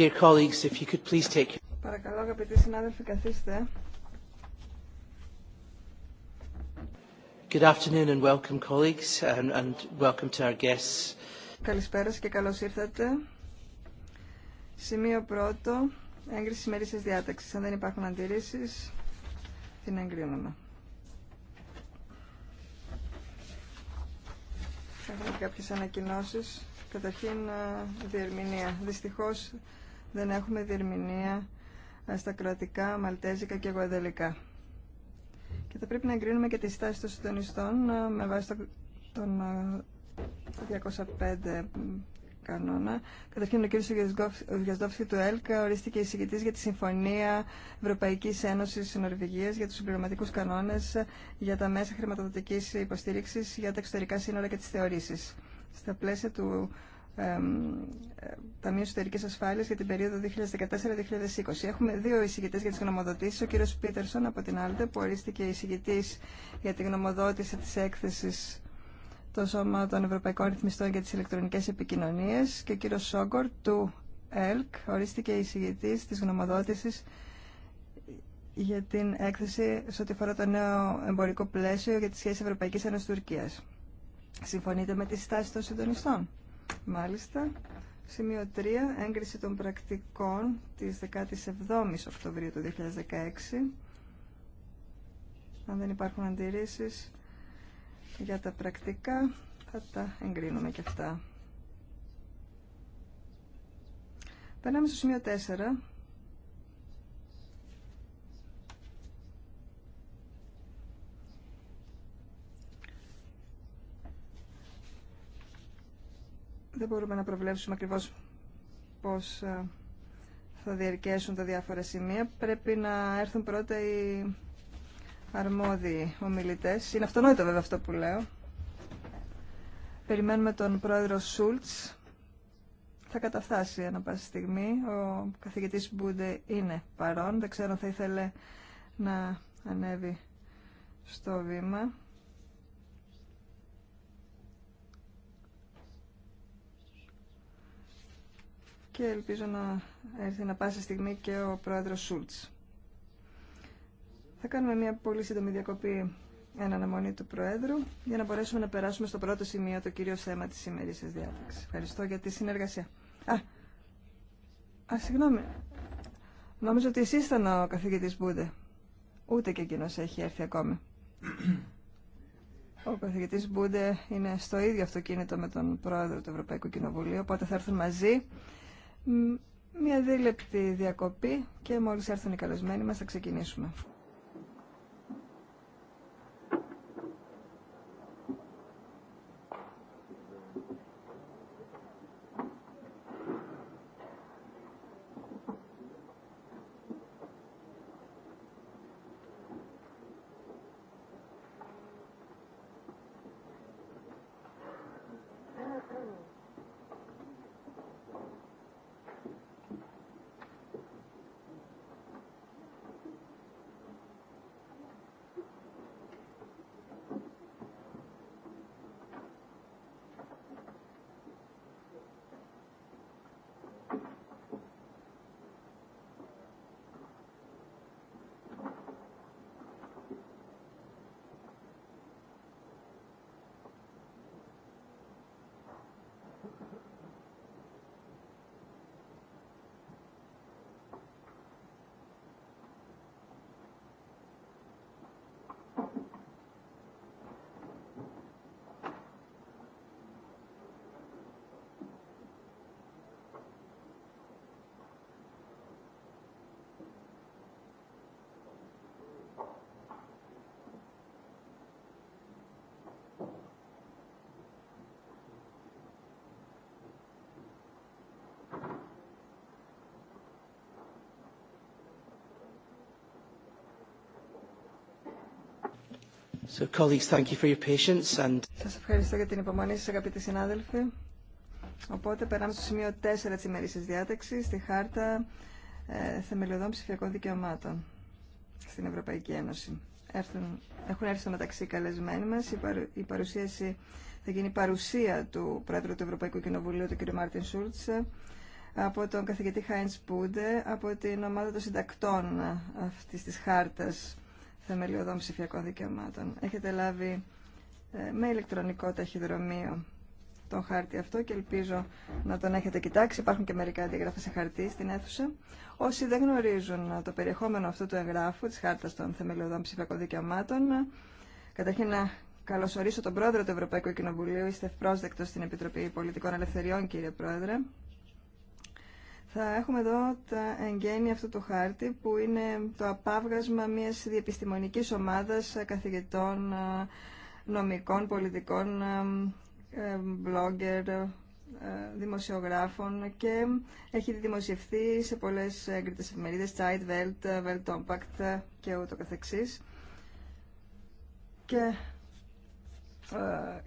Dear colleagues, if you could please take... Παρακαλώ, αγαπητοί συνάδελφοι, καθίστε. Good afternoon and welcome, colleagues, and, and welcome to our guests. Καλησπέρα και καλώς ήρθατε. Σημείο πρώτο, έγκριση μερίσες διάταξης. Αν δεν υπάρχουν αντιρρήσεις, την εγκρίνουμε. Έχουμε κάποιες ανακοινώσεις. Καταρχήν, ε, διερμηνία. Δυστυχώς, δεν έχουμε διερμηνία ε, στα κροατικά, μαλτέζικα και γοεδελικά. Και θα πρέπει να εγκρίνουμε και τη στάση των συντονιστών ε, με βάση τον 205 ε, κανόνα. Καταρχήν, ο κ. Υγιασδόφσκι του ΕΛΚΑ ορίστηκε εισηγητή για τη Συμφωνία Ευρωπαϊκή Ένωση Νορβηγία για του συμπληρωματικού κανόνε για τα μέσα χρηματοδοτική υποστήριξη για τα εξωτερικά σύνορα και τι θεωρήσει. Στα πλαίσια του Ταμείου Εσωτερική Ασφάλεια για την περίοδο 2014-2020. Έχουμε δύο εισηγητέ για τι γνωμοδοτήσει. Ο κύριο Πίτερσον από την Άλτε, που ορίστηκε εισηγητή για τη γνωμοδότηση τη έκθεση των Σώμα των Ευρωπαϊκών Ρυθμιστών για τι Ελεκτρονικέ επικοινωνίε και ο κύριο Σόγκορ του ΕΛΚ ορίστηκε εισηγητής τη γνωμοδότηση για την έκθεση σε ό,τι αφορά το νέο εμπορικό πλαίσιο για τη σχέση Ευρωπαϊκή Ένωση-Τουρκία. Συμφωνείτε με τη στάση των συντονιστών. Μάλιστα. Σημείο 3. Έγκριση των πρακτικών της 17ης Οκτωβρίου του 2016. Αν δεν υπάρχουν αντιρρήσεις για τα πρακτικά, θα τα εγκρίνουμε και αυτά. Περνάμε στο σημείο 4. Δεν μπορούμε να προβλέψουμε ακριβώς πώς ε, θα διαρκέσουν τα διάφορα σημεία. Πρέπει να έρθουν πρώτα οι αρμόδιοι ομιλητές. Είναι αυτονόητο βέβαια αυτό που λέω. Περιμένουμε τον πρόεδρο Σούλτς. Θα καταφτάσει ένα πάση στιγμή. Ο καθηγητής Μπούντε είναι παρόν. Δεν ξέρω αν θα ήθελε να ανέβει στο βήμα. και ελπίζω να έρθει να πάσει στιγμή και ο πρόεδρος Σούλτς. Θα κάνουμε μια πολύ σύντομη διακοπή εν αναμονή του Προέδρου για να μπορέσουμε να περάσουμε στο πρώτο σημείο, το κύριο θέμα της ημερήσιας διάταξης. Ευχαριστώ για τη συνεργασία. Α, α συγγνώμη. Νόμιζα ότι εσείς ήταν ο καθηγητής Μπούντε. Ούτε και εκείνος έχει έρθει ακόμη. Ο καθηγητή Μπούντε είναι στο ίδιο αυτοκίνητο με τον πρόεδρο του Ευρωπαϊκού Κοινοβουλίου, οπότε θα έρθουν μαζί μια δίλεπτη διακοπή και μόλις έρθουν οι καλεσμένοι μας θα ξεκινήσουμε. So, Σας ευχαριστώ για την υπομονή σας, αγαπητοί συνάδελφοι. Οπότε, περνάμε στο σημείο 4 της ημερήσης διάταξης, στη χάρτα ε, θεμελιωδών ψηφιακών δικαιωμάτων στην Ευρωπαϊκή Ένωση. Έρθουν, έχουν έρθει στο μεταξύ καλεσμένοι μας. Η, παρουσίαση θα γίνει παρουσία του Πρόεδρου του Ευρωπαϊκού Κοινοβουλίου, του κ. Μάρτιν Σούλτσε, από τον καθηγητή Χάιντ Πούντε, από την ομάδα των συντακτών αυτής της χάρτας θεμελιωδών ψηφιακών δικαιωμάτων. Έχετε λάβει ε, με ηλεκτρονικό ταχυδρομείο τον χάρτη αυτό και ελπίζω να τον έχετε κοιτάξει. Υπάρχουν και μερικά αντίγραφα σε χαρτί στην αίθουσα. Όσοι δεν γνωρίζουν το περιεχόμενο αυτού του εγγράφου, τη Χάρτα των Θεμελιωδών Ψηφιακών Δικαιωμάτων, καταρχήν να καλωσορίσω τον πρόεδρο του Ευρωπαϊκού Κοινοβουλίου. Είστε ευπρόσδεκτο στην Επιτροπή Πολιτικών Ελευθεριών, κύριε Πρόεδρε. Θα έχουμε εδώ τα εγγένεια αυτού του χάρτη που είναι το απάβγασμα μιας διεπιστημονικής ομάδας ε, καθηγητών ε, νομικών, πολιτικών, ε, blogger, δημοσιογράφων και έχει δημοσιευθεί σε πολλές έγκριτες εφημερίδες, Zeit, Welt, Welt Compact και ούτω καθεξής. Και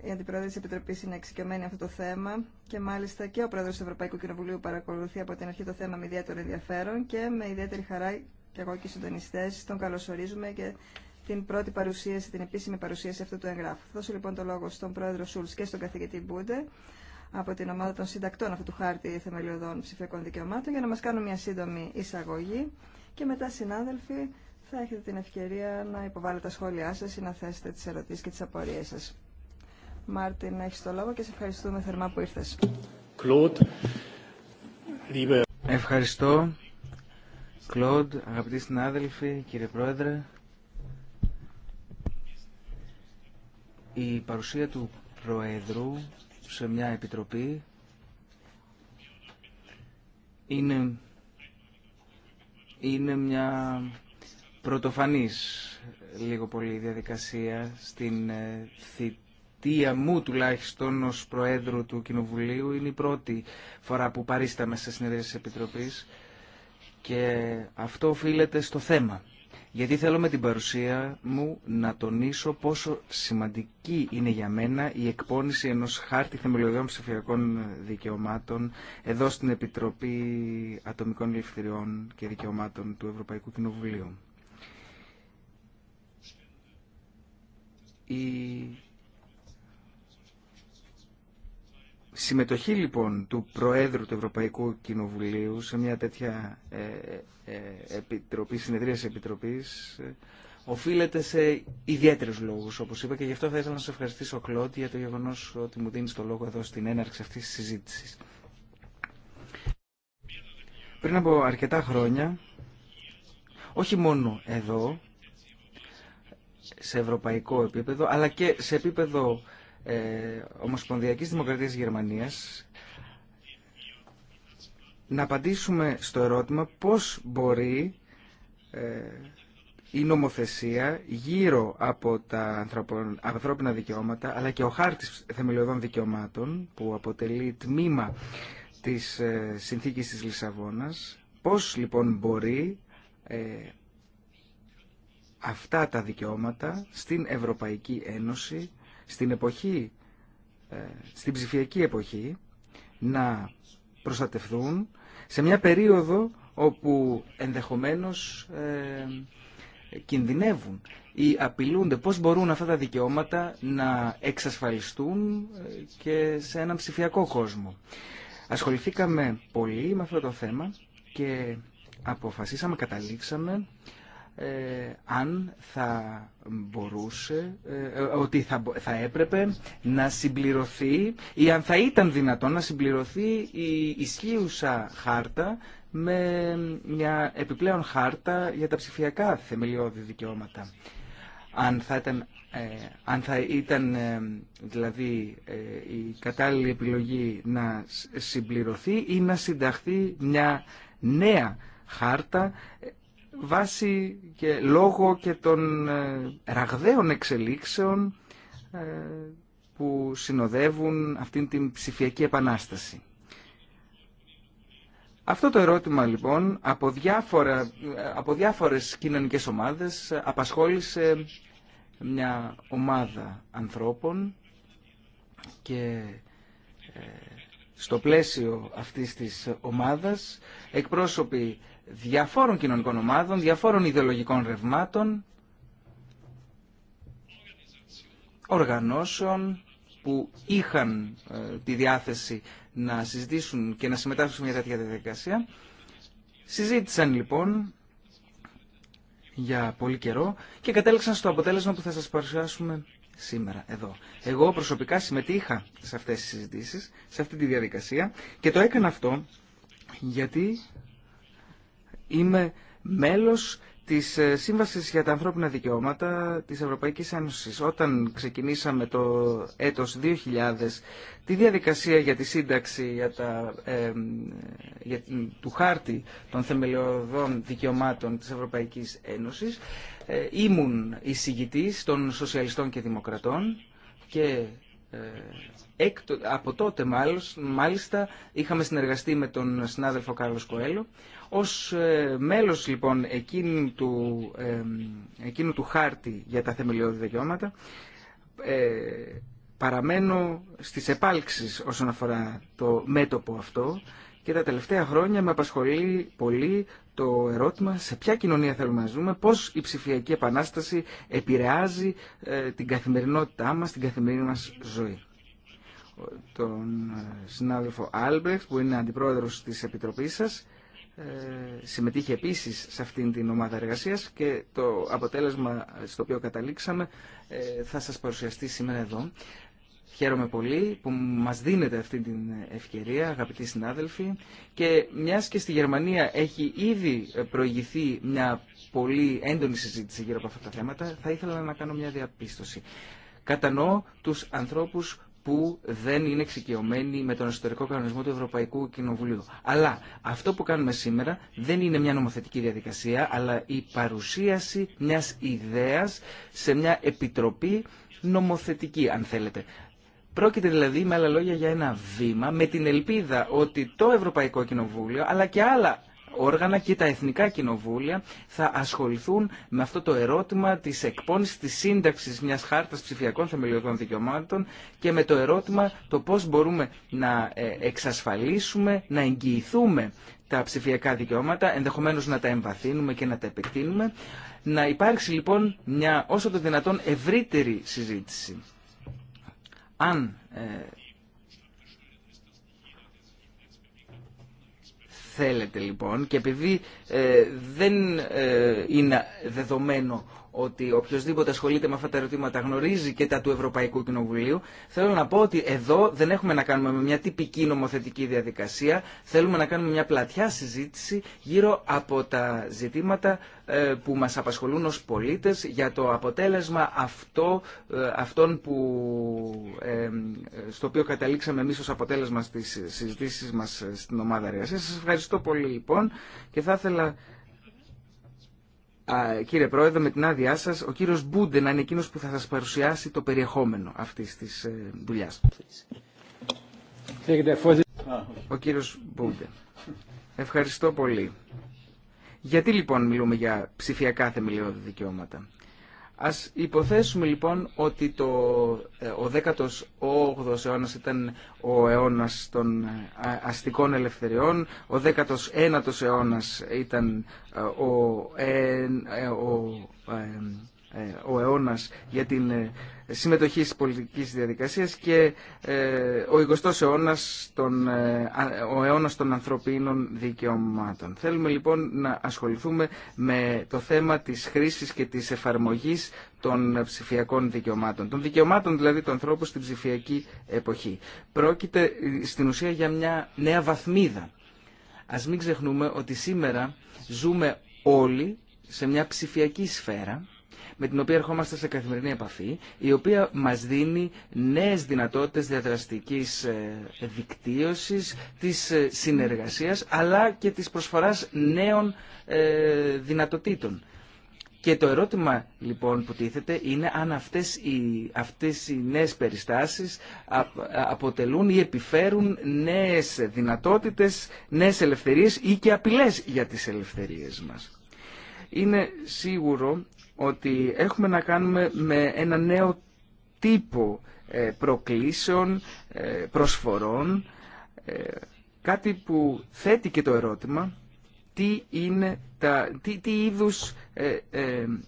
ε, η Αντιπρόεδρο τη Επιτροπή είναι εξοικειωμένη αυτό το θέμα και μάλιστα και ο Πρόεδρο του Ευρωπαϊκού Κοινοβουλίου παρακολουθεί από την αρχή το θέμα με ιδιαίτερο ενδιαφέρον και με ιδιαίτερη χαρά και εγώ και οι συντονιστέ τον καλωσορίζουμε και την πρώτη παρουσίαση, την επίσημη παρουσίαση αυτού του εγγράφου. Θα δώσω λοιπόν το λόγο στον Πρόεδρο Σούλ και στον καθηγητή Μπούντε από την ομάδα των συντακτών αυτού του χάρτη θεμελιωδών ψηφιακών δικαιωμάτων για να μα κάνουν μια σύντομη εισαγωγή και μετά συνάδελφοι θα έχετε την ευκαιρία να υποβάλλετε τα σχόλιά σας ή να θέσετε τις ερωτήσεις και τις απορίες σας. Μάρτιν, έχει το λόγο και σε ευχαριστούμε θερμά που ήρθες. Κλοντ, Ευχαριστώ. Κλοντ, αγαπητοί συνάδελφοι, κύριε Πρόεδρε. Η παρουσία του Προέδρου σε μια επιτροπή είναι, είναι μια πρωτοφανής λίγο πολύ διαδικασία στην, ε, θη, θητεία μου τουλάχιστον ως Προέδρου του Κοινοβουλίου είναι η πρώτη φορά που παρίσταμε σε συνεδρία της Επιτροπής και αυτό οφείλεται στο θέμα. Γιατί θέλω με την παρουσία μου να τονίσω πόσο σημαντική είναι για μένα η εκπόνηση ενός χάρτη θεμελιωδών ψηφιακών δικαιωμάτων εδώ στην Επιτροπή Ατομικών Ελευθεριών και Δικαιωμάτων του Ευρωπαϊκού Κοινοβουλίου. συμμετοχή λοιπόν του Προέδρου του Ευρωπαϊκού Κοινοβουλίου σε μια τέτοια ε, ε, επιτροπή, συνεδρίαση επιτροπής ε, οφείλεται σε ιδιαίτερους λόγους όπως είπα και γι' αυτό θα ήθελα να σας ευχαριστήσω Κλώτη για το γεγονός ότι μου δίνεις το λόγο εδώ στην έναρξη αυτής της συζήτησης. Πριν από αρκετά χρόνια, όχι μόνο εδώ, σε ευρωπαϊκό επίπεδο, αλλά και σε επίπεδο ε, Ομοσπονδιακής Δημοκρατίας Γερμανίας να απαντήσουμε στο ερώτημα πώς μπορεί ε, η νομοθεσία γύρω από τα ανθρώπινα δικαιώματα αλλά και ο χάρτης θεμελιωδών δικαιωμάτων που αποτελεί τμήμα της ε, συνθήκης της Λισαβόνας πώς λοιπόν μπορεί ε, αυτά τα δικαιώματα στην Ευρωπαϊκή Ένωση στην εποχή, ε, στην ψηφιακή εποχή να προστατευθούν σε μια περίοδο όπου ενδεχομένως ε, κινδυνεύουν ή απειλούνται. Πώς μπορούν αυτά τα δικαιώματα να εξασφαλιστούν ε, και σε έναν ψηφιακό κόσμο. Ασχοληθήκαμε πολύ με αυτό το θέμα και αποφασίσαμε, καταλήξαμε ε, αν θα μπορούσε, ε, ε, ότι θα, έπρεπε να συμπληρωθεί ή αν θα ήταν δυνατόν να συμπληρωθεί η ισχύουσα χάρτα με μια επιπλέον χάρτα για τα ψηφιακά θεμελιώδη δικαιώματα. Αν θα ήταν, αν θα ήταν δηλαδή η κατάλληλη επιλογή να συμπληρωθεί ή να συνταχθεί μια νέα χάρτα Βάση και λόγω και των ε, ραγδαίων εξελίξεων ε, που συνοδεύουν αυτήν την ψηφιακή επανάσταση. Αυτό το ερώτημα λοιπόν από, διάφορα, από διάφορες κοινωνικές ομάδες ε, απασχόλησε μια ομάδα ανθρώπων και στο πλαίσιο αυτής της ομάδας εκπρόσωποι διαφόρων κοινωνικών ομάδων, διαφόρων ιδεολογικών ρευμάτων, οργανώσεων που είχαν ε, τη διάθεση να συζητήσουν και να συμμετάσχουν σε μια τέτοια διαδικασία. Συζήτησαν λοιπόν για πολύ καιρό και κατέληξαν στο αποτέλεσμα που θα σας παρουσιάσουμε σήμερα εδώ. Εγώ προσωπικά συμμετείχα σε αυτές τις συζητήσεις, σε αυτή τη διαδικασία και το έκανα αυτό γιατί είμαι μέλος της ε, Σύμβασης για τα Ανθρώπινα Δικαιώματα της Ευρωπαϊκής Ένωσης. Όταν ξεκινήσαμε το έτος 2000 τη διαδικασία για τη σύνταξη για ε, του χάρτη των θεμελιωδών δικαιωμάτων της Ευρωπαϊκής Ένωσης, ε, ήμουν εισηγητής των Σοσιαλιστών και Δημοκρατών και από τότε μάλιστα είχαμε συνεργαστεί με τον συνάδελφο Κάρλος Κοέλο ως ε, μέλος λοιπόν εκείνου του, ε, εκείνου του χάρτη για τα θεμελιώδη δικαιώματα ε, παραμένω στις επάλξεις όσον αφορά το μέτωπο αυτό και τα τελευταία χρόνια με απασχολεί πολύ το ερώτημα σε ποια κοινωνία θέλουμε να ζούμε, πώς η ψηφιακή επανάσταση επηρεάζει την καθημερινότητά μας, την καθημερινή μας ζωή. Τον συνάδελφο Άλμπρεχτ που είναι αντιπρόεδρος της Επιτροπής σας ε, συμμετείχε επίσης σε αυτήν την ομάδα εργασίας και το αποτέλεσμα στο οποίο καταλήξαμε ε, θα σας παρουσιαστεί σήμερα εδώ. Χαίρομαι πολύ που μας δίνετε αυτή την ευκαιρία, αγαπητοί συνάδελφοι, και μιας και στη Γερμανία έχει ήδη προηγηθεί μια πολύ έντονη συζήτηση γύρω από αυτά τα θέματα, θα ήθελα να κάνω μια διαπίστωση. Κατανοώ τους ανθρώπους που δεν είναι εξοικειωμένοι με τον εσωτερικό κανονισμό του Ευρωπαϊκού Κοινοβουλίου. Αλλά αυτό που κάνουμε σήμερα δεν είναι μια νομοθετική διαδικασία, αλλά η παρουσίαση μιας ιδέας σε μια επιτροπή νομοθετική, αν θέλετε. Πρόκειται δηλαδή με άλλα λόγια για ένα βήμα με την ελπίδα ότι το Ευρωπαϊκό Κοινοβούλιο αλλά και άλλα όργανα και τα εθνικά κοινοβούλια θα ασχοληθούν με αυτό το ερώτημα της εκπόνησης της σύνταξη μια χάρτα ψηφιακών θεμελιωδών δικαιωμάτων και με το ερώτημα το πώς μπορούμε να ε, εξασφαλίσουμε, να εγγυηθούμε τα ψηφιακά δικαιώματα, ενδεχομένως να τα εμβαθύνουμε και να τα επεκτείνουμε. Να υπάρξει λοιπόν μια όσο το δυνατόν ευρύτερη συζήτηση. Αν ε, θέλετε λοιπόν και επειδή ε, δεν ε, είναι δεδομένο ότι οποιοδήποτε ασχολείται με αυτά τα ερωτήματα γνωρίζει και τα του Ευρωπαϊκού Κοινοβουλίου. Θέλω να πω ότι εδώ δεν έχουμε να κάνουμε με μια τυπική νομοθετική διαδικασία. Θέλουμε να κάνουμε μια πλατιά συζήτηση γύρω από τα ζητήματα ε, που μας απασχολούν ως πολίτες για το αποτέλεσμα αυτό, ε, αυτόν που, ε, στο οποίο καταλήξαμε εμείς ως αποτέλεσμα στις συζητήσεις μας στην ομάδα εργασίας. Σας ευχαριστώ πολύ λοιπόν και θα ήθελα κύριε Πρόεδρε, με την άδειά σας, ο κύριος Μπούντε να είναι εκείνος που θα σας παρουσιάσει το περιεχόμενο αυτής της ε, δουλειάς. Ο κύριος Μπούντε. Ευχαριστώ πολύ. Γιατί λοιπόν μιλούμε για ψηφιακά θεμελιώδη δικαιώματα. Ας υποθέσουμε λοιπόν ότι το, ε, ο 18ος αιώνας ήταν ο αιώνας των ε, αστικών ελευθεριών, ο 19ος αιώνας ήταν ε, ο, ε, ο ε, ο αιώνας για την ε, συμμετοχή στις πολιτικές διαδικασίες και ε, ο 20ος αιώνας των, ο αιώνας των ανθρωπίνων δικαιωμάτων. Θέλουμε λοιπόν να ασχοληθούμε με το θέμα της χρήσης και της εφαρμογής των ψηφιακών δικαιωμάτων. Των δικαιωμάτων δηλαδή των ανθρώπων στην ψηφιακή εποχή. Πρόκειται στην ουσία για μια νέα βαθμίδα. Ας μην ξεχνούμε ότι σήμερα ζούμε όλοι σε μια ψηφιακή σφαίρα με την οποία ερχόμαστε σε καθημερινή επαφή, η οποία μας δίνει νέες δυνατότητες διαδραστικής ε, δικτύωσης, της ε, συνεργασίας, αλλά και της προσφοράς νέων ε, δυνατοτήτων. Και το ερώτημα λοιπόν που τίθεται είναι αν αυτές οι, αυτές οι νέες περιστάσεις αποτελούν ή επιφέρουν νέες δυνατότητες, νέες ελευθερίες ή και απειλές για τις ελευθερίες μας. Είναι σίγουρο ότι έχουμε να κάνουμε με ένα νέο τύπο ε, προκλήσεων, ε, προσφορών, ε, κάτι που θέτει και το ερώτημα τι, είναι τα, τι, τι είδους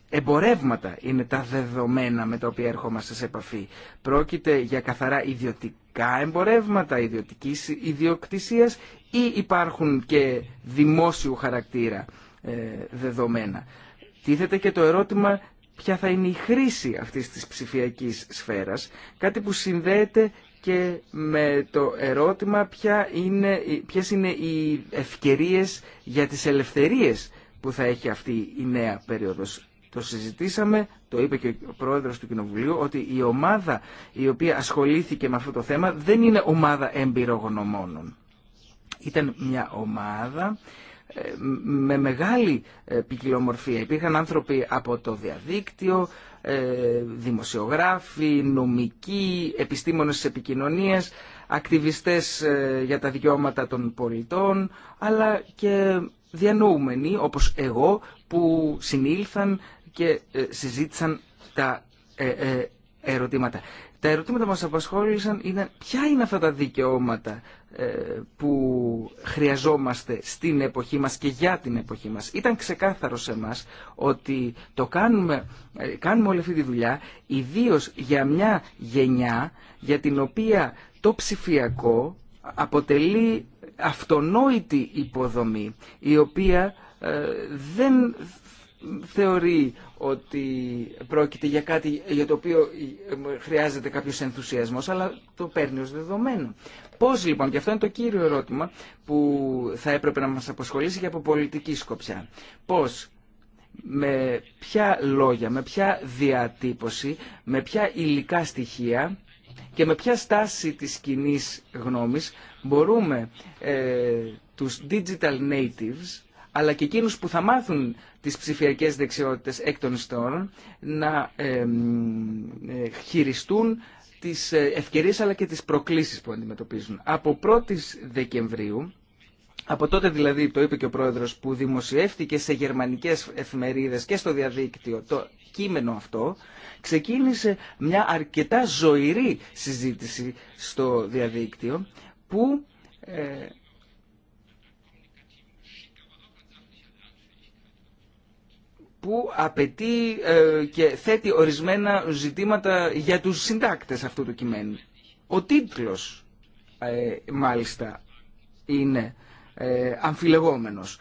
εμπορεύματα είναι τα δεδομένα με τα οποία έρχομαστε σε επαφή. Πρόκειται για καθαρά ιδιωτικά εμπορεύματα, ιδιωτικής ιδιοκτησίας ή υπάρχουν και δημόσιου χαρακτήρα δεδομένα. Τίθεται και το ερώτημα ποια θα είναι η χρήση αυτής της ψηφιακής σφαίρας, κάτι που συνδέεται και με το ερώτημα ποια είναι, ποιες είναι οι ευκαιρίες για τις ελευθερίες που θα έχει αυτή η νέα περίοδος. Το συζητήσαμε, το είπε και ο πρόεδρος του Κοινοβουλίου, ότι η ομάδα η οποία ασχολήθηκε με αυτό το θέμα δεν είναι ομάδα εμπειρογνωμόνων. Ήταν μια ομάδα με μεγάλη ε, ποικιλομορφία. Υπήρχαν άνθρωποι από το διαδίκτυο, ε, δημοσιογράφοι, νομικοί, επιστήμονες της επικοινωνίας, ακτιβιστές ε, για τα δικαιώματα των πολιτών, αλλά και διανοούμενοι όπως εγώ που συνήλθαν και συζήτησαν τα ερωτήματα. Τα ερωτήματα μας απασχόλησαν ήταν ποια είναι αυτά τα δικαιώματα ε, που χρειαζόμαστε στην εποχή μας και για την εποχή μας. Ήταν ξεκάθαρο σε μας ότι το κάνουμε, ε, κάνουμε όλη αυτή τη δουλειά ιδίως για μια γενιά για την οποία το ψηφιακό αποτελεί αυτονόητη υποδομή η οποία ε, δεν θεωρεί ότι πρόκειται για κάτι για το οποίο χρειάζεται κάποιος ενθουσιασμός, αλλά το παίρνει ως δεδομένο. Πώ λοιπόν, και αυτό είναι το κύριο ερώτημα που θα έπρεπε να μας αποσχολήσει και από πολιτική σκοπιά. Πώς με ποια λόγια, με ποια διατύπωση, με ποια υλικά στοιχεία και με ποια στάση της κοινή γνώμης μπορούμε ε, τους digital natives αλλά και εκείνους που θα μάθουν τις ψηφιακές δεξιότητες εκ των να ε, χειριστούν τις ε, ευκαιρίες αλλά και τις προκλήσεις που αντιμετωπίζουν. Από 1η Δεκεμβρίου, από τότε δηλαδή το είπε και ο πρόεδρος που δημοσιεύτηκε σε γερμανικές εφημερίδες και στο διαδίκτυο το κείμενο αυτό, ξεκίνησε μια αρκετά ζωηρή συζήτηση στο διαδίκτυο που... Ε, που απαιτεί ε, και θέτει ορισμένα ζητήματα για τους συντάκτες αυτού του κειμένου. Ο τίτλος ε, μάλιστα είναι ε, αμφιλεγόμενος.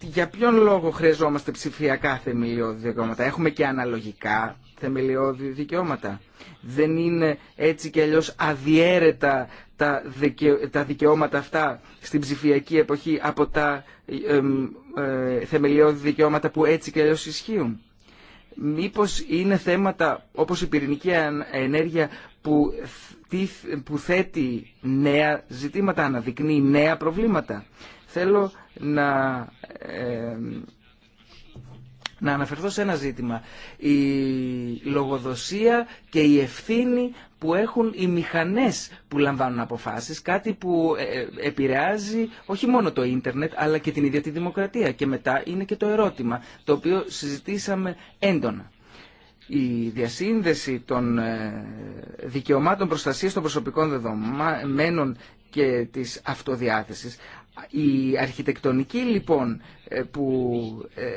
Για ποιον λόγο χρειαζόμαστε ψηφιακά θεμελιώδη δικαιώματα. Έχουμε και αναλογικά θεμελιώδη δικαιώματα. Δεν είναι έτσι και αλλιώς αδιέρετα τα, δικαιώματα αυτά στην ψηφιακή εποχή από τα ε, θεμελιώδη δικαιώματα που έτσι και αλλιώς ισχύουν. Μήπως είναι θέματα όπως η πυρηνική ενέργεια που, που θέτει νέα ζητήματα, αναδεικνύει νέα προβλήματα. Θέλω να, να αναφερθώ σε ένα ζήτημα. Η λογοδοσία και η ευθύνη που έχουν οι μηχανές που λαμβάνουν αποφάσεις, κάτι που ε, ε, επηρεάζει όχι μόνο το ίντερνετ αλλά και την ίδια τη δημοκρατία. Και μετά είναι και το ερώτημα, το οποίο συζητήσαμε έντονα. Η διασύνδεση των ε, δικαιωμάτων προστασίας των προσωπικών δεδομένων και της αυτοδιάθεσης η αρχιτεκτονική λοιπόν ε, που, ε,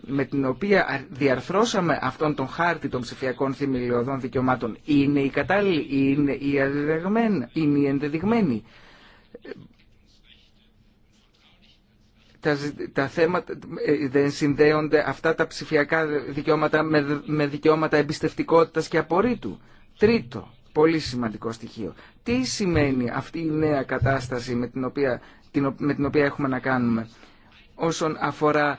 με την οποία διαρθρώσαμε αυτόν τον χάρτη των ψηφιακών θεμελιωδών δικαιωμάτων είναι η κατάλληλη, είναι η, είναι η ενδεδειγμένη. Τα, τα θέματα ε, δεν συνδέονται αυτά τα ψηφιακά δικαιώματα με, με δικαιώματα εμπιστευτικότητας και απορρίτου. Τρίτο, πολύ σημαντικό στοιχείο. Τι σημαίνει αυτή η νέα κατάσταση με την οποία με την οποία έχουμε να κάνουμε. Όσον αφορά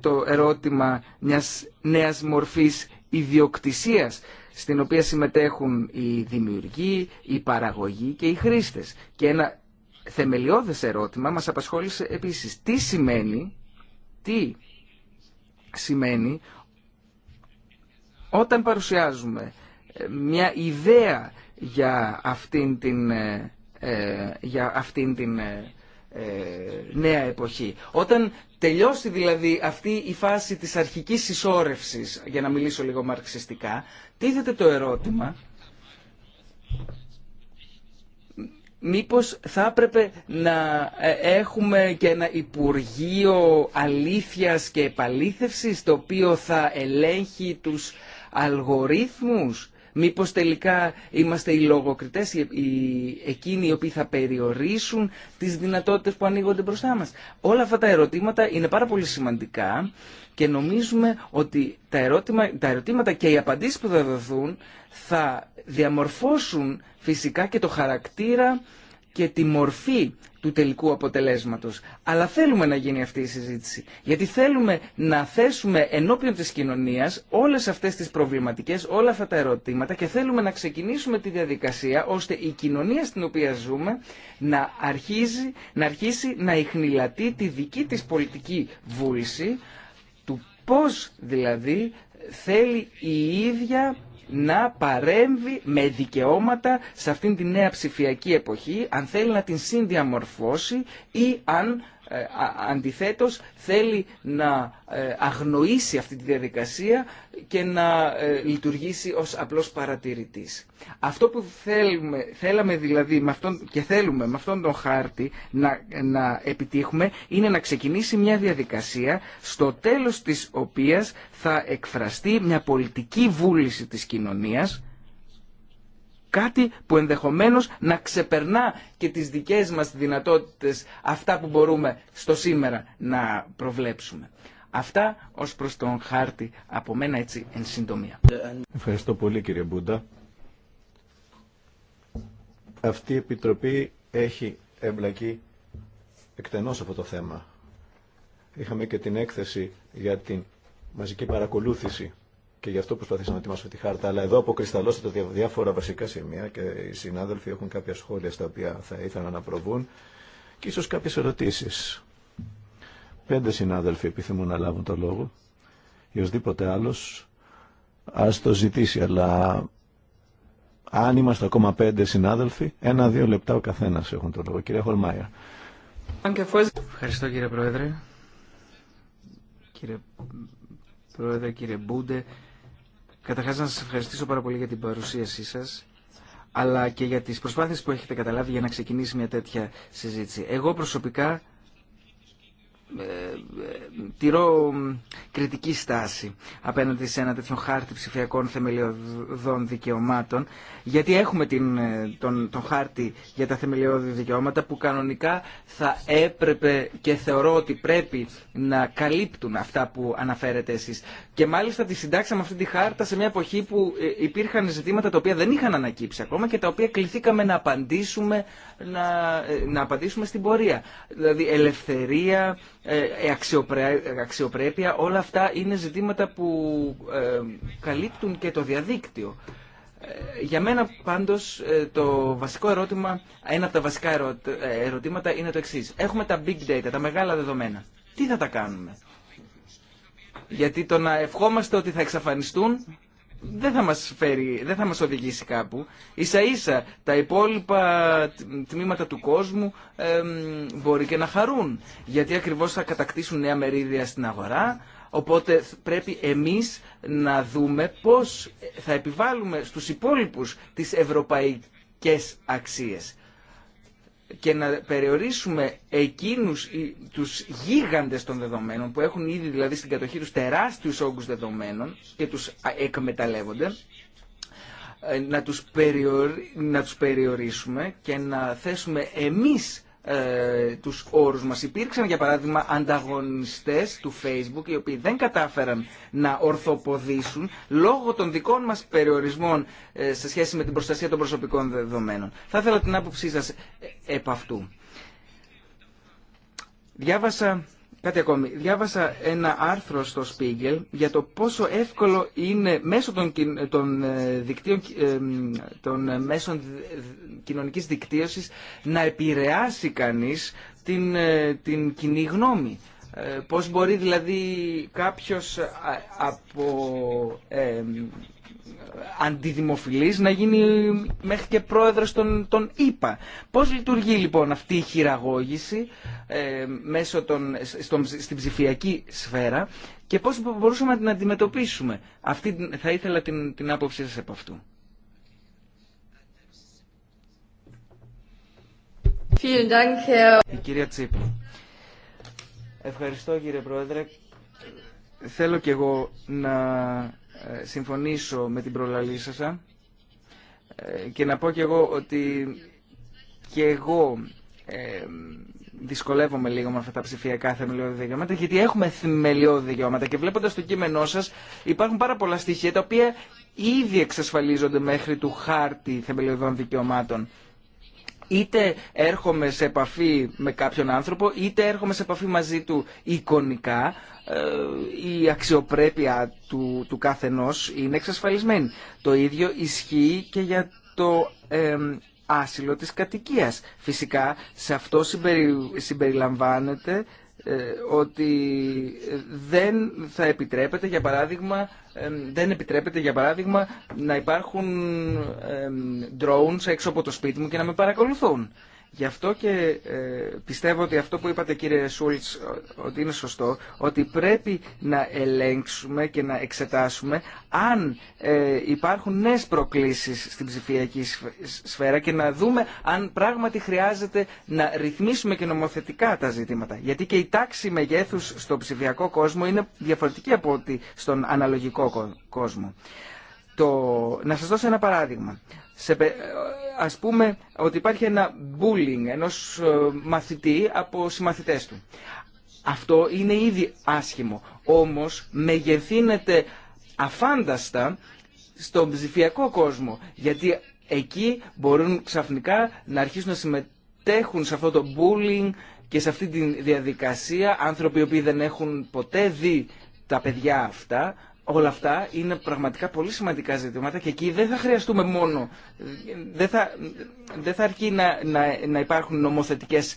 το ερώτημα μιας νέας μορφής ιδιοκτησίας στην οποία συμμετέχουν οι δημιουργοί, οι παραγωγοί και οι χρήστες. Και ένα θεμελιώδες ερώτημα μας απασχόλησε επίσης τι σημαίνει, τι σημαίνει όταν παρουσιάζουμε ε, μια ιδέα για αυτήν την, ε, ε, για αυτήν την ε, νέα εποχή. Όταν τελειώσει δηλαδή αυτή η φάση της αρχικής συσσόρευσης, για να μιλήσω λίγο μαρξιστικά, τίθεται το ερώτημα μήπως θα έπρεπε να ε, έχουμε και ένα Υπουργείο Αλήθειας και Επαλήθευσης το οποίο θα ελέγχει τους αλγορίθμους Μήπως τελικά είμαστε οι λογοκριτές, οι, εκείνοι οι οποίοι θα περιορίσουν τις δυνατότητες που ανοίγονται μπροστά μας. Όλα αυτά τα ερωτήματα είναι πάρα πολύ σημαντικά και νομίζουμε ότι τα, ερωτήματα και οι απαντήσεις που θα δοθούν θα διαμορφώσουν φυσικά και το χαρακτήρα και τη μορφή του τελικού αποτελέσματος. Αλλά θέλουμε να γίνει αυτή η συζήτηση. Γιατί θέλουμε να θέσουμε ενώπιον της κοινωνίας όλες αυτές τις προβληματικές, όλα αυτά τα ερωτήματα και θέλουμε να ξεκινήσουμε τη διαδικασία ώστε η κοινωνία στην οποία ζούμε να, αρχίζει, να αρχίσει να ηχνηλατεί τη δική της πολιτική βούληση του πώς δηλαδή θέλει η ίδια να παρέμβει με δικαιώματα σε αυτήν την νέα ψηφιακή εποχή αν θέλει να την συνδιαμορφώσει ή αν ε, αντιθέτως θέλει να ε, αγνοήσει αυτή τη διαδικασία και να ε, λειτουργήσει ως απλός παρατηρητής. Αυτό που θέλουμε, θέλαμε δηλαδή με αυτόν, και θέλουμε με αυτόν τον χάρτη να, να επιτύχουμε είναι να ξεκινήσει μια διαδικασία στο τέλος της οποίας θα εκφραστεί μια πολιτική βούληση της κοινωνίας κάτι που ενδεχομένως να ξεπερνά και τις δικές μας δυνατότητες αυτά που μπορούμε στο σήμερα να προβλέψουμε. Αυτά ως προς τον χάρτη από μένα έτσι εν συντομία. Ευχαριστώ πολύ κύριε Μπούντα. Αυτή η Επιτροπή έχει εμπλακεί εκτενώς αυτό το θέμα. Είχαμε και την έκθεση για την μαζική παρακολούθηση και γι' αυτό προσπαθήσαμε να ετοιμάσουμε τη χάρτα. Αλλά εδώ αποκρισταλώσατε διάφορα βασικά σημεία και οι συνάδελφοι έχουν κάποια σχόλια στα οποία θα ήθελαν να προβούν και ίσω κάποιε ερωτήσει. Πέντε συνάδελφοι επιθυμούν να λάβουν το λόγο Ιωσδήποτε οσδήποτε α το ζητήσει. Αλλά αν είμαστε ακόμα πέντε συνάδελφοι, ένα-δύο λεπτά ο καθένα έχουν το λόγο. Κύριε Χολμάια. Ευχαριστώ κύριε Πρόεδρε. Κύριε Πρόεδρε, κύριε Μπούντε, Καταρχάς να σας ευχαριστήσω πάρα πολύ για την παρουσίασή σας αλλά και για τις προσπάθειες που έχετε καταλάβει για να ξεκινήσει μια τέτοια συζήτηση. Εγώ προσωπικά ε, ε, τηρώ κριτική στάση απέναντι σε ένα τέτοιο χάρτη ψηφιακών θεμελιωδών δικαιωμάτων γιατί έχουμε την, ε, τον, τον χάρτη για τα θεμελιώδη δικαιώματα που κανονικά θα έπρεπε και θεωρώ ότι πρέπει να καλύπτουν αυτά που αναφέρετε εσείς και μάλιστα τη συντάξαμε αυτή τη χάρτα σε μια εποχή που υπήρχαν ζητήματα τα οποία δεν είχαν ανακύψει ακόμα και τα οποία κληθήκαμε να απαντήσουμε, να, να απαντήσουμε στην πορεία δηλαδή ελευθερία ε, ε, αξιοπρέπεια, όλα αυτά είναι ζητήματα που ε, καλύπτουν και το διαδίκτυο. Για μένα πάντως το βασικό ερώτημα, ένα από τα βασικά ερωτήματα είναι το εξής. Έχουμε τα big data, τα μεγάλα δεδομένα. Τι θα τα κάνουμε. Γιατί το να ευχόμαστε ότι θα εξαφανιστούν δεν θα μας, φέρει, δεν θα μας οδηγήσει κάπου. Ίσα ίσα τα υπόλοιπα τμήματα του κόσμου μπορεί και να χαρούν. Γιατί ακριβώς θα κατακτήσουν νέα μερίδια στην αγορά. Οπότε πρέπει εμείς να δούμε πώς θα επιβάλλουμε στους υπόλοιπους τις ευρωπαϊκές αξίες και να περιορίσουμε εκείνους τους γίγαντες των δεδομένων που έχουν ήδη δηλαδή στην κατοχή τους τεράστιους όγκους δεδομένων και τους εκμεταλλεύονται ε, να τους, να τους περιορίσουμε και να θέσουμε εμείς ε, τους όρους μας. Υπήρξαν για παράδειγμα ανταγωνιστές του Facebook οι οποίοι δεν κατάφεραν να ορθοποδήσουν λόγω των δικών μας περιορισμών ε, σε σχέση με την προστασία των προσωπικών δεδομένων. Θα ήθελα την άποψή σας ε, επ' αυτού. Διάβασα Κάτι ακόμη. Διάβασα ένα άρθρο στο Spiegel για το πόσο εύκολο είναι μέσω των, των, ε, δικτύων, ε, των μέσων κοινωνικής δικτύωσης να επηρεάσει κανείς την, ε, την κοινή γνώμη. Πώς μπορεί δηλαδή κάποιος από αντιδημοφιλής να γίνει μέχρι και πρόεδρος των, των ΙΠΑ. Πώς λειτουργεί λοιπόν αυτή η χειραγώγηση ε, μέσω των, στην ψηφιακή σφαίρα και πώς μπορούσαμε να την αντιμετωπίσουμε. Αυτή θα ήθελα την, την άποψή σας από αυτού. κυρία Τσίπρα. Ευχαριστώ κύριε Πρόεδρε. Θέλω και εγώ να ε, συμφωνήσω με την προλαλή ε, και να πω και εγώ ότι και εγώ ε, δυσκολεύομαι λίγο με αυτά τα ψηφιακά θεμελιώδη δικαιώματα, γιατί έχουμε θεμελιώδη δικαιώματα και βλέποντας το κείμενό σας υπάρχουν πάρα πολλά στοιχεία τα οποία ήδη εξασφαλίζονται μέχρι του χάρτη θεμελιωδών δικαιωμάτων. Είτε έρχομαι σε επαφή με κάποιον άνθρωπο, είτε έρχομαι σε επαφή μαζί του εικονικά, ε, η αξιοπρέπεια του, του καθενός είναι εξασφαλισμένη. Το ίδιο ισχύει και για το άσυλο της κατοικίας. Φυσικά σε αυτό συμπερι, συμπεριλαμβάνεται ε, ότι δεν θα επιτρέπεται για παράδειγμα δεν επιτρέπεται για παράδειγμα να υπάρχουν drones έξω από το σπίτι μου και να με παρακολουθούν. Γι' αυτό και ε, πιστεύω ότι αυτό που είπατε κύριε Σούλτς ότι είναι σωστό, ότι πρέπει να ελέγξουμε και να εξετάσουμε αν ε, υπάρχουν νέες προκλήσεις στην ψηφιακή σφαίρα και να δούμε αν πράγματι χρειάζεται να ρυθμίσουμε και νομοθετικά τα ζητήματα. Γιατί και η τάξη μεγέθους στο ψηφιακό κόσμο είναι διαφορετική από ότι στον αναλογικό κόσμο. Το... Να σας δώσω ένα παράδειγμα σε, ας πούμε ότι υπάρχει ένα bullying ενός ε, μαθητή από συμμαθητές του. Αυτό είναι ήδη άσχημο, όμως μεγεθύνεται αφάνταστα στον ψηφιακό κόσμο, γιατί εκεί μπορούν ξαφνικά να αρχίσουν να συμμετέχουν σε αυτό το bullying και σε αυτή τη διαδικασία άνθρωποι οι οποίοι δεν έχουν ποτέ δει τα παιδιά αυτά όλα αυτά είναι πραγματικά πολύ σημαντικά ζητήματα και εκεί δεν θα χρειαστούμε μόνο, δεν θα, δεν θα αρκεί να, υπάρχουν νομοθετικές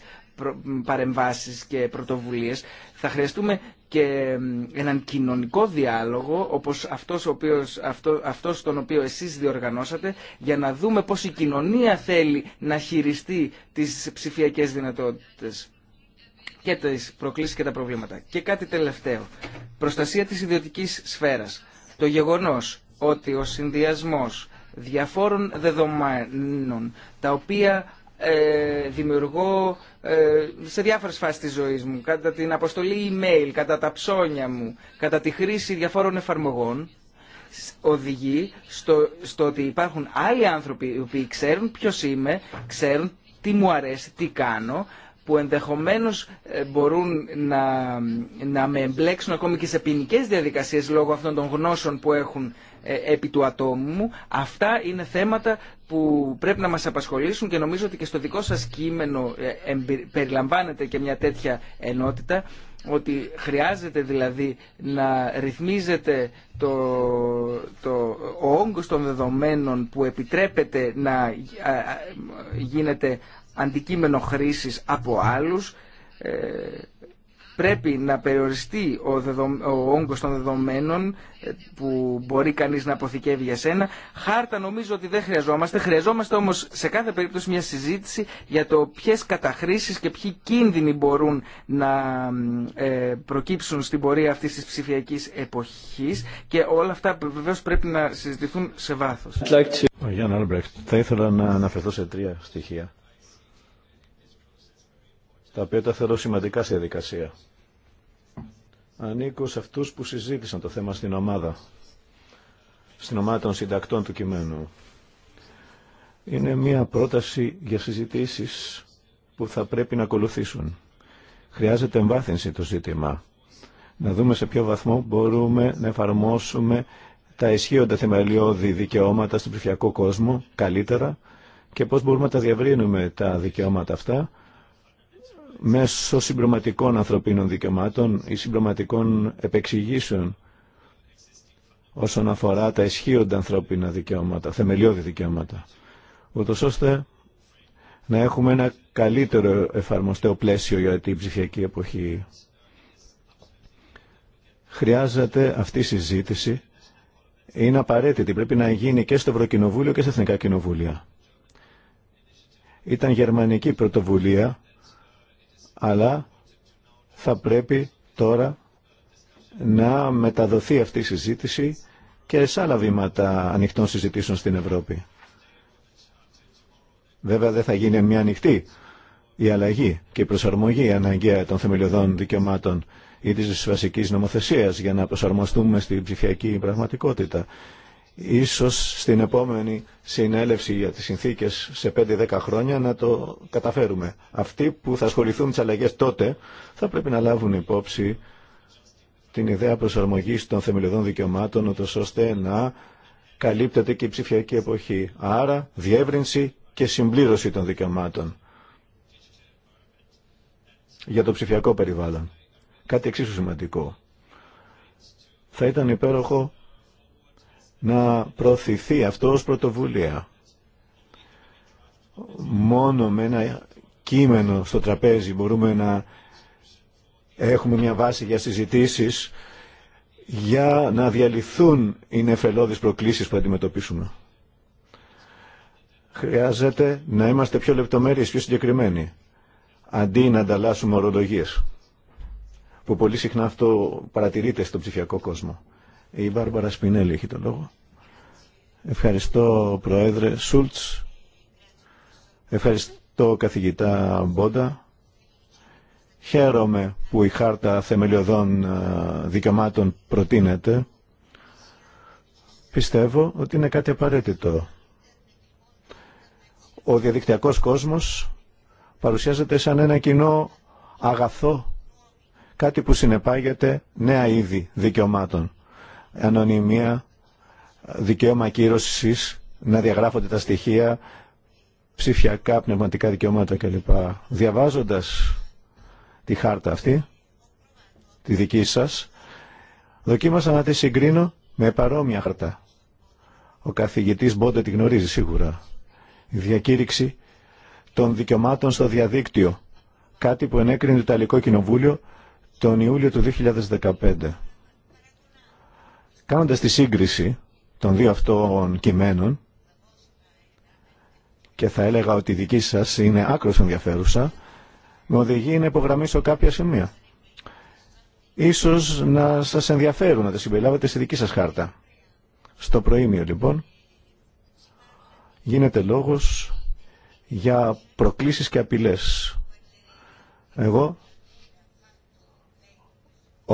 παρεμβάσεις και πρωτοβουλίες. Θα χρειαστούμε και έναν κοινωνικό διάλογο, όπως αυτός, ο οποίος, αυτό, αυτός τον οποίο εσείς διοργανώσατε, για να δούμε πώς η κοινωνία θέλει να χειριστεί τις ψηφιακές δυνατότητες και τι προκλήσεις και τα προβλήματα. Και κάτι τελευταίο. Προστασία της ιδιωτικής σφαίρας. Το γεγονό ότι ο συνδυασμό διαφόρων δεδομένων τα οποία ε, δημιουργώ ε, σε διάφορες φάσεις της ζωής μου, κατά την αποστολή email, κατά τα ψώνια μου, κατά τη χρήση διαφόρων εφαρμογών, οδηγεί στο, στο ότι υπάρχουν άλλοι άνθρωποι οι οποίοι ξέρουν ποιος είμαι, ξέρουν τι μου αρέσει, τι κάνω, που ενδεχομένως ε, μπορούν να, να με εμπλέξουν ακόμη και σε ποινικέ διαδικασίες λόγω αυτών των γνώσεων που έχουν ε, επί του ατόμου μου. Αυτά είναι θέματα που πρέπει να μας απασχολήσουν και νομίζω ότι και στο δικό σας κείμενο ε, περιλαμβάνεται και μια τέτοια ενότητα ότι χρειάζεται δηλαδή να ρυθμίζεται το, το, ο όγκος των δεδομένων που επιτρέπεται να γίνεται αντικείμενο χρήσης από άλλους, ε, πρέπει να περιοριστεί ο, δεδο... όγκος των δεδομένων ε, που μπορεί κανείς να αποθηκεύει για σένα. Χάρτα νομίζω ότι δεν χρειαζόμαστε. Χρειαζόμαστε όμως σε κάθε περίπτωση μια συζήτηση για το ποιες καταχρήσεις και ποιοι κίνδυνοι μπορούν να ε, προκύψουν στην πορεία αυτής της ψηφιακής εποχής και όλα αυτά βεβαίως πρέπει να συζητηθούν σε βάθος. Θα ήθελα να αναφερθώ σε τρία στοιχεία τα οποία τα θεωρώ σημαντικά στη διαδικασία. Ανήκω σε αυτούς που συζήτησαν το θέμα στην ομάδα, στην ομάδα των συντακτών του κειμένου. Είναι μια πρόταση για συζητήσεις που θα πρέπει να ακολουθήσουν. Χρειάζεται εμβάθυνση το ζήτημα. Να δούμε σε ποιο βαθμό μπορούμε να εφαρμόσουμε τα ισχύοντα θεμελιώδη δικαιώματα στον ψηφιακό κόσμο καλύτερα και πώς μπορούμε να τα διαβρύνουμε τα δικαιώματα αυτά μέσω συμπροματικών ανθρωπίνων δικαιωμάτων ή συμπροματικών επεξηγήσεων όσον αφορά τα ισχύοντα ανθρώπινα δικαιώματα, θεμελιώδη δικαιώματα, ούτω ώστε να έχουμε ένα καλύτερο εφαρμοστέο πλαίσιο για την ψηφιακή εποχή. Χρειάζεται αυτή η συζήτηση, είναι απαραίτητη, πρέπει να γίνει και στο Ευρωκοινοβούλιο και στα Εθνικά Κοινοβούλια. Ήταν γερμανική πρωτοβουλία αλλά θα πρέπει τώρα να μεταδοθεί αυτή η συζήτηση και σε άλλα βήματα ανοιχτών συζητήσεων στην Ευρώπη. Βέβαια δεν θα γίνει μια ανοιχτή η αλλαγή και η προσαρμογή αναγκαία των θεμελιωδών δικαιωμάτων ή της βασικής νομοθεσίας για να προσαρμοστούμε στην ψηφιακή πραγματικότητα. Ίσως στην επόμενη συνέλευση για τις συνθήκες σε 5-10 χρόνια να το καταφέρουμε. Αυτοί που θα ασχοληθούν με τις αλλαγές τότε θα πρέπει να λάβουν υπόψη την ιδέα προσαρμογής των θεμελιωδών δικαιωμάτων ώστε να καλύπτεται και η ψηφιακή εποχή. Άρα διεύρυνση και συμπλήρωση των δικαιωμάτων για το ψηφιακό περιβάλλον. Κάτι εξίσου σημαντικό. Θα ήταν υπέροχο να προωθηθεί αυτό ως πρωτοβουλία. Μόνο με ένα κείμενο στο τραπέζι μπορούμε να έχουμε μια βάση για συζητήσεις για να διαλυθούν οι νεφελώδεις προκλήσεις που αντιμετωπίσουμε. Χρειάζεται να είμαστε πιο λεπτομέρειες, πιο συγκεκριμένοι, αντί να ανταλλάσσουμε ορολογίες, που πολύ συχνά αυτό παρατηρείται στον ψηφιακό κόσμο. Η Βάρμπαρα Σπινέλη έχει το λόγο. Ευχαριστώ Πρόεδρε Σούλτς. Ευχαριστώ καθηγητά Μπόντα. Χαίρομαι που η Χάρτα Θεμελιωδών ε, Δικαιωμάτων προτείνεται. Πιστεύω ότι είναι κάτι απαραίτητο. Ο διαδικτυακός κόσμος παρουσιάζεται σαν ένα κοινό αγαθό, κάτι που συνεπάγεται νέα είδη δικαιωμάτων ανωνυμία, δικαίωμα κύρωσης, να διαγράφονται τα στοιχεία, ψηφιακά, πνευματικά δικαιώματα κλπ. Διαβάζοντας τη χάρτα αυτή, τη δική σας, δοκίμασα να τη συγκρίνω με παρόμοια χαρτά. Ο καθηγητής Μπόντε τη γνωρίζει σίγουρα. Η διακήρυξη των δικαιωμάτων στο διαδίκτυο, κάτι που ενέκρινε το Ιταλικό Κοινοβούλιο τον Ιούλιο του 2015. Κάνοντας τη σύγκριση των δύο αυτών κειμένων και θα έλεγα ότι η δική σας είναι άκρως ενδιαφέρουσα, με οδηγεί να υπογραμμίσω κάποια σημεία. Ίσως να σας ενδιαφέρουν να τα συμπεριλάβετε στη δική σας χάρτα. Στο προήμιο λοιπόν γίνεται λόγος για προκλήσεις και απειλές. Εγώ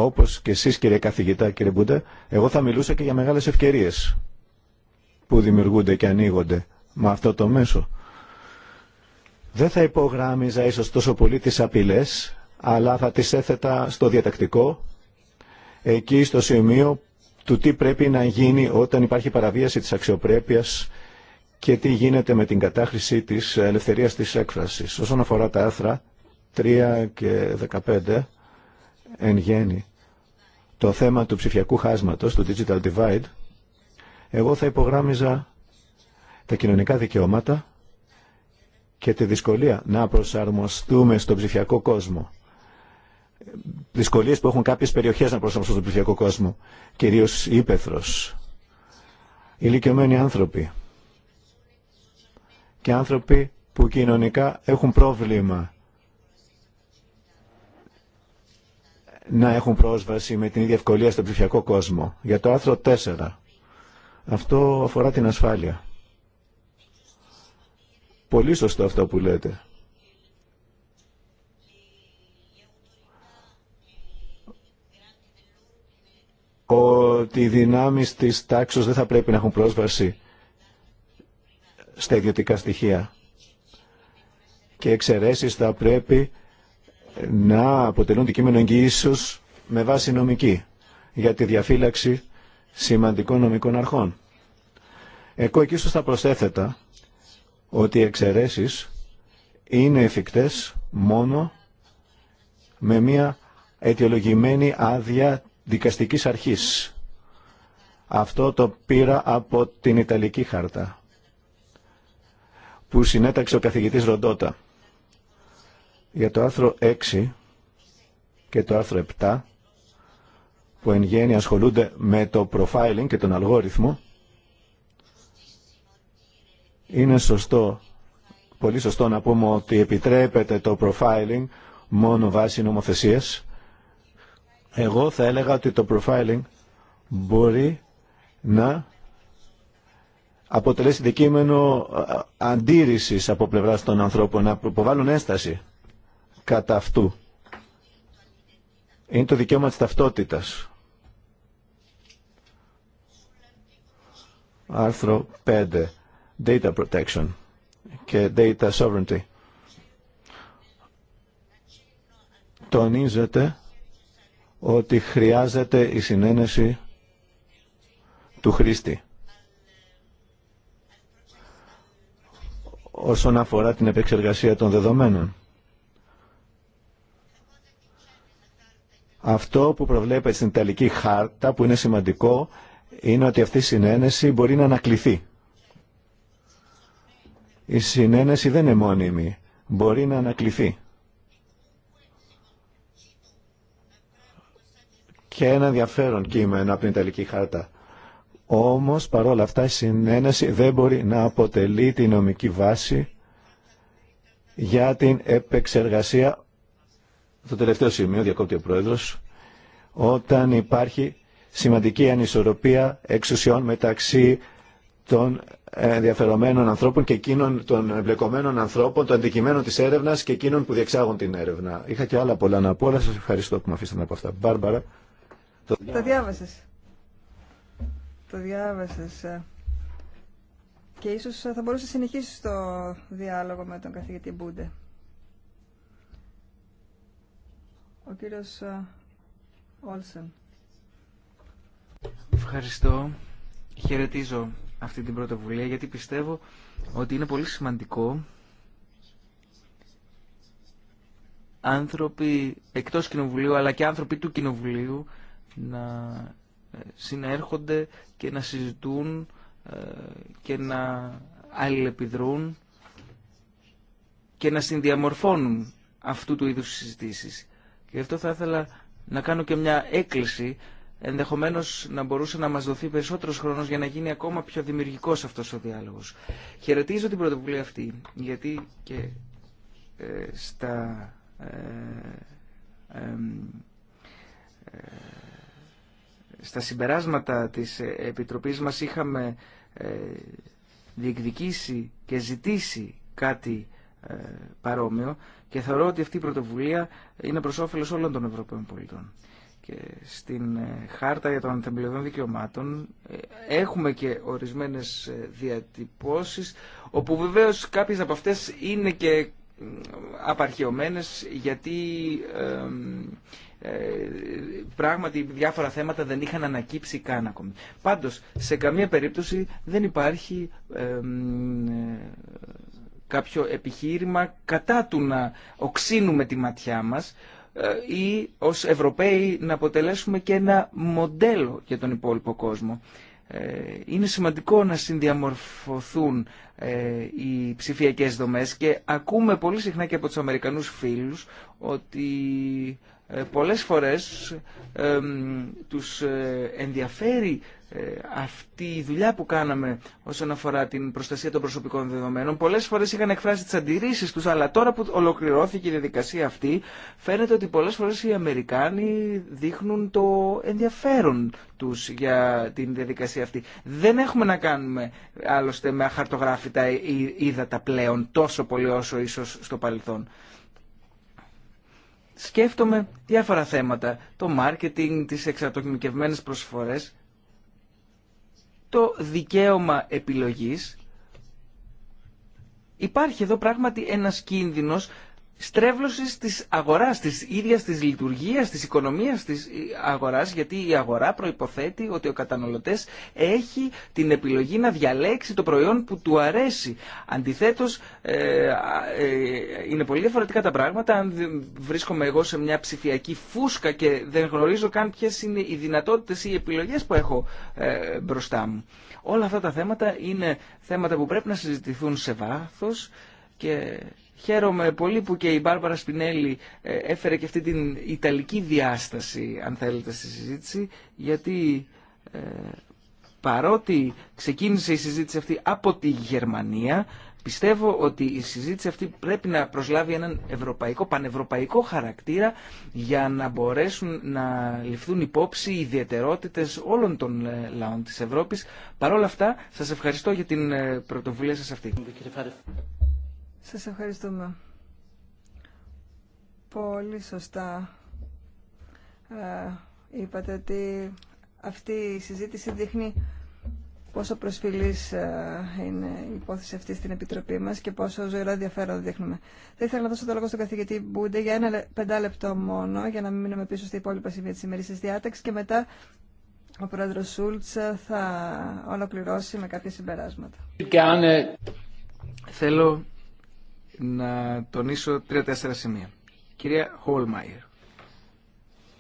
όπως και εσείς κύριε καθηγητά, κύριε Μπούντα, εγώ θα μιλούσα και για μεγάλες ευκαιρίες που δημιουργούνται και ανοίγονται με αυτό το μέσο. Δεν θα υπογράμμιζα ίσως τόσο πολύ τις απειλές, αλλά θα τις έθετα στο διατακτικό, εκεί στο σημείο του τι πρέπει να γίνει όταν υπάρχει παραβίαση της αξιοπρέπειας και τι γίνεται με την κατάχρηση της ελευθερίας της έκφρασης. Όσον αφορά τα άθρα 3 και 15, εν γέννη, το θέμα του ψηφιακού χάσματος, του digital divide, εγώ θα υπογράμμιζα τα κοινωνικά δικαιώματα και τη δυσκολία να προσαρμοστούμε στον ψηφιακό κόσμο. Δυσκολίες που έχουν κάποιες περιοχές να προσαρμοστούν στον ψηφιακό κόσμο, κυρίως ύπεθρος, ηλικιωμένοι άνθρωποι και άνθρωποι που κοινωνικά έχουν πρόβλημα να έχουν πρόσβαση με την ίδια ευκολία στον ψηφιακό κόσμο. Για το άρθρο 4. Αυτό αφορά την ασφάλεια. Πολύ σωστό αυτό που λέτε. Ότι οι δυνάμεις της τάξης δεν θα πρέπει να έχουν πρόσβαση στα ιδιωτικά στοιχεία. Και εξαιρέσεις θα πρέπει να αποτελούν αντικείμενο εγγύησεω με βάση νομική για τη διαφύλαξη σημαντικών νομικών αρχών. Εγώ εκεί ίσως θα προσέθετα ότι οι εξαιρέσει είναι εφικτές μόνο με μια αιτιολογημένη άδεια δικαστικής αρχής. Αυτό το πήρα από την Ιταλική χάρτα που συνέταξε ο καθηγητής Ροντότα. Για το άρθρο 6 και το άρθρο 7 που εν γέννη ασχολούνται με το profiling και τον αλγόριθμο είναι σωστό, πολύ σωστό να πούμε ότι επιτρέπεται το profiling μόνο βάσει νομοθεσίας. Εγώ θα έλεγα ότι το profiling μπορεί να αποτελέσει δικείμενο ε, αντίρρησης από πλευράς των ανθρώπων, να υποβάλουν έσταση κατά αυτού. Είναι το δικαίωμα της ταυτότητας. Άρθρο 5. Data Protection και Data Sovereignty. Τονίζεται ότι χρειάζεται η συνένεση του χρήστη. όσον αφορά την επεξεργασία των δεδομένων. Αυτό που προβλέπεται στην Ιταλική χάρτα που είναι σημαντικό είναι ότι αυτή η συνένεση μπορεί να ανακληθεί. Η συνένεση δεν είναι μόνιμη. Μπορεί να ανακληθεί. Και ένα ενδιαφέρον κείμενο από την Ιταλική χάρτα. Όμως, παρόλα αυτά, η συνένεση δεν μπορεί να αποτελεί τη νομική βάση για την επεξεργασία το τελευταίο σημείο, διακόπτει ο Πρόεδρος, όταν υπάρχει σημαντική ανισορροπία εξουσιών μεταξύ των ενδιαφερομένων ανθρώπων και εκείνων των εμπλεκομένων ανθρώπων, των αντικειμένων της έρευνας και εκείνων που διεξάγουν την έρευνα. Είχα και άλλα πολλά να πω, αλλά σας ευχαριστώ που με αφήσατε από αυτά. Μπάρμπαρα. Το, το διάβασες. Το διάβασες. Ε. Και ίσως ε, θα μπορούσε να συνεχίσει το διάλογο με τον καθηγητή Μπούντε. Ο κύριος ε, Όλσεν. Ευχαριστώ. Χαιρετίζω αυτή την πρωτοβουλία γιατί πιστεύω ότι είναι πολύ σημαντικό άνθρωποι εκτός κοινοβουλίου αλλά και άνθρωποι του κοινοβουλίου να ε, συνέρχονται και να συζητούν ε, και να αλληλεπιδρούν και να συνδιαμορφώνουν αυτού του είδους συζητήσεις. Γι' αυτό θα ήθελα να κάνω και μια έκκληση, ενδεχομένως να μπορούσε να μας δοθεί περισσότερος χρόνος για να γίνει ακόμα πιο δημιουργικός αυτός ο διάλογος. Χαιρετίζω την πρωτοβουλία αυτή, γιατί και ε, στα... Ε, ε, στα συμπεράσματα της Επιτροπής μας είχαμε διεκδικήσει και ζητήσει κάτι ε, παρόμοιο και θεωρώ ότι αυτή η πρωτοβουλία είναι προς όφελος όλων των Ευρωπαίων πολιτών. Και στην ε, χάρτα για των θεμελιωδών δικαιωμάτων ε, έχουμε και ορισμένες διατυπώσεις όπου βεβαίως κάποιες από αυτές είναι και απαρχαιωμένες γιατί πράγματι διάφορα θέματα δεν είχαν ανακύψει καν ακόμη. Πάντως, σε καμία περίπτωση δεν υπάρχει κάποιο επιχείρημα κατά του να οξύνουμε τη ματιά μας ε, ή ως Ευρωπαίοι να αποτελέσουμε και ένα μοντέλο για τον υπόλοιπο κόσμο. Ε, είναι σημαντικό να συνδιαμορφωθούν ε, οι ψηφιακές δομές και ακούμε πολύ συχνά και από τους Αμερικανούς φίλους ότι ε, πολλές φορές τους ε, ενδιαφέρει ε, αυτή η δουλειά που κάναμε όσον αφορά την προστασία των προσωπικών δεδομένων. Πολλές φορές είχαν εκφράσει τις αντιρρήσεις τους, αλλά τώρα που ολοκληρώθηκε η διαδικασία αυτή, φαίνεται ότι πολλές φορές οι Αμερικάνοι δείχνουν το ενδιαφέρον τους για την διαδικασία αυτή. Δεν έχουμε να κάνουμε άλλωστε με αχαρτογράφητα είδατα πλέον τόσο πολύ όσο ίσως στο παρελθόν σκέφτομαι διάφορα θέματα. Το μάρκετινγκ, τις εξατομικευμένες προσφορές, το δικαίωμα επιλογής. Υπάρχει εδώ πράγματι ένας κίνδυνος στρέβλωση τη αγορά, της ίδιας της λειτουργία, της οικονομίας της αγοράς, γιατί η αγορά προϋποθέτει ότι ο καταναλωτής έχει την επιλογή να διαλέξει το προϊόν που του αρέσει. Αντιθέτως, ε, ε, είναι πολύ διαφορετικά τα πράγματα. Αν βρίσκομαι εγώ σε μια ψηφιακή φούσκα και δεν γνωρίζω καν ποιε είναι οι δυνατότητε ή οι επιλογέ που έχω ε, μπροστά μου. Όλα αυτά τα θέματα είναι θέματα που πρέπει να συζητηθούν σε βάθος και Χαίρομαι πολύ που και η Μπάρμπαρα Σπινέλη ε, έφερε και αυτή την ιταλική διάσταση, αν θέλετε, στη συζήτηση, γιατί ε, παρότι ξεκίνησε η συζήτηση αυτή από τη Γερμανία, πιστεύω ότι η συζήτηση αυτή πρέπει να προσλάβει έναν ευρωπαϊκό, πανευρωπαϊκό χαρακτήρα για να μπορέσουν να ληφθούν υπόψη οι ιδιαιτερότητες όλων των ε, λαών της Ευρώπης. Παρ' όλα αυτά, σας ευχαριστώ για την ε, πρωτοβουλία σας αυτή. Σας ευχαριστούμε. Πολύ σωστά ε, είπατε ότι αυτή η συζήτηση δείχνει πόσο προσφυλής ε, είναι η υπόθεση αυτή στην Επιτροπή μας και πόσο ζωηρό ενδιαφέρον δείχνουμε. Θα ήθελα να δώσω το λόγο στον καθηγητή Μπούντε για ένα πεντάλεπτο μόνο, για να μην μείνουμε πίσω στα υπόλοιπα σημεία της ημερήσιας διάταξης και μετά ο πρόεδρος Σούλτς ε, θα ολοκληρώσει με κάποια συμπεράσματα. Θέλω να τονίσω τρία-τέσσερα σημεία. Κυρία Χόλμαϊρ,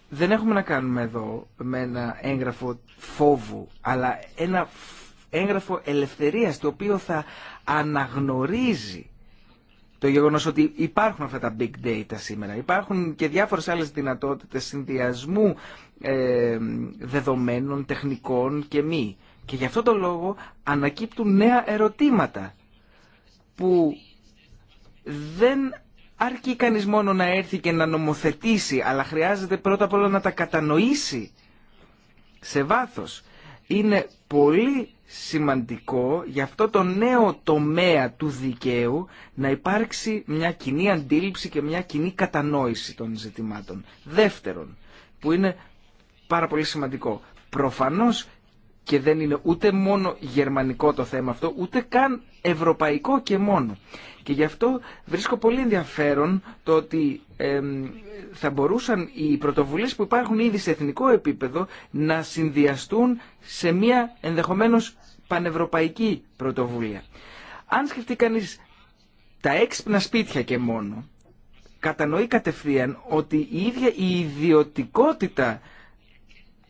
δεν έχουμε να κάνουμε εδώ με ένα έγγραφο φόβου, αλλά ένα έγγραφο ελευθερίας, το οποίο θα αναγνωρίζει το γεγονός ότι υπάρχουν αυτά τα big data σήμερα. Υπάρχουν και διάφορες άλλες δυνατότητες συνδυασμού ε, δεδομένων, τεχνικών και μη. Και γι' αυτό το λόγο ανακύπτουν νέα ερωτήματα που δεν αρκεί κανείς μόνο να έρθει και να νομοθετήσει, αλλά χρειάζεται πρώτα απ' όλα να τα κατανοήσει σε βάθος. Είναι πολύ σημαντικό για αυτό το νέο τομέα του δικαίου να υπάρξει μια κοινή αντίληψη και μια κοινή κατανόηση των ζητημάτων. Δεύτερον, που είναι πάρα πολύ σημαντικό, προφανώς και δεν είναι ούτε μόνο γερμανικό το θέμα αυτό, ούτε καν ευρωπαϊκό και μόνο. Και γι' αυτό βρίσκω πολύ ενδιαφέρον το ότι ε, θα μπορούσαν οι πρωτοβουλίες που υπάρχουν ήδη σε εθνικό επίπεδο να συνδυαστούν σε μια ενδεχομένως πανευρωπαϊκή πρωτοβουλία. Αν σκεφτεί κανείς τα έξυπνα σπίτια και μόνο, κατανοεί κατευθείαν ότι η ίδια η ιδιωτικότητα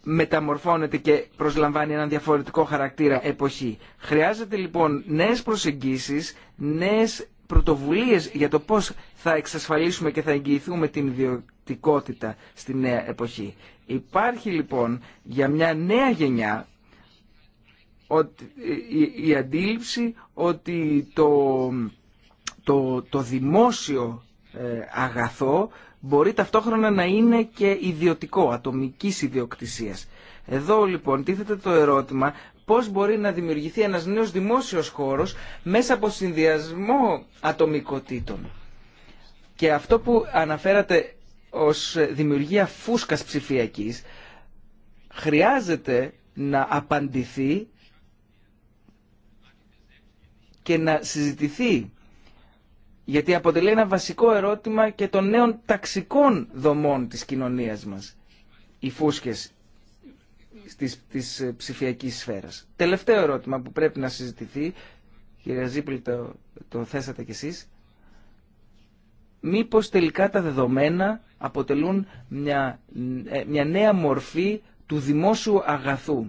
μεταμορφώνεται και προσλαμβάνει έναν διαφορετικό χαρακτήρα εποχή. Χρειάζεται λοιπόν νέες προσεγγίσεις, νέες πρωτοβουλίες για το πώς θα εξασφαλίσουμε και θα εγγυηθούμε την ιδιωτικότητα στη νέα εποχή. Υπάρχει λοιπόν για μια νέα γενιά ότι, η, αντίληψη ότι το, το, δημόσιο ε, αγαθό μπορεί ταυτόχρονα να είναι και ιδιωτικό, ατομικής ιδιοκτησίας. Εδώ λοιπόν τίθεται το ερώτημα πώς μπορεί να δημιουργηθεί ένας νέος δημόσιος χώρος μέσα από συνδυασμό ατομικοτήτων. Και αυτό που αναφέρατε ως δημιουργία φούσκας ψηφιακής χρειάζεται να απαντηθεί και να συζητηθεί γιατί αποτελεί ένα βασικό ερώτημα και των νέων ταξικών δομών της κοινωνίας μας, οι φούσκες της, της ε, ψηφιακής σφαίρας. Τελευταίο ερώτημα που πρέπει να συζητηθεί, κυρία Ζήπλη το, θέσατε κι εσείς, μήπως τελικά τα δεδομένα αποτελούν μια, ε, μια νέα μορφή του δημόσιου αγαθού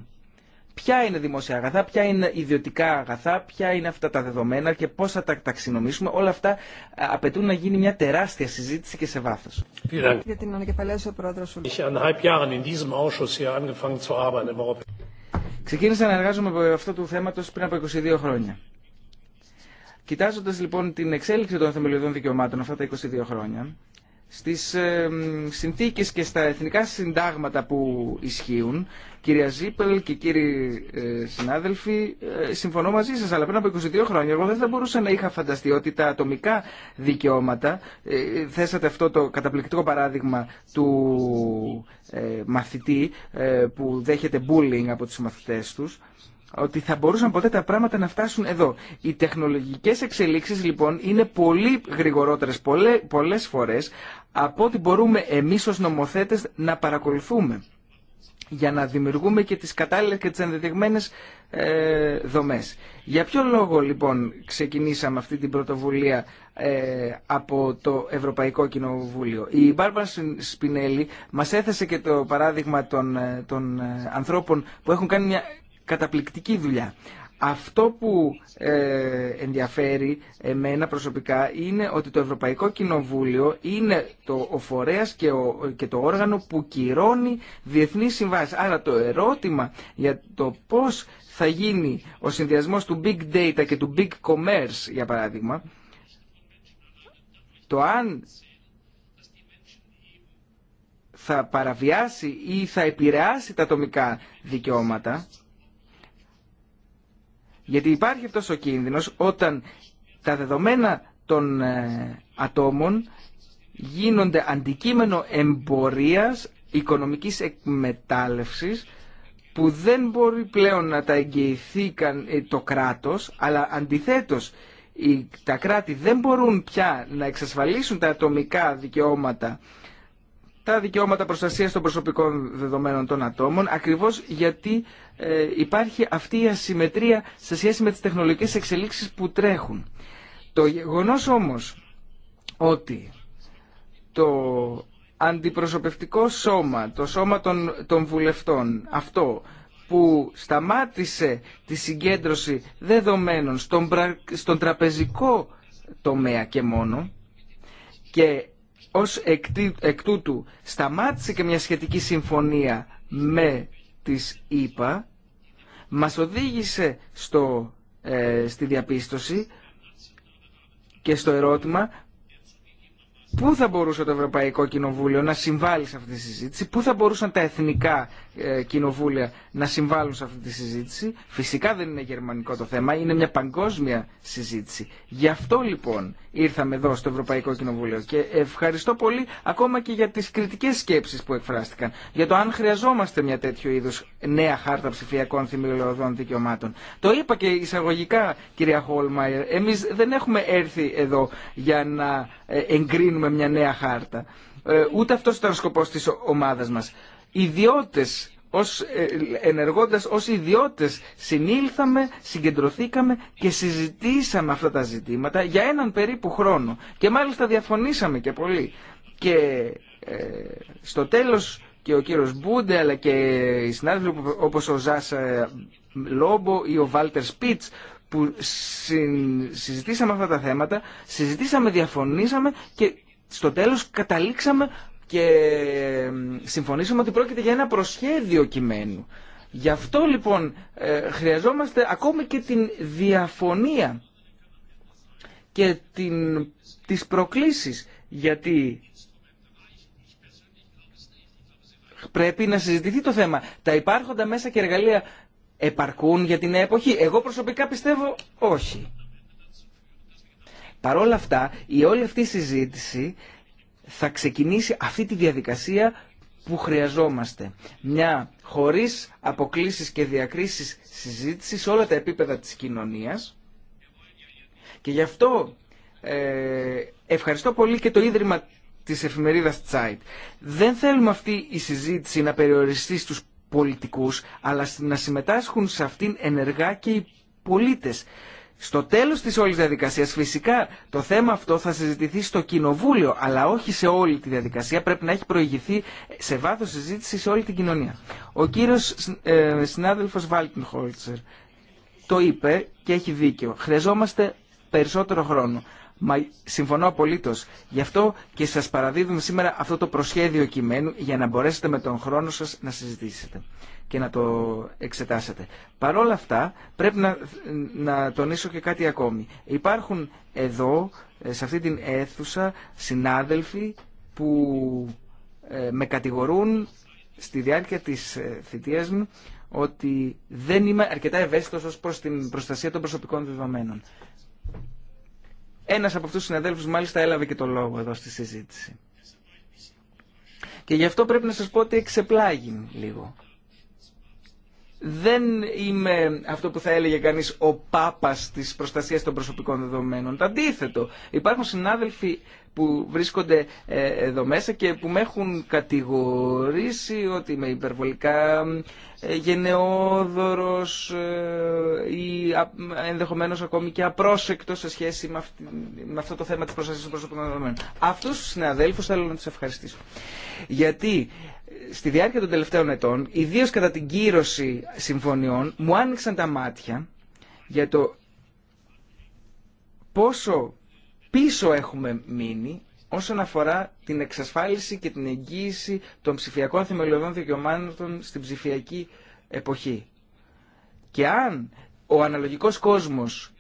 ποια είναι δημόσια αγαθά, ποια είναι ιδιωτικά αγαθά, ποια είναι αυτά τα δεδομένα και πώς θα τα ταξινομήσουμε. Όλα αυτά ε, απαιτούν να γίνει μια τεράστια συζήτηση και σε βάθο. Για την ανακεφαλαίωση Ξεκίνησα να εργάζομαι από αυτό το θέμα πριν από 22 χρόνια. Κοιτάζοντα λοιπόν την εξέλιξη των θεμελιωδών δικαιωμάτων αυτά τα 22 χρόνια, στις συνθήκες και στα εθνικά συντάγματα που ισχύουν. Κυρία Ζίπελ και κύριοι ε, συνάδελφοι, ε, συμφωνώ μαζί σας, αλλά πριν από 22 χρόνια εγώ δεν θα μπορούσα να είχα φανταστεί ότι τα ατομικά δικαιώματα, ε, θέσατε αυτό το καταπληκτικό παράδειγμα του μαθητή που δέχεται bullying από τους μαθητές τους, ότι θα μπορούσαν ποτέ τα πράγματα να φτάσουν εδώ. Οι τεχνολογικές εξελίξεις λοιπόν είναι πολύ γρηγορότερες πολλές φορές από ό,τι μπορούμε εμείς ως νομοθέτες να παρακολουθούμε για να δημιουργούμε και τις κατάλληλες και τις ενδεδειγμένες ε, δομές. Για ποιο λόγο λοιπόν ξεκινήσαμε αυτή την πρωτοβουλία ε, από το Ευρωπαϊκό Κοινοβούλιο. Η Μπάρμπαρα Σπινέλη μας έθεσε και το παράδειγμα των, ε, των ε, ανθρώπων που έχουν κάνει μια καταπληκτική δουλειά. Αυτό που ε, ενδιαφέρει εμένα προσωπικά είναι ότι το Ευρωπαϊκό Κοινοβούλιο είναι το ο φορέας και, και το όργανο που κυρώνει διεθνείς συμβάσεις. Άρα το ερώτημα για το πώς θα γίνει ο συνδυασμός του big data και του big commerce, για παράδειγμα, το αν θα παραβιάσει ή θα επηρεάσει τα ατομικά δικαιώματα γιατί υπάρχει αυτός ο κίνδυνος όταν τα δεδομένα των ε, ατόμων γίνονται αντικείμενο εμπορίας, οικονομικής εκμετάλλευσης, που δεν μπορεί πλέον να τα εγγυηθεί ε, το κράτος, αλλά αντιθέτως τα κράτη δεν μπορούν πια να εξασφαλίσουν τα ατομικά δικαιώματα τα δικαιώματα προστασίας των προσωπικών δεδομένων των ατόμων, ακριβώς γιατί ε, υπάρχει αυτή η ασυμμετρία σε σχέση με τις τεχνολογικές εξελίξεις που τρέχουν. Το γεγονός όμως ότι το αντιπροσωπευτικό σώμα, το σώμα των, των βουλευτών, αυτό που σταμάτησε τη συγκέντρωση δεδομένων στον, στον τραπεζικό τομέα και μόνο και ως εκ τούτου σταμάτησε και μια σχετική συμφωνία με τις ΗΠΑ, μας οδήγησε στο, ε, στη διαπίστωση και στο ερώτημα πού θα μπορούσε το Ευρωπαϊκό Κοινοβούλιο να συμβάλλει σε αυτή τη συζήτηση, πού θα μπορούσαν τα εθνικά ε, κοινοβούλια να συμβάλλουν σε αυτή τη συζήτηση. Φυσικά δεν είναι γερμανικό το θέμα, είναι μια παγκόσμια συζήτηση. Γι' αυτό λοιπόν ήρθαμε εδώ στο Ευρωπαϊκό Κοινοβούλιο. Και ευχαριστώ πολύ ακόμα και για τις κριτικέ σκέψεις που εκφράστηκαν. Για το αν χρειαζόμαστε μια τέτοιου είδου νέα χάρτα ψηφιακών θεμελιωδών δικαιωμάτων. Το είπα και εισαγωγικά κυρία Χόλμαϊρ. Εμείς δεν έχουμε έρθει εδώ για να ε, εγκρίνουμε μια νέα χάρτα. Ε, ούτε αυτό ήταν ο σκοπός της ομάδας μας. Ιδιώτε ως, ε, ενεργώντας ως ιδιώτες συνήλθαμε, συγκεντρωθήκαμε και συζητήσαμε αυτά τα ζητήματα για έναν περίπου χρόνο και μάλιστα διαφωνήσαμε και πολύ και ε, στο τέλος και ο κύριος Μπούντε αλλά και οι συνάδελφοι όπως ο Ζάς ε, Λόμπο ή ο Βάλτερ Σπίτς που συζητήσαμε αυτά τα θέματα συζητήσαμε, διαφωνήσαμε και στο τέλος καταλήξαμε και συμφωνήσουμε ότι πρόκειται για ένα προσχέδιο κειμένου. Γι' αυτό λοιπόν ε, χρειαζόμαστε ακόμη και την διαφωνία και την, τις προκλήσεις γιατί πρέπει να συζητηθεί το θέμα. Τα υπάρχοντα μέσα και εργαλεία επαρκούν για την εποχή. Εγώ προσωπικά πιστεύω όχι. Παρ' όλα αυτά, η όλη αυτή συζήτηση θα ξεκινήσει αυτή τη διαδικασία που χρειαζόμαστε. Μια χωρίς αποκλίσεις και διακρίσεις συζήτηση σε όλα τα επίπεδα της κοινωνίας και γι' αυτό ε, ευχαριστώ πολύ και το Ίδρυμα της εφημερίδας Zeit. Δεν θέλουμε αυτή η συζήτηση να περιοριστεί στους πολιτικούς αλλά να συμμετάσχουν σε αυτήν ενεργά και οι πολίτες. Στο τέλος της όλης διαδικασίας φυσικά το θέμα αυτό θα συζητηθεί στο κοινοβούλιο αλλά όχι σε όλη τη διαδικασία πρέπει να έχει προηγηθεί σε βάθος συζήτηση σε όλη την κοινωνία. Ο κύριος ε, συνάδελφος Χόλτσερ το είπε και έχει δίκιο. Χρειαζόμαστε περισσότερο χρόνο. Μα συμφωνώ απολύτω. Γι' αυτό και σα παραδίδουμε σήμερα αυτό το προσχέδιο κειμένου για να μπορέσετε με τον χρόνο σα να συζητήσετε και να το εξετάσετε. Παρ' όλα αυτά πρέπει να, να τονίσω και κάτι ακόμη. Υπάρχουν εδώ, ε, σε αυτή την αίθουσα, συνάδελφοι που ε, με κατηγορούν στη διάρκεια της ε, θητείας μου ότι δεν είμαι αρκετά ευαίσθητος ως προς την προστασία των προσωπικών δεδομένων. Ένας από αυτούς τους συναδέλφους μάλιστα έλαβε και το λόγο εδώ στη συζήτηση. Και γι' αυτό πρέπει να σας πω ότι εξεπλάγει λίγο δεν είμαι αυτό που θα έλεγε κανείς ο πάπας της προστασίας των προσωπικών δεδομένων. Το αντίθετο. Υπάρχουν συνάδελφοι που βρίσκονται ε, εδώ μέσα και που με έχουν κατηγορήσει ότι είμαι υπερβολικά ε, γενναιόδωρος ε, ή ενδεχομένως ακόμη και απρόσεκτο σε σχέση με, με αυτό το θέμα της προστασίας των προσωπικών δεδομένων. Αυτούς τους συναδέλφους θέλω να τους ευχαριστήσω. Γιατί στη διάρκεια των τελευταίων ετών, ιδίω κατά την κύρωση συμφωνιών, μου άνοιξαν τα μάτια για το πόσο πίσω έχουμε μείνει όσον αφορά την εξασφάλιση και την εγγύηση των ψηφιακών θεμελιωδών δικαιωμάτων στην ψηφιακή εποχή. Και αν ο αναλογικός κόσμος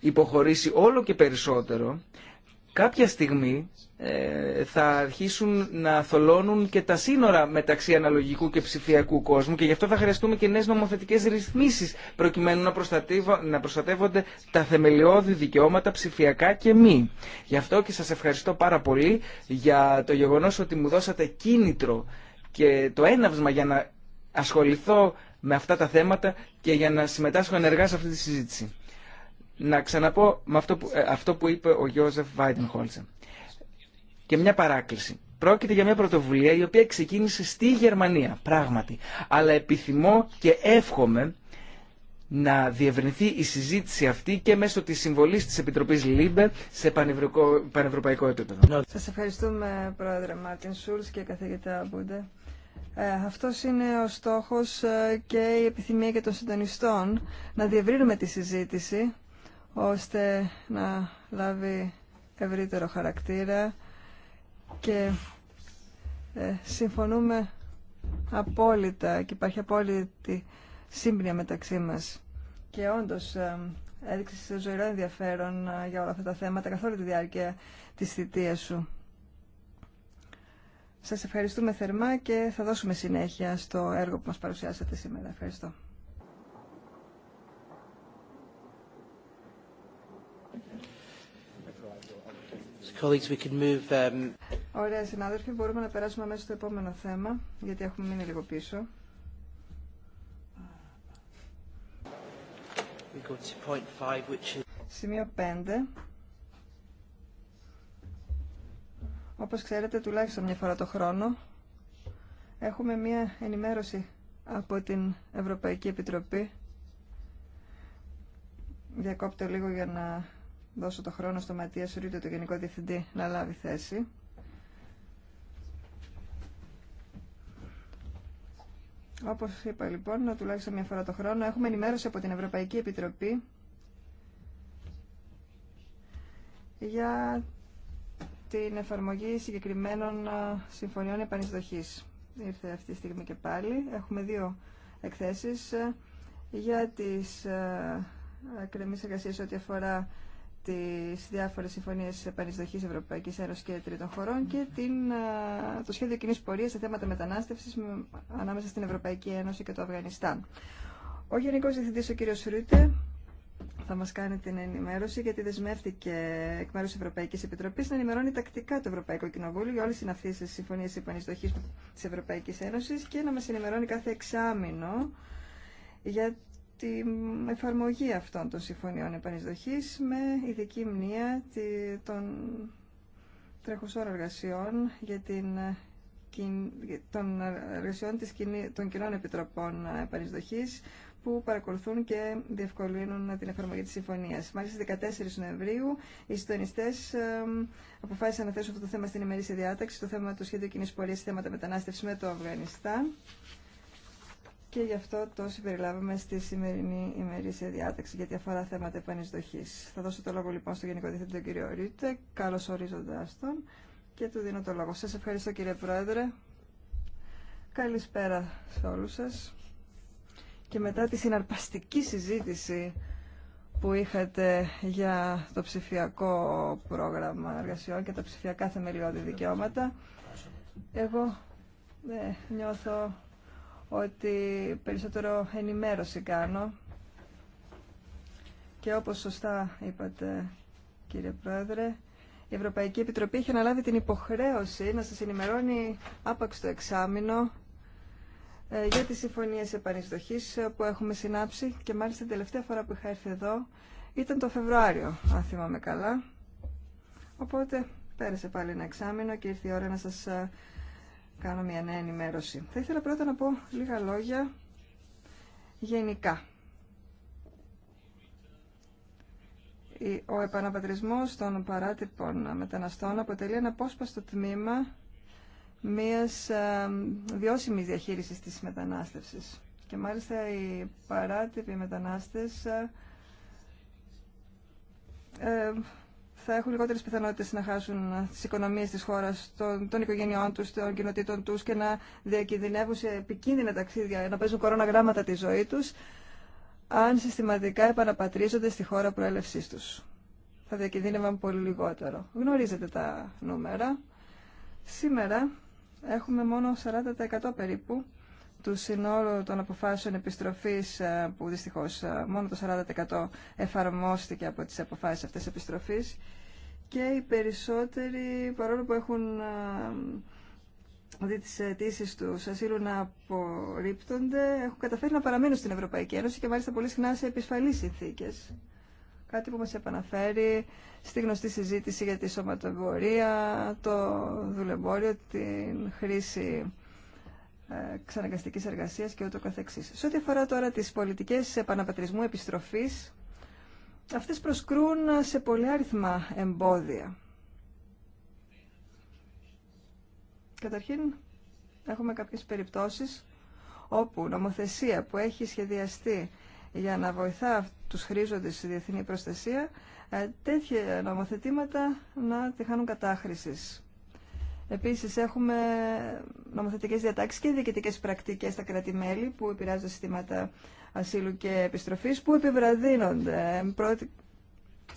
υποχωρήσει όλο και περισσότερο, κάποια στιγμή ε, θα αρχίσουν να θολώνουν και τα σύνορα μεταξύ αναλογικού και ψηφιακού κόσμου και γι' αυτό θα χρειαστούμε και νέες νομοθετικές ρυθμίσεις προκειμένου να, να προστατεύονται τα θεμελιώδη δικαιώματα ψηφιακά και μη. Γι' αυτό και σας ευχαριστώ πάρα πολύ για το γεγονός ότι μου δώσατε κίνητρο και το έναυσμα για να ασχοληθώ με αυτά τα θέματα και για να συμμετάσχω ενεργά σε αυτή τη συζήτηση να ξαναπώ με αυτό που, ε, αυτό που είπε ο Γιώζεφ Βάιντενχόλτσα. Και μια παράκληση. Πρόκειται για μια πρωτοβουλία η οποία ξεκίνησε στη Γερμανία, πράγματι. Αλλά επιθυμώ και εύχομαι να διευρυνθεί η συζήτηση αυτή και μέσω της συμβολής της Επιτροπής ΛΥΜΠΕ σε πανευρωπαϊκό επίπεδο. Σας ευχαριστούμε Πρόεδρε Μάρτιν Σούλς και καθηγητά Μπούντε. Ε, αυτός είναι ο στόχος ε, και η επιθυμία και των συντονιστών να διευρύνουμε τη συζήτηση ώστε να λάβει ευρύτερο χαρακτήρα και ε, συμφωνούμε απόλυτα και υπάρχει απόλυτη σύμπνοια μεταξύ μας. Και όντως ε, έδειξε σε ζωηρό ενδιαφέρον ε, για όλα αυτά τα θέματα καθ' όλη τη διάρκεια της θητείας σου. Σας ευχαριστούμε θερμά και θα δώσουμε συνέχεια στο έργο που μας παρουσιάσατε σήμερα. Ευχαριστώ. Colleagues, we can um, Ωραία, συνάδελφοι, μπορούμε να περάσουμε μέσα στο επόμενο θέμα, γιατί έχουμε μείνει λίγο πίσω. Σημείο 5. Όπως ξέρετε, τουλάχιστον μια φορά το χρόνο, έχουμε μια ενημέρωση από την Ευρωπαϊκή Επιτροπή. Διακόπτω λίγο για να δώσω το χρόνο στο Ματία Σουρίτε, το Γενικό Διευθυντή, να λάβει θέση. Όπως είπα λοιπόν, τουλάχιστον μια φορά το χρόνο, έχουμε ενημέρωση από την Ευρωπαϊκή Επιτροπή για την εφαρμογή συγκεκριμένων συμφωνιών επανεισδοχής. Ήρθε αυτή τη στιγμή και πάλι. Έχουμε δύο εκθέσεις ε, για τις ε, εκκρεμής εργασίε ό,τι αφορά τις διάφορες συμφωνίες επανεισδοχής Ευρωπαϊκής Ένωσης και Τρίτων Χωρών και την, το σχέδιο κοινή πορείας σε θέματα μετανάστευσης ανάμεσα στην Ευρωπαϊκή Ένωση και το Αφγανιστάν. Ο Γενικός Διευθυντής, ο κύριος Ρούτε, θα μας κάνει την ενημέρωση γιατί δεσμεύτηκε εκ μέρους της Ευρωπαϊκής Επιτροπής να ενημερώνει τακτικά το Ευρωπαϊκό Κοινοβούλιο για όλες τις τη συμφωνίες επανεισδοχής τη Ευρωπαϊκή Ένωση και να μας ενημερώνει κάθε εξάμεινο για την εφαρμογή αυτών των συμφωνιών επανεισδοχής με ειδική μνήμα των τρέχουσών εργασιών για την των εργασιών της, των κοινών επιτροπών επανεισδοχής που παρακολουθούν και διευκολύνουν την εφαρμογή της συμφωνίας. Μάλιστα, 14 Νοεμβρίου, οι συντονιστές αποφάσισαν να θέσουν αυτό το θέμα στην ημερήσια διάταξη, το θέμα του σχέδιου κοινής πορείας θέματα μετανάστευση με το Αφγανιστάν και γι' αυτό το συμπεριλάβαμε στη σημερινή ημερήσια διάταξη γιατί αφορά θέματα επανεισδοχή. Θα δώσω το λόγο λοιπόν στο Γενικό Διευθυντή τον κύριο Ρίτε, καλώ ορίζοντα τον και του δίνω το λόγο. σα. ευχαριστώ κύριε Πρόεδρε. Καλησπέρα σε όλους σας. Και μετά τη συναρπαστική συζήτηση που είχατε για το ψηφιακό πρόγραμμα εργασιών και τα ψηφιακά θεμελιώδη δικαιώματα, εγώ ναι, νιώθω ότι περισσότερο ενημέρωση κάνω και όπως σωστά είπατε κύριε Πρόεδρε η Ευρωπαϊκή Επιτροπή έχει αναλάβει την υποχρέωση να σας ενημερώνει άπαξ το εξάμεινο ε, για τις συμφωνίες επανειστοχής ε, που έχουμε συνάψει και μάλιστα την τελευταία φορά που είχα έρθει εδώ ήταν το Φεβρουάριο, αν θυμάμαι καλά. Οπότε πέρασε πάλι ένα εξάμεινο και ήρθε η ώρα να σας ε, κάνω μια νέα ενημέρωση. Θα ήθελα πρώτα να πω λίγα λόγια γενικά. Ο επαναπατρισμός των παράτυπων μεταναστών αποτελεί ένα απόσπαστο τμήμα μιας ε, βιώσιμης διαχείρισης της μετανάστευσης. Και μάλιστα οι παράτυποι μετανάστες ε, ε, θα έχουν λιγότερε πιθανότητε να χάσουν τι οικονομίε τη χώρα των, των οικογένειών του, των κοινοτήτων του και να διακινδυνεύουν σε επικίνδυνα ταξίδια, να παίζουν κοροναγράμματα τη ζωή του αν συστηματικά επαναπατρίζονται στη χώρα προέλευση του. Θα διακινδύνευαν πολύ λιγότερο. Γνωρίζετε τα νούμερα. Σήμερα έχουμε μόνο 40% περίπου του συνόλου των αποφάσεων επιστροφής ε, που δυστυχώς ε, μόνο το 40% εφαρμόστηκε από τις αποφάσεις αυτές επιστροφής και οι περισσότεροι, παρόλο που έχουν δει τις αιτήσει του ασύλου να απορρίπτονται, έχουν καταφέρει να παραμείνουν στην Ευρωπαϊκή Ένωση και μάλιστα πολύ συχνά σε επισφαλείς συνθήκε. Κάτι που μας επαναφέρει στη γνωστή συζήτηση για τη σωματοεμπορία, το δουλεμπόριο, την χρήση ε, ξαναγκαστικής εργασίας και ούτω καθεξής. Σε ό,τι αφορά τώρα τις πολιτικές επαναπατρισμού επιστροφής, αυτές προσκρούν σε πολλά αριθμά εμπόδια. Καταρχήν, έχουμε κάποιες περιπτώσεις όπου νομοθεσία που έχει σχεδιαστεί για να βοηθά τους χρήζοντες στη διεθνή προστασία, ε, τέτοια νομοθετήματα να τη χάνουν κατάχρησης. Επίσης έχουμε νομοθετικές διατάξεις και διοικητικές πρακτικές στα κρατη που επηρεάζουν συστήματα ασύλου και επιστροφής που επιβραδύνονται πρώτη,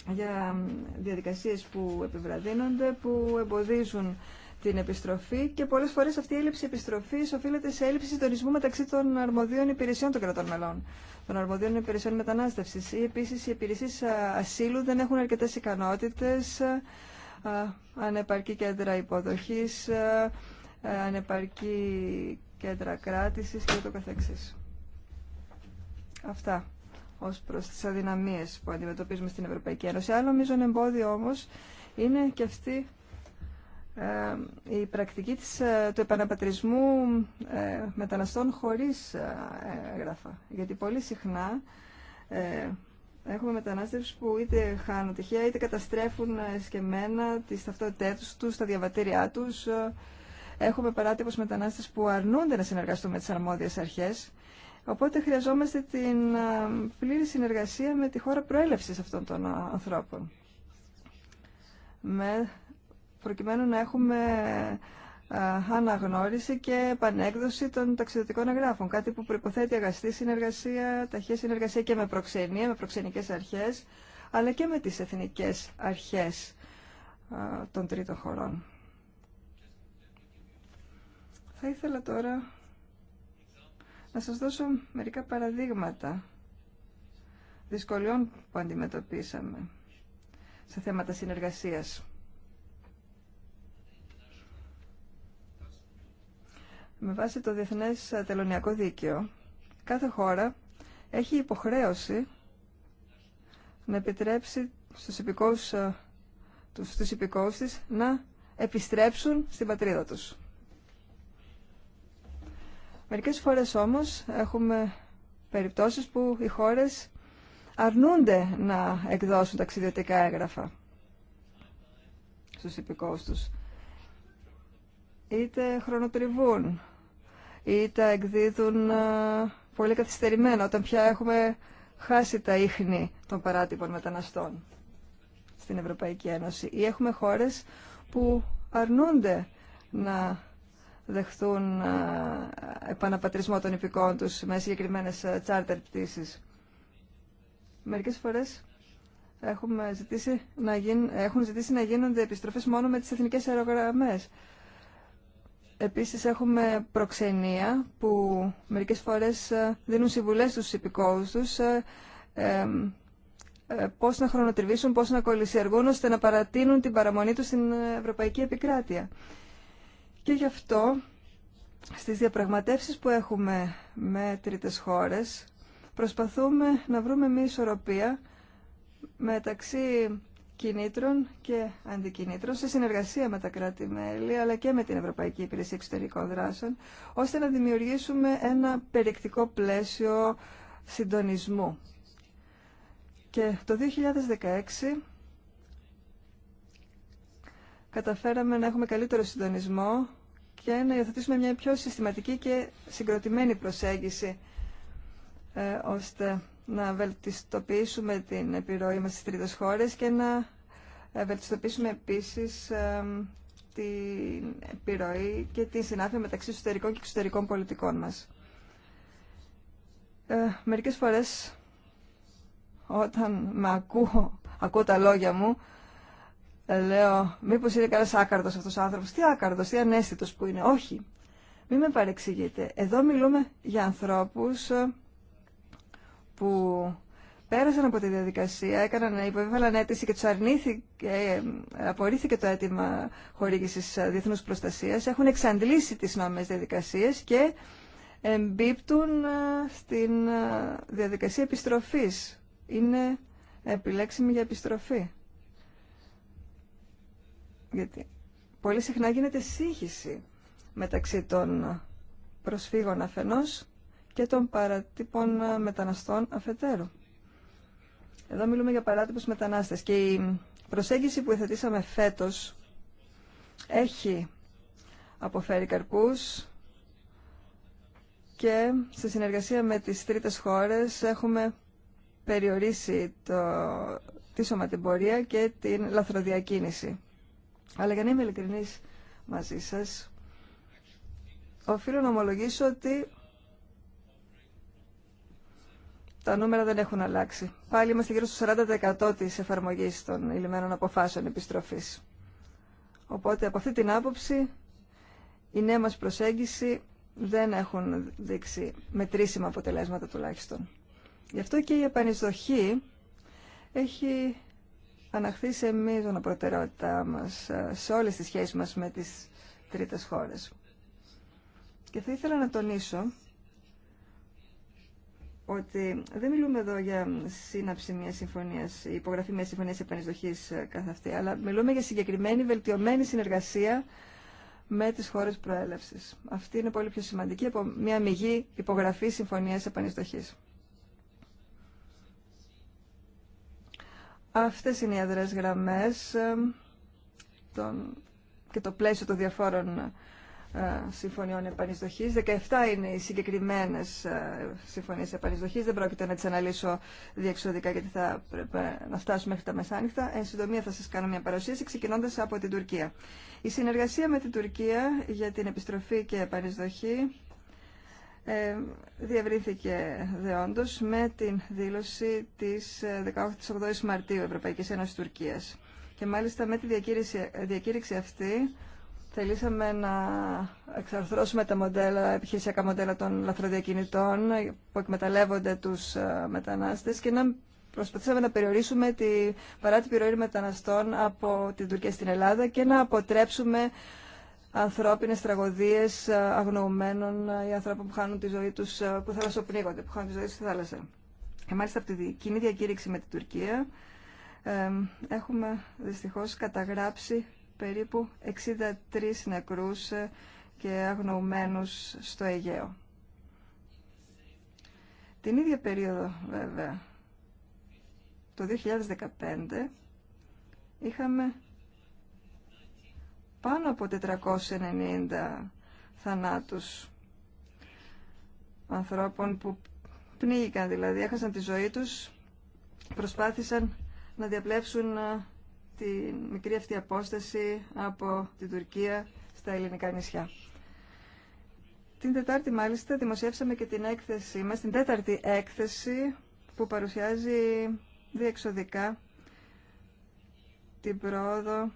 για διαδικασίες που επιβραδύνονται, που εμποδίζουν την επιστροφή και πολλές φορές αυτή η έλλειψη επιστροφής οφείλεται σε έλλειψη συντονισμού μεταξύ των αρμοδίων υπηρεσιών των κρατών μελών, των αρμοδίων υπηρεσιών μετανάστευσης ή επίσης οι υπηρεσίες ασύλου δεν έχουν αρκετές ικανότητες, ανεπαρκή κέντρα υποδοχής, ανεπαρκή κέντρα κράτησης και το καθεξής. Αυτά ως προς τις αδυναμίε που αντιμετωπίζουμε στην Ευρωπαϊκή Ένωση. Άλλο μείζον εμπόδιο όμω είναι και αυτή ε, η πρακτική της, ε, του επαναπατρισμού ε, μεταναστών χωρίς έγγραφα. Γιατί πολύ συχνά έχουμε μετανάστες που είτε χάνουν τυχαία είτε καταστρέφουν σκεμένα τις ταυτότητές τους, τα διαβατήριά τους. Έχουμε παράτυπους μετανάστες που αρνούνται να συνεργαστούν με τις αρμόδιες αρχές Οπότε χρειαζόμαστε την ε, πλήρη συνεργασία με τη χώρα προέλευσης αυτών των ε, ανθρώπων. Με, προκειμένου να έχουμε ε, αναγνώριση και επανέκδοση των ταξιδιωτικών εγγράφων. Κάτι που προϋποθέτει αγαστή συνεργασία, ταχεία συνεργασία και με προξενία, με προξενικές αρχές, αλλά και με τις εθνικές αρχές των τρίτων χωρών. Θα ήθελα τώρα να σας δώσω μερικά παραδείγματα δυσκολιών που αντιμετωπίσαμε σε θέματα συνεργασίας. Με βάση το Διεθνές Τελωνιακό Δίκαιο, κάθε χώρα έχει υποχρέωση να επιτρέψει στους υπηκόους, ε, τους, στους να επιστρέψουν στην πατρίδα τους. Μερικές φορές όμως έχουμε περιπτώσεις που οι χώρες αρνούνται να εκδώσουν ταξιδιωτικά έγγραφα στους υπηκόους τους. Είτε χρονοτριβούν, είτε εκδίδουν ε, πολύ καθυστερημένα όταν πια έχουμε χάσει τα ίχνη των παράτυπων μεταναστών στην Ευρωπαϊκή Ένωση. Ή έχουμε χώρες που αρνούνται να δεχθούν ε, επαναπατρισμό των υπηκών τους με συγκεκριμένες τσάρτερ πτήσεις. Μερικές φορές έχουμε ζητήσει να έχουν ζητήσει να γίνονται επιστροφές μόνο με τις εθνικές αερογραμμές. Επίσης έχουμε προξενία που μερικές φορές ε, δίνουν συμβουλές στους υπηκόους τους ε, ε, πώς να χρονοτριβήσουν, πώς να κολλησιεργούν ώστε να παρατείνουν την παραμονή τους στην ευρωπαϊκή επικράτεια. Και γι' αυτό στις διαπραγματεύσεις που έχουμε με τρίτες χώρες προσπαθούμε να βρούμε μια ισορροπία μεταξύ κινήτρων και αντικινήτρων σε συνεργασία με τα κράτη-μέλη αλλά και με την Ευρωπαϊκή Υπηρεσία Εξωτερικών Δράσεων ώστε να δημιουργήσουμε ένα περιεκτικό πλαίσιο συντονισμού. Και το 2016 καταφέραμε να έχουμε καλύτερο συντονισμό και να υιοθετήσουμε μια πιο συστηματική και συγκροτημένη προσέγγιση ε, ώστε να βελτιστοποιήσουμε την επιρροή μας στις τρίτες χώρες και να ε, βελτιστοποιήσουμε επίσης ε, την επιρροή και την συνάφεια μεταξύ εσωτερικών και εξωτερικών πολιτικών μας. Ε, μερικές φορές όταν με ακούω, ακούω τα λόγια μου, λέω, Μήπω είναι κανένα άκαρδο αυτός ο άνθρωπο. Τι άκαρδο τι ανέστητο που είναι. Όχι. Μην με παρεξηγείτε. Εδώ μιλούμε για ανθρώπου ε, που πέρασαν από τη διαδικασία, έκαναν, υποβίβαλαν αίτηση και του αρνήθηκε, ε, απορρίθηκε το αίτημα χορήγηση ε, διεθνού προστασία, έχουν εξαντλήσει τι νόμιμε διαδικασίε και εμπίπτουν στην διαδικασία επιστροφής. Είναι επιλέξιμη για επιστροφή. Γιατί πολύ συχνά γίνεται σύγχυση μεταξύ των προσφύγων αφενός και των παρατύπων μεταναστών αφετέρου. Εδώ μιλούμε για παράτυπους μετανάστες και η προσέγγιση που εθετήσαμε φέτος έχει αποφέρει καρπούς και σε συνεργασία με τις τρίτες χώρες έχουμε περιορίσει το, τη σωματιμπορία και την λαθροδιακίνηση. Αλλά για να είμαι ειλικρινής μαζί σας, οφείλω να ομολογήσω ότι τα νούμερα δεν έχουν αλλάξει. Πάλι είμαστε γύρω στο 40% της εφαρμογής των ηλυμένων αποφάσεων επιστροφής. Οπότε από αυτή την άποψη η νέα μας προσέγγιση δεν έχουν δείξει μετρήσιμα αποτελέσματα τουλάχιστον. Γι' αυτό και η επανεισδοχή έχει αναχθεί σε μείζωνα προτεραιότητά μας ε, σε όλες τις σχέσεις μας με τις τρίτες χώρες. Και θα ήθελα να τονίσω ότι δεν μιλούμε εδώ για σύναψη μια συμφωνίας, υπογραφή μιας συμφωνίας επανεισδοχής ε, καθ' αυτή, αλλά μιλούμε για συγκεκριμένη βελτιωμένη συνεργασία με τις χώρες προέλευσης. Αυτή είναι πολύ πιο σημαντική από μια μηγή υπογραφή συμφωνίας επανεισδοχή. Αυτές είναι οι αδρές γραμμές και το πλαίσιο των διαφόρων ε, συμφωνιών επανεισδοχής. 17 είναι οι συγκεκριμένες ε, συμφωνίες επανεισδοχής. Δεν πρόκειται να τις αναλύσω διεξοδικά γιατί θα πρέπει να φτάσουμε μέχρι τα μεσάνυχτα. Εν συντομία θα σας κάνω μια παρουσίαση ξεκινώντας από την Τουρκία. Η συνεργασία με την Τουρκία για την επιστροφή και επανεισδοχή ε, διευρύνθηκε δεόντως με την δήλωση της 18ης ε, Μαρτίου Ευρωπαϊκής Ένωσης Τουρκίας. Και μάλιστα με τη ε, διακήρυξη αυτή θελήσαμε να εξαρθρώσουμε τα μοντέλα, επιχειρησιακά μοντέλα των λαθροδιακινητών που εκμεταλλεύονται τους ε, μετανάστες και να προσπαθήσαμε να περιορίσουμε τη παράτυπη ροή μεταναστών από την Τουρκία στην Ελλάδα και να αποτρέψουμε ανθρώπινες τραγωδίες ε, αγνοωμένων ή ε, ανθρώπων που χάνουν τη ζωή τους, ε, που θαλασσοπνίγονται, που χάνουν τη ζωή τους στη θάλασσα. Και μάλιστα από τη κοινή διακήρυξη με την Τουρκία έχουμε δυστυχώς καταγράψει περίπου 63 νεκρούς και αγνοωμένους στο Αιγαίο. Την ίδια περίοδο βέβαια, το 2015, είχαμε πάνω από 490 θανάτους ανθρώπων που πνίγηκαν δηλαδή, έχασαν τη ζωή τους, προσπάθησαν να διαπλέψουν ε, τη μικρή αυτή απόσταση από την Τουρκία στα ελληνικά νησιά. Την Τετάρτη μάλιστα δημοσιεύσαμε και την έκθεσή μας, την τέταρτη έκθεση που παρουσιάζει διεξοδικά την πρόοδο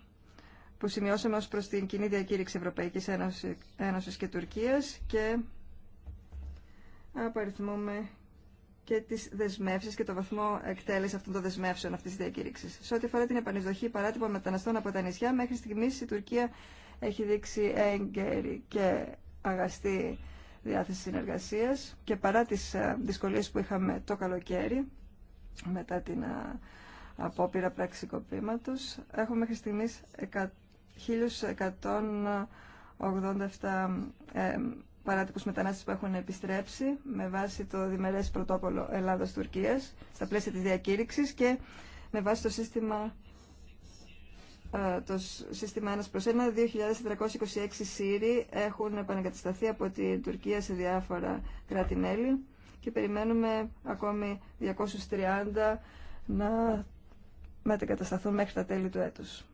που σημειώσαμε ως προς την κοινή διακήρυξη Ευρωπαϊκής Ένωσης και Τουρκίας και απαριθμούμε και τις δεσμεύσεις και το βαθμό εκτέλεση αυτών των δεσμεύσεων αυτής της διακήρυξης. Σε ό,τι αφορά την επανεισδοχή παράτυπων μεταναστών από τα νησιά, μέχρι στιγμής η Τουρκία έχει δείξει έγκαιρη και αγαστή διάθεση συνεργασίας και παρά τις ε, δυσκολίες που είχαμε το καλοκαίρι μετά την ε, απόπειρα πραξικοπήματος, έχουμε μέχρι στιγμής 1.187 ε, παράτυπους μετανάστες που έχουν επιστρέψει με βάση το διμερές πρωτόπολο Ελλάδος-Τουρκίας στα πλαίσια της διακήρυξης και με βάση το σύστημα ε, το σύστημα 1 προς 1, 2.426 Σύριοι έχουν επανακατασταθεί από την Τουρκία σε διάφορα κράτη-μέλη και περιμένουμε ακόμη 230 να μετακατασταθούν μέχρι τα τέλη του έτους.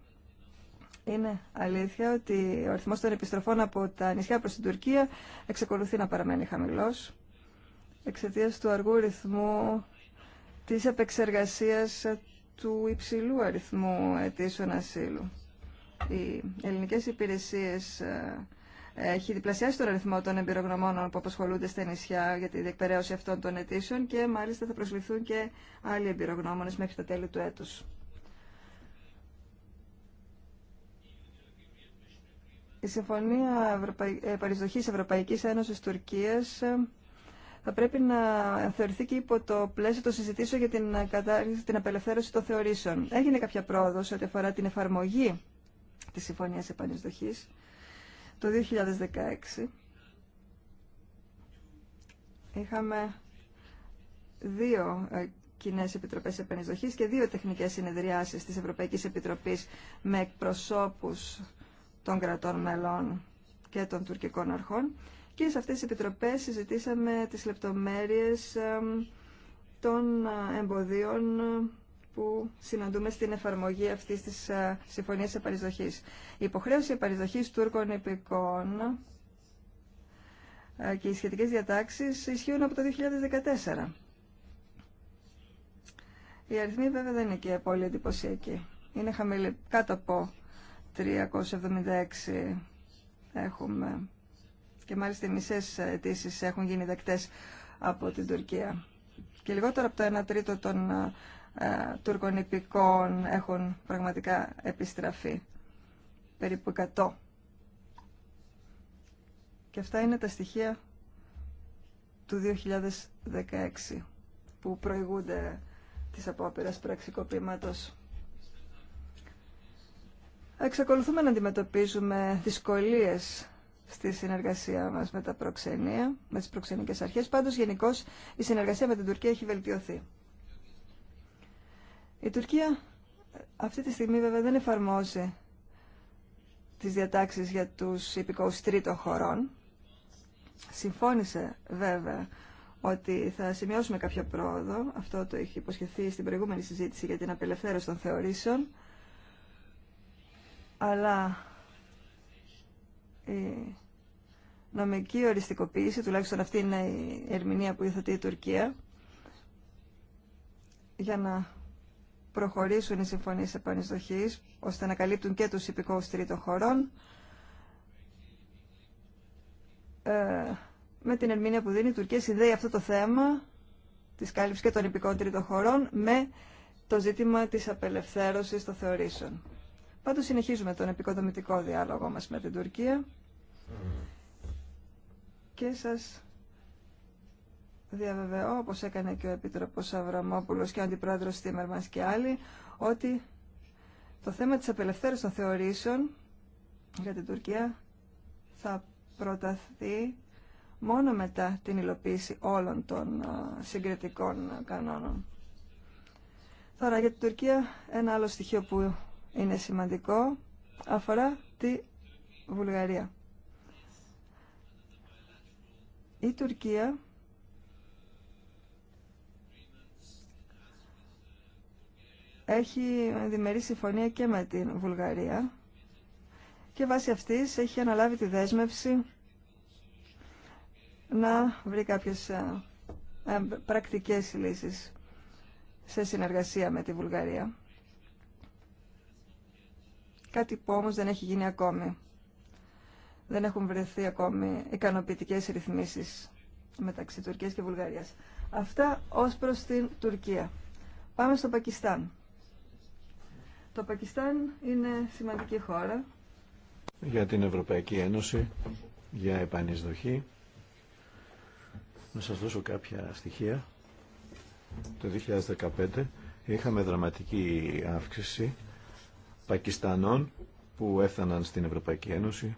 Είναι αλήθεια ότι ο αριθμός των επιστροφών από τα νησιά προς την Τουρκία εξακολουθεί να παραμένει χαμηλός εξαιτία του αργού ρυθμού της επεξεργασίας του υψηλού αριθμού αιτήσεων ασύλου. Οι ελληνικές υπηρεσίες ε, έχει διπλασιάσει τον αριθμό των εμπειρογνωμόνων που απασχολούνται στα νησιά για τη διεκπαιρέωση αυτών των αιτήσεων και μάλιστα θα προσληθούν και άλλοι εμπειρογνώμονες μέχρι τα τέλη του έτους. Η Συμφωνία Ευρωπαϊ... Ε, Παρισδοχής Ευρωπαϊκής Ένωσης Τουρκίας ε, θα πρέπει να θεωρηθεί και υπό το πλαίσιο των συζητήσεων για την, την απελευθέρωση των θεωρήσεων. Έγινε κάποια πρόοδος ό,τι αφορά την εφαρμογή της Συμφωνίας Επανεισδοχής το 2016. Είχαμε δύο ε, κοινέ επιτροπέ επανεισδοχή και δύο τεχνικέ συνεδριάσει τη Ευρωπαϊκή Επιτροπή με εκπροσώπου των κρατών μελών και των τουρκικών αρχών και σε αυτές τις επιτροπές συζητήσαμε τις λεπτομέρειες των ε, εμποδίων ε, που συναντούμε στην εφαρμογή αυτής της ε, συμφωνίας επαρισδοχής. Η υποχρέωση επαρισδοχής Τούρκων υπηκών και οι σχετικές διατάξεις ισχύουν από το 2014. Η αριθμή βέβαια δεν είναι και πολύ εντυπωσιακή. Είναι χαμηλή, κάτω από 376 έχουμε και μάλιστα οι μισές αιτήσει έχουν γίνει δεκτές από την Τουρκία. Και λιγότερο από το 1 τρίτο των ε, Τούρκων υπηκών έχουν πραγματικά επιστραφεί. Περίπου 100. Και αυτά είναι τα στοιχεία του 2016 που προηγούνται της απόπειρας πραξικοπήματος. Εξακολουθούμε να αντιμετωπίζουμε δυσκολίες στη συνεργασία μας με τα προξενία, με τις προξενικές αρχές. Πάντως, γενικώ η συνεργασία με την Τουρκία έχει βελτιωθεί. Η Τουρκία αυτή τη στιγμή βέβαια δεν εφαρμόζει τις διατάξεις για τους υπηκόους τρίτων χωρών. Συμφώνησε βέβαια ότι θα σημειώσουμε κάποιο πρόοδο, αυτό το έχει υποσχεθεί στην προηγούμενη συζήτηση για την απελευθέρωση των θεωρήσεων, αλλά η νομική οριστικοποίηση, τουλάχιστον αυτή είναι η ερμηνεία που υιοθετεί η Τουρκία, για να προχωρήσουν οι συμφωνίες επανειστοχής, ώστε να καλύπτουν και τους υπηκόους τρίτων χωρών, ε, με την ερμηνεία που δίνει η Τουρκία συνδέει αυτό το θέμα της κάλυψης και των υπηκών τρίτων χωρών με το ζήτημα της απελευθέρωση των θεωρήσεων. Πάντως συνεχίζουμε τον επικοδομητικό διάλογο μας με την Τουρκία και σας διαβεβαιώ, όπως έκανε και ο Επίτροπος Αβραμόπουλος και ο Αντιπρόεδρος μας και άλλοι, ότι το θέμα της απελευθέρωσης των θεωρήσεων για την Τουρκία θα προταθεί μόνο μετά την υλοποίηση όλων των συγκριτικών κανόνων. Τώρα για την Τουρκία ένα άλλο στοιχείο που είναι σημαντικό αφορά τη Βουλγαρία. Η Τουρκία έχει διμερή συμφωνία και με την Βουλγαρία και βάσει αυτής έχει αναλάβει τη δέσμευση να βρει κάποιες ε, ε, πρακτικές λύσεις σε συνεργασία με τη Βουλγαρία. Κάτι που όμως δεν έχει γίνει ακόμη. Δεν έχουν βρεθεί ακόμη ικανοποιητικές ρυθμίσεις μεταξύ Τουρκίας και Βουλγαρίας. Αυτά ως προς την Τουρκία. Πάμε στο Πακιστάν. Το Πακιστάν είναι σημαντική χώρα. Για την Ευρωπαϊκή Ένωση, για επανεισδοχή. Να σας δώσω κάποια στοιχεία. Το 2015 είχαμε δραματική αύξηση Πακιστανών που έφταναν στην Ευρωπαϊκή Ένωση.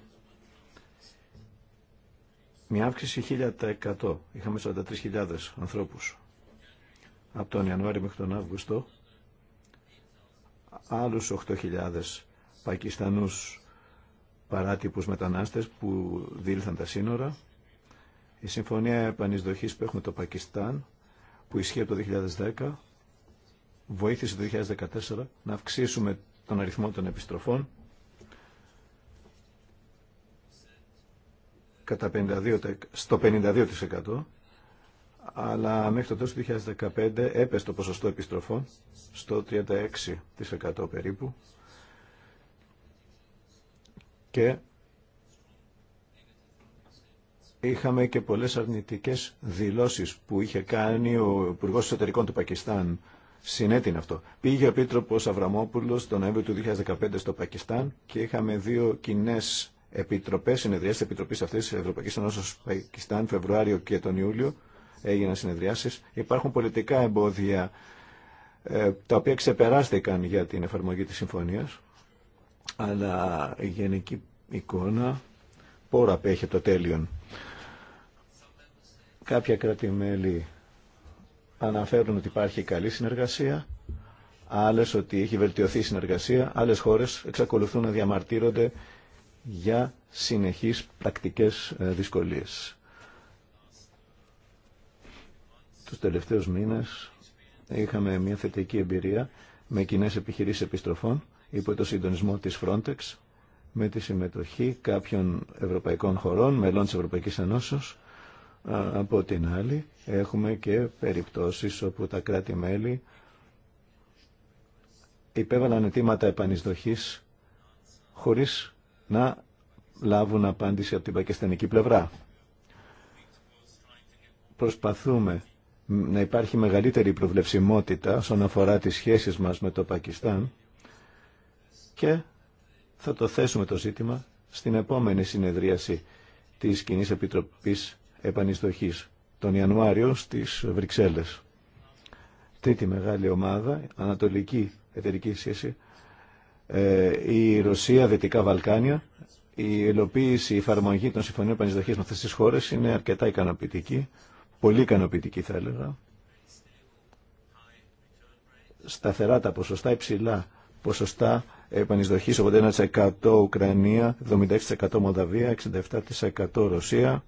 Μια αύξηση 1000%. Είχαμε 43.000 ανθρώπους από τον Ιανουάριο μέχρι τον Αύγουστο. Άλλους 8.000 Πακιστανούς παράτυπους μετανάστες που δήλθαν τα σύνορα. Η συμφωνία επανεισδοχής που έχουμε το Πακιστάν, που ισχύει από το 2010, βοήθησε το 2014 να αυξήσουμε τον αριθμό των επιστροφών κατά 52, στο 52% αλλά μέχρι το του 2015 έπεσε το ποσοστό επιστροφών στο 36% περίπου και είχαμε και πολλές αρνητικές δηλώσεις που είχε κάνει ο Υπουργό Εσωτερικών του Πακιστάν συνέτεινε αυτό. Πήγε ο Επίτροπο Αβραμόπουλο τον Νοέμβριο του 2015 στο Πακιστάν και είχαμε δύο κοινέ επιτροπέ, συνεδριάσει τη Επιτροπή αυτή τη Ευρωπαϊκή του Πακιστάν, Φεβρουάριο και τον Ιούλιο. Έγιναν συνεδριάσει. Υπάρχουν πολιτικά εμπόδια ε, τα οποία ξεπεράστηκαν για την εφαρμογή τη συμφωνία, αλλά η γενική εικόνα πόρα απέχει το τέλειον. Κάποια κράτη-μέλη αναφέρουν ότι υπάρχει καλή συνεργασία, άλλες ότι έχει βελτιωθεί η συνεργασία, άλλες χώρες εξακολουθούν να διαμαρτύρονται για συνεχείς πρακτικές ε, δυσκολίες. Τους τελευταίους μήνες είχαμε μια θετική εμπειρία με κοινέ επιχειρήσεις επιστροφών υπό το συντονισμό της Frontex με τη συμμετοχή κάποιων ευρωπαϊκών χωρών, μελών της Ευρωπαϊκής Ενώσεως από την άλλη έχουμε και περιπτώσεις όπου τα κράτη-μέλη υπέβαλαν αιτήματα επανεισδοχής χωρίς να λάβουν απάντηση από την πακιστανική πλευρά. Προσπαθούμε να υπάρχει μεγαλύτερη προβλεψιμότητα όσον αφορά τις σχέσεις μας με το Πακιστάν και θα το θέσουμε το ζήτημα στην επόμενη συνεδρίαση της Κοινής Επιτροπής επανιστοχής τον Ιανουάριο στις Βρυξέλλες. Τρίτη μεγάλη ομάδα, ανατολική εταιρική σχέση, ε, η Ρωσία, Δυτικά Βαλκάνια. Η ελοποίηση η εφαρμογή των συμφωνίων επανιστοχής με αυτές τις χώρες είναι αρκετά ικανοποιητική, πολύ ικανοποιητική θα έλεγα. Σταθερά τα ποσοστά, υψηλά ποσοστά επανιστοχής 81% Ουκρανία, 76% Μολδαβία, 67% Ρωσία,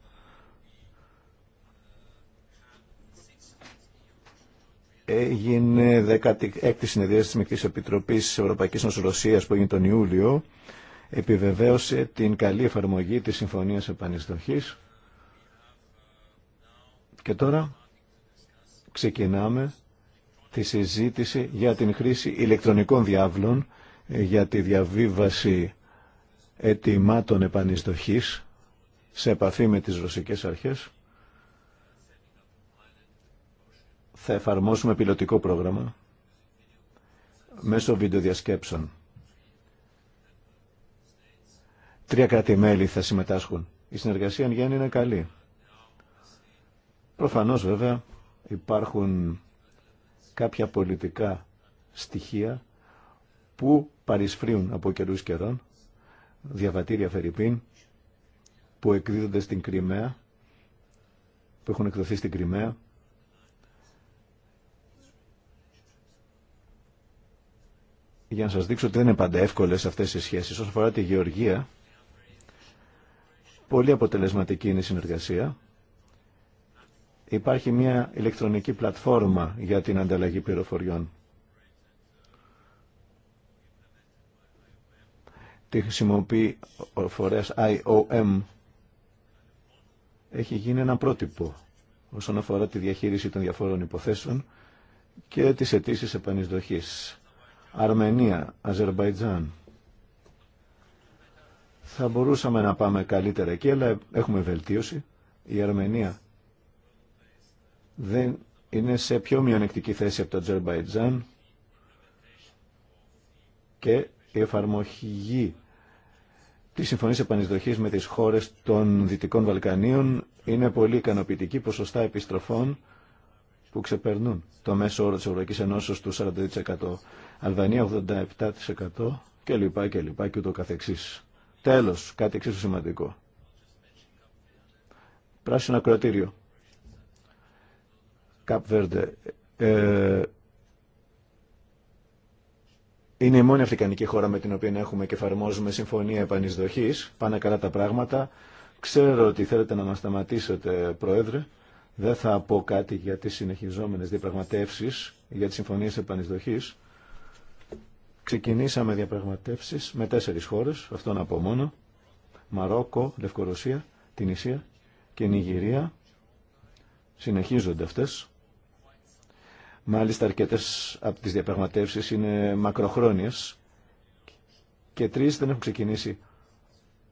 έγινε 16η συνεδρίαση της Μικτής Επιτροπής Ευρωπαϊκής Ένωσης που έγινε τον Ιούλιο επιβεβαίωσε την καλή εφαρμογή της Συμφωνίας Επανιστοχής και τώρα ξεκινάμε τη συζήτηση για την χρήση ηλεκτρονικών διάβλων ε, για τη διαβίβαση ετοιμάτων επανιστοχής σε επαφή με τις ρωσικές αρχές θα εφαρμόσουμε πιλωτικό πρόγραμμα μέσω βιντεοδιασκέψεων. Τρία κράτη-μέλη θα συμμετάσχουν. Η συνεργασία εν γέννη είναι καλή. Προφανώς βέβαια υπάρχουν κάποια πολιτικά στοιχεία που παρισφρίουν από καιρούς καιρών, διαβατήρια Φερρυπίν, που εκδίδονται στην Κρυμαία, που έχουν εκδοθεί στην Κρυμαία, για να σας δείξω ότι δεν είναι πάντα εύκολες αυτές οι σχέσεις. Όσον αφορά τη γεωργία, πολύ αποτελεσματική είναι η συνεργασία. Υπάρχει μια ηλεκτρονική πλατφόρμα για την ανταλλαγή πληροφοριών. Τη χρησιμοποιεί ο φορέας IOM. Έχει γίνει ένα πρότυπο όσον αφορά τη διαχείριση των διαφόρων υποθέσεων και τις αιτήσει επανεισδοχής. Αρμενία, Αζερβαϊτζάν. Θα μπορούσαμε να πάμε καλύτερα εκεί, αλλά έχουμε βελτίωση. Η Αρμενία δεν είναι σε πιο μειονεκτική θέση από το Αζερβαϊτζάν και η εφαρμογή τη συμφωνής επανεισδοχής με τις χώρες των Δυτικών Βαλκανίων είναι πολύ ικανοποιητική. Ποσοστά επιστροφών που ξεπερνούν το μέσο όρο της Ευρωπαϊκής Ενώσεως του 42%, Αλβανία 87% και λοιπά και ούτω καθεξής. Τέλος, κάτι εξίσου σημαντικό. Πράσινο ακροατήριο. Καπ ε, Είναι η μόνη Αφρικανική χώρα με την οποία έχουμε και εφαρμόζουμε συμφωνία επανεισδοχής. Πάνε καλά τα πράγματα. Ξέρω ότι θέλετε να μας σταματήσετε, Πρόεδρε. Δεν θα πω κάτι για τις συνεχιζόμενες διαπραγματεύσεις, για τις συμφωνίες επανεισδοχής. Ξεκινήσαμε διαπραγματεύσεις με τέσσερις χώρες, αυτό να πω μόνο. Μαρόκο, Λευκορωσία, την και Νιγηρία. Συνεχίζονται αυτές. Μάλιστα αρκετές από τις διαπραγματεύσεις είναι μακροχρόνιες και τρεις δεν έχουν ξεκινήσει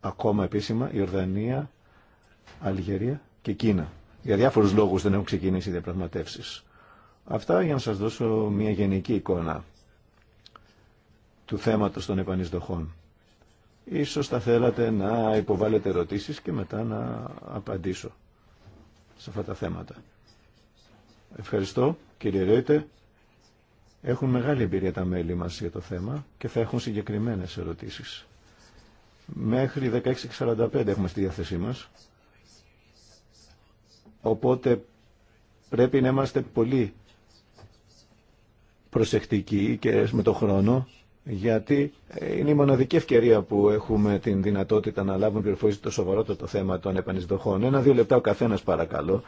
ακόμα επίσημα, Ιορδανία, Αλγερία και Κίνα. Για διάφορους λόγους δεν έχουν ξεκινήσει οι διαπραγματεύσει. Αυτά για να σα δώσω μια γενική εικόνα του θέματος των επανεισδοχών. Ίσως θα θέλατε να υποβάλλετε ερωτήσεις και μετά να απαντήσω σε αυτά τα θέματα. Ευχαριστώ κύριε Ρέιτε. Έχουν μεγάλη εμπειρία τα μέλη μας για το θέμα και θα έχουν συγκεκριμένες ερωτήσεις. Μέχρι 16.45 έχουμε στη διάθεσή μας. Οπότε πρέπει να είμαστε πολύ προσεκτικοί και με το χρόνο, γιατί είναι η μοναδική ευκαιρία που έχουμε την δυνατότητα να λάβουμε πληροφορίες το σοβαρότερο το θέμα των επανεισδοχών. Ένα-δύο λεπτά ο καθένα παρακαλώ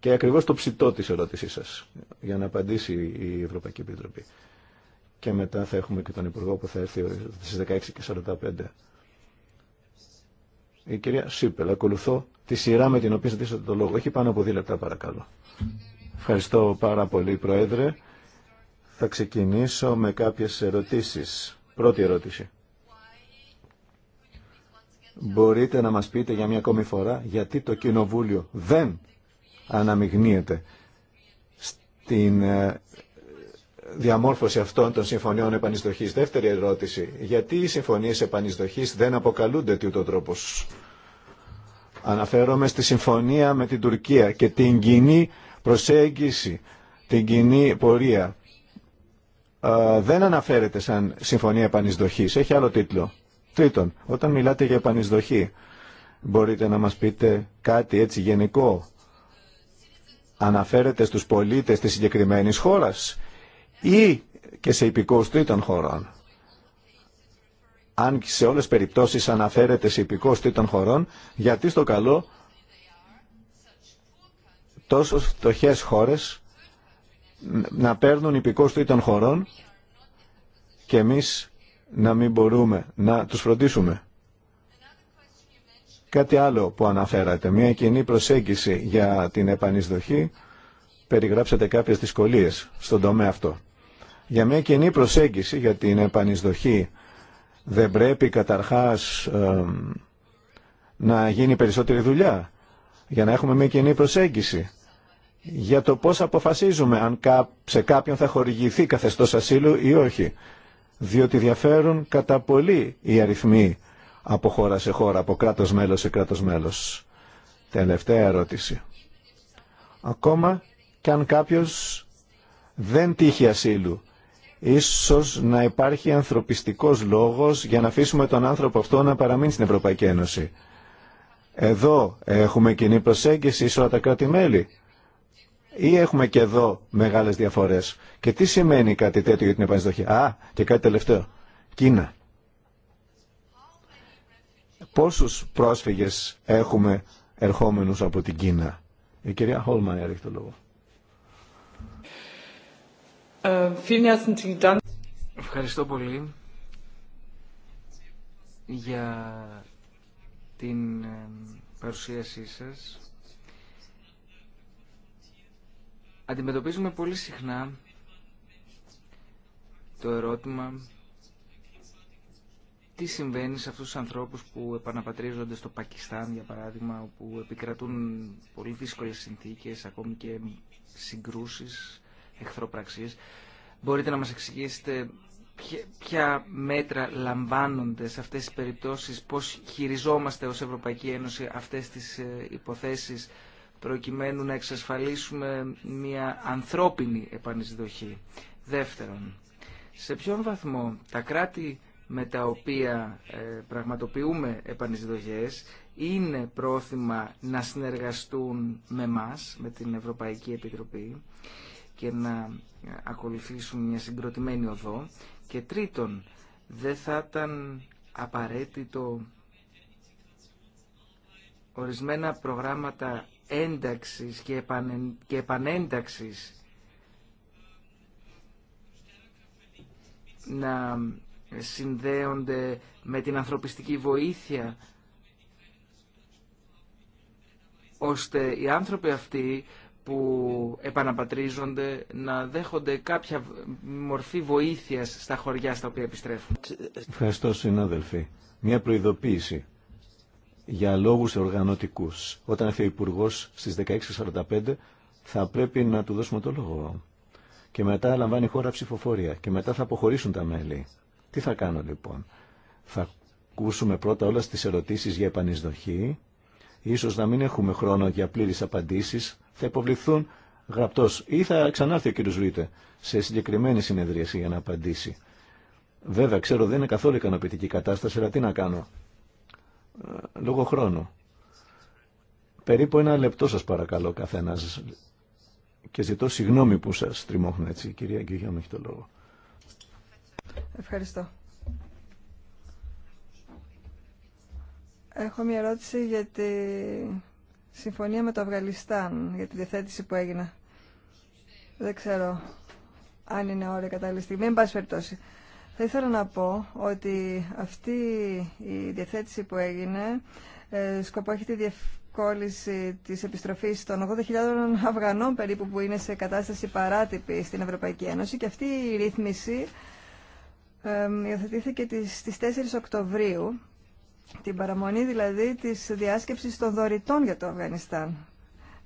και ακριβώς το ψητό τη ερώτησή σας για να απαντήσει η Ευρωπαϊκή Επιτροπή. Και μετά θα έχουμε και τον Υπουργό που θα έρθει στις 16.45. Η κυρία Σίπελ, ακολουθώ τη σειρά με την οποία ζητήσατε το λόγο. Έχει πάνω από δύο λεπτά παρακαλώ. Ευχαριστώ πάρα πολύ Πρόεδρε. Θα ξεκινήσω με κάποιες ερωτήσεις. Πρώτη ερώτηση. Μπορείτε να μας πείτε για μια ακόμη φορά γιατί το Κοινοβούλιο δεν αναμειγνύεται στην ε, διαμόρφωση αυτών των συμφωνιών επανεισδοχής. Δεύτερη ερώτηση, γιατί οι συμφωνίες επανεισδοχής δεν αποκαλούνται τούτο τρόπο. Αναφέρομαι στη συμφωνία με την Τουρκία και την κοινή προσέγγιση, την κοινή πορεία. δεν αναφέρεται σαν συμφωνία επανεισδοχής, έχει άλλο τίτλο. Τρίτον, όταν μιλάτε για επανεισδοχή, μπορείτε να μας πείτε κάτι έτσι γενικό. Αναφέρεται στους πολίτες της συγκεκριμένης χώρας ή και σε υπηκόους τρίτων χωρών. Αν σε όλες τις περιπτώσεις αναφέρεται σε υπηκόους τρίτων χωρών, γιατί στο καλό τόσο φτωχέ χώρες να παίρνουν υπηκόους τρίτων χωρών και εμείς να μην μπορούμε να τους φροντίσουμε. Κάτι άλλο που αναφέρατε, μια κοινή προσέγγιση για την επανεισδοχή, περιγράψατε κάποιες δυσκολίες στον τομέα αυτό για μια κοινή προσέγγιση για την επανεισδοχή. Δεν πρέπει καταρχάς να γίνει περισσότερη δουλειά για να έχουμε μια κοινή προσέγγιση για το πώς αποφασίζουμε αν σε κάποιον θα χορηγηθεί καθεστώς ασύλου ή όχι. Διότι διαφέρουν κατά πολύ οι αριθμοί από χώρα σε χώρα, από κράτος μέλος σε κράτος μέλος. Τελευταία ερώτηση. Ακόμα και αν κάποιος δεν τύχει ασύλου Ίσως να υπάρχει ανθρωπιστικός λόγος για να αφήσουμε τον άνθρωπο αυτό να παραμείνει στην Ευρωπαϊκή Ένωση. Εδώ έχουμε κοινή προσέγγιση σε όλα τα κράτη-μέλη ή έχουμε και εδώ μεγάλες διαφορές. Και τι σημαίνει κάτι τέτοιο για την επανεισδοχή. Α, και κάτι τελευταίο. Κίνα. Πόσους πρόσφυγες έχουμε ερχόμενους από την Κίνα. Η κυρία Χόλμαν έρχεται το λόγο. Ε, Ευχαριστώ πολύ για την ε, παρουσίασή σας. Αντιμετωπίζουμε πολύ συχνά το ερώτημα τι συμβαίνει σε αυτούς τους ανθρώπους που επαναπατρίζονται στο Πακιστάν, για παράδειγμα, όπου επικρατούν πολύ δύσκολες συνθήκες, ακόμη και συγκρούσεις εχθροπραξίες. Μπορείτε να μας εξηγήσετε ποια μέτρα λαμβάνονται σε αυτές τις περιπτώσεις, πώς χειριζόμαστε ως Ευρωπαϊκή Ένωση αυτές τις ε, υποθέσεις προκειμένου να εξασφαλίσουμε μια ανθρώπινη επανεισδοχή. Δεύτερον, σε ποιον βαθμό τα κράτη με τα οποία ε, πραγματοποιούμε επανεισδοχές είναι πρόθυμα να συνεργαστούν με μας, με την Ευρωπαϊκή Επιτροπή και να ε, ακολουθήσουν μια συγκροτημένη οδό και τρίτον δεν θα ήταν απαραίτητο ορισμένα προγράμματα ένταξης και, και επανένταξης να συνδέονται με την ανθρωπιστική βοήθεια ώστε οι άνθρωποι αυτοί που επαναπατρίζονται να δέχονται κάποια μορφή βοήθειας στα χωριά στα οποία επιστρέφουν. Ευχαριστώ συνάδελφοι. Μια προειδοποίηση για λόγους οργανωτικούς. Όταν έρθει ο υπουργό στις 16.45 θα πρέπει να του δώσουμε το λόγο. Και μετά λαμβάνει η χώρα ψηφοφορία και μετά θα αποχωρήσουν τα μέλη. Τι θα κάνω λοιπόν. Θα ακούσουμε πρώτα όλα τις ερωτήσεις για επανεισδοχή Ίσως να μην έχουμε χρόνο για πλήρες απαντήσεις. Θα υποβληθούν γραπτός ή θα ξανάρθει ο κύριος Ρίτε σε συγκεκριμένη συνεδρίαση για να απαντήσει. Βέβαια, ξέρω δεν είναι καθόλου ικανοποιητική κατάσταση, αλλά τι να κάνω. Ε, λόγω χρόνου. Περίπου ένα λεπτό σας παρακαλώ καθένας και ζητώ συγγνώμη που σας τριμώχνω έτσι. Κυρία Γκυγιώμη, έχει το λόγο. Ευχαριστώ. Έχω μια ερώτηση για τη συμφωνία με το Αφγανιστάν, για τη διαθέτηση που έγινε. Δεν ξέρω αν είναι ώρα κατάλληλη στιγμή. Εν πάση περιπτώσει. Θα ήθελα να πω ότι αυτή η διαθέτηση που έγινε ε, σκοπό έχει τη διευκόλυνση της επιστροφής των 80.000 Αφγανών περίπου που είναι σε κατάσταση παράτυπη στην Ευρωπαϊκή Ένωση και αυτή η ρύθμιση ε, υιοθετήθηκε στις 4 Οκτωβρίου την παραμονή δηλαδή της διάσκεψης των δωρητών για το Αφγανιστάν.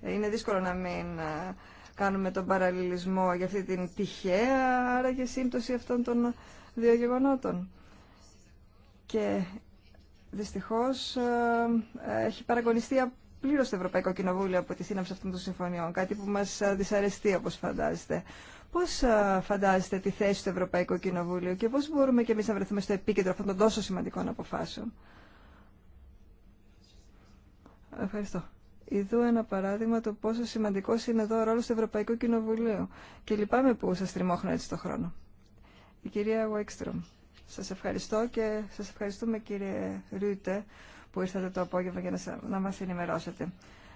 Είναι δύσκολο να μην ε, κάνουμε τον παραλληλισμό για αυτή την τυχαία, άρα και σύμπτωση αυτών των δύο γεγονότων. Και δυστυχώς ε, έχει παραγωνιστεί πλήρως το Ευρωπαϊκό Κοινοβούλιο από τη σύναψη αυτών των συμφωνιών, κάτι που μας ε, δυσαρεστεί όπως φαντάζεστε. Πώς φαντάζεστε τη θέση του Ευρωπαϊκού Κοινοβούλιο και πώς μπορούμε και εμείς να βρεθούμε στο επίκεντρο αυτών των τόσο σημαντικών αποφάσεων. Ευχαριστώ. Ιδού ένα παράδειγμα το πόσο σημαντικό είναι εδώ ο ρόλο του Ευρωπαϊκού Κοινοβουλίου. Και λυπάμαι που σα τριμώχνω έτσι το χρόνο. Η κυρία Βέξτρομ, σα ευχαριστώ και σα ευχαριστούμε κύριε Ρούτε που ήρθατε το απόγευμα για να μα ενημερώσετε.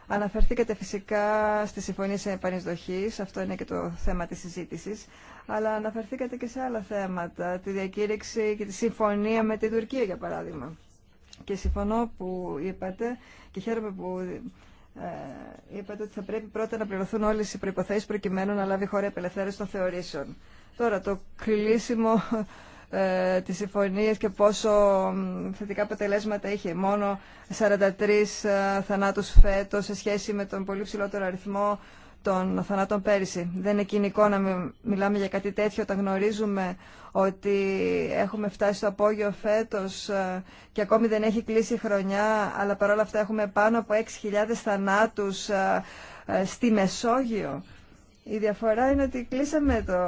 Αναφερθήκατε φυσικά στη Συμφωνία Επανεισδοχή, αυτό είναι και το θέμα τη συζήτηση, αλλά αναφερθήκατε και σε άλλα θέματα, τη διακήρυξη και τη συμφωνία με την Τουρκία, για παράδειγμα. Και συμφωνώ που είπατε και χαίρομαι που ε, είπατε ότι θα πρέπει πρώτα να πληρωθούν όλες οι προϋποθέσεις προκειμένου να λάβει η χώρα απελευθέρωση των θεωρήσεων. Τώρα το κλείσιμο ε, τις και πόσο θετικά αποτελέσματα είχε. Μόνο 43 ε, θανάτους φέτος σε σχέση με τον πολύ ψηλότερο αριθμό των θανάτων πέρυσι. Δεν είναι κοινικό να μιλάμε για κάτι τέτοιο όταν γνωρίζουμε ότι έχουμε φτάσει στο απόγειο φέτος ε, και ακόμη δεν έχει κλείσει η χρονιά, αλλά παρόλα αυτά έχουμε πάνω από 6.000 θανάτους ε, ε, στη Μεσόγειο. Η διαφορά είναι ότι κλείσαμε το,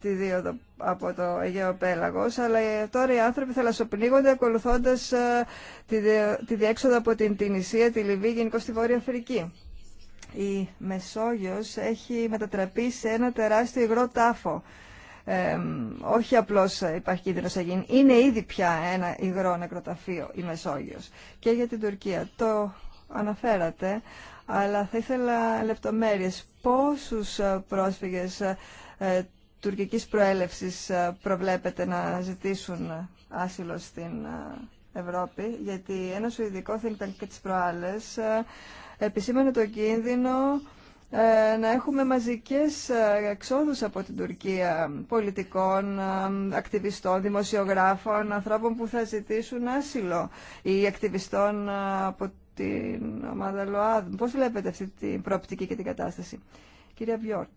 τη δίωδο από το Αιγαίο Πέλαγος, αλλά τώρα οι άνθρωποι θαλασσοπνίγονται ακολουθώντας τη, τη διέξοδο από την Τινησία, τη Λιβύη, γενικώ στη Βόρεια Αφρική η Μεσόγειος έχει μετατραπεί σε ένα τεράστιο υγρό τάφο. όχι απλώς υπάρχει κίνδυνος να γίνει. Είναι ήδη πια ένα υγρό νεκροταφείο η Μεσόγειος. Και για την Τουρκία. Το αναφέρατε, αλλά θα ήθελα λεπτομέρειες. Πόσους ε, πρόσφυγες ε, ε, τουρκικής προέλευσης ε, προβλέπετε να ζητήσουν άσυλο στην Ευρώπη, γιατί ένα Σουηδικό θα ήταν και τις προάλλες επισήμανε το κίνδυνο ε, να έχουμε μαζικές ε, εξόδους από την Τουρκία πολιτικών, ε, ακτιβιστών, δημοσιογράφων, ανθρώπων που θα ζητήσουν άσυλο ή ακτιβιστών από την ομάδα ΛΟΑΔ. Πώς βλέπετε αυτή την προοπτική και την κατάσταση. Κυρία Βιόρκ.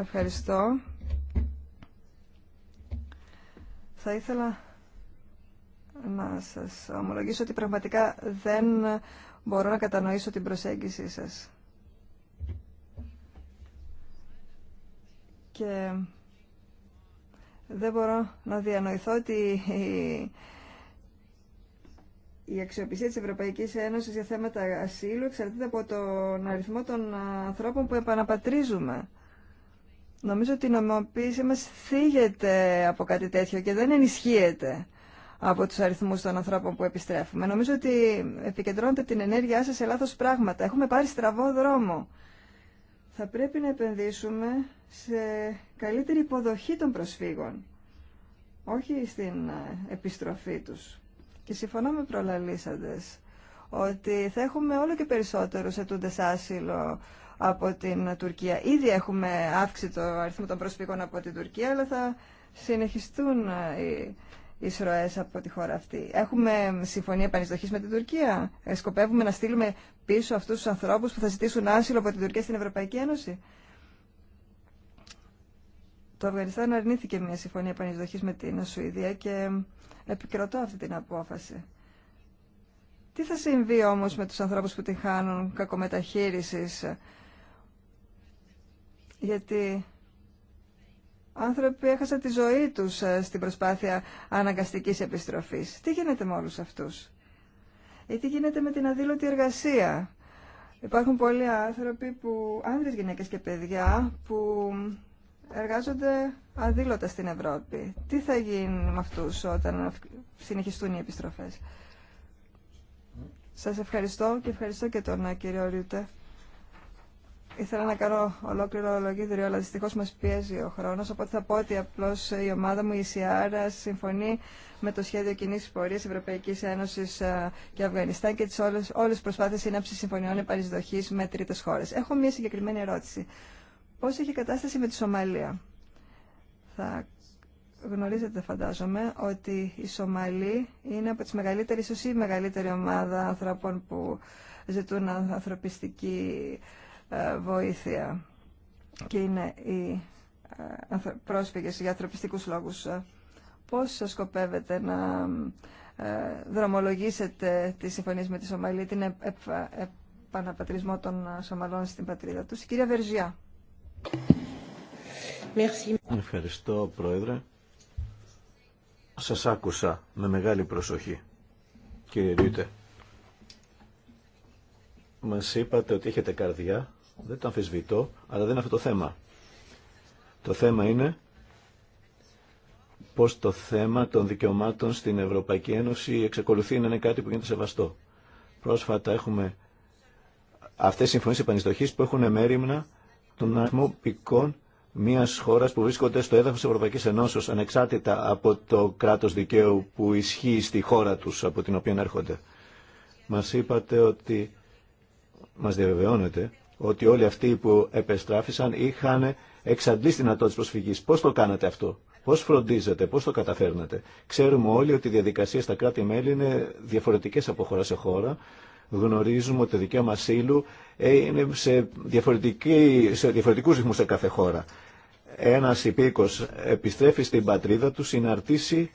Ευχαριστώ. Θα ήθελα να σας ομολογήσω ότι πραγματικά δεν μπορώ να κατανοήσω την προσέγγιση σας. Και δεν μπορώ να διανοηθώ ότι η αξιοπιστία της Ευρωπαϊκής Ένωσης για θέματα ασύλου εξαρτάται από τον αριθμό των ανθρώπων που επαναπατρίζουμε. Νομίζω ότι η νομιμοποίησή μας θίγεται από κάτι τέτοιο και δεν ενισχύεται από τους αριθμούς των ανθρώπων που επιστρέφουμε. Νομίζω ότι επικεντρώνεται την ενέργειά σας σε λάθος πράγματα. Έχουμε πάρει στραβό δρόμο. Θα πρέπει να επενδύσουμε σε καλύτερη υποδοχή των προσφύγων, όχι στην ε, επιστροφή τους. Και συμφωνώ με προλαλήσαντες ότι θα έχουμε όλο και περισσότερους ετούντες άσυλο από την Τουρκία. Ήδη έχουμε αύξητο αριθμό των προσφύγων από την Τουρκία, αλλά θα συνεχιστούν ε, οι εισρωέ από τη χώρα αυτή. Έχουμε συμφωνία επανειστοχή με την Τουρκία. Ε, σκοπεύουμε να στείλουμε πίσω αυτούς τους ανθρώπους που θα ζητήσουν άσυλο από την Τουρκία στην Ευρωπαϊκή Ένωση. Το Αφγανιστάν αρνήθηκε μια συμφωνία επανεισδοχής με την Σουηδία και επικροτώ αυτή την απόφαση. Τι θα συμβεί όμως με τους ανθρώπους που την χάνουν κακομεταχείρισης, γιατί Άνθρωποι έχασαν τη ζωή τους ε, στην προσπάθεια αναγκαστικής επιστροφής. Τι γίνεται με όλους αυτούς. Ή τι γίνεται με την αδήλωτη εργασία. Υπάρχουν πολλοί άνθρωποι, που, άνδρες, γυναίκες και παιδιά, που εργάζονται αδήλωτα στην Ευρώπη. Τι θα γίνει με αυτούς όταν συνεχιστούν οι επιστροφές. Σας ευχαριστώ και ευχαριστώ και τον ε, κύριο Ήθελα να κάνω ολόκληρο λογίδριο, αλλά δυστυχώ μα πιέζει ο χρόνο. Οπότε θα πω ότι απλώ η ομάδα μου, η ΣΥΑΡΑ, συμφωνεί με το σχέδιο κοινή πορεία Ευρωπαϊκή Ένωση ε, και Αφγανιστάν και τι όλε τι προσπάθειε σύναψη συμφωνιών επανεισδοχή με τρίτε χώρε. Έχω μία συγκεκριμένη ερώτηση. Πώ έχει η κατάσταση με τη Σομαλία. Θα γνωρίζετε, φαντάζομαι, ότι η Σομαλή είναι από τι μεγαλύτερε, ίσω η μεγαλύτερη ομάδα ανθρώπων που ζητούν ανθρωπιστική ε, βοήθεια και είναι οι ε, πρόσφυγες για ανθρωπιστικούς λόγους. Ε, πώς σκοπεύετε να δρομολογήσετε τη συμφωνία με τη Σομαλή, την επαναπατρισμό των Σομαλών στην πατρίδα τους. κυρία Βερζιά. Ευχαριστώ, Πρόεδρε. Σας άκουσα με μεγάλη προσοχή, κύριε Ρίτε. Μας είπατε ότι έχετε καρδιά δεν το αμφισβητώ, αλλά δεν είναι αυτό το θέμα. Το θέμα είναι πώς το θέμα των δικαιωμάτων στην Ευρωπαϊκή Ένωση εξακολουθεί να είναι κάτι που γίνεται σεβαστό. Πρόσφατα έχουμε αυτές οι συμφωνίες επανιστοχής που έχουν μέρημνα τον αριθμό πικών μιας χώρας που βρίσκονται στο έδαφος της Ευρωπαϊκής Ενώσεω, ανεξάρτητα από το κράτος δικαίου που ισχύει στη χώρα τους από την οποία έρχονται. Μας είπατε ότι. μας διαβεβαιώνεται ότι όλοι αυτοί που επεστράφησαν είχαν εξαντλήσει δυνατότητε προσφυγή. Πώ το κάνατε αυτό, πώ φροντίζετε, πώ το καταφέρνετε. Ξέρουμε όλοι ότι οι διαδικασίε στα κράτη-μέλη είναι διαφορετικέ από χώρα σε χώρα. Γνωρίζουμε ότι το δικαίωμα ασύλου είναι σε, σε διαφορετικού ρυθμού σε κάθε χώρα. Ένα υπήκο επιστρέφει στην πατρίδα του συναρτήσει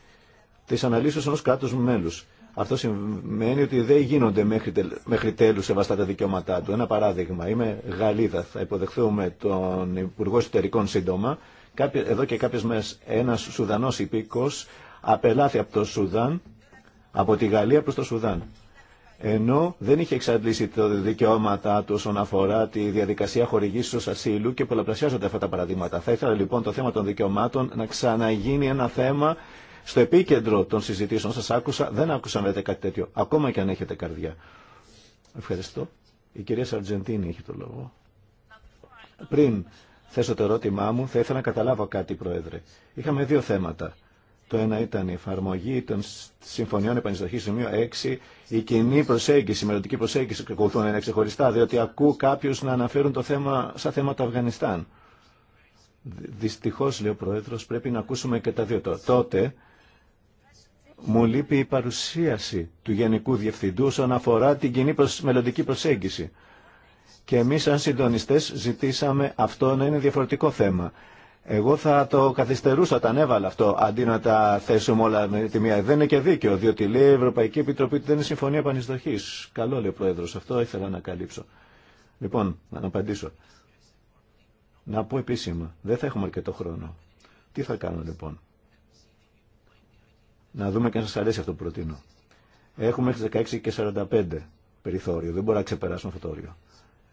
τι αναλύσει ενό κράτου μέλου. Αυτό σημαίνει ότι δεν γίνονται μέχρι, τελ, μέχρι τέλους σεβαστά τα δικαιώματά του. Ένα παράδειγμα, είμαι Γαλλίδα, θα υποδεχθούμε τον Υπουργό Εσωτερικών σύντομα. Εδώ και κάποιες μέρες ένας Σουδανός υπήκος απελάθη από το Σουδάν, από τη Γαλλία προς το Σουδάν. Ενώ δεν είχε εξαντλήσει τα δικαιώματά του όσον αφορά τη διαδικασία χορηγήσεως ασύλου και πολλαπλασιάζονται αυτά τα παραδείγματα. Θα ήθελα λοιπόν το θέμα των δικαιωμάτων να ξαναγίνει ένα θέμα στο επίκεντρο των συζητήσεων σας άκουσα, δεν άκουσα να λέτε κάτι τέτοιο, ακόμα και αν έχετε καρδιά. Ευχαριστώ. Η κυρία Σαρτζεντίνη έχει το λόγο. Πριν θέσω το ερώτημά μου, θα ήθελα να καταλάβω κάτι, Πρόεδρε. Είχαμε δύο θέματα. Το ένα ήταν η εφαρμογή των συμφωνιών επανειστοχή σημείο 6, η κοινή προσέγγιση, η μελλοντική προσέγγιση που ακολουθούν είναι ξεχωριστά, διότι ακούω κάποιου να αναφέρουν το θέμα σαν θέμα του Αφγανιστάν. Δυστυχώ, λέει ο Πρόεδρο, πρέπει να ακούσουμε και τα δύο. Τότε μου λείπει η παρουσίαση του Γενικού Διευθυντού όσον αφορά την κοινή μελλοντική προσέγγιση. Και εμείς σαν συντονιστέ, ζητήσαμε αυτό να είναι διαφορετικό θέμα. Εγώ θα το καθυστερούσα, τα ανέβαλα αυτό, αντί να τα θέσουμε όλα με τη μία. Δεν είναι και δίκαιο, διότι λέει η Ευρωπαϊκή Επιτροπή ότι δεν είναι συμφωνία επανεισδοχή. Καλό λέει ο Πρόεδρο, αυτό ήθελα να καλύψω. Λοιπόν, να απαντήσω. Να πω επίσημα, δεν θα έχουμε αρκετό χρόνο. Τι θα κάνω λοιπόν να δούμε και αν σας αρέσει αυτό που προτείνω. Έχουμε μέχρι 16 και 45 περιθώριο. Δεν μπορούμε να ξεπεράσουμε αυτό το όριο.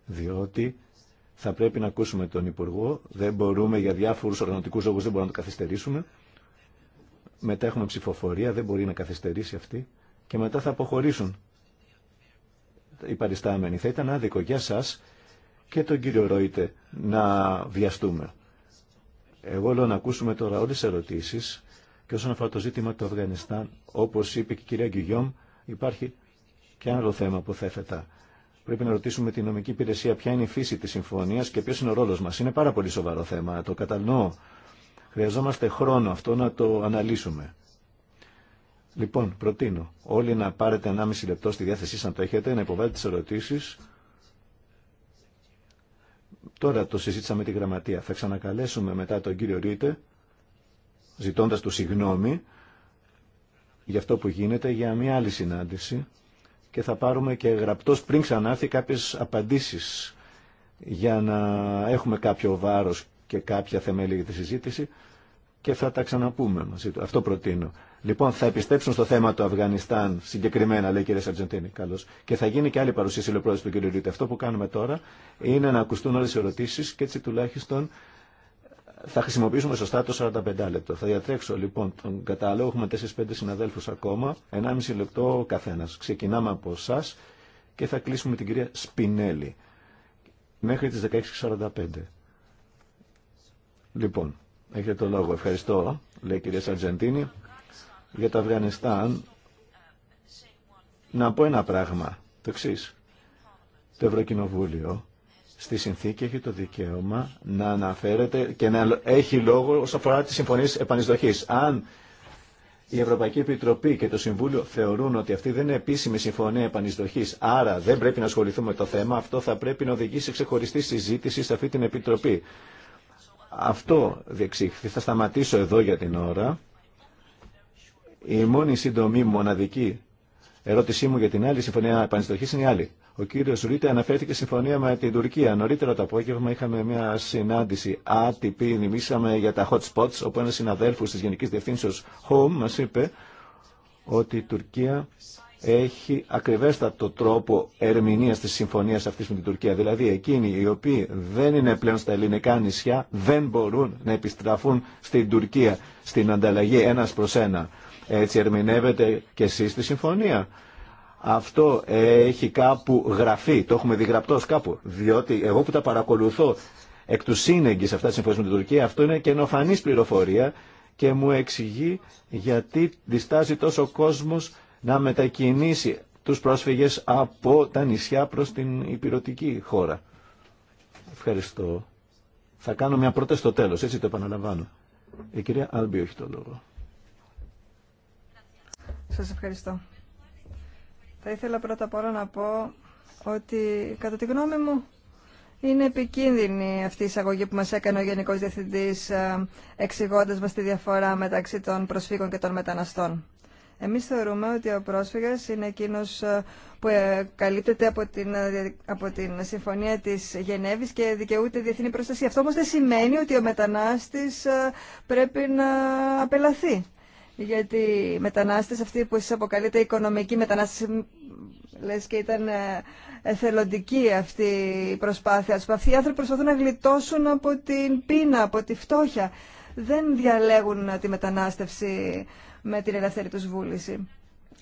Διότι θα πρέπει να ακούσουμε τον Υπουργό. Δεν μπορούμε για διάφορους οργανωτικούς λόγους δεν μπορούμε να το καθυστερήσουμε. Μετά έχουμε ψηφοφορία, δεν μπορεί να καθυστερήσει αυτή. Και μετά θα αποχωρήσουν οι παριστάμενοι. Θα ήταν άδικο για σας και τον κύριο Ρόιτε να βιαστούμε. Εγώ λέω να ακούσουμε τώρα όλες τις ερωτήσεις και όσον αφορά το ζήτημα του Αφγανιστάν, όπω είπε και η κυρία Γκυγιόμ, υπάρχει και άλλο θέμα που θέθετα. Πρέπει να ρωτήσουμε την νομική υπηρεσία ποια είναι η φύση τη συμφωνία και ποιο είναι ο ρόλο μα. Είναι πάρα πολύ σοβαρό θέμα, το κατανοώ. Χρειαζόμαστε χρόνο αυτό να το αναλύσουμε. Λοιπόν, προτείνω όλοι να πάρετε 1,5 λεπτό στη διάθεσή σα να το έχετε, να υποβάλλετε τι ερωτήσει. Τώρα το συζήτησα με τη γραμματεία. Θα ξανακαλέσουμε μετά τον κύριο Ρίτε ζητώντας του συγγνώμη για αυτό που γίνεται για μια άλλη συνάντηση και θα πάρουμε και γραπτός πριν ξανάρθει κάποιες απαντήσεις για να έχουμε κάποιο βάρος και κάποια θεμέλια για τη συζήτηση και θα τα ξαναπούμε μαζί του. Αυτό προτείνω. Λοιπόν, θα επιστρέψουν στο θέμα του Αφγανιστάν συγκεκριμένα, λέει η κυρία Σαρτζεντίνη. Καλώ. Και θα γίνει και άλλη παρουσίαση, λέει ο πρόεδρο του κ. Ρίτε. Αυτό που κάνουμε τώρα είναι να ακουστούν όλε οι ερωτήσει και έτσι τουλάχιστον θα χρησιμοποιήσουμε σωστά το 45 λεπτό. Θα διατρέξω λοιπόν τον κατάλογο. Έχουμε 4-5 συναδέλφου ακόμα. 1,5 λεπτό ο καθένα. Ξεκινάμε από εσά και θα κλείσουμε την κυρία Σπινέλη μέχρι τις 16.45. Λοιπόν, έχετε το λόγο. Ευχαριστώ, λέει η κυρία Σαρτζεντίνη. Για το Αφγανιστάν, να πω ένα πράγμα. Το εξή. Το Ευρωκοινοβούλιο στη συνθήκη έχει το δικαίωμα να αναφέρεται και να έχει λόγο όσον αφορά τις συμφωνίες επανεισδοχής. Αν η Ευρωπαϊκή Επιτροπή και το Συμβούλιο θεωρούν ότι αυτή δεν είναι επίσημη συμφωνία επανεισδοχή, άρα δεν πρέπει να ασχοληθούμε με το θέμα, αυτό θα πρέπει να οδηγήσει σε ξεχωριστή συζήτηση σε αυτή την Επιτροπή. Αυτό διεξήχθη. Θα σταματήσω εδώ για την ώρα. Η μόνη συντομή μοναδική ερώτησή μου για την άλλη συμφωνία επανεισδοχή είναι η άλλη. Ο κύριο Ρίτε αναφέρθηκε συμφωνία με την Τουρκία. Νωρίτερα το απόγευμα είχαμε μια συνάντηση ATP, νημίσαμε για τα hot spots, όπου ένα συναδέλφο τη γενική Διευθύνσεω Home μα είπε ότι η Τουρκία έχει ακριβέστατο τρόπο ερμηνεία τη συμφωνία αυτή με την Τουρκία. Δηλαδή, εκείνοι οι οποίοι δεν είναι πλέον στα ελληνικά νησιά δεν μπορούν να επιστραφούν στην Τουρκία στην ανταλλαγή ένα προ ένα. Έτσι ερμηνεύετε και εσεί τη συμφωνία. Αυτό έχει κάπου γραφεί, το έχουμε διγραπτό κάπου. Διότι εγώ που τα παρακολουθώ εκ του σύνεγγυ αυτά τη συμφωνία με την Τουρκία, αυτό είναι καινοφανή πληροφορία και μου εξηγεί γιατί διστάζει τόσο κόσμο να μετακινήσει τους πρόσφυγες από τα νησιά προς την υπηρετική χώρα. Ευχαριστώ. Θα κάνω μια πρόταση στο τέλο. έτσι το επαναλαμβάνω. Η κυρία Άλμπιου έχει το λόγο. Σας ευχαριστώ. Θα ήθελα πρώτα απ' όλα να πω ότι κατά τη γνώμη μου είναι επικίνδυνη αυτή η εισαγωγή που μας έκανε ο Γενικός Διευθυντής ε, εξηγώντα μας τη διαφορά μεταξύ των προσφύγων και των μεταναστών. Εμείς θεωρούμε ότι ο πρόσφυγας είναι εκείνος ε, που ε, καλύπτεται από την, από την Συμφωνία της Γενέβης και δικαιούται διεθνή προστασία. Αυτό όμως δεν σημαίνει ότι ο μετανάστης πρέπει να απελαθεί γιατί οι μετανάστες αυτοί που εσείς αποκαλείτε οικονομική μετανάστες, λες και ήταν ε, εθελοντική αυτή η προσπάθεια τους. Αυτοί οι άνθρωποι προσπαθούν να γλιτώσουν από την πείνα, από τη φτώχεια. Δεν διαλέγουν τη μετανάστευση με την ελεύθερη τους βούληση.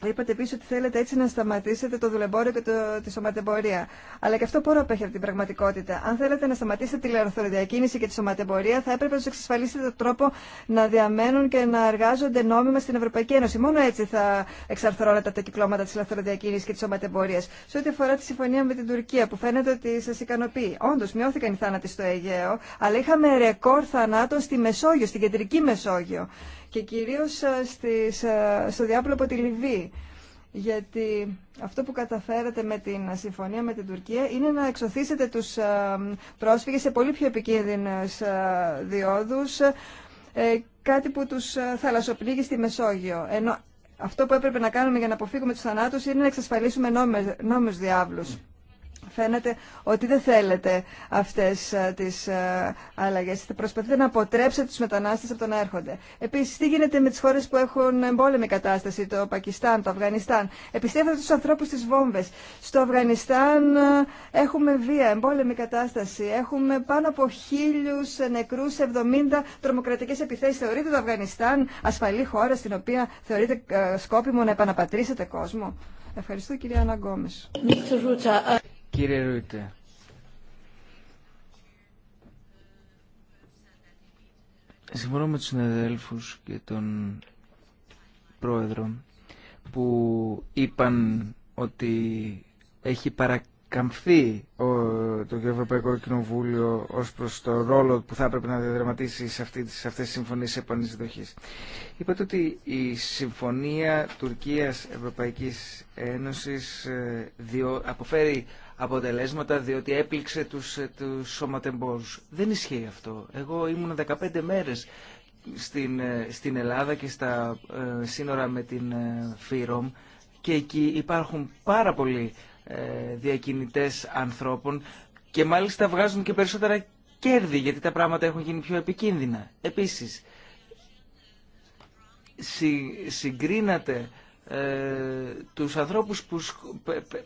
Είπατε επίση ότι θέλετε έτσι να σταματήσετε το δουλεμπόριο και το, τη σωματεμπορία. Αλλά και αυτό πόρο απέχει από την πραγματικότητα. Αν θέλετε να σταματήσετε τη λαροθροδιακίνηση και τη σωματεμπορία, θα έπρεπε να του εξασφαλίσετε τον τρόπο να διαμένουν και να εργάζονται νόμιμα στην Ευρωπαϊκή Ένωση. Μόνο έτσι θα εξαρθρώνετε τα κυκλώματα τη λαροθροδιακίνηση και τη σωματεμπορία. Σε ό,τι αφορά τη συμφωνία με την Τουρκία, που φαίνεται ότι σα ικανοποιεί. Όντω, μειώθηκαν οι θάνατοι στο Αιγαίο, αλλά είχαμε ρεκόρ θανάτων στη Μεσόγειο, στην κεντρική Μεσόγειο και κυρίως ε, στις, ε, στο διάπλο από τη Λιβύη. Γιατί αυτό που καταφέρατε με την συμφωνία με την Τουρκία είναι να εξωθήσετε τους ε, πρόσφυγες σε πολύ πιο επικίνδυνες διόδους, κάτι που τους θαλασσοπνίγει στη Μεσόγειο. Ενώ αυτό που έπρεπε να κάνουμε για να αποφύγουμε τους θανάτους είναι να εξασφαλίσουμε νόμους διάβλους φαίνεται ότι δεν θέλετε αυτές ε, τις ε, αλλαγές. Θα προσπαθείτε να αποτρέψετε τους μετανάστες από το να έρχονται. Επίσης, τι γίνεται με τις χώρες που έχουν εμπόλεμη κατάσταση, το Πακιστάν, το Αφγανιστάν. Επιστρέφετε τους ανθρώπους στις βόμβες. Στο Αφγανιστάν ε, έχουμε βία, εμπόλεμη κατάσταση. Έχουμε πάνω από χίλιους νεκρούς, 70 τρομοκρατικές επιθέσεις. Θεωρείτε το Αφγανιστάν ασφαλή χώρα στην οποία θεωρείτε σκόπιμο να επαναπατρίσετε κόσμο. Ευχαριστώ κυρία Αναγκόμης κύριε Ρούιτε. Συμφωνώ με τους συναδέλφους και τον πρόεδρο που είπαν ότι έχει παρακαμφθεί το Ευρωπαϊκό Κοινοβούλιο ως προς το ρόλο που θα έπρεπε να διαδραματίσει σε, αυτή, σε αυτές τις συμφωνίες δοχής. Είπατε ότι η συμφωνία Τουρκίας-Ευρωπαϊκής Ένωσης ε, αποφέρει αποτελέσματα διότι έπληξε τους, τους σωματεμπόρους. Δεν ισχύει αυτό. Εγώ ήμουν 15 μέρες στην, ε, στην Ελλάδα και στα ε, σύνορα με την ε, Φύρομ και εκεί υπάρχουν πάρα πολλοί ε, διακινητές ανθρώπων και μάλιστα βγάζουν και περισσότερα κέρδη γιατί τα πράγματα έχουν γίνει πιο επικίνδυνα. Επίσης, συ, συγκρίνατε ε, τους ανθρώπους που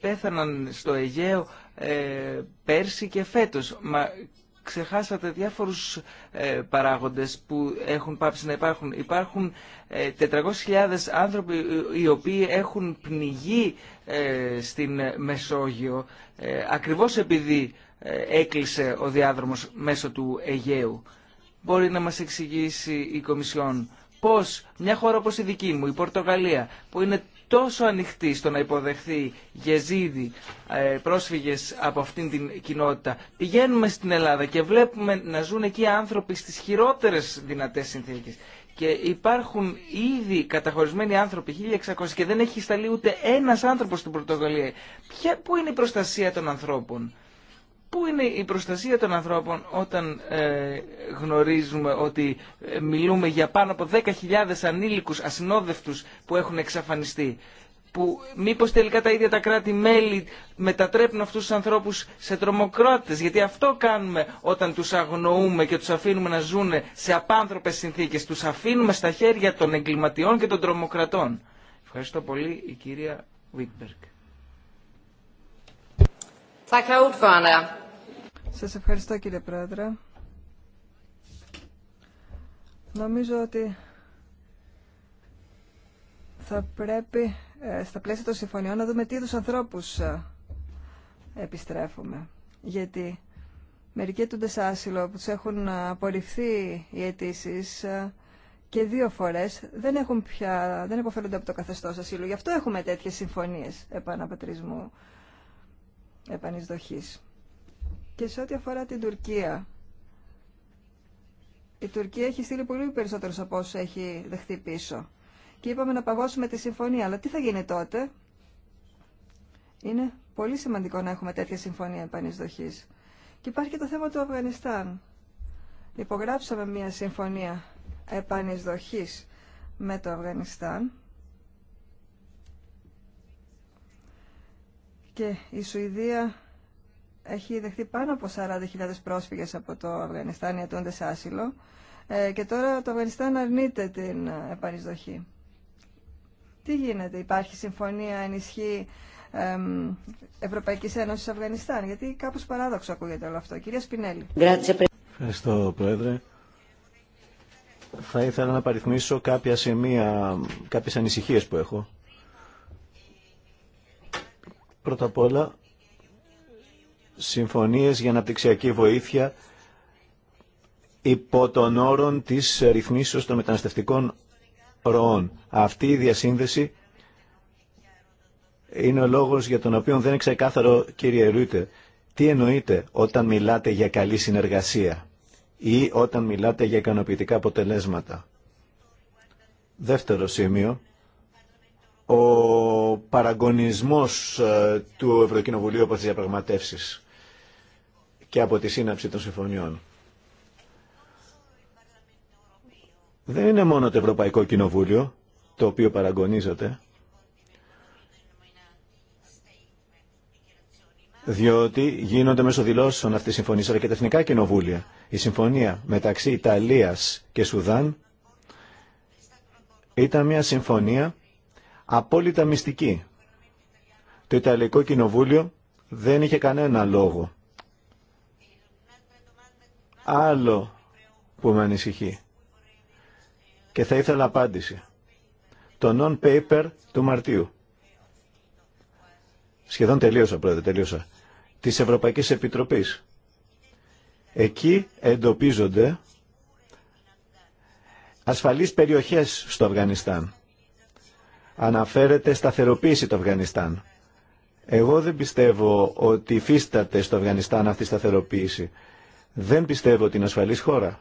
πέθαναν στο Αιγαίο ε, πέρσι και φέτος. Μα ξεχάσατε διάφορους ε, παράγοντες που έχουν πάψει να υπάρχουν. Υπάρχουν 400.000 άνθρωποι οι οποίοι έχουν πνιγεί στην Μεσόγειο ακριβώς επειδή έκλεισε ο διάδρομος μέσω του Αιγαίου. Μπορεί να μας εξηγήσει η Κομισιόν Πώ, μια χώρα όπω η δική μου, η Πορτογαλία, που είναι τόσο ανοιχτή στο να υποδεχθεί γεζίδι ε, πρόσφυγες από αυτήν την κοινότητα. Πηγαίνουμε στην Ελλάδα και βλέπουμε να ζουν εκεί άνθρωποι στις χειρότερες δυνατές συνθήκες. Και υπάρχουν ήδη καταχωρισμένοι άνθρωποι, 1600, και δεν έχει σταλεί ούτε ένα άνθρωπο στην Πορτογαλία. Ποια, πού είναι η προστασία των ανθρώπων. Πού είναι η προστασία των ανθρώπων όταν ε, γνωρίζουμε ότι ε, μιλούμε για πάνω από 10.000 ανήλικους ασυνόδευτους που ειναι η προστασια των ανθρωπων οταν γνωριζουμε εξαφανιστεί. Που μήπως τελικά τα ίδια τα κράτη-μέλη μετατρέπουν αυτούς τους ανθρώπους σε τρομοκράτες. Γιατί αυτό κάνουμε όταν τους αγνοούμε και τους αφήνουμε να ζουν σε απάνθρωπες συνθήκες. Τους αφήνουμε στα χέρια των εγκληματιών και των τρομοκρατών. Ευχαριστώ πολύ η κυρία Βίτμπεργκ. Tack herr ordförande. Σας ευχαριστώ κύριε Πρόεδρε. Νομίζω ότι θα πρέπει ε, στα πλαίσια των συμφωνιών να δούμε τι είδους ανθρώπους ε, επιστρέφουμε. Γιατί μερικοί του άσυλο που τους έχουν ε, απορριφθεί οι αιτήσει και δύο φορές δεν έχουν πια, δεν υποφέρονται από το καθεστώς ασύλου. Γι' αυτό έχουμε τέτοιες συμφωνίες επαναπατρισμού, επανεισδοχής. Και σε ό,τι αφορά την Τουρκία, η Τουρκία έχει στείλει πολύ περισσότερους από όσους έχει δεχθεί πίσω. Και είπαμε να παγώσουμε τη συμφωνία. Αλλά τι θα γίνει τότε. Είναι πολύ σημαντικό να έχουμε τέτοια συμφωνία επανεισδοχής. Και υπάρχει και το θέμα του Αφγανιστάν. Υπογράψαμε μια συμφωνία επανεισδοχής με το Αφγανιστάν. Και η Σουηδία έχει δεχτεί πάνω από 40.000 πρόσφυγες από το Αφγανιστάν σε άσυλο ε, και τώρα το Αφγανιστάν αρνείται την ε, επανεισδοχή. Τι γίνεται, υπάρχει συμφωνία ενισχύ Ευρωπαϊκής Ένωσης Αφγανιστάν, γιατί κάπως παράδοξο ακούγεται όλο αυτό. Κυρία Σπινέλη. Ευχαριστώ, Πρόεδρε. Θα ήθελα να παριθμίσω κάποια σημεία, κάποιες ανησυχίες που έχω. Πρώτα απ' όλα, συμφωνίες για αναπτυξιακή βοήθεια υπό των όρων της ρυθμίσεως των μεταναστευτικών ροών. Αυτή η διασύνδεση είναι ο λόγος για τον οποίο δεν είναι ξεκάθαρο, κύριε τι εννοείτε όταν μιλάτε για καλή συνεργασία ή όταν μιλάτε για ικανοποιητικά αποτελέσματα. Δεύτερο σημείο, ο παραγωνισμός ε, του Ευρωκοινοβουλίου από τις διαπραγματεύσεις και από τη σύναψη των συμφωνιών. Δεν είναι μόνο το Ευρωπαϊκό Κοινοβούλιο, το οποίο παραγωνίζεται, διότι γίνονται μέσω δηλώσεων αυτή της συμφωνία, αλλά και τα εθνικά κοινοβούλια. Η συμφωνία μεταξύ Ιταλίας και Σουδάν ήταν μια συμφωνία απόλυτα μυστική. Το Ιταλικό Κοινοβούλιο δεν είχε κανένα λόγο άλλο που με ανησυχεί και θα ήθελα απάντηση. Το non-paper του Μαρτίου. Σχεδόν τελείωσα, πρόεδρε, τελείωσα. Της Ευρωπαϊκής Επιτροπής. Εκεί εντοπίζονται ασφαλείς περιοχές στο Αφγανιστάν. Αναφέρεται σταθεροποίηση του Αφγανιστάν. Εγώ δεν πιστεύω ότι υφίσταται στο Αφγανιστάν αυτή η σταθεροποίηση. Δεν πιστεύω ότι είναι ασφαλής χώρα.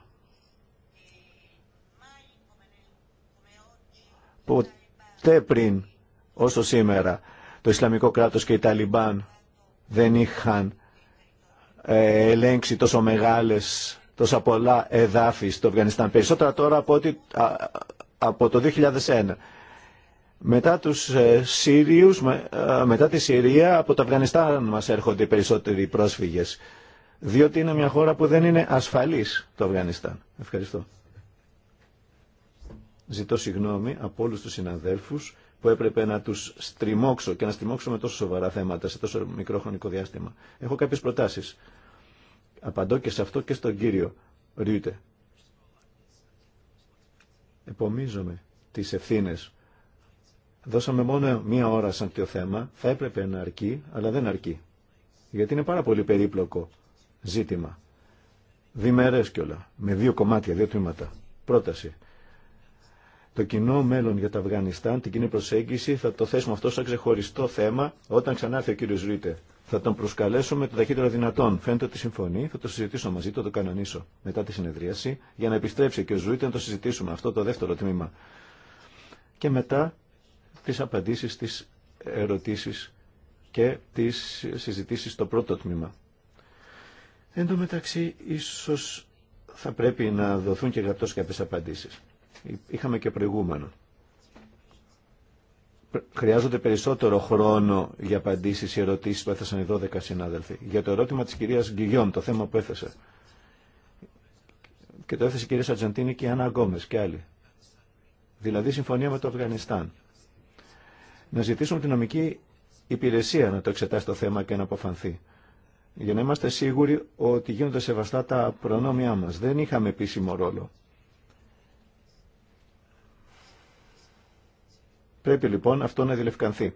Ποτέ πριν, όσο σήμερα, το Ισλαμικό κράτος και οι Ταλιμπάν δεν είχαν ε, ελέγξει τόσο μεγάλες, τόσα πολλά εδάφη στο Αφγανιστάν. Περισσότερα τώρα από, από το 2001. Μετά τους ε, Σύριους, ε, μετά τη Συρία, από το Αφγανιστάν μας έρχονται οι περισσότεροι πρόσφυγες διότι είναι μια χώρα που δεν είναι ασφαλής το Αφγανιστάν. Ευχαριστώ. Ζητώ συγγνώμη από όλους τους συναδέλφους που έπρεπε να τους στριμώξω και να στριμώξω με τόσο σοβαρά θέματα σε τόσο μικρό χρονικό διάστημα. Έχω κάποιες προτάσεις. Απαντώ και σε αυτό και στον κύριο Ριούτε. Επομίζομαι τις ευθύνες. Δώσαμε μόνο μία ώρα σαν το θέμα. Θα έπρεπε να αρκεί, αλλά δεν αρκεί. Γιατί είναι πάρα πολύ περίπλοκο ζήτημα. Διμερέ κιόλα, με δύο κομμάτια, δύο τμήματα. Πρόταση. Το κοινό μέλλον για το Αφγανιστάν, την κοινή προσέγγιση, θα το θέσουμε αυτό σαν ξεχωριστό θέμα όταν ξανάρθει ο κύριο Ρίτε. Θα τον προσκαλέσουμε το ταχύτερο δυνατόν. Φαίνεται ότι συμφωνεί, θα το συζητήσω μαζί του, θα το κανονίσω μετά τη συνεδρίαση, για να επιστρέψει και ο Ρίτε να το συζητήσουμε αυτό το δεύτερο τμήμα. Και μετά τι απαντήσει, τι ερωτήσει και τι συζητήσει στο πρώτο τμήμα. Εν τω μεταξύ, ίσω θα πρέπει να δοθούν και γραπτώ κάποιε απαντήσει. Είχαμε και προηγούμενο. Χρειάζονται περισσότερο χρόνο για απαντήσει ή ερωτήσει που έθεσαν οι 12 συνάδελφοι. Για το ερώτημα τη κυρία Γκυλιόν, το θέμα που έθεσε. Και το έθεσε η κυρία Σατζαντίνη και η Άννα Γκόμες και άλλοι. Δηλαδή συμφωνία με το Αφγανιστάν. Να ζητήσουμε την νομική υπηρεσία να το εξετάσει το θέμα και να αποφανθεί για να είμαστε σίγουροι ότι γίνονται σεβαστά τα προνόμια μας. Δεν είχαμε επίσημο ρόλο. Πρέπει λοιπόν αυτό να διλευκανθεί.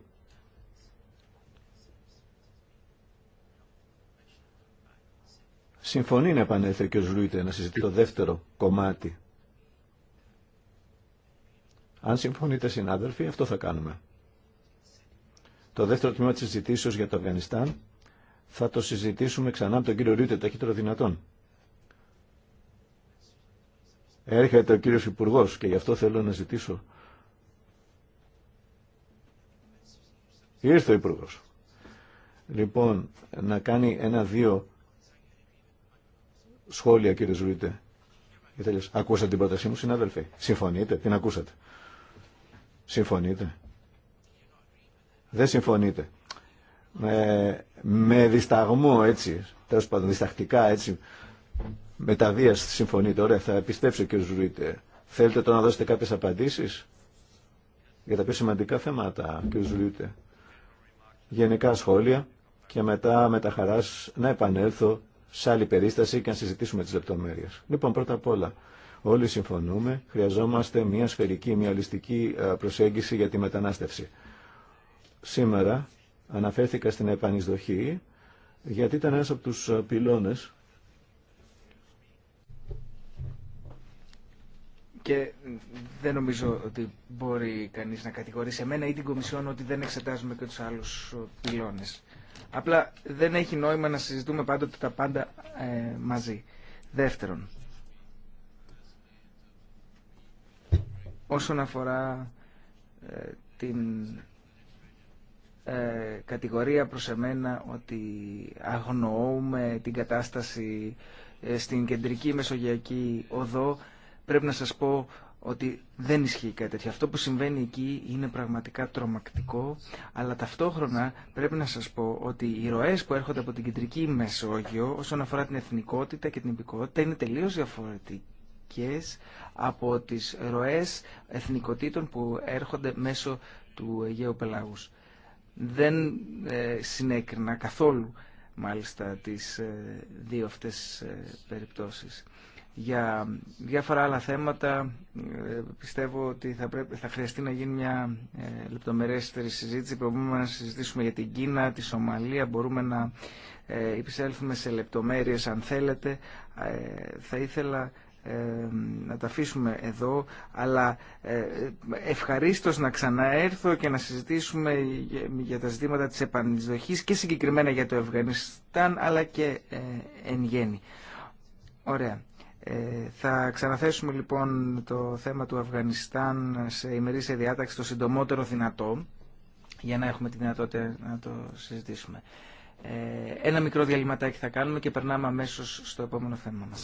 Συμφωνεί να επανέλθει και ο Ζλούιτε να συζητεί το δεύτερο κομμάτι. Αν συμφωνείτε συνάδελφοι, αυτό θα κάνουμε. Το δεύτερο τμήμα της συζητήσεως για το Αφγανιστάν θα το συζητήσουμε ξανά με τον κύριο Ρίτε ταχύτερο δυνατόν. Έρχεται ο κύριος Υπουργό και γι' αυτό θέλω να ζητήσω. Ήρθε ο Υπουργό. Λοιπόν, να κάνει ένα-δύο σχόλια κύριε Ζουρίτε. Ακούσατε την πρότασή μου συνάδελφε. Συμφωνείτε, την ακούσατε. Συμφωνείτε. Δεν συμφωνείτε με, με δισταγμό έτσι, τέλος πάντων διστακτικά έτσι, με τα βία συμφωνείτε. τώρα θα πιστέψω και Ζουρίτε. Θέλετε τώρα να δώσετε κάποιες απαντήσεις για τα πιο σημαντικά θέματα, και Ζουρίτε. Γενικά σχόλια και μετά με τα χαράς να επανέλθω σε άλλη περίσταση και να συζητήσουμε τις λεπτομέρειες. Λοιπόν, πρώτα απ' όλα, όλοι συμφωνούμε, χρειαζόμαστε μια σφαιρική, μια ληστική ε, προσέγγιση για τη μετανάστευση. Σήμερα Αναφέρθηκα στην επανεισδοχή, γιατί ήταν ένας από τους ε, πυλώνες και δεν νομίζω ότι μπορεί κανείς να κατηγορήσει εμένα ή την Κομισιόν ότι δεν εξετάζουμε και τους άλλους ε, πυλώνες. Απλά δεν έχει νόημα να συζητούμε πάντοτε τα πάντα ε, μαζί. Δεύτερον, όσον αφορά ε, την ε, κατηγορία προς εμένα ότι αγνοούμε την κατάσταση ε, στην κεντρική μεσογειακή οδό. Πρέπει να σας πω ότι δεν ισχύει κάτι τέτοιο. Αυτό που συμβαίνει εκεί είναι πραγματικά τρομακτικό, αλλά ταυτόχρονα πρέπει να σας πω ότι οι ροές που έρχονται από την κεντρική Μεσόγειο όσον αφορά την εθνικότητα και την υπηκότητα είναι τελείως διαφορετικές από τις ροές εθνικοτήτων που έρχονται μέσω του Αιγαίου Πελάγους. Δεν ε, συνέκρινα καθόλου μάλιστα τις ε, δύο αυτές ε, περιπτώσεις. Για διάφορα άλλα θέματα πιστεύω ότι θα, πρέπει, θα χρειαστεί να γίνει μια λεπτομερέστερη συζήτηση. Μπορούμε να συζητήσουμε για την Κίνα, τη Σομαλία, μπορούμε να επισέλθουμε σε λεπτομέρειες αν θέλετε. Θα ήθελα ε, να τα αφήσουμε εδώ, αλλά ε, ευχαρίστως να ξαναέρθω και να συζητήσουμε για τα ζητήματα της επανεισδοχής και συγκεκριμένα για το Αφγανιστάν, αλλά και ε, εν γέννη. Ωραία. Θα ξαναθέσουμε λοιπόν το θέμα του Αφγανιστάν σε ημερήσια διάταξη το συντομότερο δυνατό, για να έχουμε τη δυνατότητα να το συζητήσουμε. Ένα μικρό διαλυματάκι θα κάνουμε και περνάμε αμέσως στο επόμενο θέμα μας.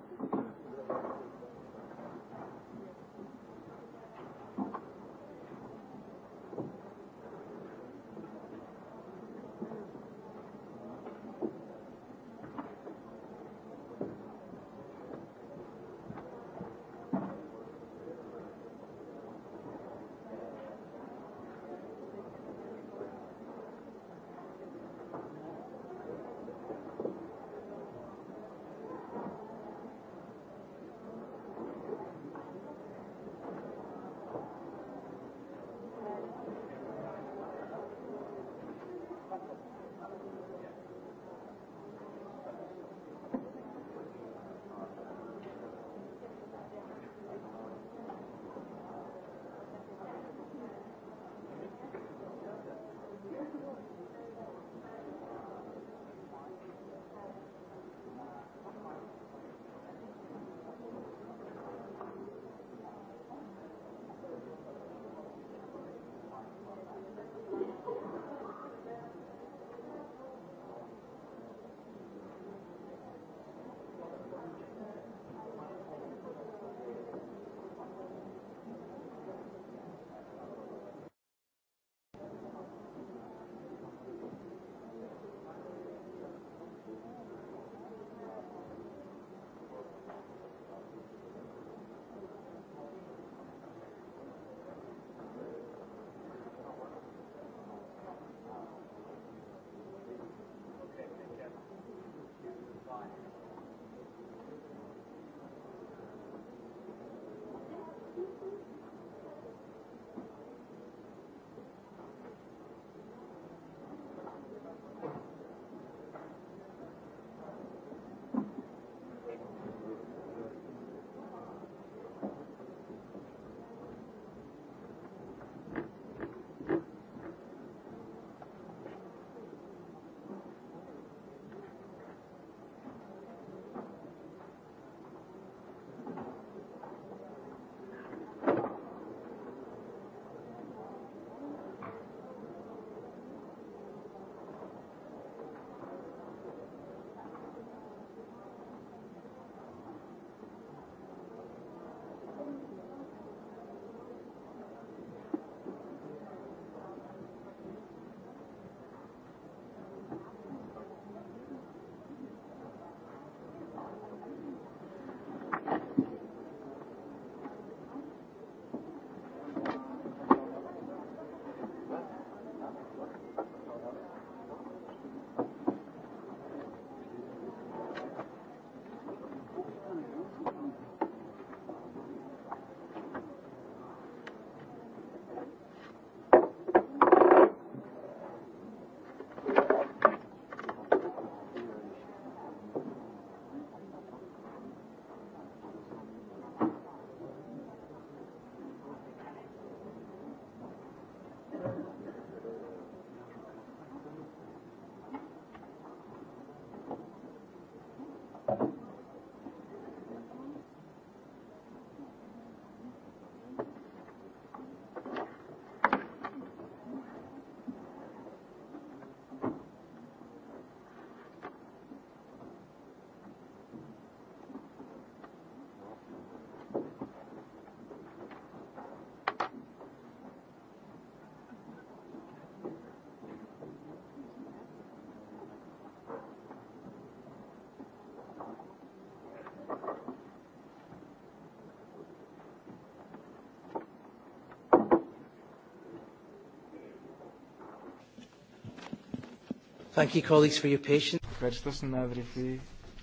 Thank you, colleagues, Ευχαριστώ συνάδελφοι.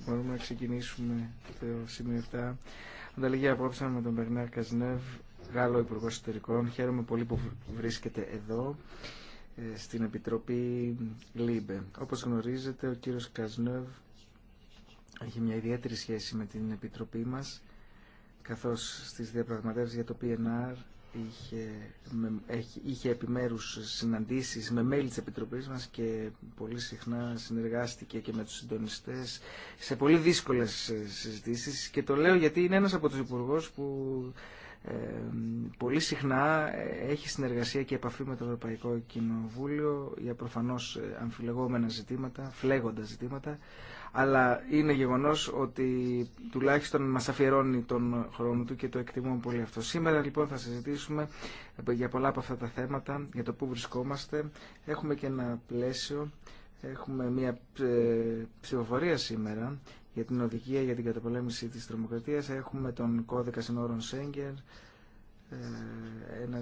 Μπορούμε να ξεκινήσουμε το σημείο 7. Ανταλλαγή απόψε με τον Μπερνάρ Καζνεύ, Γάλλο Υπουργό Εσωτερικών. Χαίρομαι πολύ που βρίσκεται εδώ ε, στην Επιτροπή ΛΥΜΠΕ. Όπως γνωρίζετε, ο κύριος Καζνεύ έχει μια ιδιαίτερη σχέση με την Επιτροπή μας, καθώς στις διαπραγματεύσεις για το PNR είχε, με, είχε επιμέρους συναντήσεις με μέλη της Επιτροπής μας και πολύ συχνά συνεργάστηκε και με τους συντονιστές σε πολύ δύσκολες συζητήσεις και το λέω γιατί είναι ένας από τους υπουργούς που πολύ συχνά έχει συνεργασία και επαφή με το Ευρωπαϊκό Κοινοβούλιο για προφανώς αμφιλεγόμενα ζητήματα, φλέγοντα ζητήματα αλλά είναι γεγονός ότι τουλάχιστον μας αφιερώνει τον χρόνο του και το εκτιμούμε πολύ αυτό. Σήμερα λοιπόν θα συζητήσουμε για πολλά από αυτά τα θέματα, για το πού βρισκόμαστε. Έχουμε και ένα πλαίσιο, έχουμε μια ε, ψηφοφορία σήμερα για την οδηγία για την καταπολέμηση της τρομοκρατίας, έχουμε τον κώδικα συνόρων Σέγγερ, ε, ένα,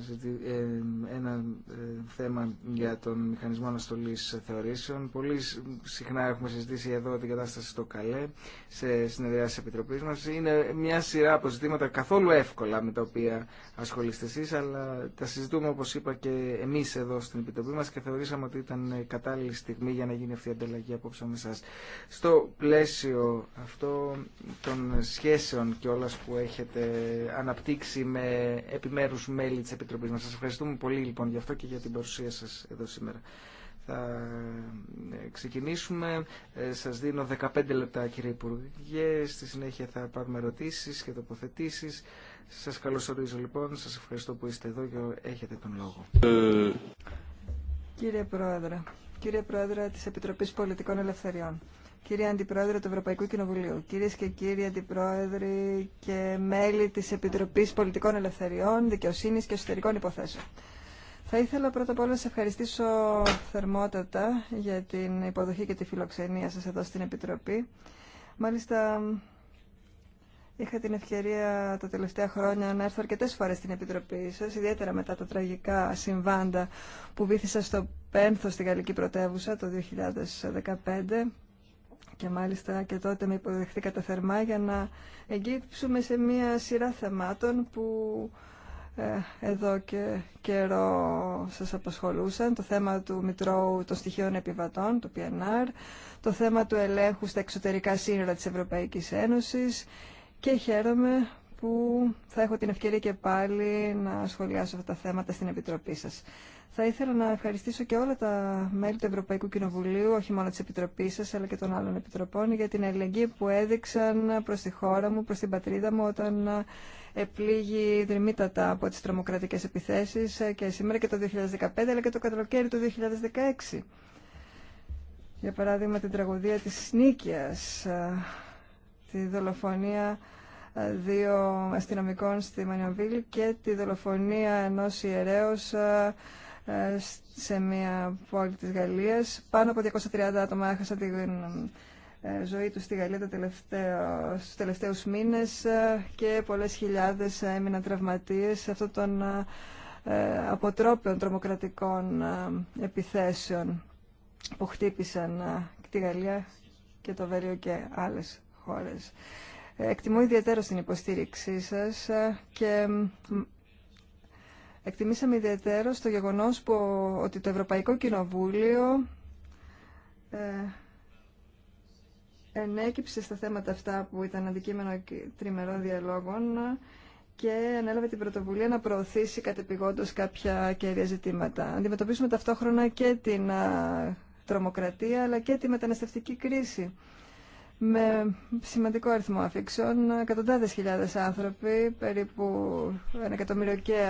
ε, ένα ε, θέμα για τον μηχανισμό αναστολής θεωρήσεων. Πολύ συχνά έχουμε συζητήσει εδώ την κατάσταση στο Καλέ σε συνεδριάσεις τη Επιτροπής μας. Είναι μια σειρά από ζητήματα καθόλου εύκολα με τα οποία ασχολείστε εσείς, αλλά τα συζητούμε όπως είπα και εμείς εδώ στην Επιτροπή μας και θεωρήσαμε ότι ήταν κατάλληλη στιγμή για να γίνει αυτή η ανταλλαγή απόψε με εσάς. Στο πλαίσιο αυτό των σχέσεων και όλας που έχετε αναπτύξει με επιμέρους μέλη της Επιτροπής μας. Σας ευχαριστούμε πολύ λοιπόν για αυτό και για την παρουσία σας εδώ σήμερα. Θα ε, ξεκινήσουμε. Ε, σας δίνω 15 λεπτά κύριε Υπουργέ. Στη συνέχεια θα πάρουμε ερωτήσεις και τοποθετήσει. Σας καλωσορίζω λοιπόν. Σας ευχαριστώ που είστε εδώ και έχετε τον λόγο. Ε, κύριε Πρόεδρε, κύριε Πρόεδρε της Επιτροπής Πολιτικών Ελευθεριών. Κύριε Αντιπρόεδρε του Ευρωπαϊκού Κοινοβουλίου, κυρίες και κύριοι Αντιπρόεδροι και μέλη της Επιτροπής Πολιτικών Ελευθεριών, Δικαιοσύνης και Εσωτερικών Υποθέσεων. Θα ήθελα πρώτα απ' όλα να σας ευχαριστήσω θερμότατα για την υποδοχή και τη φιλοξενία σας εδώ στην Επιτροπή. Μάλιστα, είχα την ευκαιρία τα τελευταία χρόνια να έρθω αρκετές φορές στην Επιτροπή σας, ιδιαίτερα μετά τα τραγικά συμβάντα που βήθησα στο πένθο στη Γαλλική Πρωτεύουσα το 2015 και μάλιστα και τότε με υποδεχθήκατε θερμά για να εγγύψουμε σε μία σειρά θεμάτων που ε, εδώ και καιρό σας απασχολούσαν το θέμα του Μητρώου των Στοιχείων Επιβατών, του PNR, το θέμα του ελέγχου στα εξωτερικά σύνορα της Ευρωπαϊκής Ένωσης και χαίρομαι που θα έχω την ευκαιρία και πάλι να σχολιάσω αυτά τα θέματα στην Επιτροπή σας. Θα ήθελα να ευχαριστήσω και όλα τα μέλη του Ευρωπαϊκού Κοινοβουλίου, όχι μόνο τη Επιτροπή σα, αλλά και των άλλων Επιτροπών, για την ελεγγύη που έδειξαν προ τη χώρα μου, προ την πατρίδα μου, όταν επλήγει δρυμύτατα από τι τρομοκρατικέ επιθέσει. Ε, και σήμερα και το 2015, αλλά και το καλοκαίρι του 2016. Για παράδειγμα, την τραγωδία τη Νίκαια, ε, τη δολοφονία ε, δύο αστυνομικών στη Μανιαβίλη και τη δολοφονία ενός ιερέως σε μια πόλη της Γαλλίας. Πάνω από 230 άτομα έχασαν τη ε, ζωή τους στη Γαλλία τα τελευταία, στους τελευταίους μήνες ε, και πολλές χιλιάδες έμειναν τραυματίες σε αυτόν τον ε, αποτρόπιων τρομοκρατικών επιθέσεων που χτύπησαν τη Γαλλία και το Βερίο και άλλες χώρες. Εκτιμώ ιδιαίτερα την υποστήριξή σας και Εκτιμήσαμε ιδιαίτερο στο γεγονός που, ότι το Ευρωπαϊκό Κοινοβούλιο ε, ενέκυψε στα θέματα αυτά που ήταν αντικείμενο τριμερών διαλόγων και ανέλαβε την πρωτοβουλία να προωθήσει κατεπηγόντως κάποια κέρια ζητήματα. Αντιμετωπίσουμε ταυτόχρονα και την τρομοκρατία αλλά και τη μεταναστευτική κρίση με σημαντικό αριθμό αφήξεων. Εκατοντάδες χιλιάδες άνθρωποι, περίπου ένα εκατομμύριο και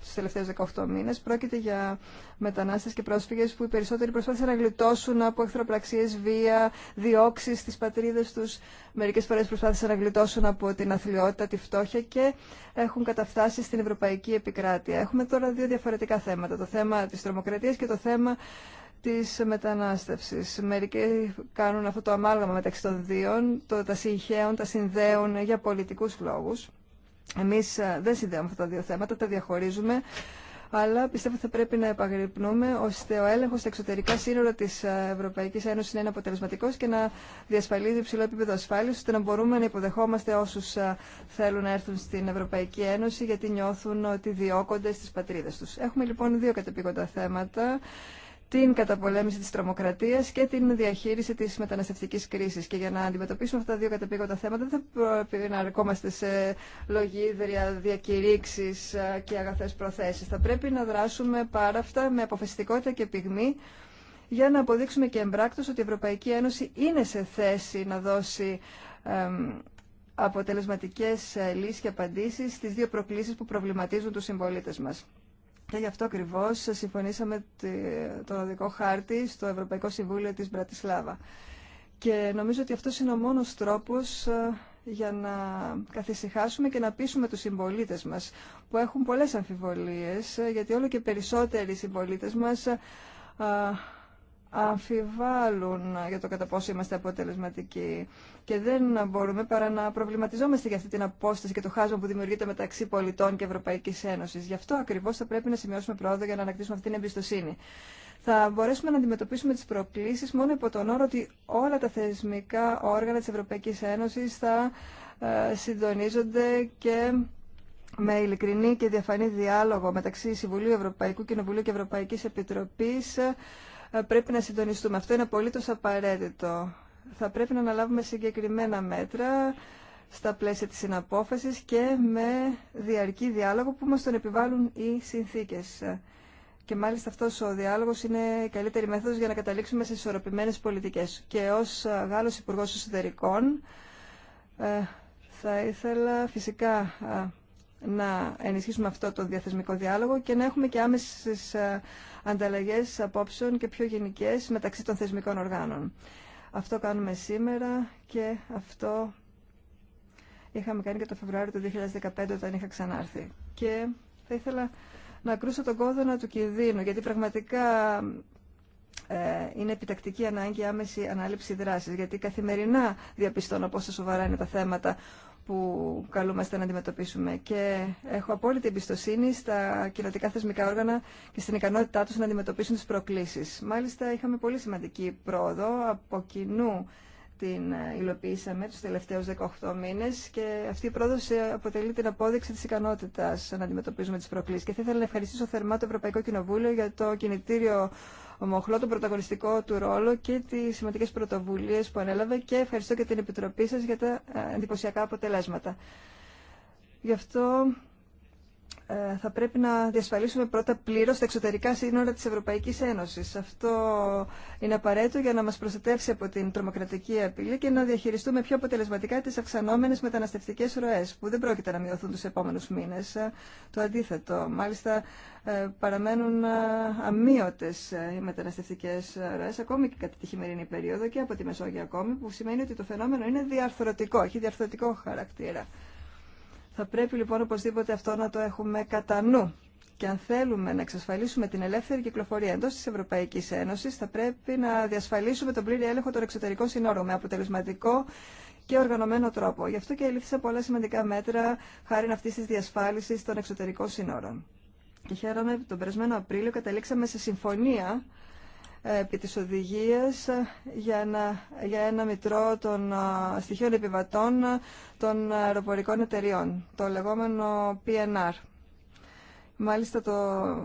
τους τελευταίους 18 μήνες, πρόκειται για μετανάστες και πρόσφυγες που οι περισσότεροι προσπάθησαν να γλιτώσουν από εχθροπραξίες, βία, διώξεις στις πατρίδες τους. Μερικές φορές προσπάθησαν να γλιτώσουν από την αθλειότητα, τη φτώχεια και έχουν καταφτάσει στην ευρωπαϊκή επικράτεια. Έχουμε τώρα δύο διαφορετικά θέματα, το θέμα της τρομοκρατίας και το θέμα της μετανάστευσης. Μερικοί κάνουν αυτό το αμάλγαμα μεταξύ των δύο, το, τα συγχαίων, τα συνδέουν για πολιτικούς λόγους. Εμείς ε, δεν συνδέουμε αυτά τα δύο θέματα, τα διαχωρίζουμε, αλλά πιστεύω θα πρέπει να επαγρυπνούμε ώστε ο έλεγχος στα εξωτερικά σύνορα της ε, Ευρωπαϊκής Ένωσης να είναι αποτελεσματικός και να διασφαλίζει υψηλό επίπεδο ασφάλειας, ώστε να μπορούμε να υποδεχόμαστε όσους ε, θέλουν να έρθουν στην Ευρωπαϊκή Ένωση γιατί νιώθουν ότι διώκονται στις πατρίδες τους. Έχουμε λοιπόν δύο κατεπήγοντα θέματα την καταπολέμηση της τρομοκρατίας και την διαχείριση της μεταναστευτικής κρίσης. Και για να αντιμετωπίσουμε αυτά τα δύο καταπήγοντα θέματα δεν θα πρέπει να αρκόμαστε σε λογίδρια, διακηρύξεις ε, και αγαθές προθέσεις. Θα πρέπει να δράσουμε πάρα αυτά με αποφασιστικότητα και πυγμή για να αποδείξουμε και εμπράκτος ότι η Ευρωπαϊκή Ένωση είναι σε θέση να δώσει αποτελεσματικές ε, λύσεις και απαντήσεις στις δύο προκλήσεις που προβληματίζουν τους συμπολίτε μας. Και γι' αυτό ακριβώ συμφωνήσαμε το οδικό χάρτη στο Ευρωπαϊκό Συμβούλιο της Μπρατισλάβα. Και νομίζω ότι αυτό είναι ο μόνος τρόπος ε, για να καθησυχάσουμε και να πείσουμε τους συμπολίτε μας που έχουν πολλές αμφιβολίες ε, γιατί όλο και περισσότεροι συμπολίτε μας ε, αμφιβάλλουν για το κατά πόσο είμαστε αποτελεσματικοί και δεν μπορούμε παρά να προβληματιζόμαστε για αυτή την απόσταση και το χάσμα που δημιουργείται μεταξύ πολιτών και Ευρωπαϊκής Ένωσης. Γι' αυτό ακριβώς θα πρέπει να σημειώσουμε πρόοδο για να ανακτήσουμε αυτή την εμπιστοσύνη. Θα μπορέσουμε να αντιμετωπίσουμε τις προκλήσεις μόνο υπό τον όρο ότι όλα τα θεσμικά όργανα της Ευρωπαϊκής Ένωσης θα ε, συντονίζονται και με ειλικρινή και διαφανή διάλογο μεταξύ Συμβουλίου Ευρωπαϊκού Κοινοβουλίου και Ευρωπαϊκής Επιτροπής πρέπει να συντονιστούμε. Αυτό είναι απολύτως απαραίτητο. Θα πρέπει να αναλάβουμε συγκεκριμένα μέτρα στα πλαίσια της συναπόφασης και με διαρκή διάλογο που μας τον επιβάλλουν οι συνθήκες. Και μάλιστα αυτός ο διάλογος είναι η καλύτερη μέθοδος για να καταλήξουμε σε ισορροπημένες πολιτικές. Και ως Γάλλος Υπουργός Εσωτερικών ε, θα ήθελα φυσικά να ενισχύσουμε αυτό το διαθεσμικό διάλογο και να έχουμε και άμεσες ε, ανταλλαγές απόψεων και πιο γενικές μεταξύ των θεσμικών οργάνων. Αυτό κάνουμε σήμερα και αυτό είχαμε κάνει και το Φεβρουάριο του 2015 όταν είχα ξανάρθει. Και θα ήθελα να κρούσω τον κόδωνα του κινδύνου, γιατί πραγματικά ε, είναι επιτακτική ανάγκη άμεση ανάληψη δράσης, γιατί καθημερινά διαπιστώνω πόσο σοβαρά είναι τα θέματα που καλούμαστε να αντιμετωπίσουμε και έχω απόλυτη εμπιστοσύνη στα κοινοτικά θεσμικά όργανα και στην ικανότητά τους να αντιμετωπίσουν τις προκλήσεις. Μάλιστα είχαμε πολύ σημαντική πρόοδο από κοινού την ε, υλοποιήσαμε τους τελευταίους 18 μήνες και αυτή η πρόοδος ε, αποτελεί την απόδειξη της ικανότητας να αντιμετωπίζουμε τις προκλήσεις. Και θα ήθελα να ευχαριστήσω θερμά το Ευρωπαϊκό Κοινοβούλιο για το κινητήριο ομοχλώ τον πρωταγωνιστικό του ρόλο και τι σημαντικέ πρωτοβουλίε που ανέλαβε και ευχαριστώ και την Επιτροπή σα για τα ε, εντυπωσιακά αποτελέσματα. Γι' αυτό ε, θα πρέπει να διασφαλίσουμε πρώτα πλήρω τα εξωτερικά σύνορα τη Ευρωπαϊκή Ένωση. Αυτό είναι απαραίτητο για να μα προστατεύσει από την τρομοκρατική απειλή και να διαχειριστούμε πιο αποτελεσματικά τι αυξανόμενε μεταναστευτικέ ροές, που δεν πρόκειται να μειωθούν του επόμενου μήνε. Ε, το αντίθετο, μάλιστα ε, παραμένουν αμύωτε οι μεταναστευτικέ ροέ, ακόμη και κατά τη χειμερινή περίοδο και από τη Μεσόγειο ακόμη, που σημαίνει ότι το φαινόμενο είναι διαρθρωτικό, έχει διαρθρωτικό χαρακτήρα. Θα πρέπει λοιπόν οπωσδήποτε αυτό να το έχουμε κατά νου. Και αν θέλουμε να εξασφαλίσουμε την ελεύθερη κυκλοφορία εντό τη Ευρωπαϊκή Ένωση, θα πρέπει να διασφαλίσουμε τον πλήρη έλεγχο των εξωτερικών συνόρων με αποτελεσματικό και οργανωμένο τρόπο. Γι' αυτό και έληφθησα πολλά σημαντικά μέτρα χάρη αυτή τη διασφάλιση των εξωτερικών συνόρων. Και χαίρομαι, τον περασμένο Απρίλιο καταλήξαμε σε συμφωνία ε, επί της οδηγίας ε, για ένα, για ένα μητρό των ε, στοιχείων επιβατών των αεροπορικών εταιριών, το λεγόμενο PNR. Μάλιστα, το,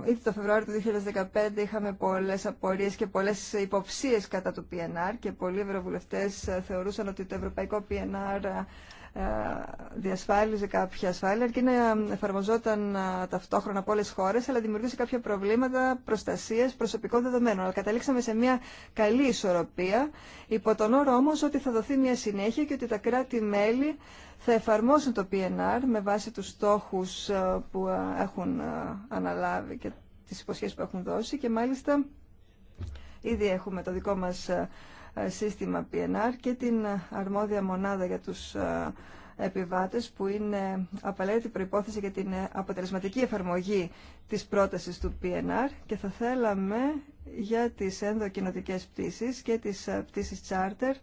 ήδη το Φεβρουάριο του 2015 είχαμε πολλές απορίες και πολλές υποψίες κατά του PNR και πολλοί ευρωβουλευτές θεωρούσαν ότι το ευρωπαϊκό PNR ε, διασφάλιζε κάποια ασφάλεια, αρκεί να ε, εφαρμοζόταν ε, ταυτόχρονα από όλε χώρε, αλλά δημιουργούσε κάποια προβλήματα προστασία προσωπικών δεδομένων. Αλλά καταλήξαμε σε μια καλή ισορροπία, υπό τον όρο όμω ότι θα δοθεί μια συνέχεια και ότι τα κράτη-μέλη θα εφαρμόσουν το PNR με βάση του στόχου που έχουν αναλάβει και τι υποσχέσει που έχουν δώσει και μάλιστα ήδη έχουμε το δικό μας σύστημα PNR και την αρμόδια μονάδα για τους ε, επιβάτες που είναι απαραίτητη προϋπόθεση για την αποτελεσματική εφαρμογή της πρότασης του PNR και θα θέλαμε για τις ενδοκοινωτικές πτήσεις και τις ε, πτήσεις charter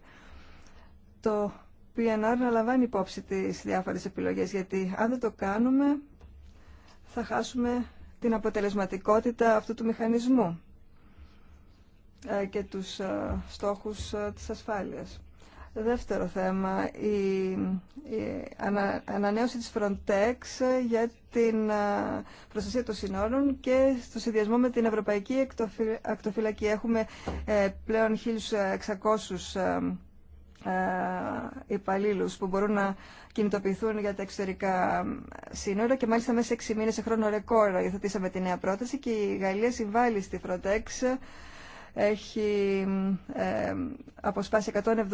το PNR να λαμβάνει υπόψη τις διάφορες επιλογές γιατί αν δεν το κάνουμε θα χάσουμε την αποτελεσματικότητα αυτού του μηχανισμού. Ε, και τους ε, στόχους ε, της ασφάλειας. Δεύτερο θέμα, η, η ανανέωση της Frontex για την προστασία των συνόρων και στο συνδυασμό με την Ευρωπαϊκή Ακτοφυλακή. Έχουμε πλέον 1.600 ε, υπαλλήλους που μπορούν να κινητοποιηθούν για τα εξωτερικά σύνορα και μάλιστα μέσα σε 6 μήνες σε χρόνο ρεκόρ υιοθετήσαμε τη νέα πρόταση και η Γαλλία συμβάλλει στη Frontex έχει ε, αποσπάσει 170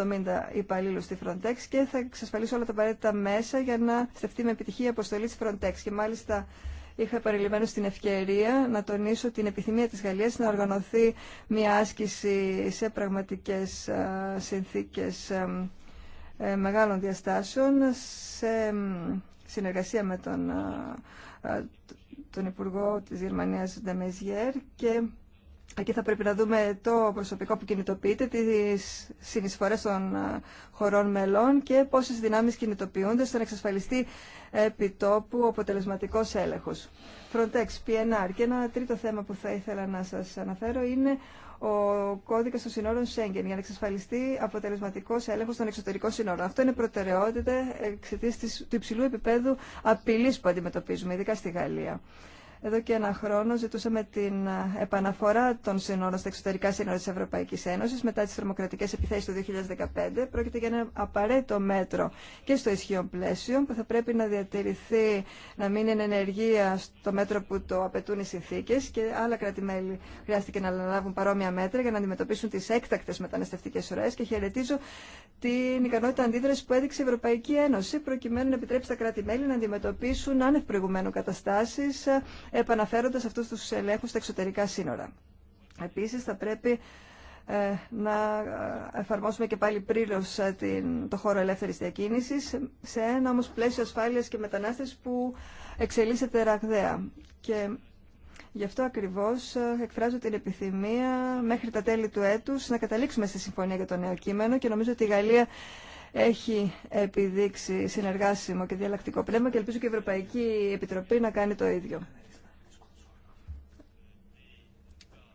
υπαλλήλου στη Frontex και θα εξασφαλίσει όλα τα απαραίτητα μέσα για να στεφτεί με επιτυχία η αποστολή τη Frontex. Και μάλιστα είχα παρελειμμένο την ευκαιρία να τονίσω την επιθυμία της Γαλλίας να οργανωθεί μια άσκηση σε πραγματικές ε, συνθήκες ε, μεγάλων διαστάσεων σε συνεργασία με τον, τον Υπουργό της Γερμανίας Νταμεζιέρ και Εκεί θα πρέπει να δούμε το προσωπικό που κινητοποιείται, τις συνεισφορές των ε, χωρών μελών και πόσες δυνάμεις κινητοποιούνται ώστε να εξασφαλιστεί επί τόπου αποτελεσματικός έλεγχος. Frontex, PNR και ένα τρίτο θέμα που θα ήθελα να σας αναφέρω είναι ο κώδικας των συνόρων Schengen για να εξασφαλιστεί αποτελεσματικός έλεγχος των εξωτερικών συνόρων. Αυτό είναι προτεραιότητα εξαιτία του υψηλού επίπεδου απειλής που αντιμετωπίζουμε, ειδικά στη Γαλλία. Εδώ και ένα χρόνο ζητούσαμε την ε, επαναφορά των σύνορων στα εξωτερικά σύνορα της Ευρωπαϊκής Ένωσης μετά τι τρομοκρατικέ επιθέσει του 2015. Πρόκειται για ένα απαραίτητο μέτρο και στο ισχύον πλαίσιο που θα πρέπει να διατηρηθεί, να μείνει εν ενεργεία στο μέτρο που το απαιτούν οι συνθήκε και άλλα κράτη-μέλη χρειάστηκε να λάβουν παρόμοια μέτρα για να αντιμετωπίσουν τι έκτακτες μεταναστευτικέ ωραίε και χαιρετίζω την ικανότητα αντίδραση που έδειξε η Ευρωπαϊκή Ένωση προκειμένου να επιτρέψει τα κρατη να αντιμετωπίσουν άνευ προηγουμένου καταστάσει. Ε, επαναφέροντας αυτούς τους ελέγχους στα εξωτερικά σύνορα. Επίσης θα πρέπει ε, να εφαρμόσουμε και πάλι ε, την, το χώρο ελεύθερης διακίνησης σε ένα όμως πλαίσιο ασφάλειας και μετανάστες που εξελίσσεται ραγδαία. Και γι' αυτό ακριβώς ε, εκφράζω την επιθυμία μέχρι τα τέλη του έτους να καταλήξουμε στη συμφωνία για το νέο κείμενο και νομίζω ότι η Γαλλία έχει επιδείξει συνεργάσιμο και διαλλακτικό πνεύμα και ελπίζω και η Ευρωπαϊκή Επιτροπή να κάνει το ίδιο.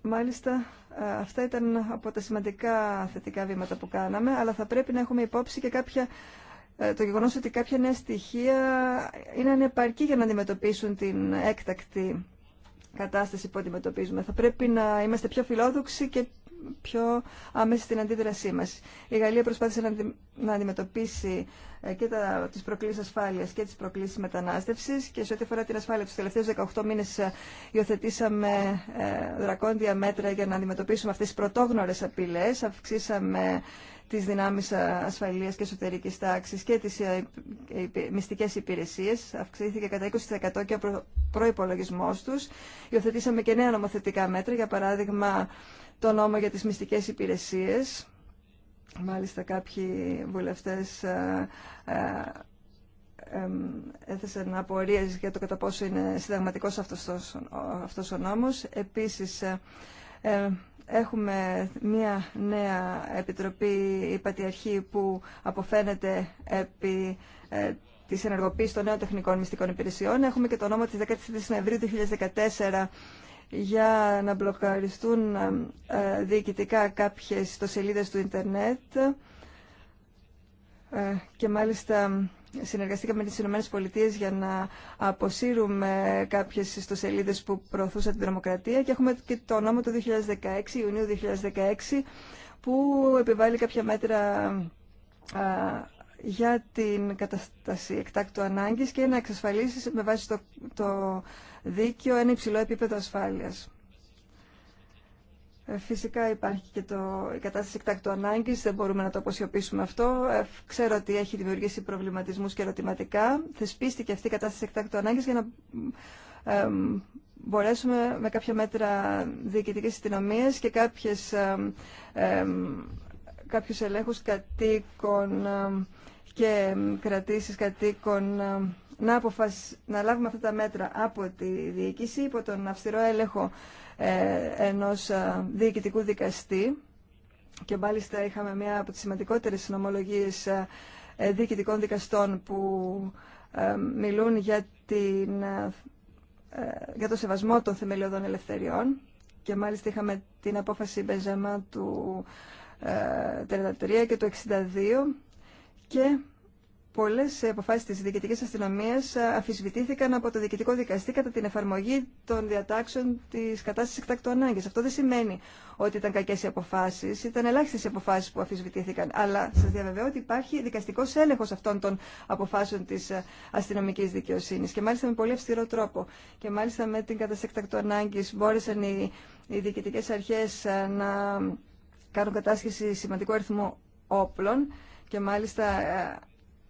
Μάλιστα, ε, αυτά ήταν από τα σημαντικά θετικά βήματα που κάναμε, αλλά θα πρέπει να έχουμε υπόψη και κάποια, ε, το γεγονό ότι κάποια νέα στοιχεία είναι ανεπαρκή για να αντιμετωπίσουν την έκτακτη κατάσταση που αντιμετωπίζουμε. Θα πρέπει να είμαστε πιο φιλόδοξοι και πιο άμεση την αντίδρασή μας. Η Γαλλία προσπάθησε να αντιμετωπίσει ε, και τα, τις προκλήσεις ασφάλειας και τις προκλήσεις μετανάστευσης και σε ό,τι αφορά την ασφάλεια τους τελευταίους 18 μήνες ε, υιοθετήσαμε ε, δρακόντια μέτρα για να αντιμετωπίσουμε αυτές τις πρωτόγνωρες απειλές. Αυξήσαμε τι δυνάμει ασφαλεία και εσωτερική τάξη και τι μυστικέ υπηρεσίε. Αυξήθηκε κατά 20% και ο προπολογισμό του. Υιοθετήσαμε και νέα νομοθετικά μέτρα, για παράδειγμα το νόμο για τις μυστικές υπηρεσίες. Μάλιστα κάποιοι βουλευτές ε, ε, έθεσαν απορίες για το κατά πόσο είναι συνταγματικός αυτός, αυτός ο νόμος. Επίσης, ε, έχουμε μια νέα επιτροπή υπατιαρχή που αποφαίνεται επί της ενεργοποίησης των νέων τεχνικών μυστικών υπηρεσιών. Έχουμε και το νόμο της 13η Νευρίου 2014 για να μπλοκαριστούν ε, διοικητικά κάποιες ιστοσελίδες του ίντερνετ ε, και μάλιστα συνεργαστήκαμε με τις Ηνωμένες Πολιτείες για να αποσύρουμε κάποιες ιστοσελίδες που προωθούσαν την δημοκρατία και έχουμε και το νόμο του 2016, Ιουνίου 2016 που επιβάλλει κάποια μέτρα ε, για την κατάσταση εκτάκτου ανάγκης και να εξασφαλίσει με βάση το, το δίκαιο ένα υψηλό επίπεδο ασφάλειας. Ε, φυσικά υπάρχει και το, η κατάσταση εκτάκτου ανάγκης, δεν μπορούμε να το αποσιωπήσουμε αυτό. Ε, ξέρω ότι έχει δημιουργήσει προβληματισμούς και ερωτηματικά. Θεσπίστηκε αυτή η κατάσταση εκτάκτου ανάγκης για να μπορέσουμε με κάποια μέτρα διοικητικές αστυνομίε και κάποιες, ε, ε, κάποιους ελέγχους κατοίκων και κρατήσεις κατοίκων να, αποφασ... να λάβουμε αυτά τα μέτρα από τη διοίκηση υπό τον αυστηρό έλεγχο ε, ενός ε, διοικητικού δικαστή και μάλιστα είχαμε μία από τις σημαντικότερες συνομολογίες ε, διοικητικών δικαστών που μιλούν για, την, για το σεβασμό των θεμελιωδών ελευθεριών και μάλιστα είχαμε την απόφαση Μπεζαμά του 33 και του 1962 και πολλέ αποφάσει της διοικητική αστυνομία αφισβητήθηκαν από το διοικητικό δικαστή κατά την εφαρμογή των διατάξεων τη κατάσταση εκτάκτου ανάγκη. Αυτό δεν σημαίνει ότι ήταν κακέ οι αποφάσεις, ήταν ελάχιστε οι αποφάσει που αφισβητήθηκαν, αλλά σα διαβεβαιώ ότι υπάρχει δικαστικό έλεγχο αυτών των αποφάσεων τη αστυνομική δικαιοσύνη, και μάλιστα με πολύ αυστηρό τρόπο και μάλιστα με την κατάσταση εκτάκτου ανάγκη. μπόρεσαν οι, οι διοικητικέ να κάνουν κατάσχεση σημαντικού αριθμού όπλων και μάλιστα ε,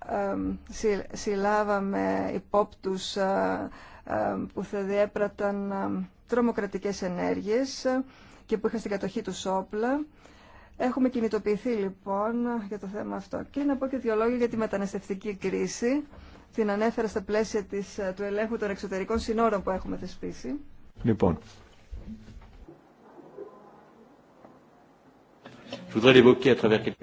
ε, συλλάβαμε υπόπτους ε, που θα διέπραταν τρομοκρατικές ενέργειες και που είχαν στην κατοχή του όπλα. Έχουμε κινητοποιηθεί λοιπόν για το θέμα αυτό. Και να πω και δύο λόγια για τη μεταναστευτική κρίση. Την ανέφερα στα πλαίσια της, του ελέγχου των εξωτερικών συνόρων που έχουμε θεσπίσει. Λοιπόν,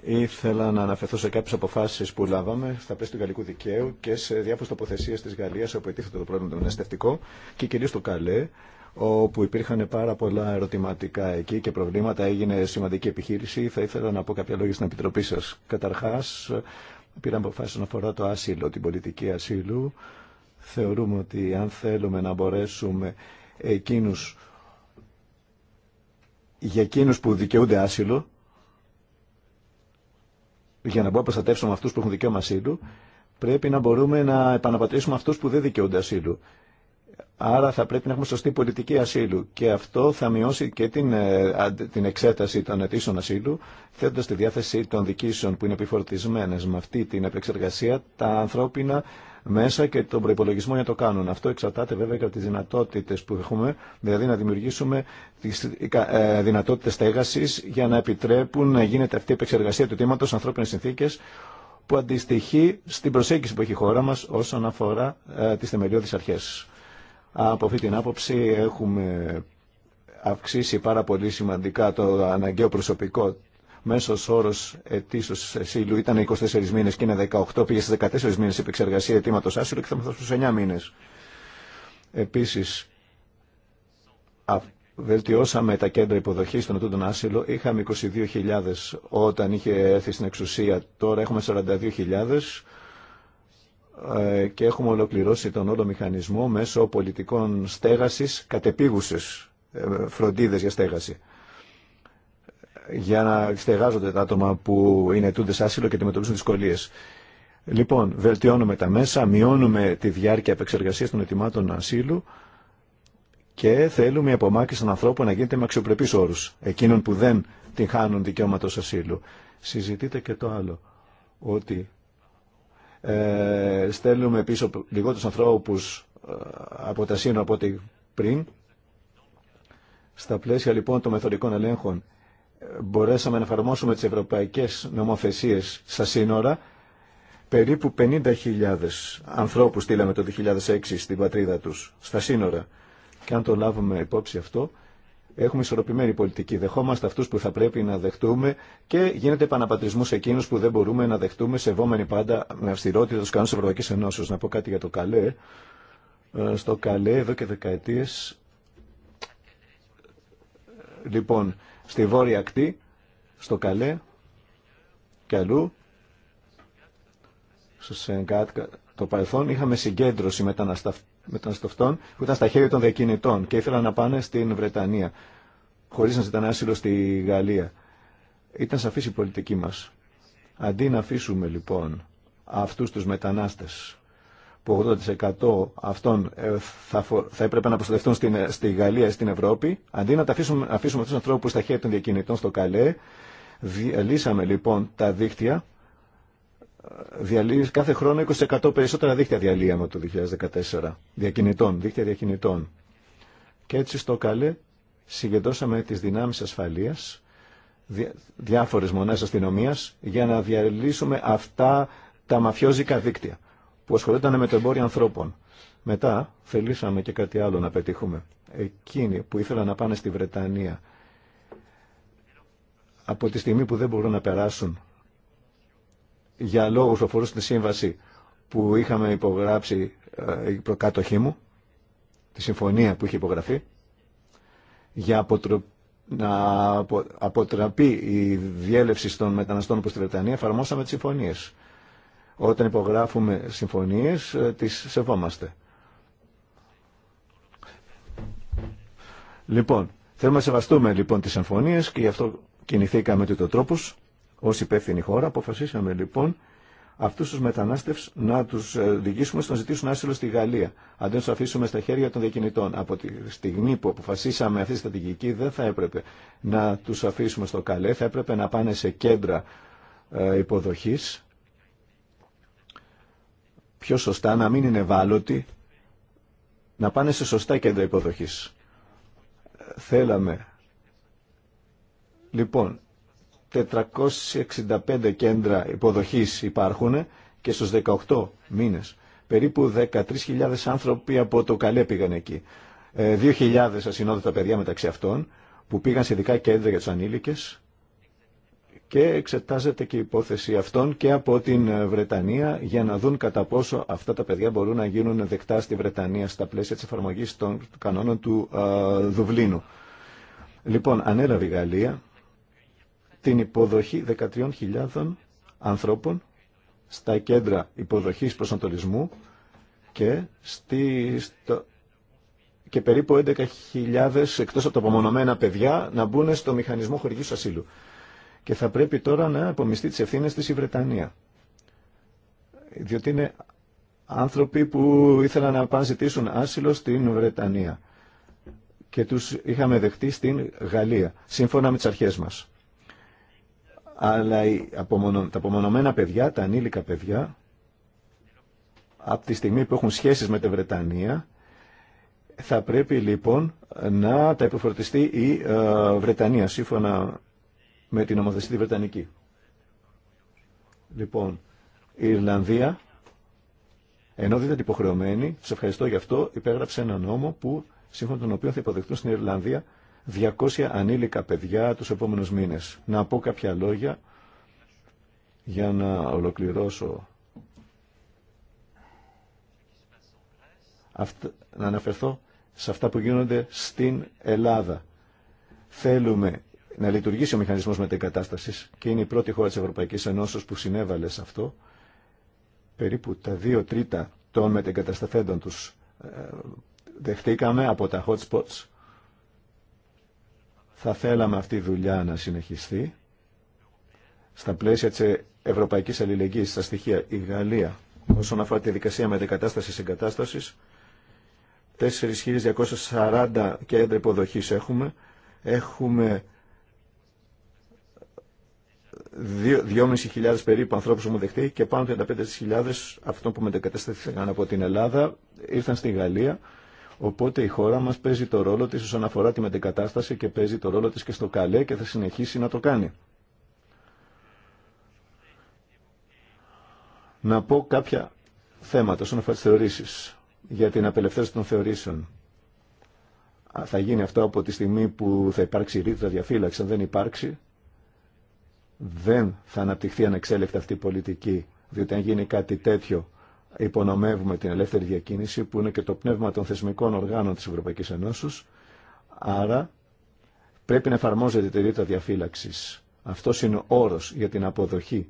Ήθελα να αναφερθώ σε κάποιε αποφάσει που λάβαμε στα πλαίσια του γαλλικού δικαίου και σε διάφορε τοποθεσίε τη Γαλλία όπου ετίθεται το πρόβλημα το μεταναστευτικό και κυρίω στο Καλέ, όπου υπήρχαν πάρα πολλά ερωτηματικά εκεί και προβλήματα. Έγινε σημαντική επιχείρηση. Θα ήθελα να πω κάποια λόγια στην Επιτροπή σα. Καταρχά, πήραμε αποφάσει να αφορά το άσυλο, την πολιτική ασύλου. Θεωρούμε ότι αν θέλουμε να μπορέσουμε εκείνου για εκείνου που δικαιούνται άσυλο, για να μπορούμε να προστατεύσουμε αυτούς που έχουν δικαίωμα ασύλου, πρέπει να μπορούμε να επαναπατρίσουμε αυτούς που δεν δικαιούνται ασύλου. Άρα θα πρέπει να έχουμε σωστή πολιτική ασύλου και αυτό θα μειώσει και την, ε, την εξέταση των αιτήσεων ασύλου, θέτοντας τη διάθεση των δικήσεων που είναι επιφορτισμένες με αυτή την επεξεργασία τα ανθρώπινα μέσα και τον προπολογισμό για το κάνουν. Αυτό εξαρτάται βέβαια και από τι δυνατότητε που έχουμε, δηλαδή να δημιουργήσουμε τι ε, δυνατότητε στέγαση για να επιτρέπουν να γίνεται αυτή η επεξεργασία του τίματο ανθρώπινε συνθήκε που αντιστοιχεί στην προσέγγιση που έχει η χώρα μα όσον αφορά ε, τι θεμελιώδει αρχέ. Από αυτή την άποψη έχουμε αυξήσει πάρα πολύ σημαντικά το αναγκαίο προσωπικό Μέσο όρο ετήσεως ασύλου ήταν 24 μήνε και είναι 18, πήγε σε 14 μήνες επεξεργασία αιτήματο άσυλου και θα μεθάσουν στου 9 μήνε. Επίση, βελτιώσαμε τα κέντρα υποδοχή των ετούντων άσυλο. Είχαμε 22.000 όταν είχε έρθει στην εξουσία. Τώρα έχουμε 42.000 ε, και έχουμε ολοκληρώσει τον όλο μηχανισμό μέσω πολιτικών στέγασης κατεπίγουσες ε, φροντίδες για στέγαση για να στεγάζονται τα άτομα που είναι τούντε άσυλο και αντιμετωπίζουν δυσκολίε. Λοιπόν, βελτιώνουμε τα μέσα, μειώνουμε τη διάρκεια επεξεργασία των ετοιμάτων ασύλου και θέλουμε η απομάκρυνση των ανθρώπων να γίνεται με αξιοπρεπεί όρου, εκείνων που δεν την χάνουν δικαιώματο ασύλου. Συζητείτε και το άλλο, ότι ε, στέλνουμε πίσω λιγότερου ανθρώπου ε, από τα σύνορα από ό,τι πριν. Στα πλαίσια λοιπόν των μεθορικών ελέγχων μπορέσαμε να εφαρμόσουμε τις ευρωπαϊκές νομοθεσίες στα σύνορα, περίπου 50.000 ανθρώπους στείλαμε το 2006 στην πατρίδα τους, στα σύνορα. Και αν το λάβουμε υπόψη αυτό, έχουμε ισορροπημένη πολιτική. Δεχόμαστε αυτούς που θα πρέπει να δεχτούμε και γίνεται επαναπατρισμό σε εκείνους που δεν μπορούμε να δεχτούμε, σεβόμενοι πάντα με αυστηρότητα τους κανόνες Ευρωπαϊκής Ενώσεως. Να πω κάτι για το καλέ. Ε, στο καλέ εδώ και δεκαετίες... Λοιπόν, στη βόρεια ακτή, στο Καλέ και αλλού, στο Σενγκάτ, το παρελθόν είχαμε συγκέντρωση μεταναστευτών που ήταν στα χέρια των διακινητών και ήθελαν να πάνε στην Βρετανία, χωρίς να ζητάνε άσυλο στη Γαλλία. Ήταν σαφής η πολιτική μας. Αντί να αφήσουμε λοιπόν αυτούς τους μετανάστες που 80% αυτών ε, θα, έπρεπε να προστατευτούν ε, στη Γαλλία, ή στην Ευρώπη, αντί να τα αφήσουμε, αφήσουμε αυτούς τους ανθρώπους στα χέρια των διακινητών στο Καλέ, διαλύσαμε λοιπόν τα δίκτυα, κάθε χρόνο 20% περισσότερα δίκτυα διαλύαμε το 2014, διακινητών, δίκτυα διακινητών. Και έτσι στο Καλέ συγκεντρώσαμε τι δυνάμει ασφαλεία, διάφορε μονέ αστυνομία, για να διαλύσουμε αυτά τα μαφιόζικα δίκτυα που ασχολούνταν με το εμπόριο ανθρώπων. Μετά θελήσαμε και κάτι άλλο να πετύχουμε. Εκείνοι που ήθελαν να πάνε στη Βρετανία από τη στιγμή που δεν μπορούν να περάσουν για λόγους που αφορούν στη σύμβαση που είχαμε υπογράψει ε, η προκάτοχή μου, τη συμφωνία που είχε υπογραφεί, για αποτρο... να αποτραπεί η διέλευση των μεταναστών προς τη Βρετανία, εφαρμόσαμε τις συμφωνίες. Όταν υπογράφουμε συμφωνίες, ε, τις σεβόμαστε. Λοιπόν, θέλουμε να σεβαστούμε λοιπόν τις συμφωνίες και γι' αυτό κινηθήκαμε το τρόπους. Ως υπεύθυνη χώρα αποφασίσαμε λοιπόν αυτούς τους μετανάστευς να τους ε, διηγήσουμε στο να ζητήσουν άσυλο στη Γαλλία, αντί να τους αφήσουμε στα χέρια των διακινητών. Από τη στιγμή που αποφασίσαμε αυτή τη στρατηγική δεν θα έπρεπε να τους αφήσουμε στο καλέ, θα έπρεπε να πάνε σε κέντρα ε, υποδοχής πιο σωστά, να μην είναι ευάλωτοι, να πάνε σε σωστά κέντρα υποδοχής. Θέλαμε. Λοιπόν, 465 κέντρα υποδοχής υπάρχουν και στους 18 μήνες. Περίπου 13.000 άνθρωποι από το Καλέ πήγαν εκεί. 2.000 ε, ασυνόδευτα παιδιά μεταξύ αυτών που πήγαν σε ειδικά κέντρα για τους ανήλικες και εξετάζεται και η υπόθεση αυτών και από την ε, Βρετανία για να δουν κατά πόσο αυτά τα παιδιά μπορούν να γίνουν δεκτά στη Βρετανία στα πλαίσια της εφαρμογής των κανόνων του α, ε, Δουβλίνου. Λοιπόν, ανέλαβε η Γαλλία την υποδοχή 13.000 ανθρώπων στα κέντρα υποδοχής προσανατολισμού και, στη, και περίπου 11.000 εκτός από τα απομονωμένα παιδιά να μπουν στο μηχανισμό χορηγής ασύλου και θα πρέπει τώρα να απομιστεί τις ευθύνες της η Βρετανία. Διότι είναι άνθρωποι που ήθελαν να πάνε ζητήσουν άσυλο στην Βρετανία και τους είχαμε δεχτεί στην Γαλλία, σύμφωνα με τις αρχές μας. Αλλά τα απομονωμένα παιδιά, τα ανήλικα παιδιά, από τη στιγμή που έχουν σχέσεις με τη Βρετανία, θα πρέπει λοιπόν να τα υποφορτιστεί η ε, Βρετανία, σύμφωνα με την ομοθεσία τη Βρετανική. Λοιπόν, η Ιρλανδία, ενώ δεν ήταν υποχρεωμένη, σε ευχαριστώ γι' αυτό, υπέγραψε ένα νόμο που, σύμφωνα τον οποίο θα υποδεχτούν στην Ιρλανδία 200 ανήλικα παιδιά τους επόμενους μήνες. Να πω κάποια λόγια για να ολοκληρώσω να αναφερθώ σε αυτά που γίνονται στην Ελλάδα. Θέλουμε να λειτουργήσει ο μηχανισμός μετεγκατάστασης και είναι η πρώτη χώρα της Ευρωπαϊκής Ενώσης που συνέβαλε σε αυτό. Περίπου τα δύο τρίτα των μετεγκατασταθέντων τους ε, δεχτήκαμε από τα hot spots. Θα θέλαμε αυτή η δουλειά να συνεχιστεί στα πλαίσια της ευρωπαϊκής αλληλεγγύης, στα στοιχεία η Γαλλία. Όσον αφορά τη δικασια μετεγκαταστασης μετεκατάστασης-εγκατάστασης, 4.240 κέντρα υποδοχής έχουμε. Έχουμε 2.500 περίπου ανθρώπους μου δεχτεί και πάνω από 35.000 αυτών που μετακαταστήθηκαν από την Ελλάδα ήρθαν στη Γαλλία. Οπότε η χώρα μας παίζει το ρόλο της όσον αφορά τη μετεκατάσταση και παίζει το ρόλο της και στο καλέ και θα συνεχίσει να το κάνει. Να πω κάποια θέματα όσον αφορά τις θεωρήσεις για την απελευθέρωση των θεωρήσεων. Θα γίνει αυτό από τη στιγμή που θα υπάρξει ρήτρα διαφύλαξη. Αν δεν υπάρξει, δεν θα αναπτυχθεί ανεξέλεκτα αυτή η πολιτική, διότι αν γίνει κάτι τέτοιο υπονομεύουμε την ελεύθερη διακίνηση που είναι και το πνεύμα των θεσμικών οργάνων της Ευρωπαϊκής Ενώσης, άρα πρέπει να εφαρμόζεται τη ρήτρα διαφύλαξης. Αυτό είναι ο όρος για την αποδοχή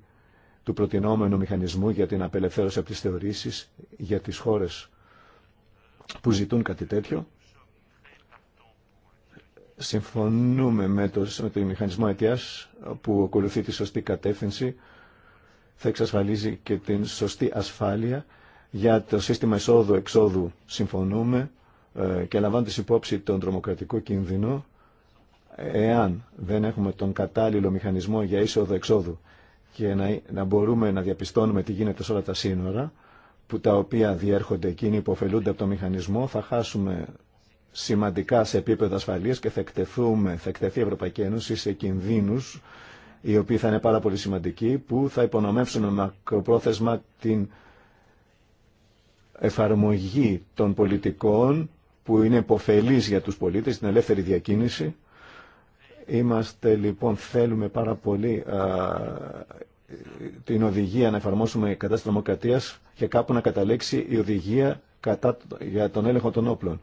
του προτινόμενου μηχανισμού για την απελευθέρωση από τις θεωρήσεις για τις χώρες που ζητούν κάτι τέτοιο Συμφωνούμε με το, με μηχανισμό αιτίας που ακολουθεί τη σωστή κατεύθυνση. Θα εξασφαλίζει και την σωστή ασφάλεια. Για το σύστημα εισόδου-εξόδου συμφωνούμε ε, και λαμβάνοντας υπόψη τον τρομοκρατικό κίνδυνο εάν δεν έχουμε τον κατάλληλο μηχανισμό για είσοδο-εξόδου και να, μπορούμε να διαπιστώνουμε τι γίνεται σε όλα τα σύνορα που τα οποία διέρχονται εκείνοι που ωφελούνται από τον μηχανισμό θα χάσουμε σημαντικά σε επίπεδο ασφαλείας και θα, εκτεθούμε, θα εκτεθεί η Ευρωπαϊκή Ένωση σε κινδύνους οι οποίοι θα είναι πάρα πολύ σημαντικοί που θα υπονομεύσουν μακροπρόθεσμα την εφαρμογή των πολιτικών που είναι υποφελής για τους πολίτες, την ελεύθερη διακίνηση. Είμαστε λοιπόν, θέλουμε πάρα πολύ την οδηγία να εφαρμόσουμε κατά της και κάπου να καταλέξει η οδηγία κατά, για τον έλεγχο των όπλων.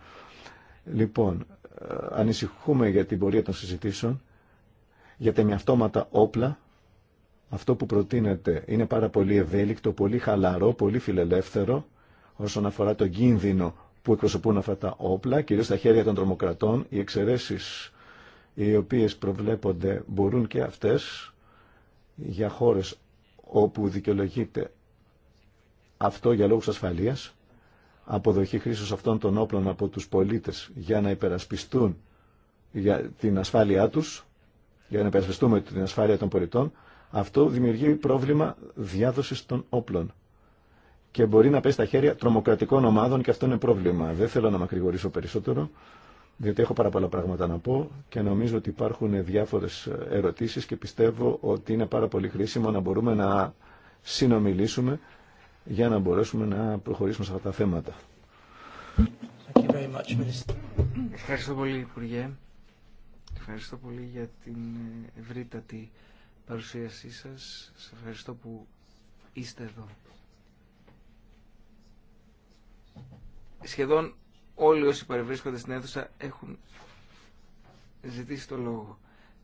Λοιπόν, ανησυχούμε για την πορεία των συζητήσεων, για τα αυτόματα όπλα. Αυτό που προτείνεται είναι πάρα πολύ ευέλικτο, πολύ χαλαρό, πολύ φιλελεύθερο όσον αφορά τον κίνδυνο που εκπροσωπούν αυτά τα όπλα, κυρίως στα χέρια των τρομοκρατών. Οι εξαιρέσει οι οποίες προβλέπονται μπορούν και αυτές για χώρες όπου δικαιολογείται αυτό για λόγους ασφαλείας αποδοχή χρήση αυτών των όπλων από τους πολίτες για να υπερασπιστούν για την ασφάλειά τους, για να υπερασπιστούμε την ασφάλεια των πολιτών, αυτό δημιουργεί πρόβλημα διάδοσης των όπλων. Και μπορεί να πέσει στα χέρια τρομοκρατικών ομάδων και αυτό είναι πρόβλημα. Δεν θέλω να μακρηγορήσω περισσότερο, διότι έχω πάρα πολλά πράγματα να πω και νομίζω ότι υπάρχουν διάφορες ερωτήσεις και πιστεύω ότι είναι πάρα πολύ χρήσιμο να μπορούμε να συνομιλήσουμε για να μπορέσουμε να προχωρήσουμε σε αυτά τα θέματα. Ευχαριστώ πολύ, Υπουργέ. Ευχαριστώ πολύ για την ευρύτατη παρουσίασή σας. Σας ευχαριστώ που είστε εδώ. Σχεδόν όλοι όσοι παρευρίσκονται στην αίθουσα έχουν ζητήσει το λόγο.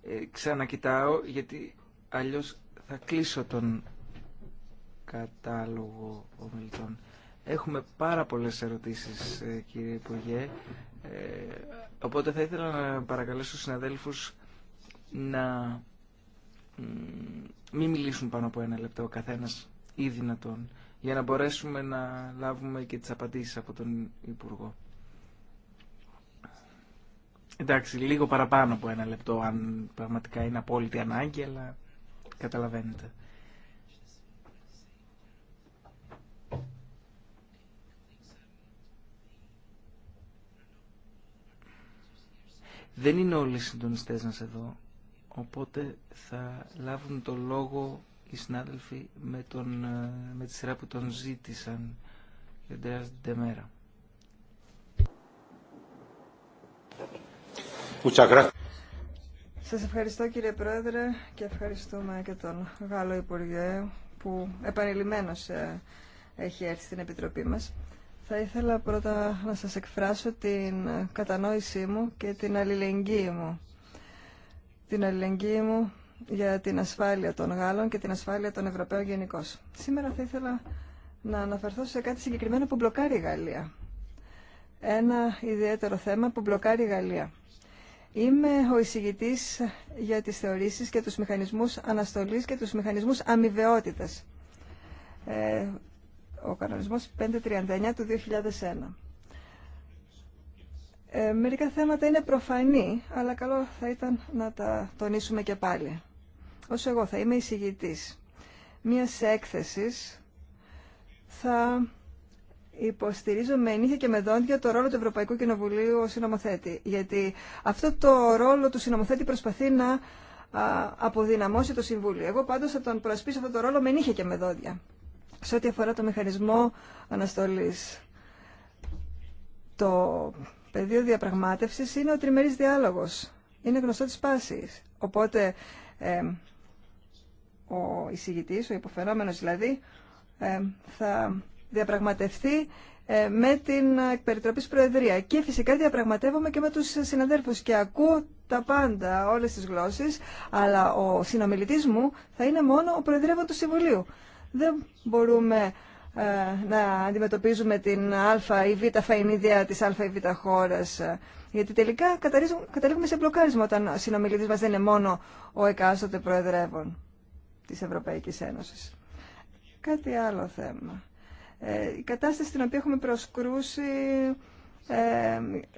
Ε, ξανακοιτάω γιατί αλλιώς θα κλείσω τον κατάλογο ομιλητών. Έχουμε πάρα πολλές ερωτήσεις ε, κύριε Υπουργέ, ε, οπότε θα ήθελα να παρακαλέσω τους συναδέλφους να μην μιλήσουν πάνω από ένα λεπτό ο καθένας ή δυνατόν, για να μπορέσουμε να λάβουμε και τις απαντήσεις από τον Υπουργό. Εντάξει, λίγο παραπάνω από ένα λεπτό, αν πραγματικά είναι απόλυτη ανάγκη, αλλά καταλαβαίνετε. Δεν είναι όλοι οι συντονιστές μα εδώ, οπότε θα λάβουν το λόγο οι συνάδελφοι με, τον, ε, με τη σειρά που τον ζήτησαν, την μέρα. Σας ευχαριστώ κύριε Πρόεδρε και ευχαριστούμε και τον Γάλλο Υπουργέ που επανειλημμένος ε, έχει έρθει στην Επιτροπή μας. Θα ήθελα πρώτα να σας εκφράσω την κατανόησή μου και την αλληλεγγύη μου. Την αλληλεγγύη μου για την ασφάλεια των Γάλλων και την ασφάλεια των Ευρωπαίων γενικώ. Σήμερα θα ήθελα να αναφερθώ σε κάτι συγκεκριμένο που μπλοκάρει η Γαλλία. Ένα ιδιαίτερο θέμα που μπλοκάρει η Γαλλία. Είμαι ο εισηγητή για τις θεωρήσεις και τους μηχανισμούς αναστολής και τους μηχανισμούς αμοιβαιότητας. Ε, ο κανονισμός 539 του 2001. Ε, μερικά θέματα είναι προφανή, αλλά καλό θα ήταν να τα τονίσουμε και πάλι. Όσο εγώ θα είμαι εισηγητής μιας έκθεσης, θα υποστηρίζω με νύχια και με δόντια το ρόλο του Ευρωπαϊκού Κοινοβουλίου ως συνομοθέτη. Γιατί αυτό το ρόλο του συνομοθέτη προσπαθεί να αποδυναμώσει το Συμβούλιο. Εγώ πάντως θα τον προσπίσω αυτό το ρόλο με νύχια και με δόντια σε ό,τι αφορά το μηχανισμό αναστολής. Το πεδίο διαπραγμάτευσης είναι ο τριμερής διάλογος. Είναι γνωστό της πάσης. Οπότε ο εισηγητής, ο υποφερόμενος δηλαδή, θα διαπραγματευτεί ε, με την εκπεριτροπής προεδρία. Και φυσικά διαπραγματεύομαι και με τους συναδέλφους και ακούω τα πάντα, όλες τις γλώσσες, αλλά ο συνομιλητής μου θα είναι μόνο ο προεδρεύων Συμβουλίου. Δεν μπορούμε ε, να αντιμετωπίζουμε την α ή β φαϊνίδια της α ή β χώρας. Ε, γιατί τελικά καταλήγουμε σε μπλοκάρισμα όταν συνομιλητής μας δεν είναι μόνο ο εκάστοτε προεδρεύων της Ευρωπαϊκής Ένωσης. Κάτι άλλο θέμα. Ε, η κατάσταση στην οποία έχουμε προσκρούσει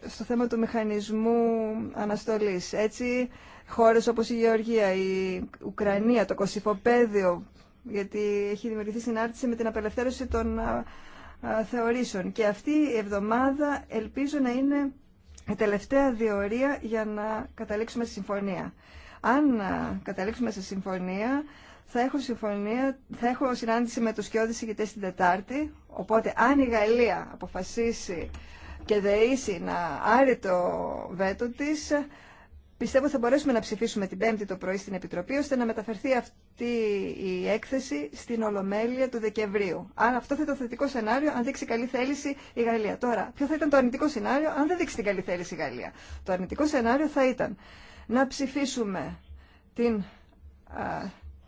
στο θέμα του μηχανισμού αναστολής. Έτσι, χώρες όπως η Γεωργία, η Ουκρανία, το Κωσυφοπαίδιο γιατί έχει δημιουργηθεί συνάρτηση με την απελευθέρωση των θεωρήσεων. Και αυτή η εβδομάδα ελπίζω να είναι η τελευταία διορία για να καταλήξουμε σε συμφωνία. Αν καταλήξουμε σε συμφωνία, θα έχω, συμφωνία, θα έχω συνάντηση με τους κοιόδης ηγητές την Τετάρτη, οπότε αν η Γαλλία αποφασίσει και δεήσει να άρει το βέτο της, Πιστεύω θα μπορέσουμε να ψηφίσουμε την Πέμπτη το πρωί στην Επιτροπή, ώστε να μεταφερθεί αυτή η έκθεση στην Ολομέλεια του Δεκεμβρίου. Αν αυτό θα ήταν το θετικό σενάριο, αν δείξει καλή θέληση η Γαλλία. Τώρα, ποιο θα ήταν το αρνητικό σενάριο, αν δεν δείξει την καλή θέληση η Γαλλία. Το αρνητικό σενάριο θα ήταν να ψηφίσουμε την,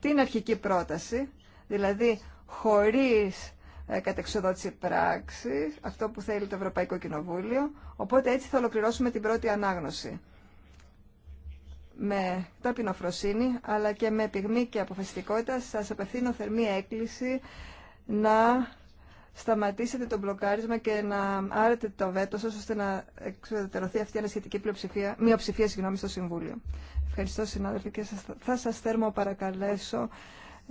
την αρχική πρόταση, δηλαδή χωρίς ε, κατεξοδότηση πράξη, αυτό που θέλει το Ευρωπαϊκό Κοινοβούλιο, οπότε έτσι θα ολοκληρώσουμε την πρώτη ανάγνωση με ταπεινοφροσύνη αλλά και με πυγμή και αποφασιστικότητα σας απευθύνω θερμή έκκληση να σταματήσετε το μπλοκάρισμα και να άρετε το βέτο σας ώστε να εξοδετερωθεί αυτή η ανασχετική μειοψηφία συγγνώμη, στο Συμβούλιο. Ευχαριστώ συνάδελφοι και σας, θα σας θέρμο παρακαλέσω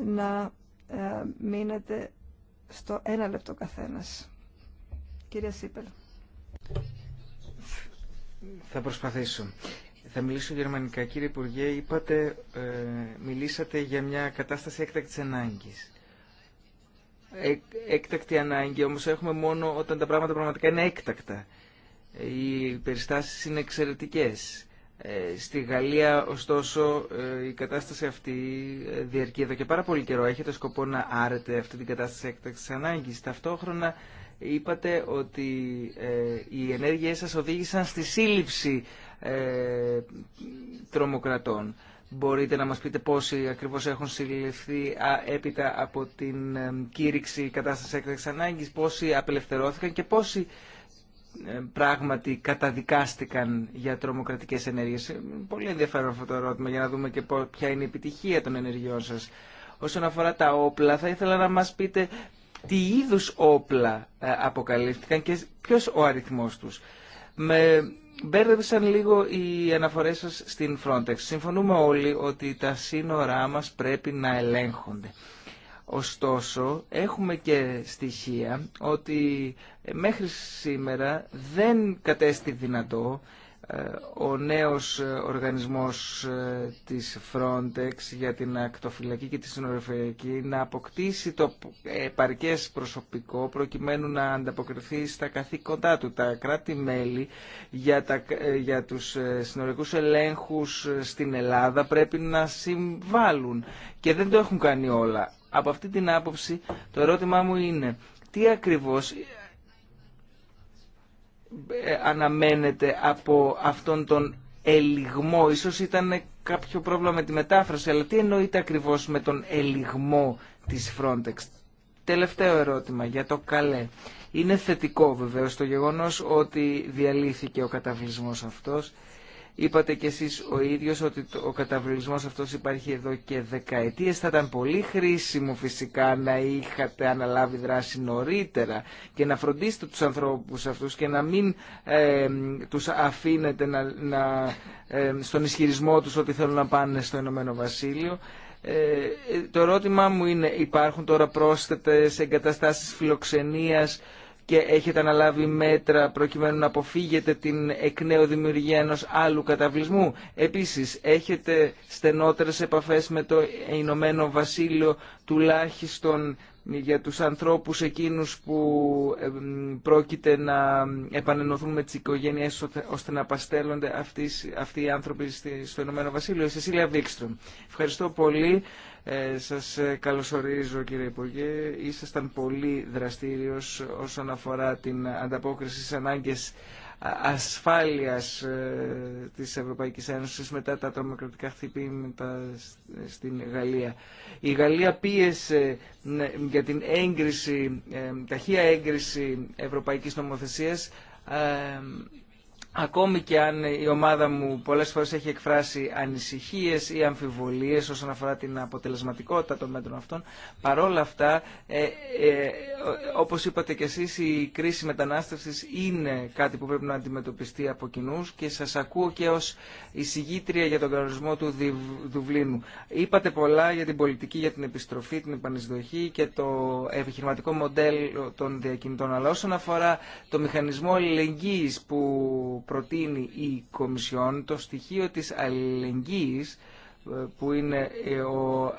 να ε, μείνετε στο ένα λεπτό καθένας. Κυρία Σίπελ. Θα προσπαθήσω. Θα μιλήσω γερμανικά. Κύριε Υπουργέ, είπατε, ε, μιλήσατε για μια κατάσταση έκτακτης ανάγκης. έκτακτη ανάγκη όμως έχουμε μόνο όταν τα πράγματα πραγματικά είναι έκτακτα. Οι περιστάσεις είναι εξαιρετικές. Ε, στη Γαλλία, ωστόσο, ε, η κατάσταση αυτή ε, διαρκεί εδώ και πάρα πολύ καιρό. Έχετε σκοπό να άρετε αυτή την κατάσταση έκτακτης ανάγκης. Ταυτόχρονα είπατε ότι ε, οι ενέργειές σας οδήγησαν στη σύλληψη ε, τρομοκρατών. Μπορείτε να μας πείτε πόσοι ακριβώς έχουν συλληφθεί έπειτα από την ε, κήρυξη κατάσταση έκταξης ανάγκης, πόσοι απελευθερώθηκαν και πόσοι ε, πράγματι καταδικάστηκαν για τρομοκρατικές ενέργειες. Πολύ ενδιαφέρον αυτό το ερώτημα για να δούμε και ποια είναι η επιτυχία των ενεργειών σας. Όσον αφορά τα όπλα, θα ήθελα να μας πείτε τι είδους όπλα αποκαλύφθηκαν και ποιος ο αριθμός τους. Με Μπέρδεψαν λίγο οι αναφορές σας στην Frontex. Συμφωνούμε όλοι ότι τα σύνορά μας πρέπει να ελέγχονται. Ωστόσο, έχουμε και στοιχεία ότι μέχρι σήμερα δεν κατέστη δυνατό ο νέος ε, οργανισμός ε, της Frontex για την ακτοφυλακή και τη συνοριοφυλακή να αποκτήσει το ε, επαρκές προσωπικό προκειμένου να ανταποκριθεί στα καθήκοντά του. Τα κράτη-μέλη για, τα, για τους συνοριακούς ελέγχους στην Ελλάδα πρέπει να συμβάλλουν και δεν το έχουν κάνει όλα. Από αυτή την άποψη το ερώτημά μου είναι τι ακριβώς ε, αναμένεται από αυτόν τον ελιγμό. Ίσως ήταν κάποιο πρόβλημα με τη μετάφραση, αλλά τι εννοείται ακριβώς με τον ελιγμό της Frontex. Τελευταίο ερώτημα για το καλέ. Είναι θετικό βεβαίως το γεγονός ότι διαλύθηκε ο καταβλισμός αυτός. Είπατε κι εσείς ο ίδιος ότι ο καταβλισμός αυτός υπάρχει εδώ και δεκαετίες. Θα ήταν πολύ χρήσιμο φυσικά να είχατε αναλάβει δράση νωρίτερα και να φροντίσετε τους ανθρώπους αυτούς και να μην τους αφήνετε να, στον ισχυρισμό τους ότι θέλουν να πάνε στο Ηνωμένο Βασίλειο. Ε, ε, το ερώτημά μου είναι υπάρχουν τώρα πρόσθετες εγκαταστάσεις φιλοξενίας και έχετε αναλάβει μέτρα προκειμένου να αποφύγετε την εκ νέου δημιουργία ενός άλλου καταβλισμού. Επίσης, έχετε στενότερες επαφές με το Ηνωμένο Βασίλειο τουλάχιστον για τους ανθρώπους εκείνους που πρόκειται να επανενωθούν με τις οικογένειές ώστε να απαστέλλονται αυτοί οι άνθρωποι στο Ηνωμένο Βασίλειο. Η Σεσίλια Βίξτρομ. Ευχαριστώ πολύ. Ε, σας ε, καλωσορίζω κύριε Υπουργέ. Ήσασταν πολύ δραστήριος όσον αφορά την ανταπόκριση στις ανάγκες ασφάλειας ε, της Ευρωπαϊκής Ένωσης μετά τα τρομοκρατικά χτυπήματα στην Γαλλία. Η Γαλλία πίεσε ναι, για την έγκριση, ε, ταχεία έγκριση ευρωπαϊκής νομοθεσίας ε, Ακόμη και αν η ομάδα μου πολλές φορές έχει εκφράσει ανησυχίες ή αμφιβολίες όσον αφορά την αποτελεσματικότητα των μέτρων αυτών, παρόλα αυτά, ε, ε, όπως είπατε και εσείς, η κρίση μετανάστευσης είναι κάτι που πρέπει να αντιμετωπιστεί από κοινού και σας ακούω και ως εισηγήτρια για τον κανονισμό του Δουβλίνου. Είπατε πολλά για την πολιτική, για την επιστροφή, την επανεισδοχή και το επιχειρηματικό μοντέλο των διακινητών, αλλά όσον αφορά το μηχανισμό αλληλεγγύης που προτείνει η Κομισιόν, το στοιχείο της αλληλεγγύης ε, που είναι ε, ο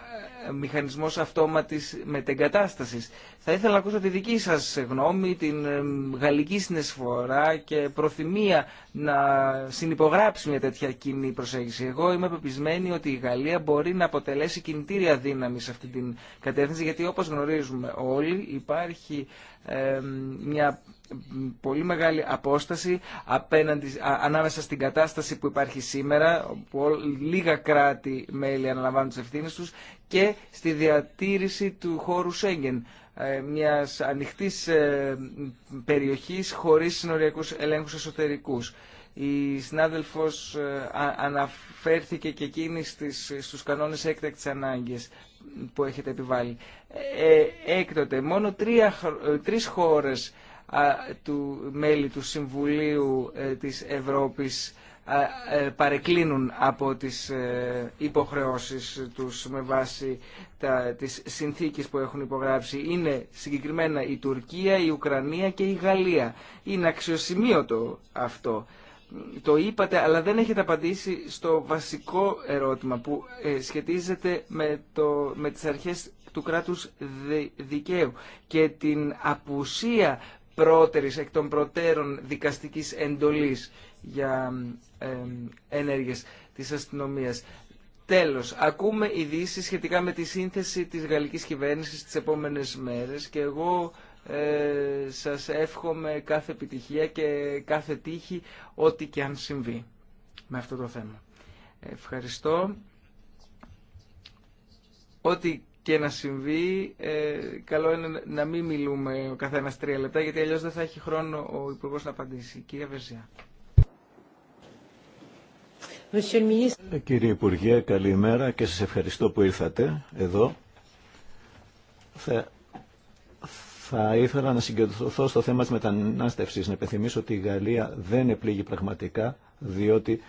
ε, μηχανισμός αυτόματης μετεγκατάστασης. Θα ήθελα να ακούσω τη δική σας γνώμη, την ε, γαλλική συνεισφορά και προθυμία να συνυπογράψει μια τέτοια κοινή προσέγγιση. Εγώ είμαι πεπισμένη ότι η Γαλλία μπορεί να αποτελέσει κινητήρια δύναμη σε αυτή την κατεύθυνση, γιατί όπως γνωρίζουμε όλοι υπάρχει ε, μια πολύ μεγάλη απόσταση απέναντι, ανάμεσα στην κατάσταση που υπάρχει σήμερα, όπου λίγα κράτη-μέλη αναλαμβάνουν τις ευθύνες τους, και στη διατήρηση του χώρου Σέγγεν ε, μιας ανοιχτής ε, περιοχής χωρίς συνοριακούς ελέγχους εσωτερικούς. Η συνάδελφος ε, αναφέρθηκε και εκείνη στις, στους κανόνες έκτακτης ανάγκης που έχετε επιβάλει. Έκτοτε, μόνο τρία, τρεις χώρες του μέλη του Συμβουλίου της Ευρώπης ε, παρεκκλίνουν από τις ε, υποχρεώσεις τους με βάση τα, τις συνθήκες που έχουν υπογράψει. Είναι συγκεκριμένα η Τουρκία, η Ουκρανία και η Γαλλία. Είναι αξιοσημείωτο αυτό. Το είπατε, αλλά δεν έχετε απαντήσει στο βασικό ερώτημα που ε, σχετίζεται με, το, με τις αρχές του κράτους δικαίου και την απουσία πρώτερης εκ των προτέρων δικαστικής εντολής για ενέργειες της αστυνομίας. Τέλος, ακούμε ειδήσει σχετικά με τη σύνθεση της γαλλικής κυβέρνησης τις επόμενες μέρες και εγώ ε, σας εύχομαι κάθε επιτυχία και κάθε τύχη ό,τι και αν συμβεί με αυτό το θέμα. Ευχαριστώ. Ό,τι και να συμβεί, ε, καλό είναι να μην μιλούμε ο καθένας τρία λεπτά, γιατί αλλιώς δεν θα έχει χρόνο ο Υπουργός να απαντήσει. Κύριε ε, κύριε Υπουργέ, καλημέρα και σας ευχαριστώ που ήρθατε εδώ. Θα, θα ήθελα να συγκεντρωθώ στο θέμα της μετανάστευσης. Να υπενθυμίσω ότι η Γαλλία δεν επλήγει πραγματικά, διότι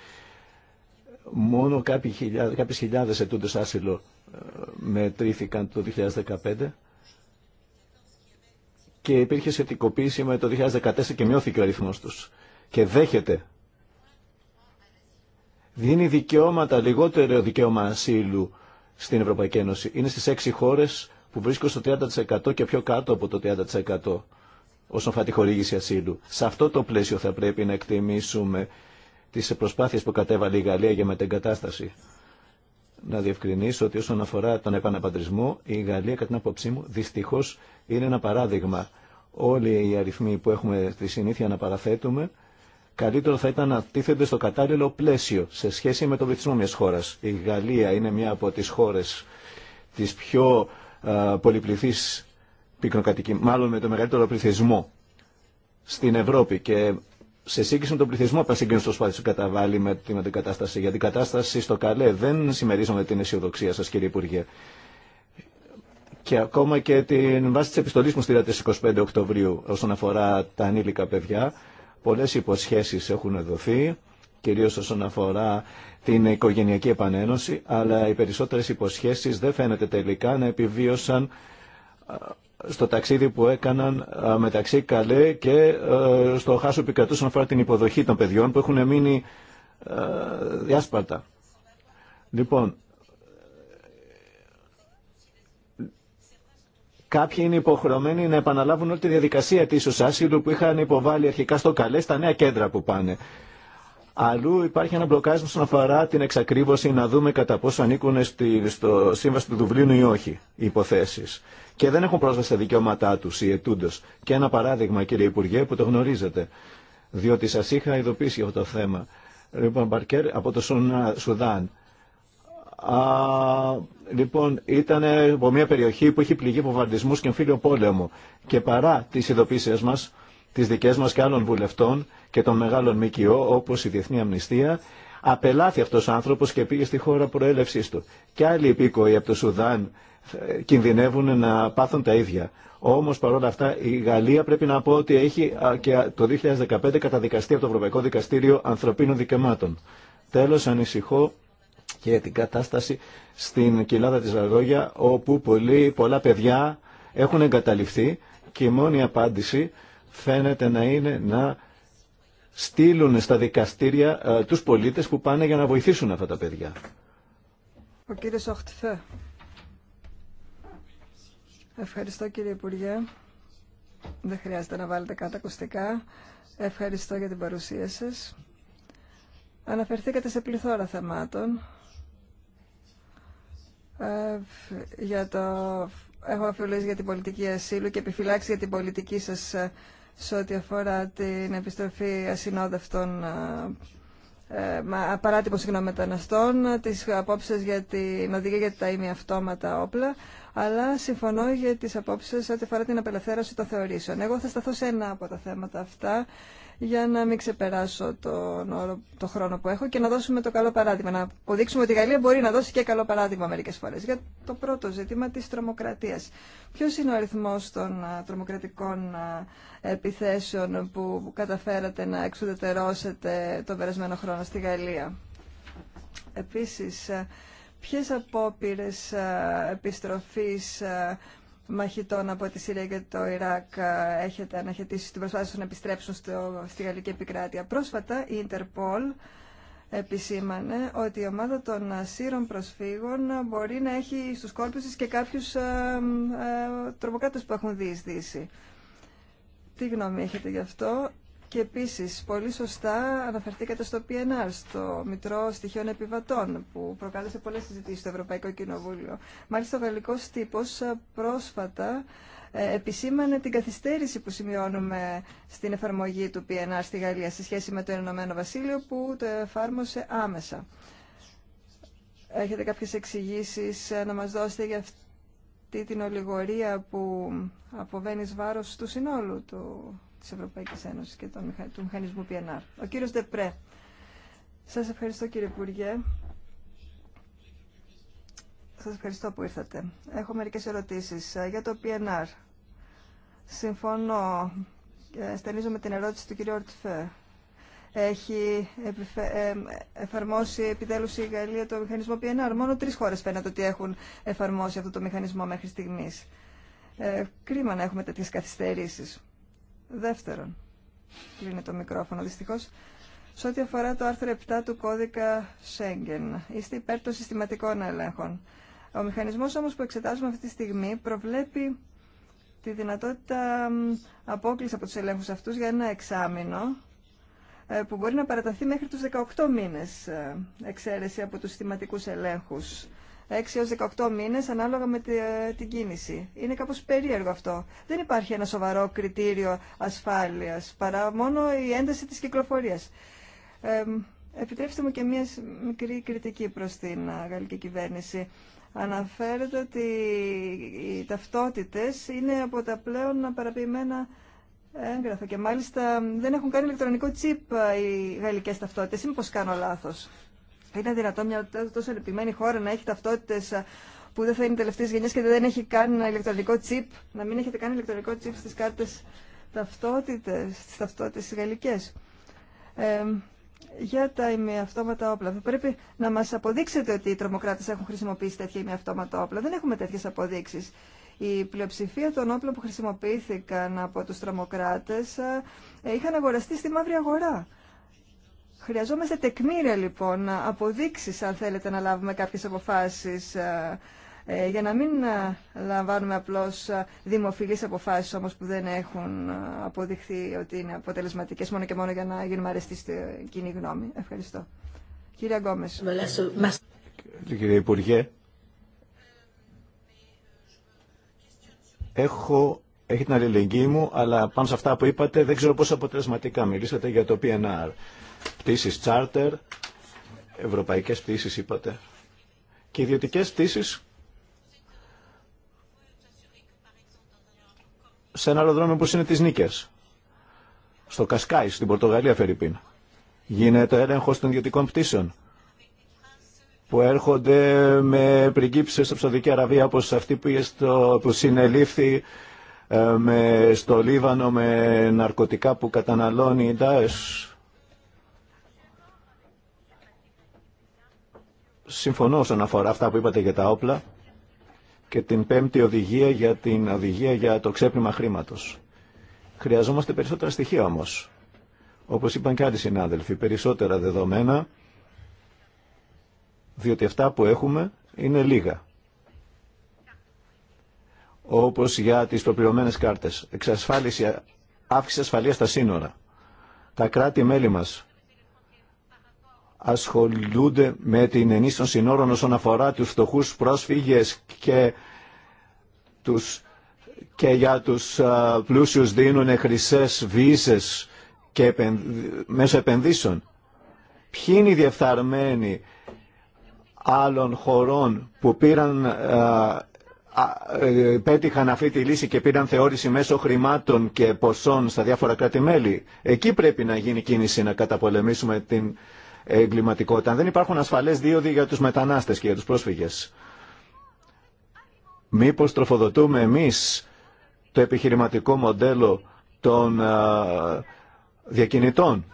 μόνο κάποιοι χιλιάδες, κάποιες χιλιάδες ετούντες άσυλο ε, μετρήθηκαν το 2015 και υπήρχε σχετικοποίηση με το 2014 και μειώθηκε ο αριθμός τους. Και δέχεται δίνει δικαιώματα, λιγότερο δικαίωμα ασύλου στην Ευρωπαϊκή Ένωση. Είναι στις έξι χώρες που βρίσκονται στο 30% και πιο κάτω από το 30% όσον αφορά τη χορήγηση ασύλου. Σε αυτό το πλαίσιο θα πρέπει να εκτιμήσουμε τις προσπάθειες που κατέβαλε η Γαλλία για μετεγκατάσταση. Να διευκρινίσω ότι όσον αφορά τον επαναπαντρισμό, η Γαλλία, κατά την άποψή μου, δυστυχώ είναι ένα παράδειγμα. Όλοι οι αριθμοί που έχουμε τη συνήθεια να παραθέτουμε καλύτερο θα ήταν να τίθενται στο κατάλληλο πλαίσιο σε σχέση με τον πληθυσμό μιας χώρας. Η Γαλλία είναι μια από τις χώρες τη πιο πολυπληθής πυκνοκατοικία, μάλλον με το μεγαλύτερο πληθυσμό στην Ευρώπη και σε σύγκριση με τον πληθυσμό θα στο που καταβάλει με την αντικατάσταση. Για την κατάσταση στο καλέ δεν συμμερίζομαι την αισιοδοξία σας κύριε Υπουργέ. Και ακόμα και την βάση τη επιστολή μου στείλατε 25 Οκτωβρίου όσον αφορά τα ανήλικα παιδιά. Πολλές υποσχέσεις έχουν δοθεί, κυρίως όσον αφορά την οικογενειακή επανένωση, αλλά οι περισσότερες υποσχέσεις δεν φαίνεται τελικά να επιβίωσαν ε, στο ταξίδι που έκαναν ε, μεταξύ Καλέ και ε, στο Χάσο που όσον αφορά την υποδοχή των παιδιών που έχουν μείνει διάσπαρτα. Λοιπόν, Κάποιοι είναι υποχρεωμένοι να επαναλάβουν όλη τη διαδικασία τη άσυλου που είχαν υποβάλει αρχικά στο καλέ στα νέα κέντρα που πάνε. Αλλού υπάρχει ένα μπλοκάρισμα στον αφορά την εξακρίβωση να δούμε κατά πόσο ανήκουν στη, στο σύμβαση του Δουβλίνου ή όχι οι υποθέσεις. Και δεν έχουν πρόσβαση στα δικαιώματά του οι ετούντο. Και ένα παράδειγμα κύριε Υπουργέ που το γνωρίζετε. Διότι σα είχα ειδοποιήσει αυτό το θέμα. Λοιπόν, Μπαρκέρ από το Σουδάν Α, λοιπόν, ήταν από μια περιοχή που έχει πληγεί από και εμφύλιο πόλεμο. Και παρά τι ειδοποίησει μα, τι δικέ μα και άλλων βουλευτών και των μεγάλων ΜΚΟ, όπω η Διεθνή Αμνηστία, απελάθη αυτό ο άνθρωπο και πήγε στη χώρα προέλευσή του. Και άλλοι υπήκοοι από το Σουδάν ε, κινδυνεύουν να πάθουν τα ίδια. Όμω παρόλα αυτά η Γαλλία πρέπει να πω ότι έχει και το 2015 καταδικαστεί από το Ευρωπαϊκό Δικαστήριο Ανθρωπίνων Δικαιωμάτων. Τέλο, ανησυχώ και την κατάσταση στην κοιλάδα της Ραγόγια όπου πολύ πολλά παιδιά έχουν εγκαταληφθεί και η μόνη απάντηση φαίνεται να είναι να στείλουν στα δικαστήρια ε, τους πολίτες που πάνε για να βοηθήσουν αυτά τα παιδιά. Ο κύριος Οχτυφέ. Ευχαριστώ κύριε Υπουργέ. Δεν χρειάζεται να βάλετε κάτω ακουστικά. Ευχαριστώ για την παρουσία σας. Αναφερθήκατε σε πληθώρα θεμάτων ε, για το... Έχω αφιολογήσει για την πολιτική ασύλου και επιφυλάξει για την πολιτική σας ε, σε ό,τι αφορά την επιστροφή ασυνόδευτων ε, ε παράτυπων συγγνώμη μεταναστών, τις απόψεις για την οδηγία για τα αυτόματα όπλα, αλλά συμφωνώ για τις απόψεις ό,τι αφορά την απελευθέρωση των θεωρήσεων. Εγώ θα σταθώ σε ένα από τα θέματα αυτά για να μην ξεπεράσω τον όρο, το χρόνο που έχω και να δώσουμε το καλό παράδειγμα. Να αποδείξουμε ότι η Γαλλία μπορεί να δώσει και καλό παράδειγμα μερικέ φορέ. Για το πρώτο ζήτημα τη τρομοκρατία. Ποιο είναι ο αριθμό των τρομοκρατικών επιθέσεων που καταφέρατε να εξουδετερώσετε τον περασμένο χρόνο στη Γαλλία. Επίσης, ποιε απόπειρε επιστροφής μαχητών από τη Συρία και το Ιράκ ε, έχετε αναχαιτήσει την προσπάθεια να επιστρέψουν στο, στη Γαλλική επικράτεια. Πρόσφατα η Ιντερπολ επισήμανε ότι η ομάδα των Σύρων προσφύγων μπορεί να έχει στους κόλπους της και κάποιους ε, ε, τρομοκράτες που έχουν διεισδύσει. Τι γνώμη έχετε γι' αυτό και επίση, πολύ σωστά αναφερθήκατε στο PNR, στο Μητρό Στοιχείων Επιβατών, που προκάλεσε πολλές συζητήσει στο Ευρωπαϊκό Κοινοβούλιο. Μάλιστα, ο γαλλικό τύπο, πρόσφατα ε, επισήμανε την καθυστέρηση που σημειώνουμε στην εφαρμογή του PNR στη Γαλλία σε σχέση με το Ηνωμένο Βασίλειο που το εφάρμοσε άμεσα. Έχετε κάποιες εξηγήσει ε, να μας δώσετε για αυτή την ολιγορία που αποβαίνει βάρος του συνόλου του της Ευρωπαϊκής Ένωσης και του μηχανισμού PNR. Ο κύριος Δεπρέ. Σας ευχαριστώ κύριε Υπουργέ. Σας ευχαριστώ που ήρθατε. Έχω μερικές ερωτήσεις ε, για το PNR. Συμφωνώ. Ε, στενίζω με την ερώτηση του κυρίου Ορτφέ. Έχει ε, εφαρμόσει επιτέλους η Γαλλία το μηχανισμό PNR. Μόνο τρεις χώρες φαίνεται ότι έχουν εφαρμόσει αυτό το μηχανισμό μέχρι στιγμής. Ε, κρίμα να έχουμε τέτοιες καθυστερήσεις. Δεύτερον, κλείνει το μικρόφωνο δυστυχώ. σε ό,τι αφορά το άρθρο 7 του κώδικα Σέγγεν, είστε υπέρ των συστηματικών ελέγχων. Ο μηχανισμός όμως που εξετάζουμε αυτή τη στιγμή προβλέπει τη δυνατότητα απόκληση από τους ελέγχους αυτούς για ένα εξάμεινο ε, που μπορεί να παραταθεί μέχρι τους 18 μήνες ε, εξαίρεση από τους συστηματικούς ελέγχους 6 έως 18 μήνες ανάλογα με ε, την κίνηση. Είναι κάπως περίεργο αυτό. Δεν υπάρχει ένα σοβαρό κριτήριο ασφάλειας, παρά μόνο η ένταση της κυκλοφορίας. επιτρέψτε μου και μία μικρή κριτική προς την ε, γαλλική κυβέρνηση. Αναφέρεται ότι οι ταυτότητες είναι από τα πλέον παραποιημένα έγγραφα και μάλιστα δεν έχουν κάνει ηλεκτρονικό τσίπ ε, οι γαλλικές ταυτότητες. πως κάνω λάθος. Θα είναι δυνατό μια τόσο ελπιμένη χώρα να έχει ταυτότητε που δεν θα είναι τελευταίε γενιέ και δεν έχει καν ηλεκτρονικό τσίπ, να μην έχετε καν ηλεκτρονικό τσίπ στι κάρτε ταυτότητε, στι ταυτότητε γαλλικέ. Ε, για τα ημιαυτόματα όπλα. Θα πρέπει να μα αποδείξετε ότι οι τρομοκράτε έχουν χρησιμοποιήσει τέτοια ημιαυτόματα όπλα. Δεν έχουμε τέτοιε αποδείξει. Η πλειοψηφία των όπλων που χρησιμοποιήθηκαν από τους τρομοκράτες ε, είχαν αγοραστεί στη μαύρη αγορά. Χρειαζόμαστε τεκμήρια λοιπόν, αποδείξεις αν θέλετε να λάβουμε κάποιες αποφάσεις ε, ε, για να μην ε, λαμβάνουμε απλώς δημοφιλείς αποφάσεις όμως που δεν έχουν αποδειχθεί ότι είναι αποτελεσματικές μόνο και μόνο για να γίνουμε αρεστοί στην κοινή γνώμη. Ευχαριστώ. Κύριε Γκόμες. Κύριε Υπουργέ, έχω, έχει την αλληλεγγύη μου, αλλά πάνω σε αυτά που είπατε δεν ξέρω πόσο αποτελεσματικά μιλήσατε για το PNR πτήσεις charter, ευρωπαϊκές πτήσεις είπατε, και ιδιωτικέ πτήσεις σε ένα αεροδρόμιο που είναι τις Νίκες, στο Κασκάι, στην Πορτογαλία Φερρυπίν. Γίνεται έλεγχο των ιδιωτικών πτήσεων που έρχονται με πριγκίψεις στο Ψαδική Αραβία όπως αυτή που, στο, που συνελήφθη ε, με, στο Λίβανο με ναρκωτικά που καταναλώνει η Ντάες συμφωνώ όσον αφορά αυτά που είπατε για τα όπλα και την πέμπτη οδηγία για την οδηγία για το ξέπλυμα χρήματος. Χρειαζόμαστε περισσότερα στοιχεία όμως. Όπως είπαν και άλλοι συνάδελφοι, περισσότερα δεδομένα, διότι αυτά που έχουμε είναι λίγα. Όπως για τις προπληρωμένες κάρτες, εξασφάλιση, αύξηση ασφαλείας στα σύνορα. Τα κράτη-μέλη μας ασχολούνται με την ενίσχυση συνόρων όσον αφορά τους φτωχούς πρόσφυγες και, τους, και για τους πλούσιους δίνουν χρυσές βίζες και μέσω επενδύσεων. Ποιοι είναι οι διεφθαρμένοι άλλων χωρών που πήραν, ε, πέτυχαν αυτή τη λύση και πήραν θεώρηση μέσω χρημάτων και ποσών στα διάφορα κράτη-μέλη. Εκεί πρέπει να γίνει κίνηση να καταπολεμήσουμε την εγκληματικότητα, αν δεν υπάρχουν ασφαλέ δίωδοι για τους μετανάστες και για τους προσφυγέ. Μήπω τροφοδοτούμε εμείς το επιχειρηματικό μοντέλο των διακινητών.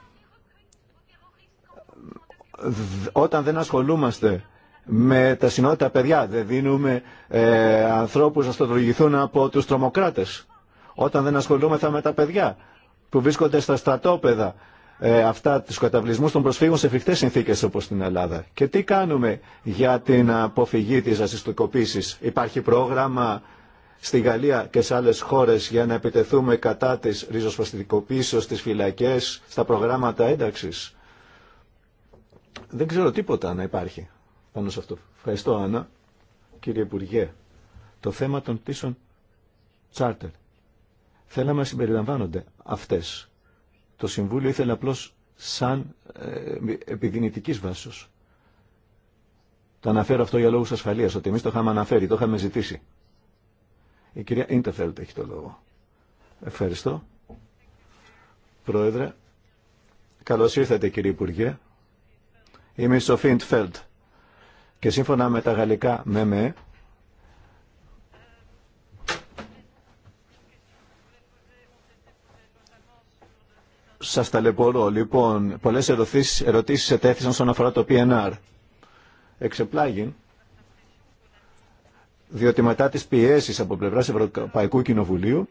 Όταν δεν ασχολούμαστε με τα συνότητα παιδιά, δεν δίνουμε ε, ανθρώπους να από τους τρομοκράτες. Όταν δεν ασχολούμεθα με τα παιδιά που βρίσκονται στα στρατόπεδα ε, αυτά τους καταβλισμούς των προσφύγων σε φρικτές συνθήκες όπως στην Ελλάδα. Και τι κάνουμε για την αποφυγή της ασυστοκοπήσης. Υπάρχει πρόγραμμα στη Γαλλία και σε άλλες χώρες για να επιτεθούμε κατά της ριζοσπαστικοποίησης, στις φυλακές, στα προγράμματα ένταξης. Δεν ξέρω τίποτα να υπάρχει πάνω σε αυτό. Ευχαριστώ Άννα. Κύριε Υπουργέ, το θέμα των πτήσεων τσάρτερ. Θέλαμε να συμπεριλαμβάνονται αυτές το Συμβούλιο ήθελε απλώς σαν ε, επιδυνητικής βάσης. Το αναφέρω αυτό για λόγους ασφαλείας, ότι εμείς το είχαμε αναφέρει, το είχαμε ζητήσει. Η κυρία Ιντεφέλτ έχει το λόγο. Ευχαριστώ. Πρόεδρε, καλώς ήρθατε κύριε Υπουργέ. Είμαι η Σοφίντ Φέλτ και σύμφωνα με τα γαλλικά με» Σα ταλαιπωρώ. Λοιπόν, πολλέ ερωτήσει ετέθησαν στον αφορά το PNR. Εξεπλάγει, διότι μετά τι πιέσει από πλευράς Ευρωπαϊκού Κοινοβουλίου,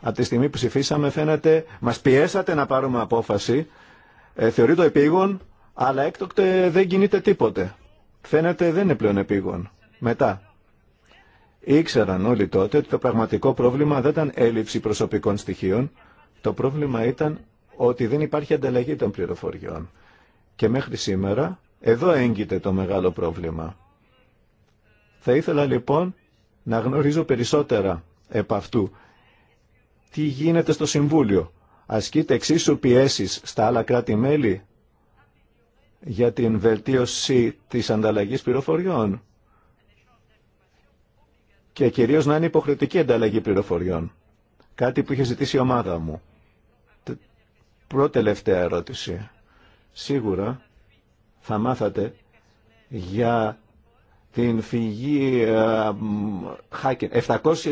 από τη στιγμή που ψηφίσαμε φαίνεται, μας πιέσατε να πάρουμε απόφαση, ε, θεωρεί το επίγον, αλλά έκτοτε δεν κινείται τίποτε. Φαίνεται δεν είναι πλέον επίγον. Μετά. Ήξεραν όλοι τότε ότι το πραγματικό πρόβλημα δεν ήταν έλλειψη προσωπικών στοιχείων, το πρόβλημα ήταν ότι δεν υπάρχει ανταλλαγή των πληροφοριών. Και μέχρι σήμερα εδώ έγκυται το μεγάλο πρόβλημα. Θα ήθελα λοιπόν να γνωρίζω περισσότερα επ' αυτού. Τι γίνεται στο Συμβούλιο. Ασκείται εξίσου πιέσεις στα άλλα κράτη-μέλη για την βελτίωση της ανταλλαγής πληροφοριών και κυρίως να είναι υποχρεωτική ανταλλαγή πληροφοριών. Κάτι που είχε ζητήσει η ομάδα μου. Πρώτη τελευταία ερώτηση. Σίγουρα θα μάθατε για την φυγή 700 ε,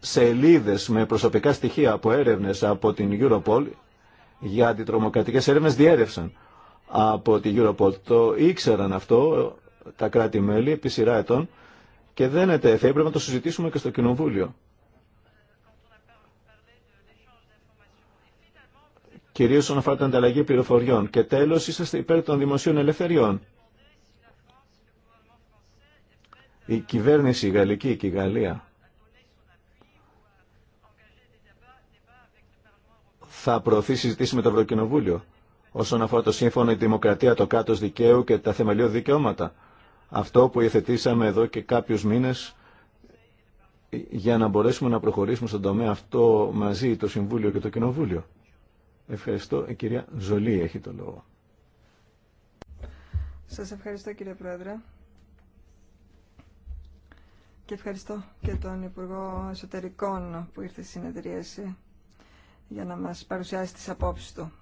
σελίδες με προσωπικά στοιχεία από έρευνες από την Europol για αντιτρομοκρατικές έρευνες διέρευσαν από την Europol. Το ήξεραν αυτό τα κράτη-μέλη επί σειρά ετών και δεν θα Έπρεπε να το συζητήσουμε και στο Κοινοβούλιο. κυρίως όσον αφορά την ανταλλαγή πληροφοριών. Και τέλος, είσαστε υπέρ των δημοσίων ελευθεριών. Η κυβέρνηση η γαλλική και η Γαλλία θα προωθεί συζητήσει με το Ευρωκοινοβούλιο όσον αφορά το σύμφωνο, η δημοκρατία, το κάτω δικαίου και τα θεμελιώδη δικαιώματα. Αυτό που υιοθετήσαμε εδώ και κάποιους μήνες για να μπορέσουμε να προχωρήσουμε στον τομέα αυτό μαζί το Συμβούλιο και το Κοινοβούλιο. Ευχαριστώ. Η ε, κυρία Ζολή έχει το λόγο. Σας ευχαριστώ κύριε Πρόεδρε. Και ευχαριστώ και τον Υπουργό Εσωτερικών που ήρθε στη συνεδρίαση για να μας παρουσιάσει τις απόψεις του.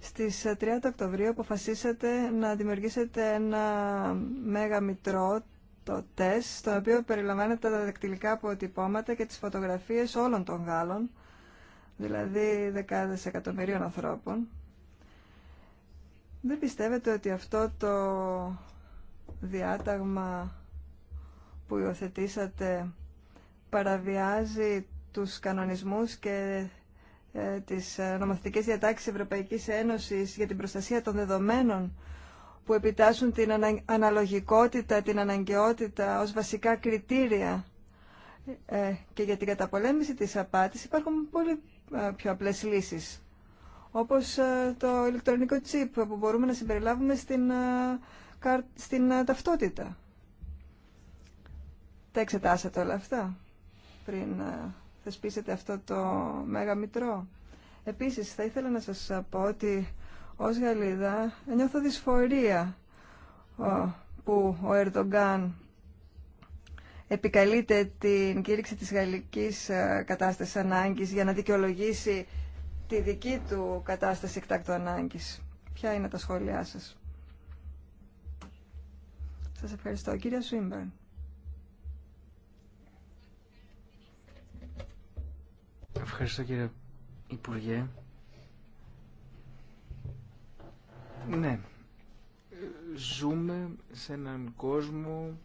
Στις 30 ε, Οκτωβρίου αποφασίσατε να δημιουργήσετε ένα μέγα μητρό, το ΤΕΣ, στο οποίο περιλαμβάνεται τα δακτυλικά αποτυπώματα και τις φωτογραφίες όλων των Γάλλων, δηλαδή δεκάδες εκατομμυρίων ανθρώπων, δεν πιστεύετε ότι αυτό το διάταγμα που υιοθετήσατε παραβιάζει τους κανονισμούς και ε, τις ε, νομοθετικές διατάξεις Ευρωπαϊκής Ένωσης για την προστασία των δεδομένων που επιτάσσουν την αναλογικότητα, την αναγκαιότητα ως βασικά κριτήρια ε, και για την καταπολέμηση της απάτης υπάρχουν πολύ ε, πιο απλές λύσεις. Όπως ε, το ηλεκτρονικό τσίπ που μπορούμε να συμπεριλάβουμε στην, ε, στην ταυτότητα. Τα εξετάσατε όλα αυτά πριν θεσπίσετε αυτό το μέγα μητρό. Επίσης, θα ήθελα να σας πω ότι ως Γαλλίδα νιώθω δυσφορία που ο Ερντογκάν επικαλείται την κήρυξη της γαλλικής ε, κατάστασης ανάγκης για να δικαιολογήσει τη δική του κατάσταση εκτάκτου ανάγκης. Ποια είναι τα σχόλιά σας. Σας ευχαριστώ. Κύριε Σουίμπερν. Ευχαριστώ κύριε Υπουργέ. Ναι, ζούμε σε έναν κόσμο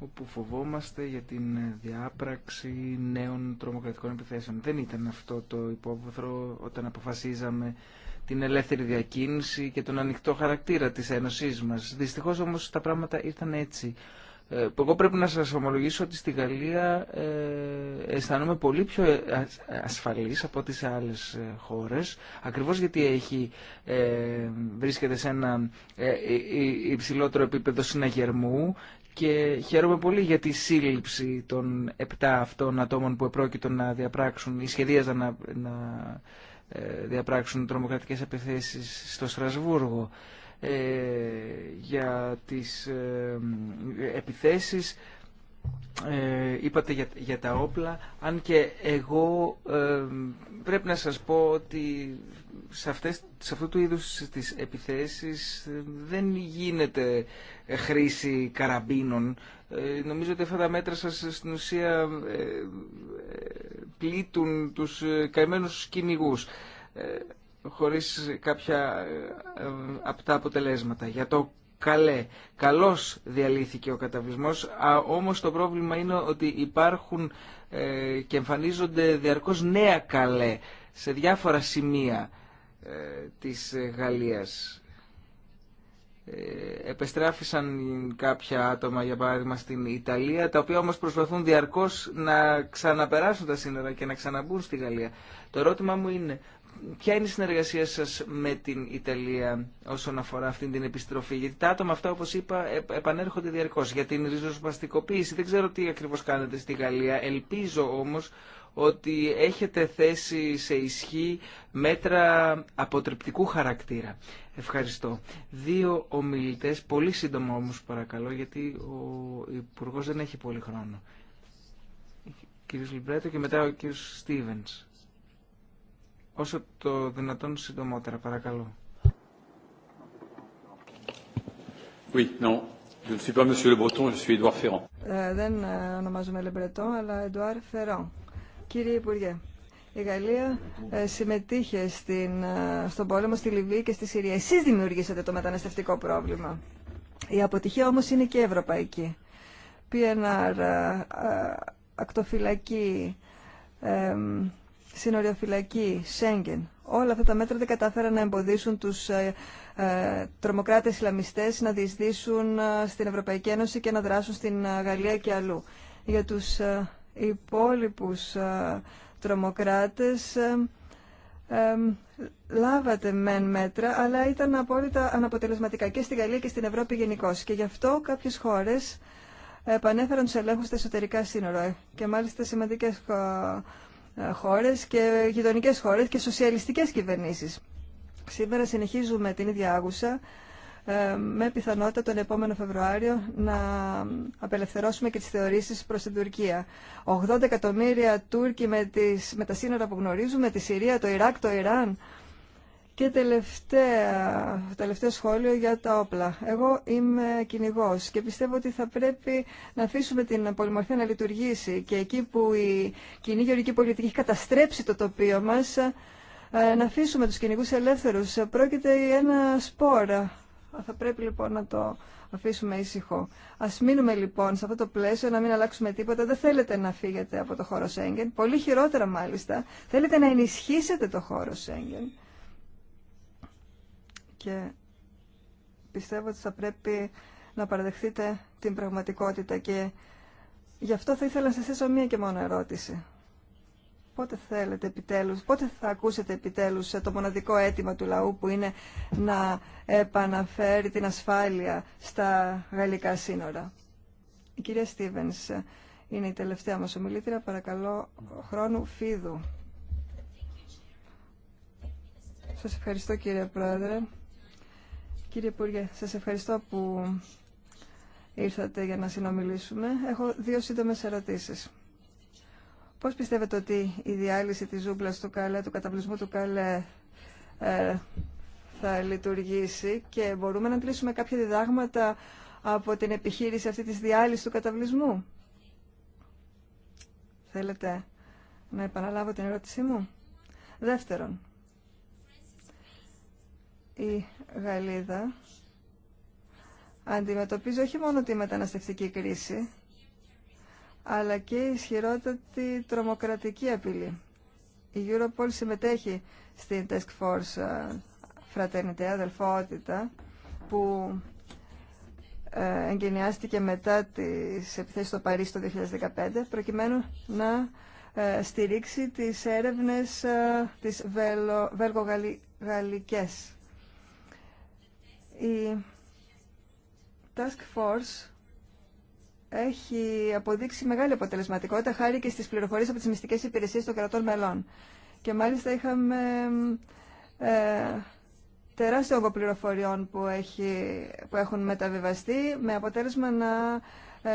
όπου φοβόμαστε για την διάπραξη νέων τρομοκρατικών επιθέσεων. Δεν ήταν αυτό το υπόβαθρο όταν αποφασίζαμε την ελεύθερη διακίνηση και τον ανοιχτό χαρακτήρα της Ένωσής μας. Δυστυχώς όμως τα πράγματα ήρθαν έτσι. Ε, εγώ πρέπει να σας ομολογήσω ότι στη Γαλλία ε, αισθάνομαι πολύ πιο ε, ασφαλής από τις άλλες χώρες ακριβώς γιατί έχει, βρίσκεται σε ένα υψηλότερο επίπεδο συναγερμού και χαίρομαι πολύ για τη σύλληψη των επτά αυτών ατόμων που επρόκειτο να διαπράξουν ή σχεδίαζαν να, ε, διαπράξουν τρομοκρατικές επιθέσεις στο Στρασβούργο. Ε, για τις ε, επιθέσεις ε, είπατε για, τα όπλα, αν και εγώ ε, πρέπει να σας πω ότι σε, αυτές, σε αυτού του είδους τις επιθέσεις ε, δεν γίνεται χρήση καραμπίνων. Ε, νομίζω ότι αυτά τα μέτρα σας στην ουσία πλήττουν τους καημένους κυνηγούς χωρίς κάποια τα αποτελέσματα. Για το καλέ. Καλώς διαλύθηκε ο καταβλισμός, α, όμως το πρόβλημα είναι ότι υπάρχουν ε, και εμφανίζονται διαρκώς νέα καλέ σε διάφορα σημεία ε, της ε, Γαλλίας. Ε, επεστράφησαν κάποια άτομα, για παράδειγμα, στην Ιταλία, τα οποία όμως προσπαθούν διαρκώς να ξαναπεράσουν τα σύνορα και να ξαναμπούν στη Γαλλία. Το ερώτημα μου είναι ποια είναι η συνεργασία σας με την Ιταλία όσον αφορά αυτή την επιστροφή. Γιατί τα άτομα αυτά, όπως είπα, επανέρχονται διαρκώς για την ριζοσπαστικοποίηση. Δεν ξέρω τι ακριβώς κάνετε στη Γαλλία. Ελπίζω όμως ότι έχετε θέσει σε ισχύ μέτρα αποτρεπτικού χαρακτήρα. Ευχαριστώ. Δύο ομιλητές, πολύ σύντομα όμως παρακαλώ, γιατί ο Υπουργό δεν έχει πολύ χρόνο. κύριος Λιμπρέτο και μετά ο κύριος Στίβενς όσο το δυνατόν συντομότερα, παρακαλώ. Oui, non. Je ne suis pas Monsieur Le Breton, je suis ε, δεν ε, ονομάζομαι Le αλλά Edouard Ferrand. Κύριε Υπουργέ, η Γαλλία ε, συμμετείχε στην, στον πόλεμο στη Λιβύη και στη Συρία. Εσείς δημιουργήσατε το μεταναστευτικό πρόβλημα. Η αποτυχία όμως είναι και ευρωπαϊκή. PNR, ακτοφυλακή, συνοριοφυλακή, Σέγγεν, όλα αυτά τα μέτρα δεν κατάφεραν να εμποδίσουν τους ε, ε, τρομοκράτες Ισλαμιστές να διεισδύσουν ε, στην Ευρωπαϊκή Ένωση και να δράσουν στην ε, Γαλλία και αλλού. Για τους ε, υπόλοιπους ε, τρομοκράτες λάβατε μεν μέτρα, αλλά ήταν απόλυτα αναποτελεσματικά και στη Γαλλία και στην Ευρώπη γενικώ. Και γι' αυτό κάποιες χώρες επανέφεραν τους ελέγχους στα εσωτερικά σύνορα και μάλιστα σημαντικές χώρες και γειτονικές χώρες και σοσιαλιστικές κυβερνήσεις. Σήμερα συνεχίζουμε την ίδια άγουσα ε, με πιθανότητα τον επόμενο Φεβρουάριο να απελευθερώσουμε και τις θεωρήσεις προς την Τουρκία. 80 εκατομμύρια Τούρκοι με, τις, με τα σύνορα που γνωρίζουμε, τη Συρία, το Ιράκ, το Ιράν, και τελευταία, τελευταίο σχόλιο για τα όπλα. Εγώ είμαι κυνηγό και πιστεύω ότι θα πρέπει να αφήσουμε την πολυμορφία να λειτουργήσει και εκεί που η κοινή γεωργική πολιτική έχει καταστρέψει το τοπίο μα, ε, να αφήσουμε του κυνηγού ελεύθερου. Πρόκειται για ένα σπόρα. Θα πρέπει λοιπόν να το αφήσουμε ήσυχο. Α μείνουμε λοιπόν σε αυτό το πλαίσιο, να μην αλλάξουμε τίποτα. Δεν θέλετε να φύγετε από το χώρο Σέγγεν. Πολύ χειρότερα μάλιστα. Θέλετε να ενισχύσετε το χώρο Σέγγεν και πιστεύω ότι θα πρέπει να παραδεχτείτε την πραγματικότητα και γι' αυτό θα ήθελα να σας θέσω μία και μόνο ερώτηση. Πότε θέλετε επιτέλους, πότε θα ακούσετε επιτέλους το μοναδικό αίτημα του λαού που είναι να επαναφέρει την ασφάλεια στα γαλλικά σύνορα. Η κυρία Στίβενς είναι η τελευταία μας ομιλήτρια. Παρακαλώ χρόνου φίδου. Σας ευχαριστώ κύριε Πρόεδρε. Κύριε Υπουργέ, σας ευχαριστώ που ήρθατε για να συνομιλήσουμε. Έχω δύο σύντομες ερωτήσεις. Πώς πιστεύετε ότι η διάλυση της ζούγκλας του Καλέ, του καταβλισμού του Καλέ ε, θα λειτουργήσει και μπορούμε να κλείσουμε κάποια διδάγματα από την επιχείρηση αυτή της διάλυσης του καταβλισμού. Θέλετε να επαναλάβω την ερώτησή μου. Δεύτερον, η Γαλλίδα αντιμετωπίζει όχι μόνο τη μεταναστευτική κρίση, αλλά και ισχυρότατη τρομοκρατική απειλή. Η Europol συμμετέχει στην Task Force ε, Fraternité, αδελφότητα, που ε, εγκαινιάστηκε μετά τις επιθέσεις στο Παρίσι το 2015, προκειμένου να ε, στηρίξει τις έρευνες τις βελγο η Task Force έχει αποδείξει μεγάλη αποτελεσματικότητα χάρη και στις πληροφορίες από τις μυστικές υπηρεσίες των κρατών μελών. Και μάλιστα είχαμε ε, τεράστιο όγκο πληροφοριών που, έχει, που έχουν μεταβιβαστεί με αποτέλεσμα να ε,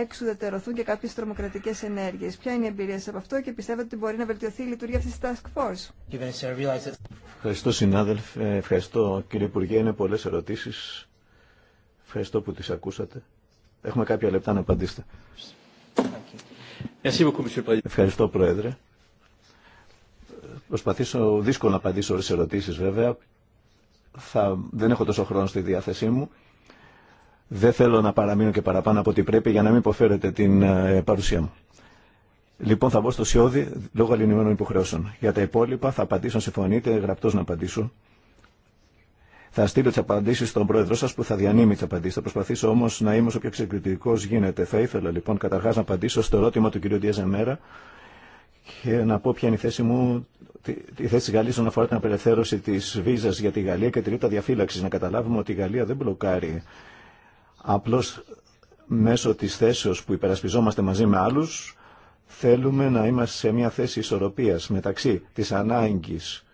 εξουδετερωθούν και κάποιε τρομοκρατικέ ενέργειε. Ποια είναι η εμπειρία σα από αυτό και πιστεύετε ότι μπορεί να βελτιωθεί η λειτουργία αυτή τη Task Force. Ευχαριστώ, συνάδελφε. Ευχαριστώ, κύριε Υπουργέ. Είναι πολλέ ερωτήσει. Ευχαριστώ που τι ακούσατε. Έχουμε κάποια λεπτά να απαντήσετε. Ευχαριστώ, Πρόεδρε. Προσπαθήσω δύσκολο να απαντήσω όλε τις ερωτήσεις βέβαια. Θα, δεν έχω τόσο χρόνο στη διάθεσή μου. Δεν θέλω να παραμείνω και παραπάνω από ό,τι πρέπει για να μην υποφέρετε την ε, παρουσία μου. Λοιπόν, θα μπω στο σιώδη λόγω αλληλεγγύων υποχρεώσεων. Για τα υπόλοιπα θα απαντήσω, αν συμφωνείτε, γραπτό να απαντήσω. Θα στείλω τι απαντήσει στον πρόεδρό σα που θα διανύμει τι απαντήσει. Θα προσπαθήσω όμω να είμαι όσο πιο εξεκριτικό γίνεται. Θα ήθελα λοιπόν καταρχά να απαντήσω στο ερώτημα του κ. Διαζεμέρα και να πω ποια είναι η θέση μου, η θέση τη Γαλλία όσον αφορά την απελευθέρωση τη βίζα για τη Γαλλία και τη διαφύλαξη. Να καταλάβουμε ότι η Γαλλία δεν μπλοκάρει Απλώς μέσω της θέσεως που υπερασπιζόμαστε μαζί με άλλους, θέλουμε να είμαστε σε μια θέση ισορροπίας μεταξύ της ανάγκης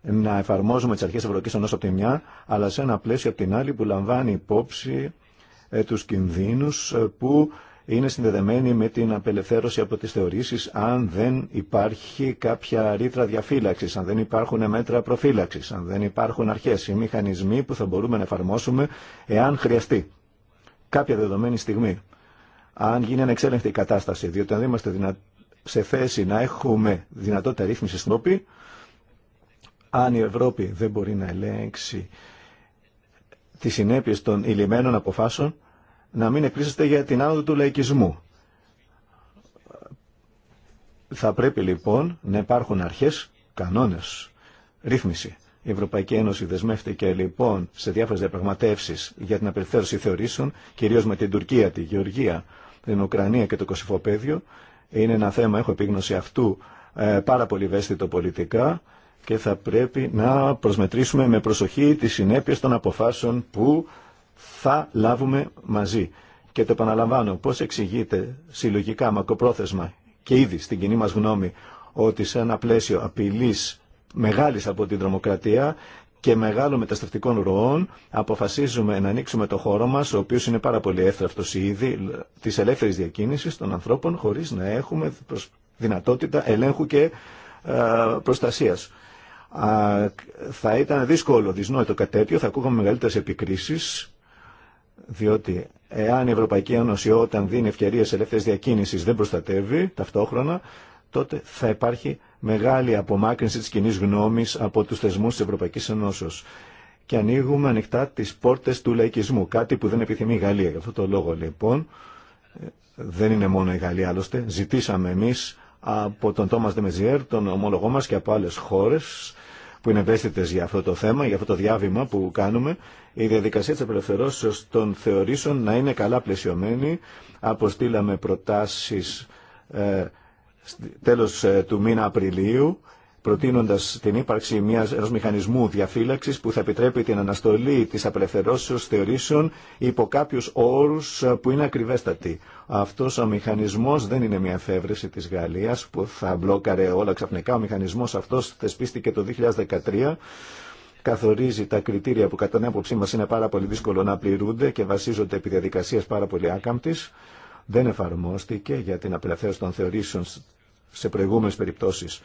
να εφαρμόζουμε τις αρχές Ευρωπαϊκής όσο από τη μια, αλλά σε ένα πλαίσιο από την άλλη που λαμβάνει υπόψη ε, τους κινδύνους ε, που είναι συνδεδεμένη με την απελευθέρωση από τις θεωρήσεις αν δεν υπάρχει κάποια ρήτρα διαφύλαξης, αν δεν υπάρχουν μέτρα προφύλαξης, αν δεν υπάρχουν αρχές ή μηχανισμοί που θα μπορούμε να εφαρμόσουμε εάν χρειαστεί κάποια δεδομένη στιγμή. Αν γίνει ανεξέλεγκτη η κατάσταση, διότι αν δεν είμαστε σε θέση να έχουμε δυνατότητα ρύθμιση στην Ευρώπη, αν η Ευρώπη δεν μπορεί να ελέγξει τις συνέπειες των ηλυμένων αποφάσεων, να μην εκπλήσεστε για την άνοδο του λαϊκισμού. Θα πρέπει λοιπόν να υπάρχουν αρχές, κανόνες, ρύθμιση. Η Ευρωπαϊκή Ένωση δεσμεύτηκε λοιπόν σε διάφορες διαπραγματεύσεις για την απελευθέρωση θεωρήσεων, κυρίως με την Τουρκία, τη Γεωργία, την Ουκρανία και το Κωσυφοπαίδιο. Είναι ένα θέμα, έχω επίγνωση αυτού, ε, πάρα πολύ ευαίσθητο πολιτικά και θα πρέπει να προσμετρήσουμε με προσοχή τις συνέπειες των αποφάσεων που θα λάβουμε μαζί. Και το επαναλαμβάνω, πώς εξηγείται συλλογικά, μακροπρόθεσμα και ήδη στην κοινή μας γνώμη ότι σε ένα πλαίσιο απειλής μεγάλης από την τρομοκρατία και μεγάλων μεταστρεπτικών ροών αποφασίζουμε να ανοίξουμε το χώρο μα, ο οποίο είναι πάρα πολύ εύθραυτο ήδη, τη ελεύθερη διακίνηση των ανθρώπων, χωρί να έχουμε δυνατότητα ελέγχου και ε, προστασία. Θα ήταν δύσκολο, δυσνόητο κάτι θα ακούγαμε μεγαλύτερε επικρίσει. Διότι εάν η Ευρωπαϊκή Ένωση όταν δίνει ευκαιρίες ελεύθερης διακίνησης δεν προστατεύει ταυτόχρονα, τότε θα υπάρχει μεγάλη απομάκρυνση της κοινή γνώμης από τους θεσμούς της Ευρωπαϊκής Ενώσεως. Και ανοίγουμε ανοιχτά τις πόρτες του λαϊκισμού, κάτι που δεν επιθυμεί η Γαλλία. Γι' αυτό το λόγο λοιπόν δεν είναι μόνο η Γαλλία άλλωστε. Ζητήσαμε εμείς από τον Τόμας Δεμεζιέρ, τον ομολογό μας και από άλλες χώρες που είναι ευαίσθητε για αυτό το θέμα, για αυτό το διάβημα που κάνουμε, η διαδικασία τη απελευθερώσεω των θεωρήσεων να είναι καλά πλαισιωμένη. Αποστήλαμε προτάσει ε, τέλο ε, του μήνα Απριλίου προτείνοντα την ύπαρξη μιας, μηχανισμού διαφύλαξη που θα επιτρέπει την αναστολή τη απελευθερώσεω θεωρήσεων υπό κάποιου όρου που είναι ακριβέστατοι. Αυτό ο μηχανισμό δεν είναι μια εφεύρεση τη Γαλλία που θα μπλόκαρε όλα ξαφνικά. Ο μηχανισμό αυτό θεσπίστηκε το 2013 καθορίζει τα κριτήρια που κατά την άποψή μας είναι πάρα πολύ δύσκολο να πληρούνται και βασίζονται επί διαδικασίας πάρα πολύ άκαμπτης. Δεν εφαρμόστηκε για την απελευθέρωση των θεωρήσεων σε προηγούμενες περιπτώσεις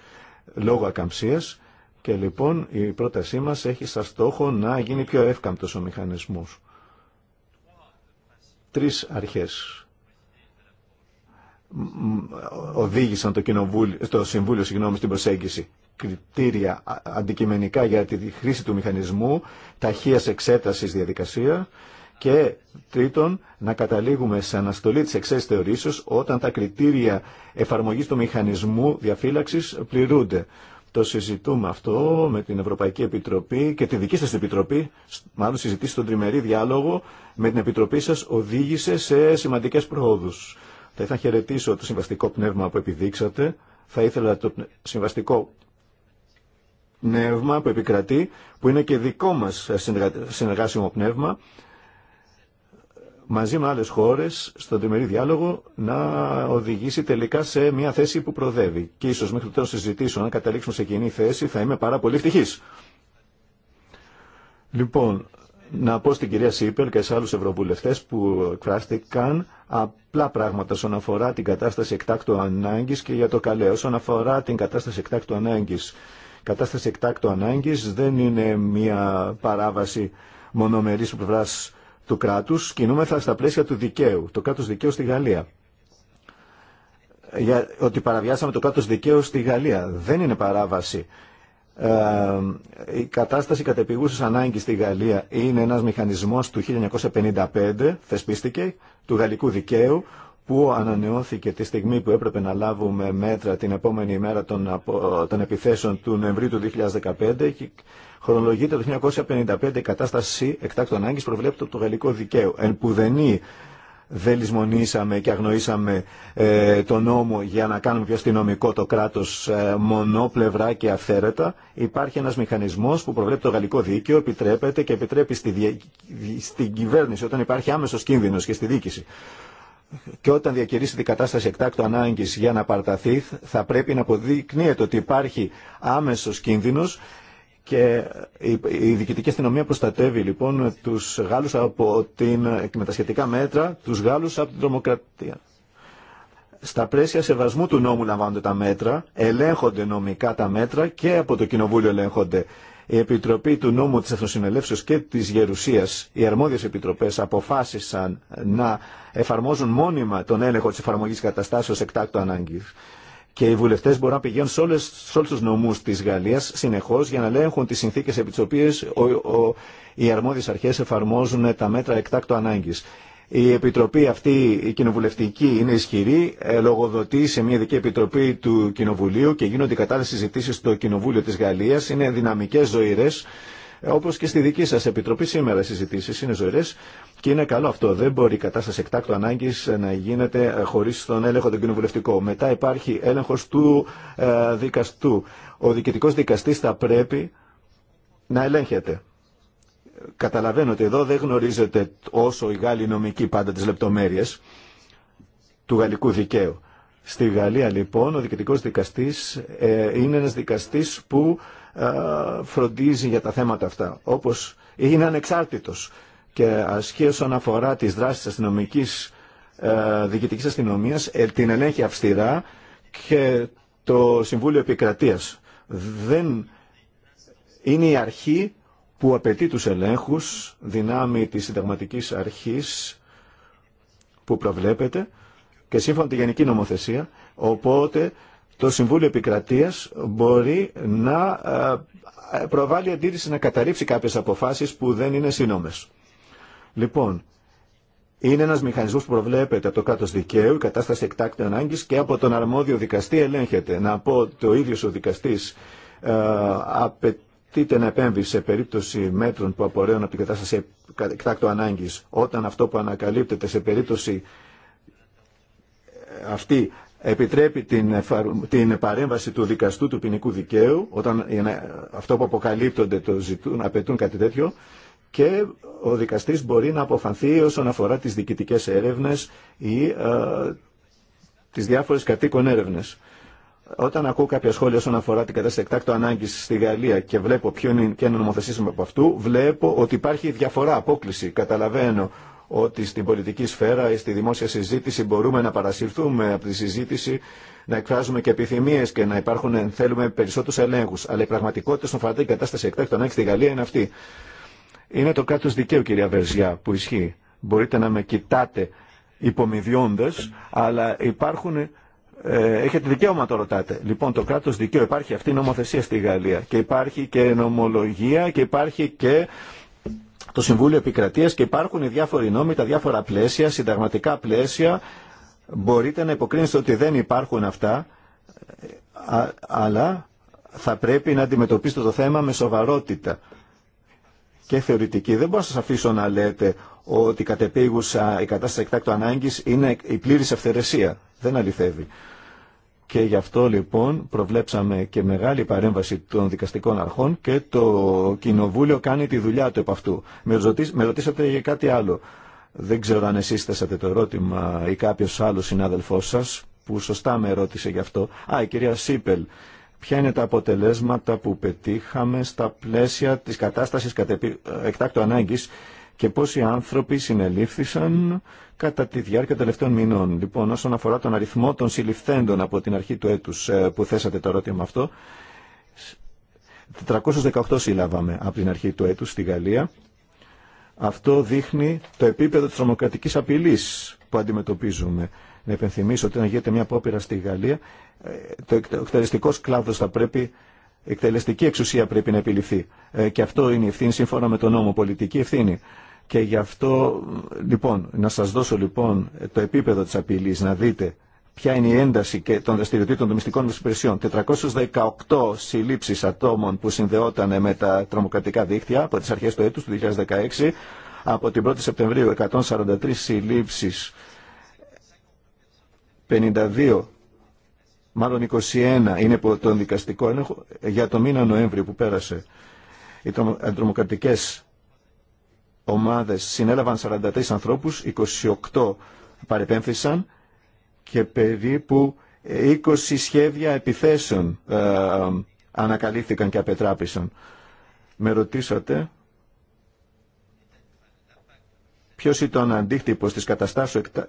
λόγω ακαμψίας και λοιπόν η πρότασή μας έχει σαν στόχο να γίνει πιο εύκαμπτος ο μηχανισμός. Τρεις αρχές οδήγησαν το, το Συμβούλιο συγγνώμη, στην προσέγγιση κριτήρια αντικειμενικά για τη χρήση του μηχανισμού, ταχείας εξέτασης διαδικασία, και τρίτον, να καταλήγουμε σε αναστολή της εξαίσθησης θεωρήσεως όταν τα κριτήρια εφαρμογής του μηχανισμού διαφύλαξης πληρούνται. Το συζητούμε αυτό με την Ευρωπαϊκή Επιτροπή και τη δική σας Επιτροπή, μάλλον συζητήσει στον τριμερή διάλογο με την Επιτροπή σας, οδήγησε σε σημαντικές προόδους. Θα ήθελα να χαιρετήσω το συμβαστικό πνεύμα που επιδείξατε. Θα ήθελα το συμβαστικό πνεύμα που επικρατεί, που είναι και δικό μας συνεργάσιμο πνεύμα, μαζί με άλλες χώρες στο τριμερή διάλογο να οδηγήσει τελικά σε μια θέση που προδεύει. Και ίσως μέχρι τώρα τέλος συζητήσεων, καταλήξουμε σε κοινή θέση, θα είμαι πάρα πολύ ευτυχής. Λοιπόν, να πω στην κυρία Σίπελ και σε άλλους ευρωβουλευτές που εκφράστηκαν απλά πράγματα όσον αφορά την κατάσταση εκτάκτου ανάγκης και για το καλέ. Όσον αφορά την κατάσταση εκτάκτου ανάγκης, κατάσταση εκτάκτου ανάγκης δεν είναι μια παράβαση μονομερής πλευράς του κράτους κινούμεθα στα πλαίσια του δικαίου, το κράτος δικαίου στη Γαλλία. Για, ότι παραβιάσαμε το κράτος δικαίου στη Γαλλία. Δεν είναι παράβαση. Ε, η κατάσταση κατεπηγούσης ανάγκης στη Γαλλία είναι ένας μηχανισμός του 1955, θεσπίστηκε, του γαλλικού δικαίου, που ανανεώθηκε τη στιγμή που έπρεπε να λάβουμε μέτρα την επόμενη ημέρα των, των επιθέσεων του Νοεμβρίου του 2015 και χρονολογείται το 1955 η κατάσταση εκτάκτου ανάγκης προβλέπεται από το γαλλικό δικαίου. Εν πουδενή δεν λησμονήσαμε και αγνοήσαμε ε, τον νόμο για να κάνουμε πιο αστυνομικό το κράτος ε, μονόπλευρα και αυθαίρετα. Υπάρχει ένας μηχανισμός που προβλέπει το γαλλικό δίκαιο, επιτρέπεται και επιτρέπει στη, στην κυβέρνηση όταν υπάρχει άμεσος κίνδυνος και στη δίκηση και όταν διακηρύσσει την κατάσταση εκτάκτου ανάγκη για να παραταθεί, θα πρέπει να αποδεικνύεται ότι υπάρχει άμεσο κίνδυνο και η διοικητική αστυνομία προστατεύει λοιπόν του Γάλλου από την, με μέτρα, του Γάλλου από την τρομοκρατία. Στα πρέσια σεβασμού του νόμου λαμβάνονται τα μέτρα, ελέγχονται νομικά τα μέτρα και από το Κοινοβούλιο ελέγχονται. Η Επιτροπή του Νόμου της Εθνοσυνελεύσεως και της Γερουσίας, οι αρμόδιες επιτροπές αποφάσισαν να εφαρμόζουν μόνιμα τον έλεγχο της εφαρμογής καταστάσεως εκτάκτου ανάγκης. Και οι βουλευτές μπορούν να πηγαίνουν σε, όλες, σε όλους τους νομούς της Γαλλίας συνεχώς για να ελέγχουν τις συνθήκες επί τις οποίες οι αρμόδιες αρχές εφαρμόζουν τα μέτρα εκτάκτου ανάγκης. Η επιτροπή αυτή, η κοινοβουλευτική, είναι ισχυρή, ε, λογοδοτεί σε μια ειδική επιτροπή του Κοινοβουλίου και γίνονται κατάλληλε συζητήσει στο Κοινοβούλιο τη Γαλλία. Είναι δυναμικέ, ζωηρέ, ε, όπω και στη δική σα επιτροπή σήμερα οι συζητήσει είναι ζωηρέ και είναι καλό αυτό. Δεν μπορεί η κατάσταση εκτάκτου ανάγκη να γίνεται ε, χωρί τον έλεγχο τον κοινοβουλευτικό. Μετά υπάρχει έλεγχο του δικαστού. Ο διοικητικό δικαστή θα πρέπει να ελέγχεται Καταλαβαίνω ότι εδώ δεν γνωρίζετε όσο η Γάλλοι νομικοί πάντα τις λεπτομέρειες του γαλλικού δικαίου. Στη Γαλλία λοιπόν ο διοικητικός δικαστής ε, είναι ένας δικαστής που ε, φροντίζει για τα θέματα αυτά. Όπως είναι ανεξάρτητος και ασκεί όσον αφορά τις δράσεις αστυνομικής, ε, διοικητικής αστυνομίας ε, την ελέγχει αυστηρά και το Συμβούλιο Επικρατείας. Δεν είναι η αρχή που απαιτεί τους ελέγχους δυνάμει της συνταγματικής αρχής που προβλέπεται και σύμφωνα με τη Γενική Νομοθεσία, οπότε το Συμβούλιο Επικρατείας μπορεί να ε, προβάλλει αντίρρηση να καταρρύψει κάποιες αποφάσεις που δεν είναι σύνομες. Λοιπόν, είναι ένας μηχανισμός που προβλέπεται από το κράτος δικαίου, η κατάσταση εκτάκτη ανάγκης και από τον αρμόδιο δικαστή ελέγχεται. Να πω, ο ίδιος ο δικαστής ε, απαιτεί τίτε να επέμβει σε περίπτωση μέτρων που απορρέουν από την κατάσταση εκτάκτου ανάγκης όταν αυτό που ανακαλύπτεται σε περίπτωση ε, αυτή επιτρέπει την, την παρέμβαση του δικαστού του ποινικού δικαίου όταν αυτό που αποκαλύπτονται το ζητούν, απαιτούν κάτι τέτοιο και ο δικαστής μπορεί να αποφανθεί όσον αφορά τις διοικητικέ έρευνε ή τι ε, τις διάφορες κατοίκων έρευνες. Όταν ακούω κάποια σχόλια όσον αφορά την κατάσταση εκτάκτου ανάγκη στη Γαλλία και βλέπω ποιο είναι και ένα νομοθεσίσμα από αυτού, βλέπω ότι υπάρχει διαφορά, απόκληση. Καταλαβαίνω ότι στην πολιτική σφαίρα ή στη δημόσια συζήτηση μπορούμε να παρασυρθούμε από τη συζήτηση, να εκφράζουμε και επιθυμίε και να υπάρχουν, θέλουμε, περισσότερου ελέγχου. Αλλά η πραγματικότητα στον αφορά την κατάσταση εκτάκτου ανάγκη στη Γαλλία είναι αυτή. Είναι το κράτο δικαίου, κυρία Βερζιά, που ισχύει. Μπορείτε να με κοιτάτε υπομειδιώντα, αλλά υπάρχουν ε, έχετε δικαίωμα το ρωτάτε. Λοιπόν, το κράτος δικαίου υπάρχει αυτή η νομοθεσία στη Γαλλία και υπάρχει και νομολογία και υπάρχει και το Συμβούλιο Επικρατείας και υπάρχουν οι διάφοροι νόμοι, τα διάφορα πλαίσια, συνταγματικά πλαίσια. Μπορείτε να υποκρίνεστε ότι δεν υπάρχουν αυτά, ε, αλλά θα πρέπει να αντιμετωπίσετε το θέμα με σοβαρότητα και θεωρητική. Δεν μπορώ να σας αφήσω να λέτε ότι κατεπήγουσα η κατάσταση εκτάκτου ανάγκης είναι η πλήρης αυθαιρεσία. Δεν αληθεύει. Και γι' αυτό λοιπόν προβλέψαμε και μεγάλη παρέμβαση των δικαστικών αρχών και το Κοινοβούλιο κάνει τη δουλειά του επ' αυτού. Με ρωτήσατε για κάτι άλλο. Δεν ξέρω αν εσείς θέσατε το ερώτημα ή κάποιος άλλος συνάδελφός σας που σωστά με ρώτησε γι' αυτό. Α, η κυρία Σίπελ. Ποια είναι τα αποτελέσματα που πετύχαμε στα πλαίσια της κατάστασης εκτάκτου ανάγκης και πόσοι άνθρωποι συνελήφθησαν κατά τη διάρκεια των τελευταίων μηνών. Λοιπόν, όσον αφορά τον αριθμό των συλληφθέντων από την αρχή του έτους ε, που θέσατε το ερώτημα αυτό, 418 συλλάβαμε από την αρχή του έτους στη Γαλλία. Αυτό δείχνει το επίπεδο της τρομοκρατικής απειλής που αντιμετωπίζουμε. Να υπενθυμίσω ότι να γίνεται μια απόπειρα στη Γαλλία, ε, το εκτελεστικό κλάδος θα πρέπει η εκτελεστική εξουσία πρέπει να επιληφθεί. Ε, και αυτό είναι η ευθύνη σύμφωνα με τον νόμο, πολιτική ευθύνη. Και γι' αυτό, λοιπόν, να σας δώσω λοιπόν το επίπεδο της απειλής, να δείτε ποια είναι η ένταση και των δραστηριοτήτων των μυστικών μας υπηρεσιών. 418 συλλήψεις ατόμων που συνδεόταν με τα τρομοκρατικά δίκτυα από τις αρχές του έτους του 2016, από την 1η Σεπτεμβρίου 143 συλλήψεις, 52 μάλλον 21 είναι από τον δικαστικό έλεγχο για το μήνα Νοέμβριο που πέρασε. Οι τρομοκρατικές ομάδες συνέλαβαν 43 ανθρώπους, 28 παρεπέμφθησαν και περίπου 20 σχέδια επιθέσεων ε, ανακαλύφθηκαν και απετράπησαν. Με ρωτήσατε ποιος ήταν ο αντίκτυπος της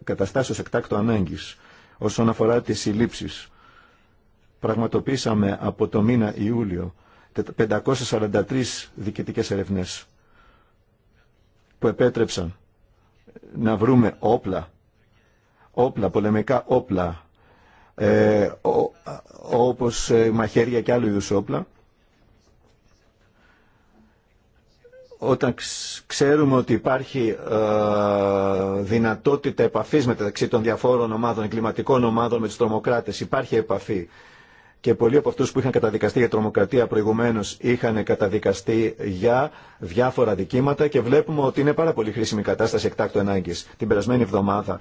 καταστάσεως εκτάκτου ανάγκης όσον αφορά τις συλλήψεις. Πραγματοποίησαμε από το μήνα Ιούλιο 543 διοικητικές ερευνές που επέτρεψαν να βρούμε όπλα, όπλα, πολεμικά όπλα, ε, ο, όπως ε, μαχαίρια και άλλου είδους όπλα, όταν ξέρουμε ότι υπάρχει ε, δυνατότητα επαφής μεταξύ των διαφόρων ομάδων, εγκληματικών ομάδων με τους τρομοκράτες, υπάρχει επαφή και πολλοί από αυτούς που είχαν καταδικαστεί για τρομοκρατία προηγουμένως είχαν καταδικαστεί για διάφορα δικήματα και βλέπουμε ότι είναι πάρα πολύ χρήσιμη η κατάσταση εκτάκτου ανάγκης. Την περασμένη εβδομάδα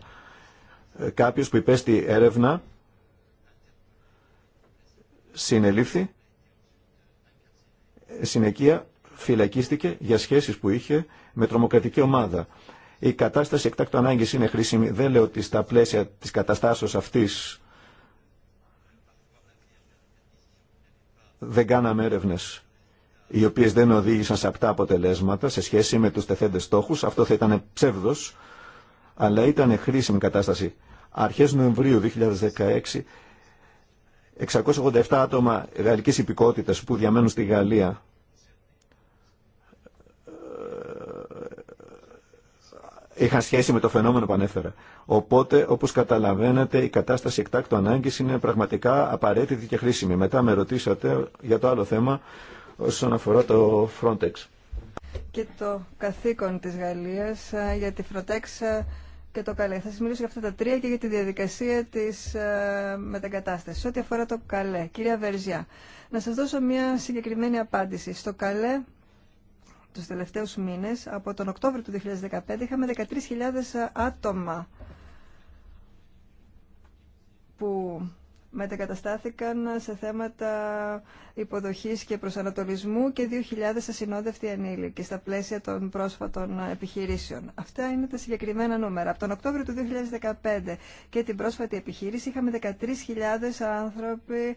ε, κάποιο που υπέστη έρευνα συνελήφθη, ε, συνεκεία φυλακίστηκε για σχέσεις που είχε με τρομοκρατική ομάδα. Η κατάσταση εκτάκτου ανάγκης είναι χρήσιμη. Δεν λέω ότι στα πλαίσια της καταστάσεως αυτής δεν κάναμε έρευνε οι οποίε δεν οδήγησαν σε απτά αποτελέσματα σε σχέση με του τεθέντε στόχου. Αυτό θα ήταν ψεύδο, αλλά ήταν χρήσιμη κατάσταση. Αρχέ Νοεμβρίου 2016, 687 άτομα γαλλικής υπηκότητας που διαμένουν στη Γαλλία είχαν σχέση με το φαινόμενο που ανέφερα. Οπότε, όπω καταλαβαίνετε, η κατάσταση εκτάκτου ανάγκη είναι πραγματικά απαραίτητη και χρήσιμη. Μετά με ρωτήσατε για το άλλο θέμα όσον αφορά το Frontex. Και το καθήκον της Γαλλίας ε, για τη Frontex ε, και το Καλέ. Θα σας μιλήσω για αυτά τα τρία και για τη διαδικασία της ε, μεταγκατάστασης. Ό,τι αφορά το Καλέ, κυρία Βερζιά, να σας δώσω μια συγκεκριμένη απάντηση. Στο Καλέ τους τελευταίους μήνες, από τον Οκτώβριο του 2015 είχαμε 13.000 ε, άτομα που μετακαταστάθηκαν σε θέματα υποδοχής και προσανατολισμού και 2.000 ασυνόδευτοι ανήλικοι στα πλαίσια των πρόσφατων επιχειρήσεων. Αυτά είναι τα συγκεκριμένα νούμερα. Από τον Οκτώβριο του 2015 και την πρόσφατη επιχείρηση είχαμε 13.000 άνθρωποι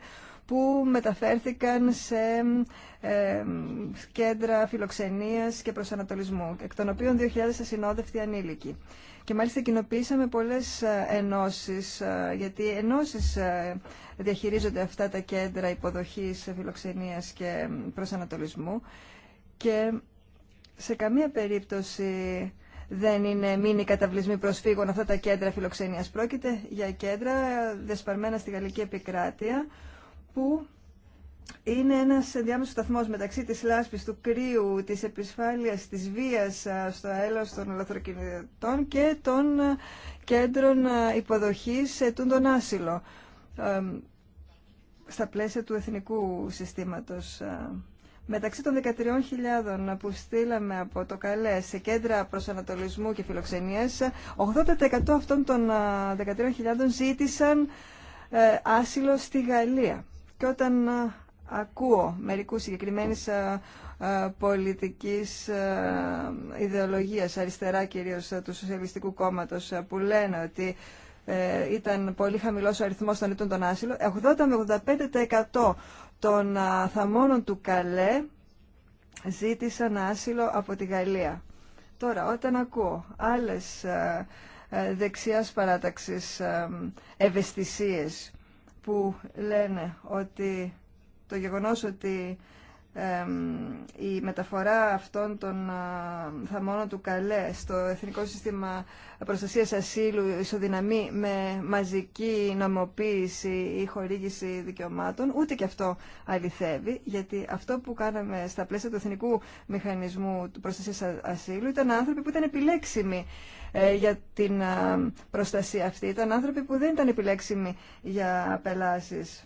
που μεταφέρθηκαν σε ε, κέντρα φιλοξενίας και προσανατολισμού, εκ των οποίων 2.000 ασυνόδευτοι ανήλικοι. Και μάλιστα κοινοποιήσαμε πολλές ε, ενώσεις, ε, γιατί ενώσεις ε, διαχειρίζονται αυτά τα κέντρα υποδοχής φιλοξενίας και προσανατολισμού και σε καμία περίπτωση δεν είναι μήνυ καταβλισμοί προσφύγων αυτά τα κέντρα φιλοξενίας. Πρόκειται για κέντρα δεσπαρμένα στη Γαλλική επικράτεια, που είναι ένας ενδιάμεσος σταθμός μεταξύ της λάσπης, του κρύου, της επισφάλειας, της βίας στο έλεος των ελαθροκινητών και των κέντρων υποδοχής των τον άσυλο στα πλαίσια του εθνικού συστήματος. Μεταξύ των 13.000 που στείλαμε από το Καλέ σε κέντρα προσανατολισμού και φιλοξενίας, 80% αυτών των 13.000 ζήτησαν ε, άσυλο στη Γαλλία. Και όταν ε, ακούω μερικούς συγκεκριμένες ε, ε, πολιτικής ιδεολογίας, αριστερά κυρίως του Σοσιαλιστικού Κόμματος, που λένε ότι ήταν πολύ χαμηλός ο αριθμός των ετών των άσυλων, 80 με 85% των θαμώνων του Καλέ ζήτησαν άσυλο από τη Γαλλία. Τώρα, όταν ακούω άλλες δεξιάς παράταξης ευαισθησίες που λένε ότι το γεγονός ότι η μεταφορά αυτών των θαμώνων του Καλέ στο Εθνικό Σύστημα Προστασίας Ασύλου ισοδυναμεί με μαζική νομοποίηση ή χορήγηση δικαιωμάτων, ούτε και αυτό αληθεύει, γιατί αυτό που κάναμε στα πλαίσια του Εθνικού Μηχανισμού Προστασίας Ασύλου ήταν άνθρωποι που ήταν επιλέξιμοι ε, για την ε, προστασία αυτή. Ήταν άνθρωποι που δεν ήταν επιλέξιμοι για απελάσεις.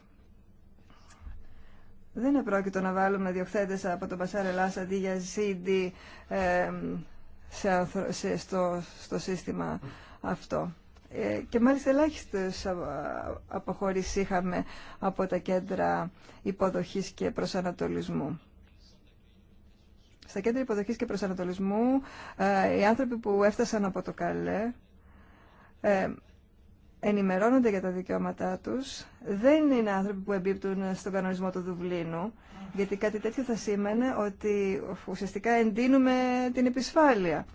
Δεν επρόκειτο να βάλουμε διοχθέτες από τον Πασάρ Ελλάς αντί για ζήτη ε, σε, στο, σύστημα αυτό. και μάλιστα ελάχιστες αποχώρηση είχαμε από τα κέντρα υποδοχής και προσανατολισμού. Στα κέντρα υποδοχής και προσανατολισμού ε, οι άνθρωποι που έφτασαν από το Καλέ ε, ενημερώνονται για τα δικαιώματά τους. Δεν είναι άνθρωποι που εμπίπτουν στον κανονισμό του Δουβλίνου, γιατί κάτι τέτοιο θα σήμαινε ότι ουσιαστικά εντείνουμε την επισφάλεια.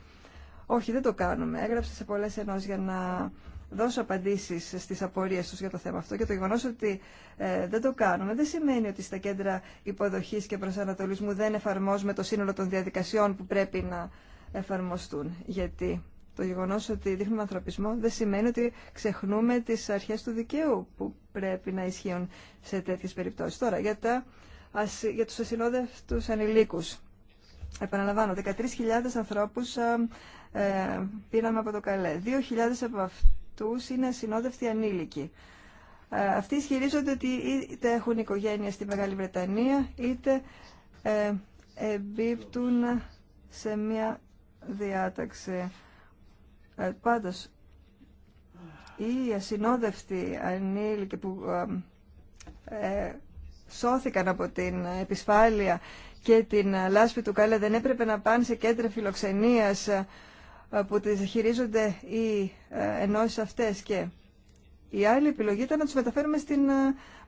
Όχι, δεν το κάνουμε. Έγραψα σε πολλές ενό για να δώσω απαντήσει στι απορίε του για το θέμα αυτό και το γεγονό ότι ε, δεν το κάνουμε δεν σημαίνει ότι στα κέντρα υποδοχή και προσανατολισμού δεν εφαρμόζουμε το σύνολο των διαδικασιών που πρέπει να εφαρμοστούν. Γιατί το γεγονό ότι δείχνουμε ανθρωπισμό δεν σημαίνει ότι ξεχνούμε τι αρχέ του δικαίου που πρέπει να ισχύουν σε τέτοιε περιπτώσει. Τώρα, για, τα, για τους ασυνόδευτους ανηλίκους. Επαναλαμβάνω, 13.000 ανθρώπους ε, ε πήραμε από το καλέ. 2.000 από αυτού αυτούς είναι ασυνόδευτοι ανήλικοι. Ε, αυτοί ισχυρίζονται ότι είτε έχουν οικογένεια στη Μεγάλη Βρετανία, είτε ε, εμπίπτουν σε μια διάταξη. Ε, πάντως, οι ασυνόδευτοι ανήλικοι που ε, ε σώθηκαν από την επισφάλεια και την λάσπη του Κάλε δεν έπρεπε να πάνε σε κέντρα φιλοξενίας ε, που τις χειρίζονται οι ε, ενώσεις αυτές και η άλλη επιλογή ήταν να τους μεταφέρουμε στην ε,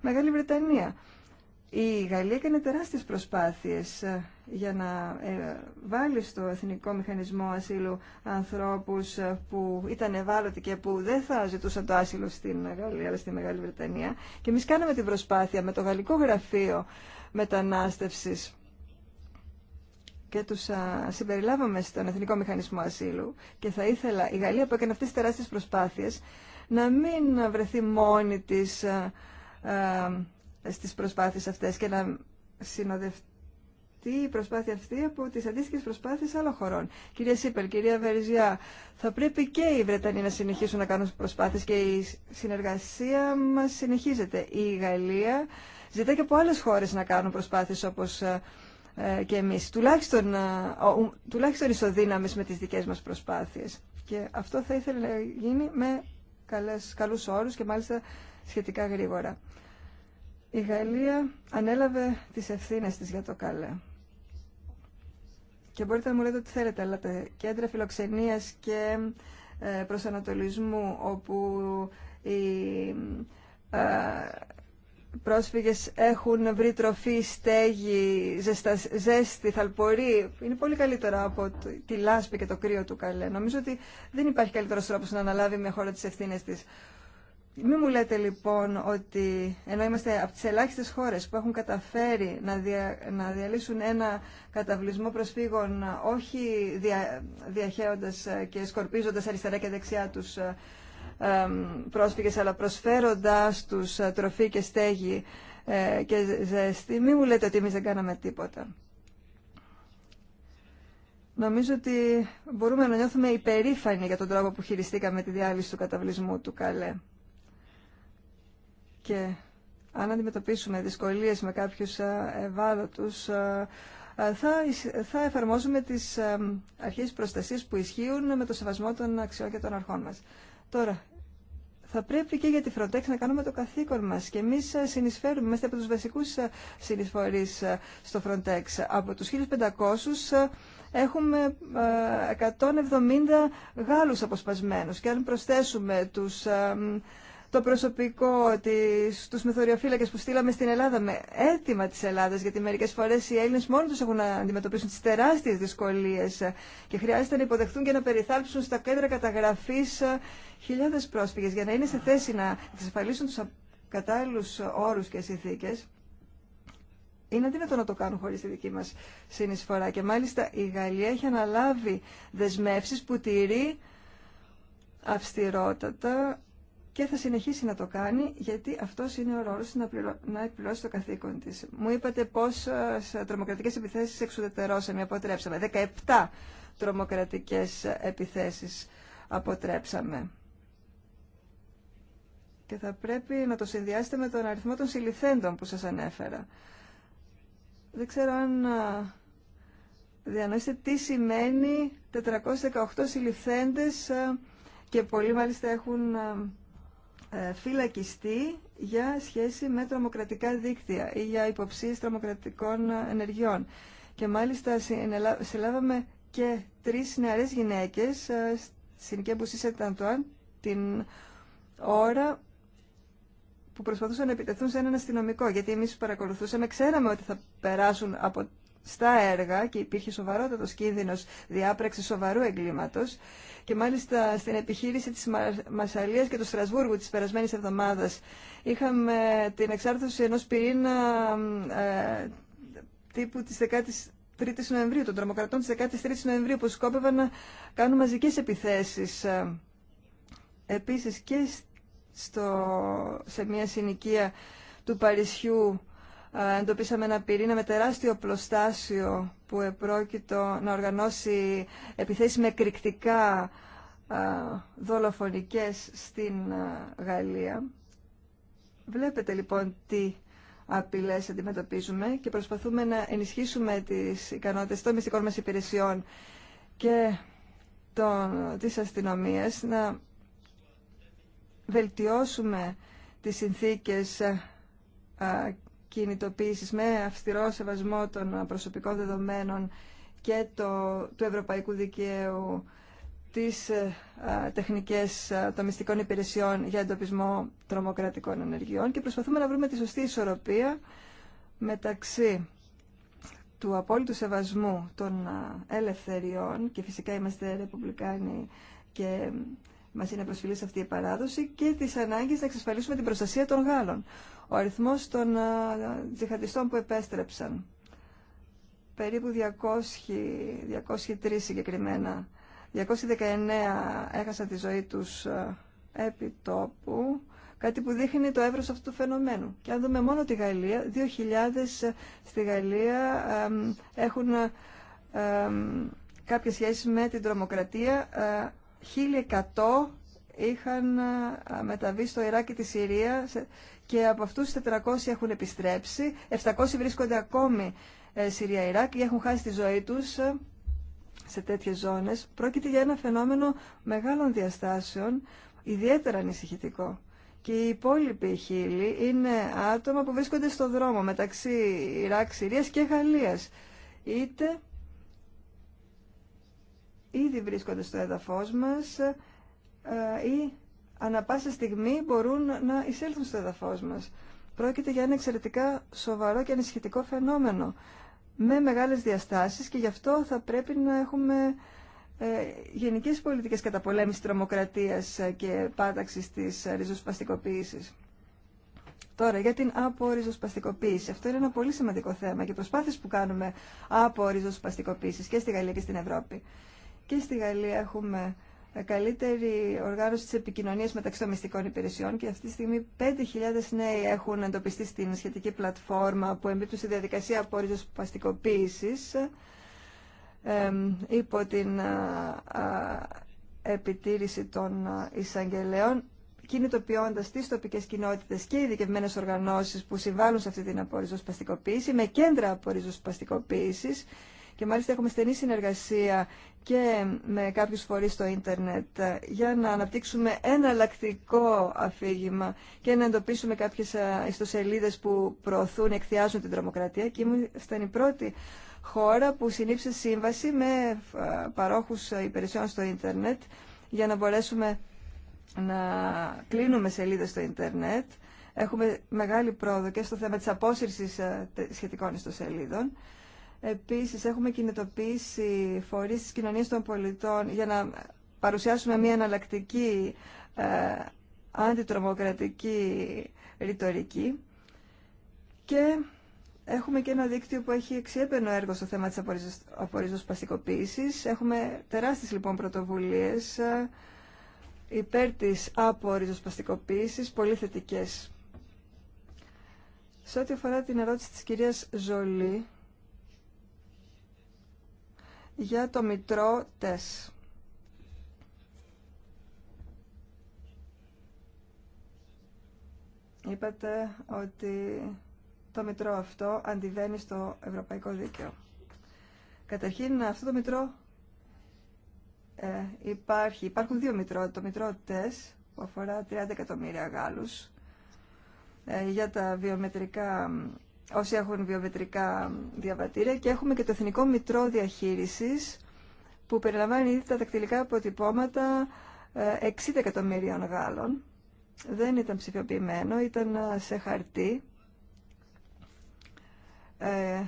Μεγάλη Βρετανία. Η Γαλλία έκανε τεράστιες προσπάθειες ε, για να βάλει στο Εθνικό Μηχανισμό Ασύλου ανθρώπους που ήταν ευάλωτοι και που δεν θα ζητούσαν το άσυλο στην Γαλλία αλλά στη Μεγάλη Βρετανία. Και εμεί κάναμε την προσπάθεια με το Γαλλικό Γραφείο Μετανάστευσης και τους συμπεριλάβαμε στον Εθνικό Μηχανισμό Ασύλου και θα ήθελα η Γαλλία που έκανε αυτές τις τεράστιες προσπάθειες να μην βρεθεί μόνη της στις προσπάθειες αυτές και να συνοδευτεί η προσπάθεια αυτή από τις αντίστοιχες προσπάθειες άλλων χωρών. Κυρία Σίπελ, κυρία Βεριζιά, θα πρέπει και οι Βρετανοί να συνεχίσουν να κάνουν προσπάθειες και η συνεργασία μας συνεχίζεται. Η Γαλλία ζητάει και από άλλες χώρες να κάνουν προσπάθειες όπως ε, και εμείς, τουλάχιστον, ε, τουλάχιστον ισοδύναμες με τις δικές μας προσπάθειες. Και αυτό θα ήθελε να γίνει με καλές, καλούς όρους και μάλιστα σχετικά γρήγορα. Η Γαλλία ανέλαβε τις ευθύνες της για το καλέ. Και μπορείτε να μου λέτε ό,τι θέλετε, αλλά τα κέντρα φιλοξενίας και ε, προσανατολισμού, όπου πρόσφυγες έχουν βρει τροφή, στέγη, ζεστα, ζέστη, θαλπορή. Είναι πολύ καλύτερα από τη λάσπη και το κρύο του καλέ. Νομίζω ότι δεν υπάρχει καλύτερος τρόπος να αναλάβει μια χώρα τις ευθύνες της. Μην μου λέτε λοιπόν ότι ενώ είμαστε από τις ελάχιστες χώρες που έχουν καταφέρει να, διαλύσουν ένα καταβλισμό προσφύγων όχι δια, διαχέοντας και σκορπίζοντας αριστερά και δεξιά τους πρόσφυγες, αλλά προσφέροντάς τους ε, τροφή και στέγη ε, και ζέστη, μη μου λέτε ότι εμείς δεν κάναμε τίποτα. Νομίζω ότι μπορούμε να νιώθουμε υπερήφανοι για τον τρόπο που χειριστήκαμε τη διάλυση του καταβλισμού του Καλέ. Και αν αντιμετωπίσουμε δυσκολίες με κάποιους ε, ευάλωτους, θα, θα εφαρμόζουμε τις αρχές προστασίας που ισχύουν με το σεβασμό των αξιών και των αρχών μας. Τώρα, θα πρέπει και για τη Frontex να κάνουμε το καθήκον μας και εμείς ε, συνεισφέρουμε, είμαστε από τους βασικούς ε, συνεισφορεί ε, στο Frontex. Από τους 1500 έχουμε 170 Γάλλους αποσπασμένους και αν προσθέσουμε τους το προσωπικό, του τους μεθοριοφύλακες που στείλαμε στην Ελλάδα με αίτημα της Ελλάδας, γιατί μερικές φορές οι Έλληνες μόνο τους έχουν να αντιμετωπίσουν τις τεράστιες δυσκολίες και χρειάζεται να υποδεχθούν και να περιθάλψουν στα κέντρα καταγραφής χιλιάδες πρόσφυγες για να είναι σε θέση να εξασφαλίσουν τους κατάλληλους όρους και συνθήκες. Είναι αδύνατο να το κάνουν χωρίς τη δική μας συνεισφορά. Και μάλιστα η Γαλλία έχει αναλάβει δεσμεύσεις που τηρεί αυστηρότατα και θα συνεχίσει να το κάνει γιατί αυτό είναι ο ρόλος να εκπληρώσει το καθήκον της. Μου είπατε πόσες ε, τρομοκρατικές επιθέσεις εξουδετερώσαμε, αποτρέψαμε. 17 τρομοκρατικές επιθέσεις αποτρέψαμε. Και θα πρέπει να το συνδυάσετε με τον αριθμό των συλληθέντων που σας ανέφερα. Δεν ξέρω αν ε, διανοήσετε τι σημαίνει 418 συλληθέντες ε, και πολλοί μάλιστα έχουν ε, φυλακιστεί για σχέση με τρομοκρατικά δίκτυα ή για υποψίες τρομοκρατικών ενεργειών. Και μάλιστα συλλάβαμε και τρεις νεαρές γυναίκες ε, που σε Αντουάν την ώρα που προσπαθούσαν να επιτεθούν σε έναν αστυνομικό. Γιατί εμείς παρακολουθούσαμε, ξέραμε ότι θα περάσουν από στα έργα και υπήρχε σοβαρότατο κίνδυνο διάπραξη σοβαρού εγκλήματος και μάλιστα στην επιχείρηση της μασαλία και του Στρασβούργου τη περασμένη εβδομάδα, είχαμε την εξάρτηση ενός πυρήνα ε, τύπου της 13ης Νοεμβρίου, των τρομοκρατών τη 13 η Νοεμβρίου που σκόπευαν να κάνουν μαζικέ επιθέσεις ε, επίσης και στο, σε μια συνοικία του Παρισιού εντοπίσαμε ένα πυρήνα με τεράστιο πλωστάσιο που επρόκειτο να οργανώσει επιθέσεις με κρυκτικά δολοφονικές στην Γαλλία. Βλέπετε λοιπόν τι απειλές αντιμετωπίζουμε και προσπαθούμε να ενισχύσουμε τις ικανότητες των μυστικών μας υπηρεσιών και των, της αστυνομίας να βελτιώσουμε τις συνθήκες κινητοποίησης με αυστηρό σεβασμό των προσωπικών δεδομένων και το, του ευρωπαϊκού δικαίου τις ε, α, τεχνικές α, των μυστικών υπηρεσιών για εντοπισμό τρομοκρατικών ενεργειών και προσπαθούμε να βρούμε τη σωστή ισορροπία μεταξύ του απόλυτου σεβασμού των ελευθεριών και φυσικά είμαστε ρεπουμπλικάνοι και μας είναι προσφυλής αυτή η παράδοση και τις ανάγκες να εξασφαλίσουμε την προστασία των Γάλλων ο αριθμός των ε, τζιχαντιστών που επέστρεψαν. Περίπου 200, 203 συγκεκριμένα. 219 έχασαν τη ζωή τους ε, επί τόπου, κάτι που δείχνει το έβρος αυτού του φαινομένου. Και αν δούμε μόνο τη Γαλλία, 2.000 στη Γαλλία έχουν κάποια σχέση με την τρομοκρατία. 1.100 ε, είχαν μεταβεί στο Ιράκ και τη Συρία και από αυτούς 400 έχουν επιστρέψει, 700 βρίσκονται ακόμη ε, Συρία-Ιράκ και έχουν χάσει τη ζωή τους ε, σε τέτοιες ζώνες. Πρόκειται για ένα φαινόμενο μεγάλων διαστάσεων, ιδιαίτερα ανησυχητικό. Και οι υπόλοιποι χίλιοι είναι άτομα που βρίσκονται στο δρόμο μεταξύ Ιράκ, Συρίας και Γαλλίας. Είτε ήδη βρίσκονται στο έδαφος μας ε, ή ανα πάσα στιγμή μπορούν να εισέλθουν στο εδαφός μας. Πρόκειται για ένα εξαιρετικά σοβαρό και ανησυχητικό φαινόμενο με μεγάλες διαστάσεις και γι' αυτό θα πρέπει να έχουμε ε, γενικές πολιτικές καταπολέμησης τρομοκρατίας ε, και πάταξης της ε, ριζοσπαστικοποίησης. Τώρα, για την απορριζοσπαστικοποίηση. Αυτό είναι ένα πολύ σημαντικό θέμα και προσπάθειες που κάνουμε απορριζοσπαστικοποίησης και στη Γαλλία και στην Ευρώπη. Και στη Γαλλία έχουμε ε, καλύτερη οργάνωση της επικοινωνίας μεταξύ των μυστικών υπηρεσιών και αυτή τη στιγμή 5.000 νέοι έχουν εντοπιστεί στην σχετική πλατφόρμα που εμπίπτουν στη διαδικασία απόρριζος παστικοποίησης ε, υπό την επιτήρηση των εισαγγελέων κινητοποιώντα τι τοπικέ κοινότητε και ειδικευμένε οργανώσει που συμβάλλουν σε αυτή την απορριζοσπαστικοποίηση, με κέντρα απορριζοσπαστικοποίηση και μάλιστα έχουμε στενή συνεργασία και με κάποιους φορείς στο ίντερνετ ε, για να αναπτύξουμε ένα εναλλακτικό αφήγημα και να εντοπίσουμε κάποιες ε, ιστοσελίδες που προωθούν, εκθιάζουν την τρομοκρατία και ήμασταν η πρώτη χώρα που συνήψε σύμβαση με ε, παρόχους υπηρεσιών στο ίντερνετ για να μπορέσουμε να κλείνουμε σελίδες στο ίντερνετ. Έχουμε μεγάλη πρόοδο και στο θέμα της απόσυρσης σχετικών ιστοσελίδων. Επίσης, έχουμε κινητοποιήσει φορείς της κοινωνίας των πολιτών για να παρουσιάσουμε μια εναλλακτική ε, αντιτρομοκρατική ρητορική και έχουμε και ένα δίκτυο που έχει εξέπαινο έργο στο θέμα της απορριζοσπαστικοποίησης. Έχουμε τεράστιες λοιπόν πρωτοβουλίες ε, υπέρ της απορριζοσπαστικοποίησης, πολύ θετικές. Σε ό,τι αφορά την ερώτηση της κυρίας Ζολή, για το Μητρό ΤΕΣ. Είπατε ότι το Μητρό αυτό αντιβαίνει στο Ευρωπαϊκό Δίκαιο. Καταρχήν αυτό το Μητρό ε, υπάρχει, υπάρχουν δύο Μητρό, το Μητρό ΤΕΣ που αφορά 30 εκατομμύρια Γάλλους ε, για τα βιομετρικά όσοι έχουν βιομετρικά διαβατήρια και έχουμε και το Εθνικό Μητρό Διαχείρισης που περιλαμβάνει ήδη τα δακτυλικά αποτυπώματα 60 ε, εκατομμύριων Γάλλων. Δεν ήταν ψηφιοποιημένο, ήταν ε, σε χαρτί ε,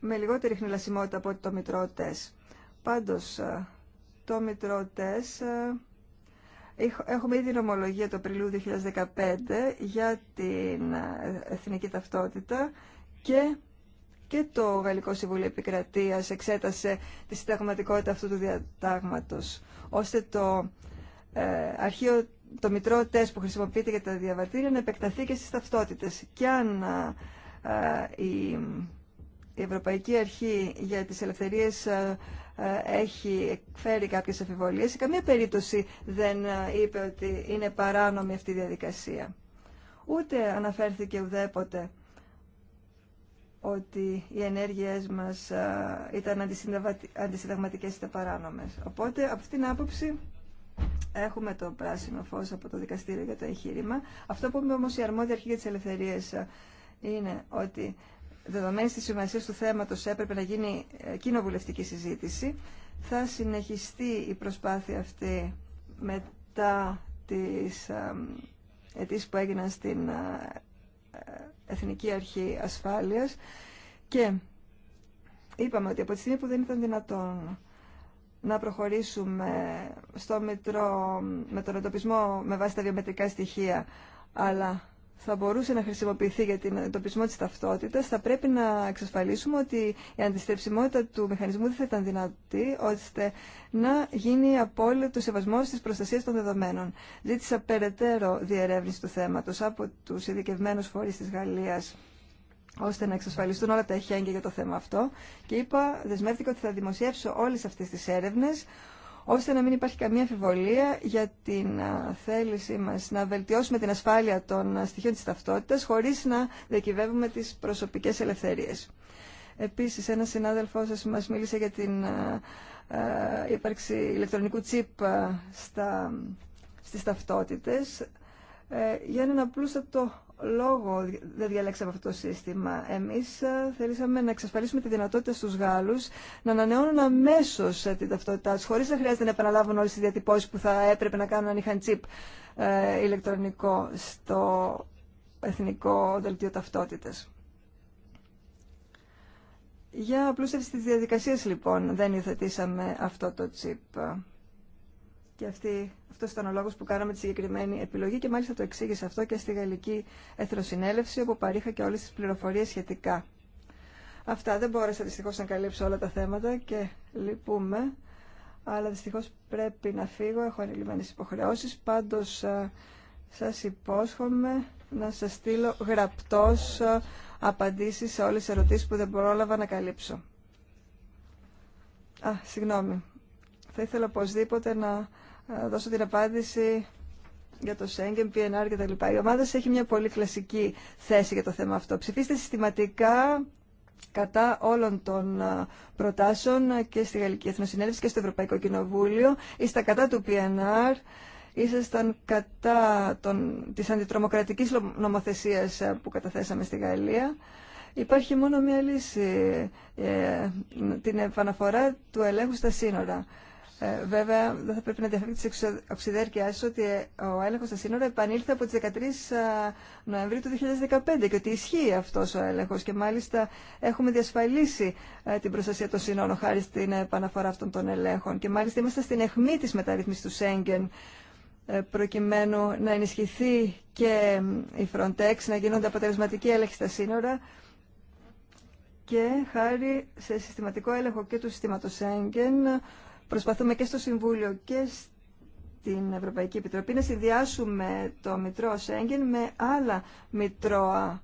με λιγότερη χνηλασιμότητα από το Μητρό ΤΕΣ. Πάντως, το Μητρό ΤΕΣ Έχουμε ήδη νομολογία το Απριλίου 2015 για την ε, εθνική ταυτότητα και, και το Γαλλικό Συμβούλιο Επικρατείας εξέτασε τη συνταγματικότητα αυτού του διατάγματος, ώστε το ε, αρχείο το μητρό τεστ που χρησιμοποιείται για τα διαβατήρια να επεκταθεί και στις ταυτότητες. Και αν ε, η, Ευρωπαϊκή Αρχή για τις Ελευθερίες ε, έχει εκφέρει κάποιες αφιβολίες σε καμία περίπτωση δεν ε, είπε ότι είναι παράνομη αυτή η διαδικασία. Ούτε αναφέρθηκε ουδέποτε ότι οι ενέργειές μας ε, ήταν αντισυνταγματικές ήταν παράνομες. Οπότε, από αυτήν την άποψη, έχουμε το πράσινο φως από το δικαστήριο για το εγχείρημα. Αυτό που είπε όμως η αρμόδια αρχή για τις ελευθερίες είναι ότι Δεδομένη της σημασία του θέματος έπρεπε να γίνει ε, κοινοβουλευτική συζήτηση. Θα συνεχιστεί η προσπάθεια αυτή μετά τις αιτήσει που έγιναν στην ε, Εθνική Αρχή Ασφάλειας και είπαμε ότι από τη στιγμή που δεν ήταν δυνατόν να προχωρήσουμε στο μετρό με τον εντοπισμό με βάση τα βιομετρικά στοιχεία αλλά θα μπορούσε να χρησιμοποιηθεί για την εντοπισμό της ταυτότητας, θα πρέπει να εξασφαλίσουμε ότι η αντιστρεψιμότητα του μηχανισμού δεν θα ήταν δυνατή, ώστε να γίνει απόλυτο σεβασμό στις προστασίες των δεδομένων. Ζήτησα περαιτέρω διερεύνηση του θέματος από τους ειδικευμένους φορείς της Γαλλίας ώστε να εξασφαλιστούν όλα τα εχέγγυα για το θέμα αυτό και είπα, δεσμεύτηκα ότι θα δημοσιεύσω όλες αυτές τις έρευνες ώστε να μην υπάρχει καμία αμφιβολία για την θέλησή μας να βελτιώσουμε την ασφάλεια των στοιχείων της ταυτότητας χωρίς να διακυβεύουμε τις προσωπικές ελευθερίες. Επίσης, ένας συνάδελφός σα μας μίλησε για την ύπαρξη ηλεκτρονικού τσίπ στα, στις ταυτότητες ε, για έναν απλούστατο λόγο δεν διαλέξαμε αυτό το σύστημα. Εμείς ε, θέλησαμε να εξασφαλίσουμε τη δυνατότητα στους Γάλλους να ανανεώνουν αμέσω ε, την ταυτότητά τους, χωρίς να χρειάζεται να επαναλάβουν όλες τις διατυπώσεις που θα έπρεπε να κάνουν αν είχαν τσίπ ε, ηλεκτρονικό στο εθνικό δελτίο Ταυτότητες. Για απλούστευση της διαδικασίας λοιπόν δεν υιοθετήσαμε αυτό το τσίπ και αυτή, αυτός ήταν ο λόγος που κάναμε τη συγκεκριμένη επιλογή και μάλιστα το εξήγησα αυτό και στη Γαλλική Εθροσυνέλευση όπου παρήχα και όλες τις πληροφορίες σχετικά. Αυτά δεν μπόρεσα δυστυχώς να καλύψω όλα τα θέματα και λυπούμε, αλλά δυστυχώς πρέπει να φύγω, έχω ανηλυμένες υποχρεώσεις, πάντως σας υπόσχομαι να σας στείλω γραπτός απαντήσεις σε όλες τις ερωτήσεις που δεν πρόλαβα να καλύψω. Α, συγγνώμη. Θα ήθελα οπωσδήποτε να ε, δώσω την απάντηση για το Σέγγεν, PNR λοιπά. Η ομάδα έχει μια πολύ κλασική θέση για το θέμα αυτό. Ψηφίστε συστηματικά κατά όλων των ε, προτάσεων και στη Γαλλική Εθνοσυνέλευση και στο Ευρωπαϊκό Κοινοβούλιο. Είστε κατά του PNR, ήσασταν κατά των, της αντιτρομοκρατικής νομοθεσίας ε, που καταθέσαμε στη Γαλλία. Υπάρχει μόνο μία λύση, την επαναφορά του ελέγχου στα σύνορα. Ε, βέβαια, δεν θα πρέπει να διαφεύγει τη οξυδέρκειά ότι ε, ο έλεγχο στα σύνορα επανήλθε από τι 13 ε, Νοεμβρίου του 2015 και ότι ισχύει αυτό ο έλεγχο. Και μάλιστα έχουμε διασφαλίσει ε, την προστασία των σύνορων χάρη στην επαναφορά αυτών των ελέγχων. Και μάλιστα είμαστε στην αιχμή τη μεταρρύθμιση του Σέγγεν προκειμένου να ενισχυθεί και η Frontex, να γίνονται αποτελεσματικοί έλεγχοι στα σύνορα και χάρη σε συστηματικό έλεγχο και του συστήματος Σέγγεν Προσπαθούμε και στο Συμβούλιο και στην Ευρωπαϊκή Επιτροπή να συνδυάσουμε το Μητρό Σέγγεν με άλλα Μητρώα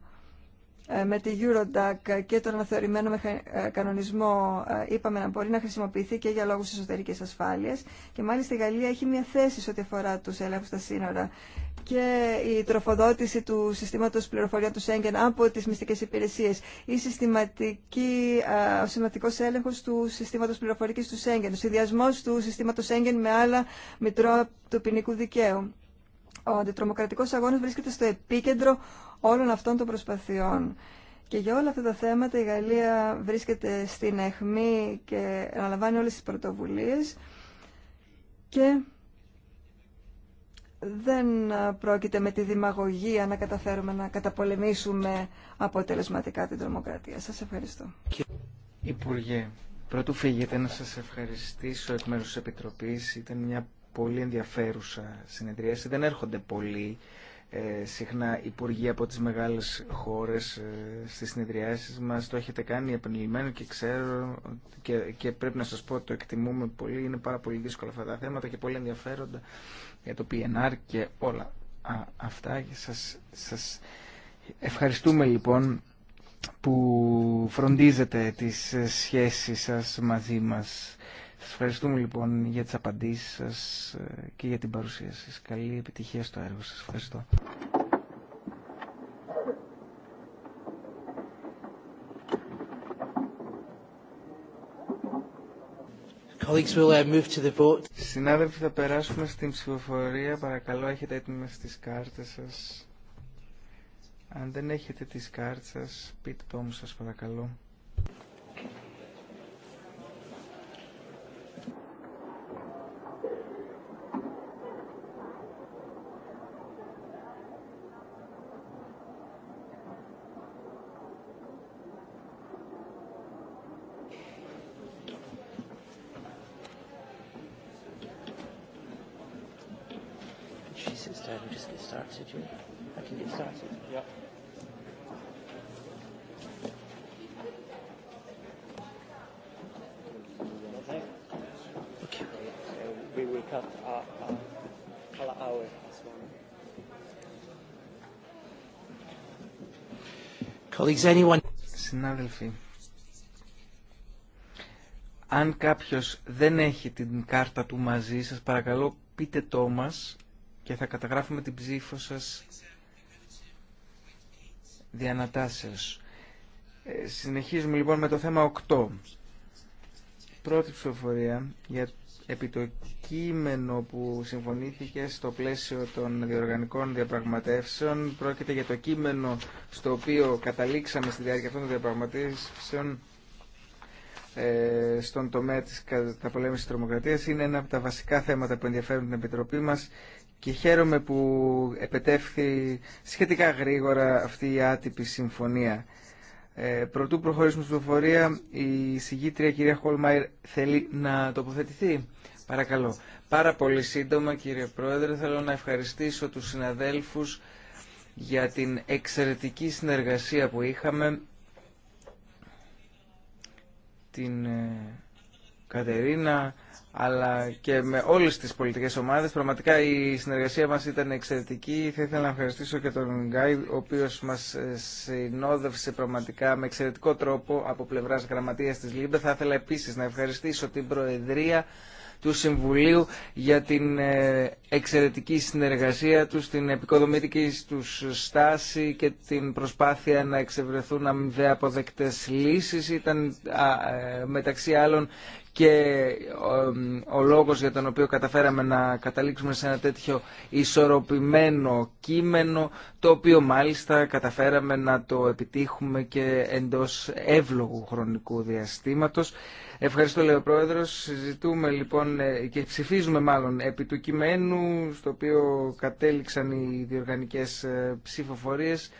ε, με τη Eurodac και τον αναθεωρημένο ε, κανονισμό ε, είπαμε να μπορεί να χρησιμοποιηθεί και για λόγους εσωτερικής ασφάλειας και μάλιστα η Γαλλία έχει μια θέση σε ό,τι αφορά τους ελέγχους στα σύνορα και η τροφοδότηση του συστήματος πληροφοριών του Σέγγεν από τις μυστικές υπηρεσίες ή συστηματική, ο συστηματικός έλεγχος του συστήματος πληροφορικής του Σέγγεν, ο συνδυασμός του συστήματος Σέγγεν με άλλα μητρώα του ποινικού δικαίου. Ο αντιτρομοκρατικός αγώνας βρίσκεται στο επίκεντρο όλων αυτών των προσπαθειών. Και για όλα αυτά τα θέματα η Γαλλία βρίσκεται στην αιχμή και αναλαμβάνει όλες τις πρωτοβουλίες και δεν πρόκειται με τη δημαγωγία να καταφέρουμε να καταπολεμήσουμε αποτελεσματικά την τρομοκρατία. Σας ευχαριστώ. Υπουργέ, πρωτού φύγετε να σας ευχαριστήσω εκ μέρους της Επιτροπής. Ήταν μια πολύ ενδιαφέρουσα συνεδρίαση. Δεν έρχονται πολλοί ε, συχνά υπουργοί από τις μεγάλες χώρες ε, στις συνεδριάσεις μας. Το έχετε κάνει επανειλημμένο και ξέρω και, και πρέπει να σας πω ότι το εκτιμούμε πολύ. Είναι πάρα πολύ δύσκολα αυτά τα θέματα και πολύ ενδιαφέροντα για το PNR και όλα αυτά. Σας, σας ευχαριστούμε λοιπόν που φροντίζετε τις σχέσεις σας μαζί μας. Σας ευχαριστούμε λοιπόν για τις απαντήσεις σας και για την παρουσία σας. Καλή επιτυχία στο έργο σας. Ευχαριστώ. Uh, Συνάδελφοι, θα περάσουμε στην ψηφοφορία. Παρακαλώ, έχετε έτοιμε τι κάρτε σα. Αν δεν έχετε τις κάρτε σα, πείτε το μου σα παρακαλώ. Συνάδελφοι, αν κάποιος δεν έχει την κάρτα του μαζί σας, παρακαλώ πείτε το μας και θα καταγράφουμε την ψήφο σας διανατάσεως. Ε, συνεχίζουμε λοιπόν με το θέμα 8. Πρώτη ψηφοφορία για επί το κείμενο που συμφωνήθηκε στο πλαίσιο των διοργανικών διαπραγματεύσεων. Πρόκειται για το κείμενο στο οποίο καταλήξαμε στη διάρκεια αυτών των διαπραγματεύσεων ε, στον τομέα της καταπολέμησης της τρομοκρατίας. Είναι ένα από τα βασικά θέματα που ενδιαφέρουν την Επιτροπή μας και χαίρομαι που επετεύχθη σχετικά γρήγορα αυτή η άτυπη συμφωνία. Ε, προτού προχωρήσουμε στην πληροφορία, η συγγήτρια κυρία Χολμάιρ θέλει να τοποθετηθεί. Παρακαλώ. Πάρα πολύ σύντομα κύριε Πρόεδρε, θέλω να ευχαριστήσω τους συναδέλφους για την εξαιρετική συνεργασία που είχαμε την ε, Κατερίνα, αλλά και με όλες τις πολιτικές ομάδες. Πραγματικά η συνεργασία μας ήταν εξαιρετική. Θα ήθελα να ευχαριστήσω και τον Γκάι, ο οποίος μας ε, συνόδευσε πραγματικά με εξαιρετικό τρόπο από πλευράς γραμματείας της ΛΥΜΠΕ. Θα ήθελα επίσης να ευχαριστήσω την Προεδρία του Συμβουλίου για την ε, εξαιρετική συνεργασία τους, την επικοδομητική τους στάση και την προσπάθεια να εξευρεθούν αμοιβαία αποδεκτές λύσεις. Ήταν ε, μεταξύ άλλων και ο λόγος για τον οποίο καταφέραμε να καταλήξουμε σε ένα τέτοιο ισορροπημένο κείμενο το οποίο μάλιστα καταφέραμε να το επιτύχουμε και εντός εύλογου χρονικού διαστήματος. Ευχαριστώ λέει ο Πρόεδρος. Συζητούμε λοιπόν ε, και ψηφίζουμε μάλλον επί του κειμένου στο οποίο κατέληξαν οι διοργανικές ε, ψηφοφορίες.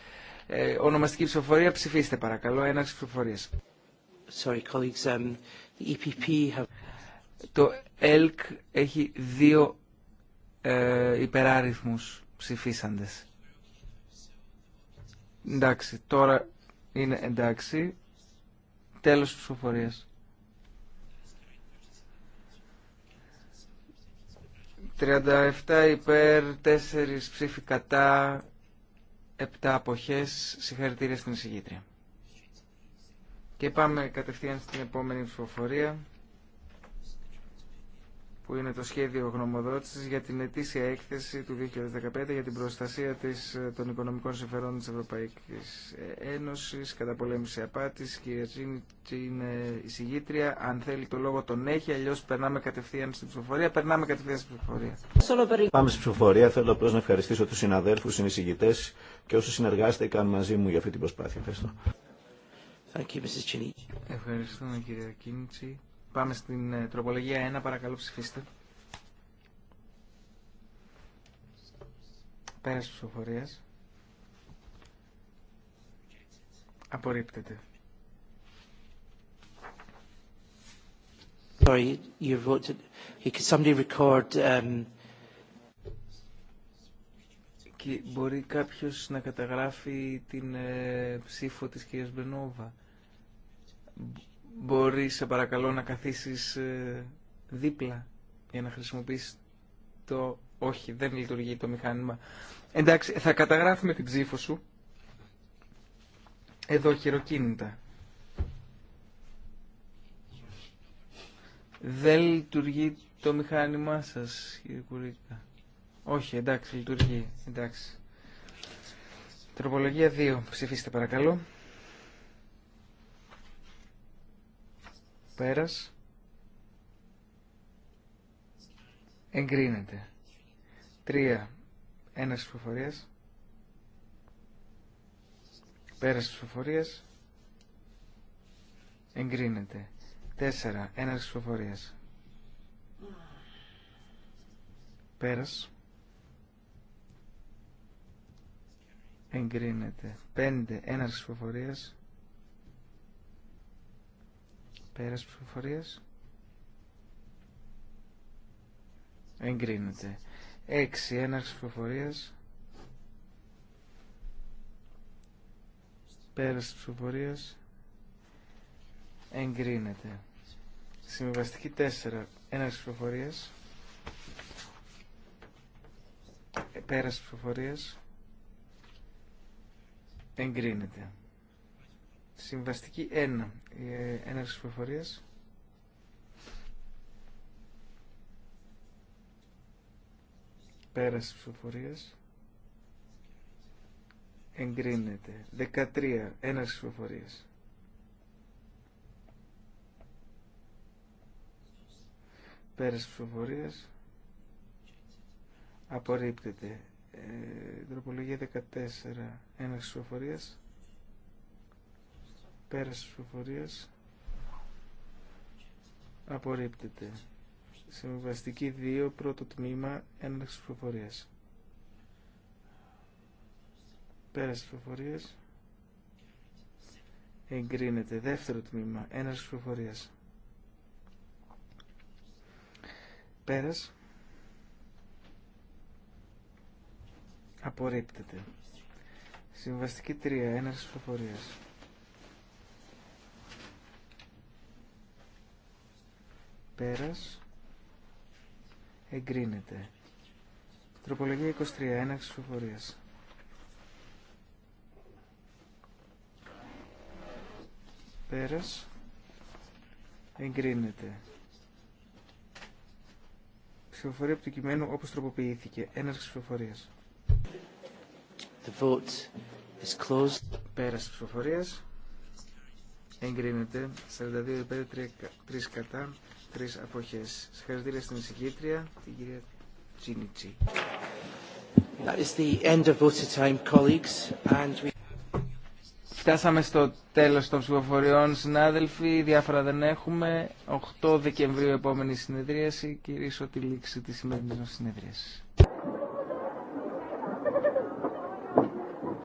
Ε, ονομαστική ψηφοφορία ψηφίστε παρακαλώ. Ένας ψηφοφορίας. Sorry, um, E Το ΕΛΚ έχει δύο ε, υπεράριθμους ψηφίσαντες. Εντάξει, τώρα είναι εντάξει. Τέλος της ψηφοφορίας. 37 υπέρ, 4 ψήφοι κατά, 7 αποχές. Συγχαρητήρια στην εισηγήτρια. Και πάμε κατευθείαν στην επόμενη ψηφοφορία που είναι το σχέδιο γνωμοδότησης για την ετήσια έκθεση του 2015 για την προστασία της, των οικονομικών συμφερόντων της Ευρωπαϊκής Ένωσης, πολέμηση απάτης. Κυρία Τζίνη είναι εισηγήτρια. Αν θέλει το λόγο τον έχει, αλλιώς περνάμε κατευθείαν στην ψηφοφορία. Περνάμε κατευθείαν στην ψηφοφορία. Πάμε στην ψηφοφορία. Θέλω απλώ να ευχαριστήσω τους συναδέλφους, συνεισηγητές και όσους συνεργάστηκαν μαζί μου για αυτή την προσπάθεια. Ευχαριστώ. Thank you, Mrs. Ευχαριστούμε κύριε Κίνιτσι. Πάμε στην ε, τροπολογία 1, παρακαλώ ψηφίστε. Πέρας ψηφοφορίας. Απορρίπτεται. Sorry, you voted. Could somebody record? Um... μπορεί κάποιος να καταγράφει την ε, ψήφο της κυρίας Μπενόβα. Μπορείς, σε παρακαλώ, να καθίσεις ε, δίπλα για να χρησιμοποιήσεις το... Όχι, δεν λειτουργεί το μηχάνημα. Εντάξει, θα καταγράφουμε την ψήφο σου. Εδώ χειροκίνητα. Δεν λειτουργεί το μηχάνημά σας, κύριε Κουρίκα. Όχι, εντάξει, λειτουργεί. Εντάξει. Τροπολογία 2. Ψηφίστε παρακαλώ. Πέρας. Εγκρίνεται. 3. Ένας ψηφοφορίας. Πέρας ψηφοφορίας. Εγκρίνεται. 4. Ένας ψηφοφορίας. Πέρας. Εγκρίνεται. 5. Ένας ψηφοφορίας. Πέρας ψηφοφορίας. Εγκρίνεται. 6. Έναρξη ψηφοφορίας. Πέρας ψηφοφορίας. Εγκρίνεται. Συμβιβαστική 4. Έναρξη ψηφοφορίας. Ε, πέρας ψηφοφορίας. Εγκρίνεται. Συμβαστική 1. Η ε, έναρξη ψηφοφορίας. Πέραση ψηφοφορίας. Εγκρίνεται. 13. Έναρξη ψηφοφορίας. Πέραση ψηφοφορίας. Απορρίπτεται. Ε, τροπολογία 14. Έναρξη ψηφοφορία. Πέραση της προφορίας... Απορρίπτεται. Συμβαστική 2, πρώτο τμήμα, έναρξη ψηφοφορίας. Πέραση προφορίας... Εγκρίνεται. Δεύτερο τμήμα, έναρξη προφορίας. Πέρας. Απορρίπτεται. Συμβαστική 3, έναρξη ψηφοφορίας. πέρας εγκρίνεται. Τροπολογία 23, Ένα ψηφοφορίας. Πέρας εγκρίνεται. Ψηφοφορία από το κειμένο όπως τροποποιήθηκε. Έναρξη ψηφοφορίας. The vote is closed. Πέρας ψηφοφορίας εγκρίνεται. 42 υπέρ, 3 κατά τρεις αποχές. Συγχαρητήρια στην εισηγήτρια, την κυρία Τσίνιτσι. That is the end of time, colleagues, and we... Φτάσαμε στο τέλος των ψηφοφοριών, συνάδελφοι. Διάφορα δεν έχουμε. 8 Δεκεμβρίου επόμενη συνεδρίαση. Κυρίσω τη λήξη της σημερινής μας συνεδρίασης.